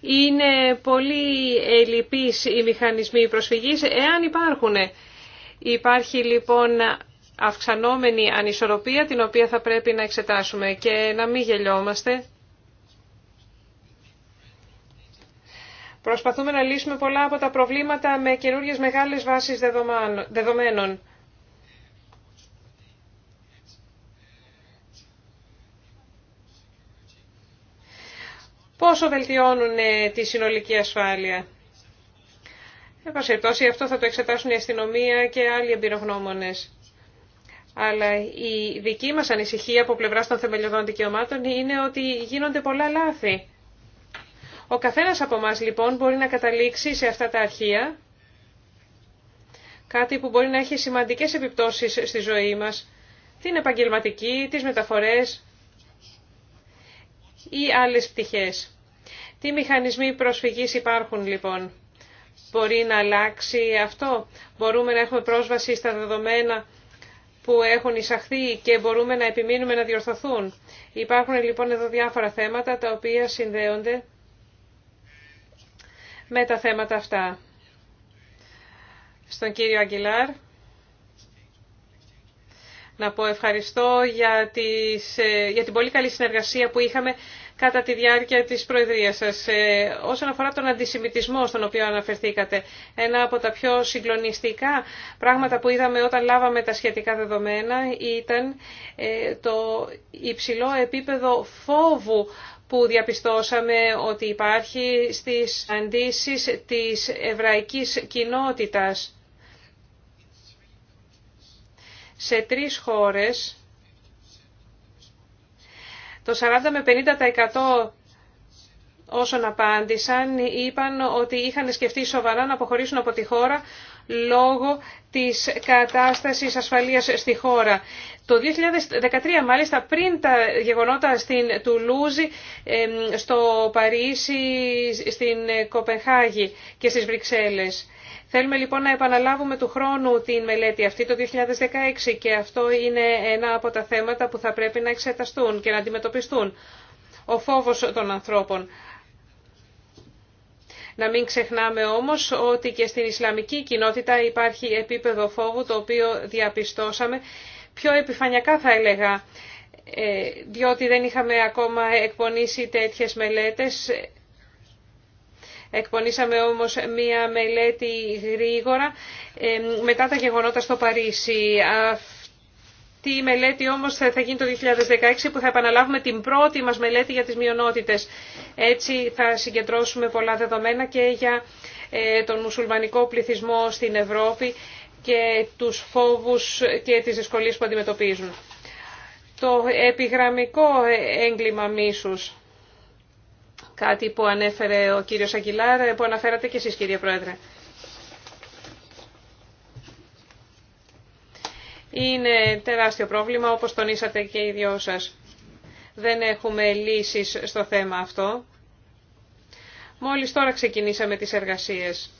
είναι πολύ ελλειπείς οι μηχανισμοί προσφυγής, εάν υπάρχουν. Υπάρχει λοιπόν αυξανόμενη ανισορροπία την οποία θα πρέπει να εξετάσουμε και να μην γελιόμαστε. Προσπαθούμε να λύσουμε πολλά από τα προβλήματα με καινούριε μεγάλε βάσει δεδομένων. Πόσο βελτιώνουν ε, τη συνολική ασφάλεια. Ε, εν αυτό θα το εξετάσουν η αστυνομία και άλλοι εμπειρογνώμονε. Αλλά η δική μα ανησυχία από πλευρά των θεμελιωδών δικαιωμάτων είναι ότι γίνονται πολλά λάθη. Ο καθένας από εμά λοιπόν μπορεί να καταλήξει σε αυτά τα αρχεία, κάτι που μπορεί να έχει σημαντικές επιπτώσεις στη ζωή μας, την επαγγελματική, τις μεταφορές ή άλλες πτυχές. Τι μηχανισμοί προσφυγής υπάρχουν λοιπόν. Μπορεί να αλλάξει αυτό. Μπορούμε να έχουμε πρόσβαση στα δεδομένα που έχουν εισαχθεί και μπορούμε να επιμείνουμε να διορθωθούν. Υπάρχουν λοιπόν εδώ διάφορα θέματα τα οποία συνδέονται με τα θέματα αυτά. Στον κύριο Αγγιλάρ, να πω ευχαριστώ για, τις, ε, για την πολύ καλή συνεργασία που είχαμε κατά τη διάρκεια της Προεδρίας σας. Ε, όσον αφορά τον αντισημιτισμό στον οποίο αναφερθήκατε, ένα από τα πιο συγκλονιστικά πράγματα που είδαμε όταν λάβαμε τα σχετικά δεδομένα ήταν ε, το υψηλό επίπεδο φόβου που διαπιστώσαμε ότι υπάρχει στις αντίσεις της εβραϊκής κοινότητας σε τρεις χώρες το 40 με 50% όσων απάντησαν είπαν ότι είχαν σκεφτεί σοβαρά να αποχωρήσουν από τη χώρα λόγω της κατάστασης ασφαλείας στη χώρα. Το 2013 μάλιστα πριν τα γεγονότα στην Τουλούζη, στο Παρίσι, στην Κοπεχάγη και στις Βρυξέλλες. Θέλουμε λοιπόν να επαναλάβουμε του χρόνου την μελέτη αυτή το 2016 και αυτό είναι ένα από τα θέματα που θα πρέπει να εξεταστούν και να αντιμετωπιστούν. Ο φόβος των ανθρώπων. Να μην ξεχνάμε όμως ότι και στην Ισλαμική κοινότητα υπάρχει επίπεδο φόβου το οποίο διαπιστώσαμε πιο επιφανειακά θα έλεγα ε, διότι δεν είχαμε ακόμα εκπονήσει τέτοιες μελέτες. Εκπονήσαμε όμως μία μελέτη γρήγορα ε, μετά τα γεγονότα στο Παρίσι. Αυτή η μελέτη όμως θα γίνει το 2016 που θα επαναλάβουμε την πρώτη μας μελέτη για τις μειονότητες. Έτσι θα συγκεντρώσουμε πολλά δεδομένα και για ε, τον μουσουλμανικό πληθυσμό στην Ευρώπη και τους φόβους και τις δυσκολίες που αντιμετωπίζουν. Το επιγραμμικό ε, έγκλημα μίσους, κάτι που ανέφερε ο κύριος Αγγιλάρ, ε, που αναφέρατε και εσείς κύριε Πρόεδρε. είναι τεράστιο πρόβλημα όπως τονίσατε και οι δυο σας. Δεν έχουμε λύσεις στο θέμα αυτό. Μόλις τώρα ξεκινήσαμε τις εργασίες.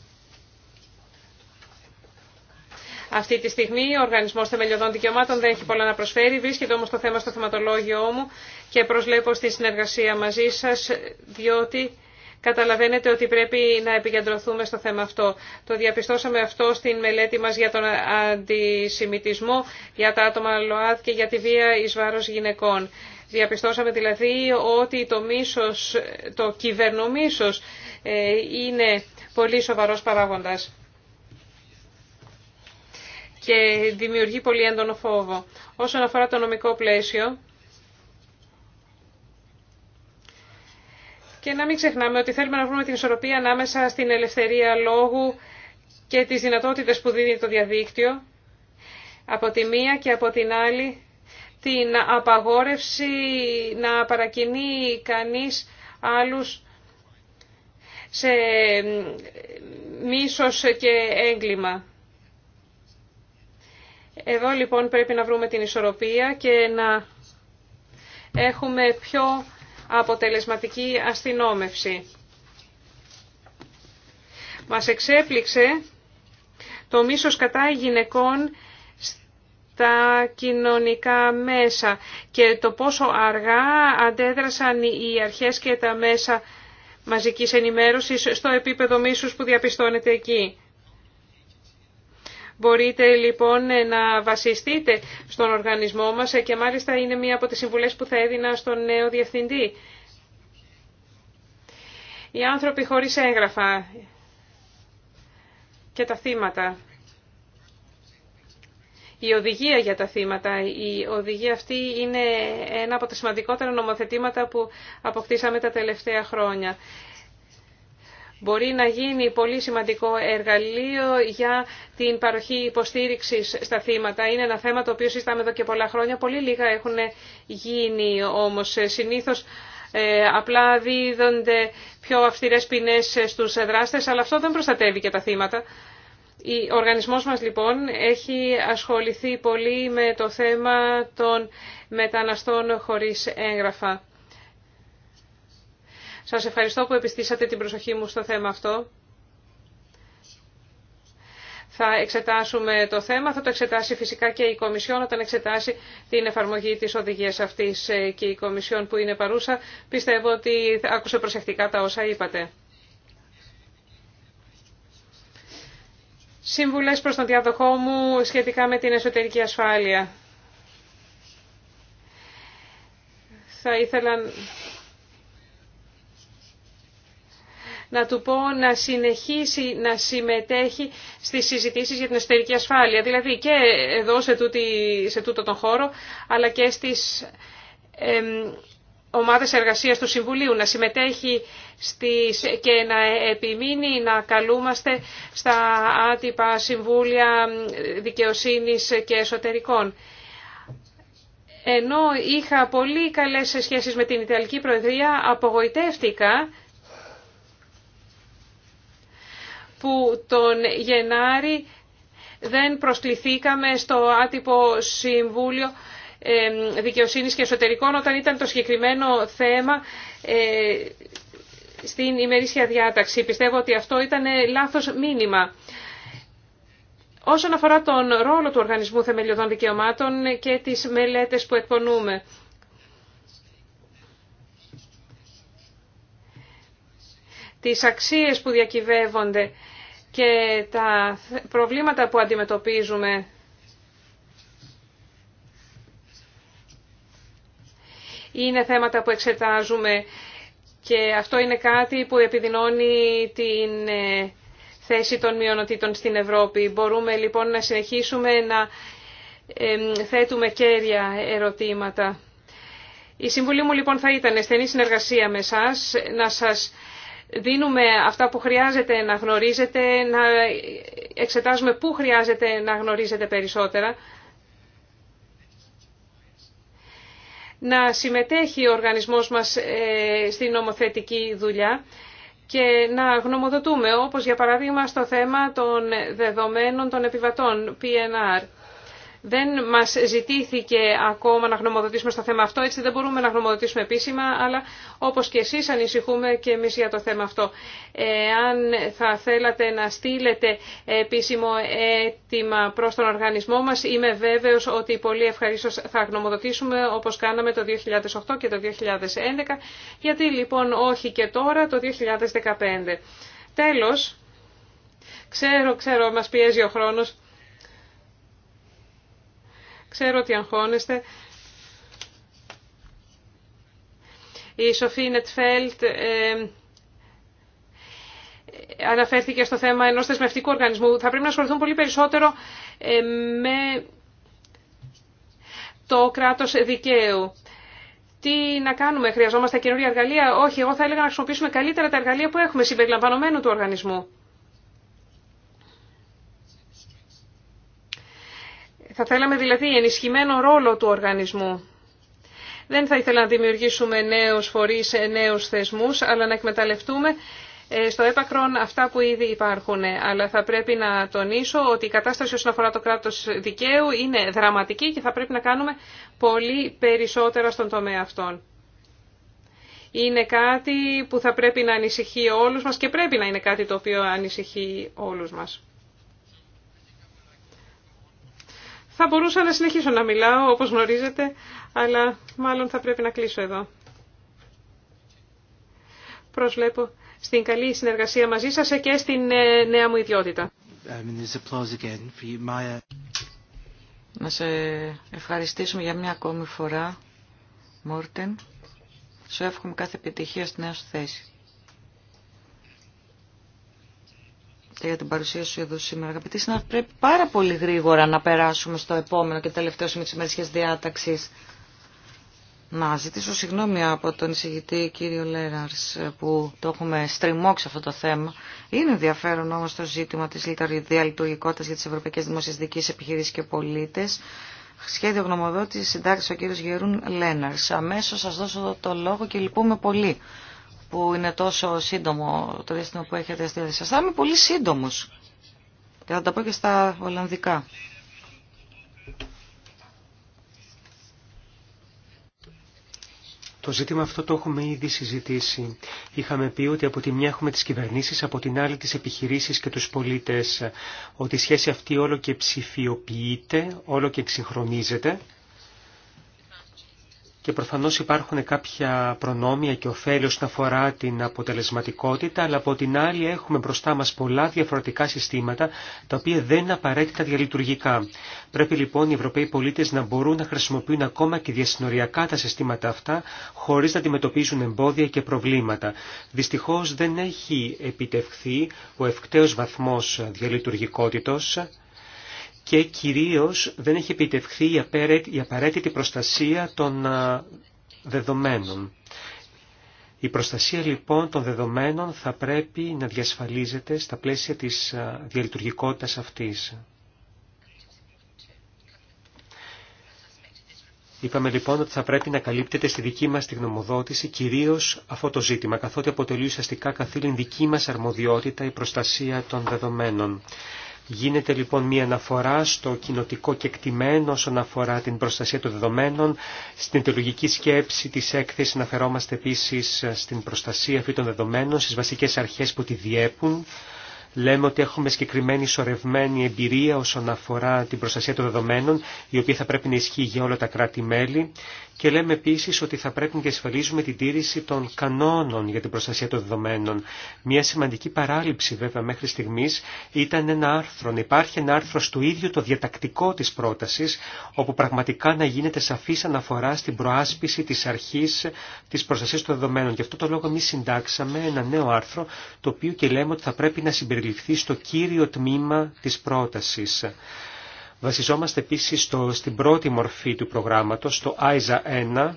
Αυτή τη στιγμή ο Οργανισμό Θεμελιωδών Δικαιωμάτων δεν έχει πολλά να προσφέρει. Βρίσκεται όμω το θέμα στο θεματολόγιο μου και προσλέπω στη συνεργασία μαζί σα, διότι καταλαβαίνετε ότι πρέπει να επικεντρωθούμε στο θέμα αυτό. Το διαπιστώσαμε αυτό στην μελέτη μας για τον αντισημιτισμό, για τα άτομα ΛΟΑΔ και για τη βία εις βάρος γυναικών. Διαπιστώσαμε δηλαδή ότι το, μίσος, το κυβερνομίσος ε, είναι πολύ σοβαρός παράγοντας και δημιουργεί πολύ έντονο φόβο. Όσον αφορά το νομικό πλαίσιο, Και να μην ξεχνάμε ότι θέλουμε να βρούμε την ισορροπία ανάμεσα στην ελευθερία λόγου και τις δυνατότητες που δίνει το διαδίκτυο από τη μία και από την άλλη την απαγόρευση να παρακινεί κανείς άλλους σε μίσος και έγκλημα. Εδώ λοιπόν πρέπει να βρούμε την ισορροπία και να έχουμε πιο αποτελεσματική αστυνόμευση. Μας εξέπληξε το μίσος κατά γυναικών τα κοινωνικά μέσα και το πόσο αργά αντέδρασαν οι αρχές και τα μέσα μαζικής ενημέρωσης στο επίπεδο μίσους που διαπιστώνεται εκεί. Μπορείτε λοιπόν να βασιστείτε στον οργανισμό μας και μάλιστα είναι μία από τις συμβουλές που θα έδινα στον νέο διευθυντή. Οι άνθρωποι χωρίς έγγραφα και τα θύματα. Η οδηγία για τα θύματα. Η οδηγία αυτή είναι ένα από τα σημαντικότερα νομοθετήματα που αποκτήσαμε τα τελευταία χρόνια μπορεί να γίνει πολύ σημαντικό εργαλείο για την παροχή υποστήριξη στα θύματα. Είναι ένα θέμα το οποίο συζητάμε εδώ και πολλά χρόνια. Πολύ λίγα έχουν γίνει όμως. Συνήθως ε, απλά δίδονται πιο αυστηρές ποινέ στου δράστε, αλλά αυτό δεν προστατεύει και τα θύματα. Ο οργανισμός μας λοιπόν έχει ασχοληθεί πολύ με το θέμα των μεταναστών χωρίς έγγραφα. Σας ευχαριστώ που επιστήσατε την προσοχή μου στο θέμα αυτό. Θα εξετάσουμε το θέμα, θα το εξετάσει φυσικά και η Κομισιόν όταν εξετάσει την εφαρμογή της οδηγίας αυτής ε, και η Κομισιόν που είναι παρούσα. Πιστεύω ότι άκουσε προσεκτικά τα όσα είπατε. Σύμβουλες προς τον διαδοχό μου σχετικά με την εσωτερική ασφάλεια. Θα ήθελα να του πω να συνεχίσει να συμμετέχει στις συζητήσεις για την εσωτερική ασφάλεια. Δηλαδή και εδώ σε, τούτο τον χώρο, αλλά και στις ε, ομάδες εργασίας του Συμβουλίου, να συμμετέχει στις, και να επιμείνει να καλούμαστε στα άτυπα Συμβούλια Δικαιοσύνης και Εσωτερικών. Ενώ είχα πολύ καλές σχέσεις με την Ιταλική Προεδρία, απογοητεύτηκα που τον Γενάρη δεν προσκληθήκαμε στο άτυπο Συμβούλιο Δικαιοσύνης και Εσωτερικών όταν ήταν το συγκεκριμένο θέμα ε, στην ημερήσια διάταξη. Πιστεύω ότι αυτό ήταν λάθος μήνυμα. Όσον αφορά τον ρόλο του Οργανισμού Θεμελιωδών Δικαιωμάτων και τις μελέτες που εκπονούμε. Τις αξίες που διακυβεύονται και τα προβλήματα που αντιμετωπίζουμε είναι θέματα που εξετάζουμε και αυτό είναι κάτι που επιδεινώνει την ε, θέση των μειονοτήτων στην Ευρώπη. Μπορούμε λοιπόν να συνεχίσουμε να θέτουμε κέρια ερωτήματα. Η συμβουλή μου λοιπόν θα ήταν στενή συνεργασία με σας, να σας δίνουμε αυτά που χρειάζεται να γνωρίζετε, να εξετάζουμε πού χρειάζεται να γνωρίζετε περισσότερα. Να συμμετέχει ο οργανισμός μας ε, στην νομοθετική δουλειά και να γνωμοδοτούμε, όπως για παράδειγμα στο θέμα των δεδομένων των επιβατών, PNR. Δεν μα ζητήθηκε ακόμα να γνωμοδοτήσουμε στο θέμα αυτό, έτσι δεν μπορούμε να γνωμοδοτήσουμε επίσημα, αλλά όπω και εσεί ανησυχούμε και εμεί για το θέμα αυτό. Αν θα θέλατε να στείλετε επίσημο αίτημα προ τον οργανισμό μα, είμαι βέβαιο ότι πολύ ευχαρίστω θα γνωμοδοτήσουμε όπω κάναμε το 2008 και το 2011, γιατί λοιπόν όχι και τώρα το 2015. Τέλος, ξέρω, ξέρω, μας πιέζει ο χρόνος. Ξέρω ότι αγχώνεστε. Η Σοφή Νετφέλτ ε, ε, αναφέρθηκε στο θέμα ενός θεσμευτικού οργανισμού. Θα πρέπει να ασχοληθούν πολύ περισσότερο ε, με το κράτος δικαίου. Τι να κάνουμε, χρειαζόμαστε καινούργια εργαλεία. Όχι, εγώ θα έλεγα να χρησιμοποιήσουμε καλύτερα τα εργαλεία που έχουμε συμπεριλαμβανομένου του οργανισμού. Θα θέλαμε δηλαδή ενισχυμένο ρόλο του οργανισμού. Δεν θα ήθελα να δημιουργήσουμε νέους φορείς, ε, νέους θεσμούς, αλλά να εκμεταλλευτούμε ε, στο έπακρον αυτά που ήδη υπάρχουν. Αλλά θα πρέπει να τονίσω ότι η κατάσταση όσον αφορά το κράτος δικαίου είναι δραματική και θα πρέπει να κάνουμε πολύ περισσότερα στον τομέα αυτών. Είναι κάτι που θα πρέπει να ανησυχεί όλους μας και πρέπει να είναι κάτι το οποίο ανησυχεί όλους μας. Θα μπορούσα να συνεχίσω να μιλάω, όπως γνωρίζετε, αλλά μάλλον θα πρέπει να κλείσω εδώ. Προσβλέπω στην καλή συνεργασία μαζί σας και στην ε, νέα μου ιδιότητα. Um, να σε ευχαριστήσουμε για μια ακόμη φορά, Μόρτεν. Σου εύχομαι κάθε επιτυχία στη νέα σου θέση. και για την παρουσία σου εδώ σήμερα. Αγαπητοί συνάδελφοι, πρέπει πάρα πολύ γρήγορα να περάσουμε στο επόμενο και τελευταίο σημείο τη ημερησία διάταξη. Να ζητήσω συγγνώμη από τον εισηγητή κύριο Λέραρ που το έχουμε στριμώξει αυτό το θέμα. Είναι ενδιαφέρον όμω το ζήτημα της Λειτουργικότητας για τι ευρωπαϊκές Δημοσιαστικές επιχειρήσει επιχειρήσεις και Πολίτε. Σχέδιο γνωμοδότηση συντάξει ο κύριο Γερούν Λέναρ. Αμέσω σα δώσω το λόγο και λυπούμε πολύ που είναι τόσο σύντομο το διάστημα που έχετε στη διάθεσή σας. Θα είμαι πολύ σύντομος και θα τα πω και στα Ολλανδικά. Το ζήτημα αυτό το έχουμε ήδη συζητήσει. Είχαμε πει ότι από τη μια έχουμε τις κυβερνήσεις, από την άλλη τις επιχειρήσεις και τους πολίτες. Ότι η σχέση αυτή όλο και ψηφιοποιείται, όλο και εξυγχρονίζεται και προφανώς υπάρχουν κάποια προνόμια και ωφέλη όσον αφορά την αποτελεσματικότητα, αλλά από την άλλη έχουμε μπροστά μας πολλά διαφορετικά συστήματα, τα οποία δεν είναι απαραίτητα διαλειτουργικά. Πρέπει λοιπόν οι Ευρωπαίοι πολίτες να μπορούν να χρησιμοποιούν ακόμα και διασυνοριακά τα συστήματα αυτά, χωρίς να αντιμετωπίζουν εμπόδια και προβλήματα. Δυστυχώς δεν έχει επιτευχθεί ο ευκταίος βαθμός διαλειτουργικότητος, και κυρίως δεν έχει επιτευχθεί η απαραίτητη προστασία των δεδομένων. Η προστασία λοιπόν των δεδομένων θα πρέπει να διασφαλίζεται στα πλαίσια της διαλειτουργικότητας αυτής. Είπαμε λοιπόν ότι θα πρέπει να καλύπτεται στη δική μας τη γνωμοδότηση κυρίως αυτό το ζήτημα, καθότι αποτελεί ουσιαστικά καθήλυν δική μας αρμοδιότητα η προστασία των δεδομένων. Γίνεται λοιπόν μια αναφορά στο κοινοτικό κεκτημένο όσον αφορά την προστασία των δεδομένων. Στην τελογική σκέψη της έκθεσης αναφερόμαστε επίσης στην προστασία αυτών των δεδομένων, στις βασικές αρχές που τη διέπουν. Λέμε ότι έχουμε συγκεκριμένη σωρευμένη εμπειρία όσον αφορά την προστασία των δεδομένων, η οποία θα πρέπει να ισχύει για όλα τα κράτη-μέλη και λέμε επίση ότι θα πρέπει να διασφαλίζουμε την τήρηση των κανόνων για την προστασία των δεδομένων. Μια σημαντική παράληψη βέβαια μέχρι στιγμή ήταν ένα άρθρο. Υπάρχει ένα άρθρο στο ίδιο το διατακτικό τη πρόταση, όπου πραγματικά να γίνεται σαφή αναφορά στην προάσπιση τη αρχή τη προστασία των δεδομένων. Γι' αυτό το λόγο εμεί συντάξαμε ένα νέο άρθρο, το οποίο και λέμε ότι θα πρέπει να συμπεριληφθεί στο κύριο τμήμα τη πρόταση. Βασιζόμαστε επίσης στο, στην πρώτη μορφή του προγράμματος, το ISA 1.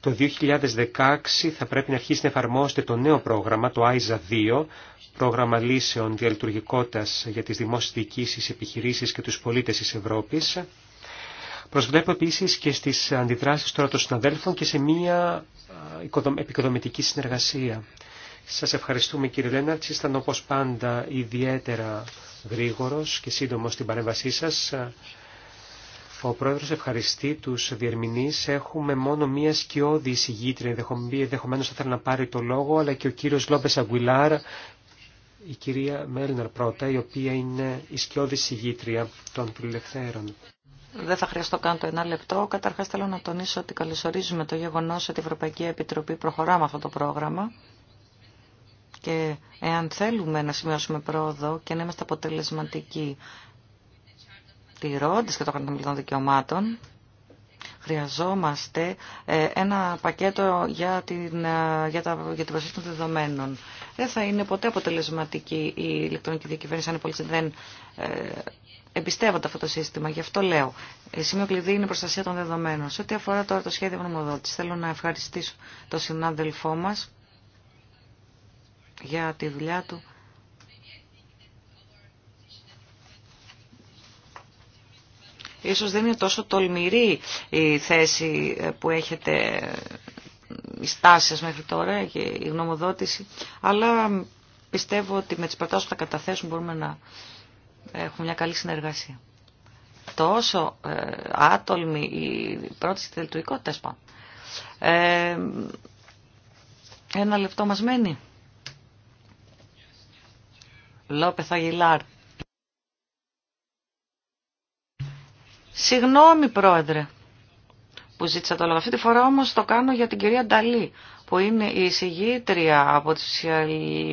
Το 2016 θα πρέπει να αρχίσει να εφαρμόζεται το νέο πρόγραμμα, το ISA 2, πρόγραμμα λύσεων διαλειτουργικότητας για τις δημόσιες διοικήσεις, επιχειρήσεις και τους πολίτες της Ευρώπης. Προσβλέπω επίσης και στις αντιδράσεις τώρα των συναδέλφων και σε μία επικοδομητική συνεργασία. Σας ευχαριστούμε κύριε Λέναρτς. Ήσταν όπως πάντα ιδιαίτερα γρήγορος και σύντομος στην παρέμβασή σας. Ο πρόεδρος ευχαριστεί τους διερμηνείς. Έχουμε μόνο μία σκιώδη εισηγήτρια, ενδεχομένω θα θέλω να πάρει το λόγο, αλλά και ο κύριος Λόμπες Αγκουιλάρ, η κυρία Μέλναρ πρώτα, η οποία είναι η σκιώδη εισηγήτρια των φιλελευθέρων. Δεν θα χρειαστώ καν το ένα λεπτό. Καταρχά θέλω να τονίσω ότι καλωσορίζουμε το γεγονό ότι η Ευρωπαϊκή Επιτροπή προχωρά με αυτό το πρόγραμμα και εάν θέλουμε να σημειώσουμε πρόοδο και να είμαστε αποτελεσματικοί τηρώντας και το των δικαιωμάτων, χρειαζόμαστε ε, ένα πακέτο για την, ε, για τα, για την προσέγγιση των δεδομένων. Δεν θα είναι ποτέ αποτελεσματική η ηλεκτρονική διακυβέρνηση αν οι πολίτες δεν ε, εμπιστεύονται αυτό το σύστημα. Γι' αυτό λέω, η σημείο κλειδί είναι η προστασία των δεδομένων. Σε ό,τι αφορά τώρα το σχέδιο γνωμοδότηση, θέλω να ευχαριστήσω τον συνάδελφό μας για τη δουλειά του. Ίσως δεν είναι τόσο τολμηρή η θέση που έχετε οι μέχρι τώρα και η γνωμοδότηση, αλλά πιστεύω ότι με τις προτάσεις που θα καταθέσουν μπορούμε να έχουμε μια καλή συνεργασία. Τόσο ε, άτολμη η πρόταση του πάνω. Ε, ένα λεπτό μας μένει. Λόπεθ Αγιλάρ. Συγγνώμη, πρόεδρε, που ζήτησα το λόγο. Αυτή τη φορά όμως το κάνω για την κυρία Νταλή, που είναι η εισηγήτρια από τη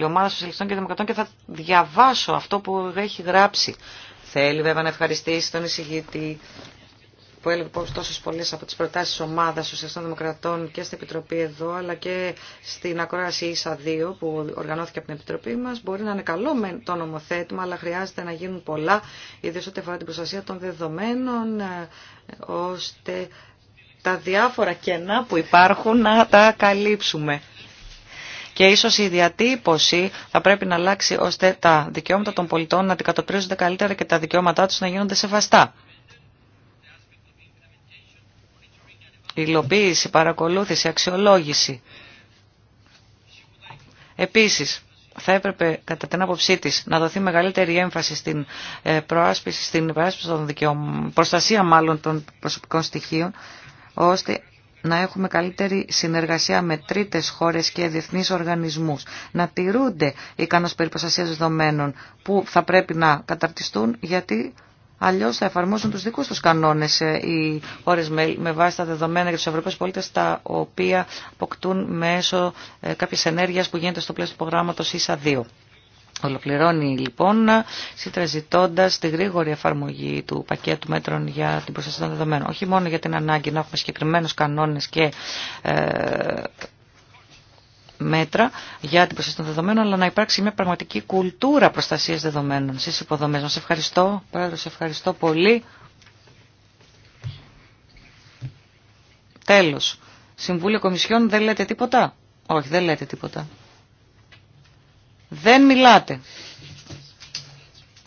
ομάδα Σοσιαλιστών και Δημοκρατών και θα διαβάσω αυτό που έχει γράψει. Θέλει βέβαια να ευχαριστήσει τον εισηγήτη που έλεγε πω τόσε πολλέ από τι προτάσει τη ομάδα των Σοσιαλιστών Δημοκρατών και στην Επιτροπή εδώ, αλλά και στην ακρόαση ΙΣΑ 2 που οργανώθηκε από την Επιτροπή μα. Μπορεί να είναι καλό με το νομοθέτημα, αλλά χρειάζεται να γίνουν πολλά, ιδίω ό,τι αφορά την προστασία των δεδομένων, ε, ώστε τα διάφορα κενά που υπάρχουν να τα καλύψουμε. Και ίσω η διατύπωση θα πρέπει να αλλάξει ώστε τα δικαιώματα των πολιτών να αντικατοπτρίζονται καλύτερα και τα δικαιώματά του να γίνονται σεβαστά. υλοποίηση, παρακολούθηση, αξιολόγηση. Επίσης, θα έπρεπε κατά την άποψή της να δοθεί μεγαλύτερη έμφαση στην ε, προάσπιση, στην προάσπιση των δικαιωμάτων, προστασία μάλλον των προσωπικών στοιχείων, ώστε να έχουμε καλύτερη συνεργασία με τρίτες χώρες και διεθνείς οργανισμούς, να τηρούνται οι ικανός περιπροστασίας δεδομένων που θα πρέπει να καταρτιστούν γιατί Αλλιώ θα εφαρμόσουν του δικού του κανόνε ε, οι χώρε με βάση τα δεδομένα για του Ευρωπαίου πολίτε, τα οποία αποκτούν μέσω ε, κάποιες ενέργεια που γίνεται στο πλαίσιο του προγράμματο ΙΣΑ 2. Ολοκληρώνει λοιπόν, συντραζητώντα τη γρήγορη εφαρμογή του πακέτου μέτρων για την προστασία των δεδομένων. Όχι μόνο για την ανάγκη να έχουμε συγκεκριμένου κανόνε και ε, μέτρα για την προστασία των δεδομένων, αλλά να υπάρξει μια πραγματική κουλτούρα προστασίας δεδομένων στις υποδομές μας. Ευχαριστώ, σε ευχαριστώ πολύ. Τέλος. Συμβούλιο Κομισιόν δεν λέτε τίποτα. Όχι, δεν λέτε τίποτα. Δεν μιλάτε.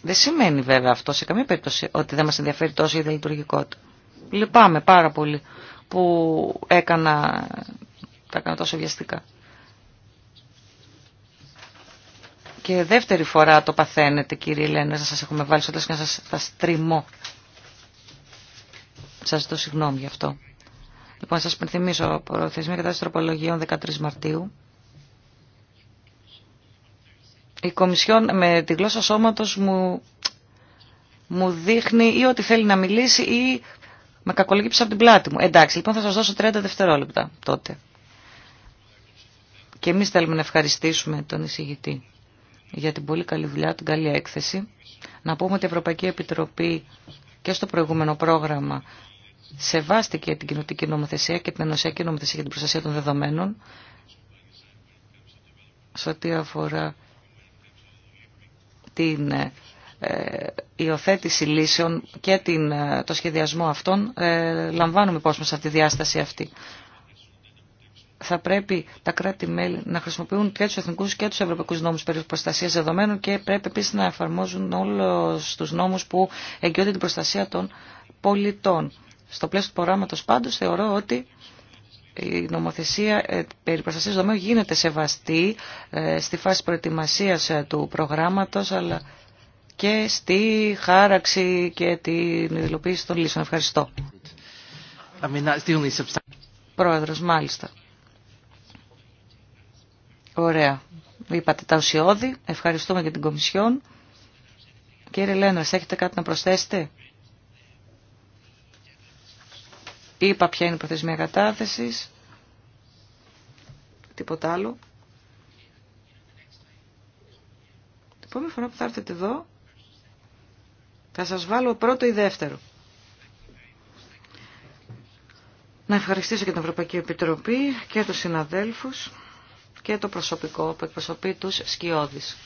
Δεν σημαίνει βέβαια αυτό σε καμία περίπτωση ότι δεν μας ενδιαφέρει τόσο η διαλειτουργικότητα. Λυπάμαι πάρα πολύ που έκανα, τα έκανα τόσο βιαστικά. Και δεύτερη φορά το παθαίνετε κύριε Ελένα, να σας έχουμε βάλει στο και να σας θα στριμώ. Σας ζητώ συγγνώμη γι' αυτό. Λοιπόν, σας πενθυμίσω, προθεσμία κατάσταση τροπολογίων 13 Μαρτίου. Η Κομισιόν με τη γλώσσα σώματος μου, μου δείχνει ή ότι θέλει να μιλήσει ή με κακολόγηψε από την πλάτη μου. Εντάξει, λοιπόν θα σας δώσω 30 δευτερόλεπτα τότε. Και εμείς θέλουμε να ευχαριστήσουμε τον εισηγητή για την πολύ καλή δουλειά, την καλή έκθεση. Να πούμε ότι η Ευρωπαϊκή Επιτροπή και στο προηγούμενο πρόγραμμα σεβάστηκε την κοινωτική νομοθεσία και την ενωσιακή νομοθεσία για την προστασία των δεδομένων σε ό,τι αφορά την ε, ε υιοθέτηση λύσεων και την, ε, το σχεδιασμό αυτών ε, λαμβάνουμε υπόσχεση σε αυτή τη διάσταση αυτή θα πρέπει τα κράτη-μέλη να χρησιμοποιούν και τους εθνικούς και του ευρωπαϊκούς νόμους περί προστασίας δεδομένων και πρέπει επίσης να εφαρμόζουν όλους τους νόμους που εγγυώνται την προστασία των πολιτών. Στο πλαίσιο του προγράμματος πάντως θεωρώ ότι η νομοθεσία ε, περί προστασίας δεδομένων γίνεται σεβαστή ε, στη φάση προετοιμασίας ε, του προγράμματος αλλά και στη χάραξη και την υλοποίηση των λύσεων. Ευχαριστώ. I μάλιστα. Ωραία. Είπατε τα ουσιώδη. Ευχαριστούμε και την Κομισιόν. Κύριε Λένρας, έχετε κάτι να προσθέσετε. Είπα ποια είναι η προθεσμία κατάθεσης. Τίποτα άλλο. Την επόμενη φορά που θα έρθετε εδώ, θα σας βάλω πρώτο ή δεύτερο. Να ευχαριστήσω και την Ευρωπαϊκή Επιτροπή και τους συναδέλφους και το προσωπικό που εκπροσωπεί τους σκιώδης.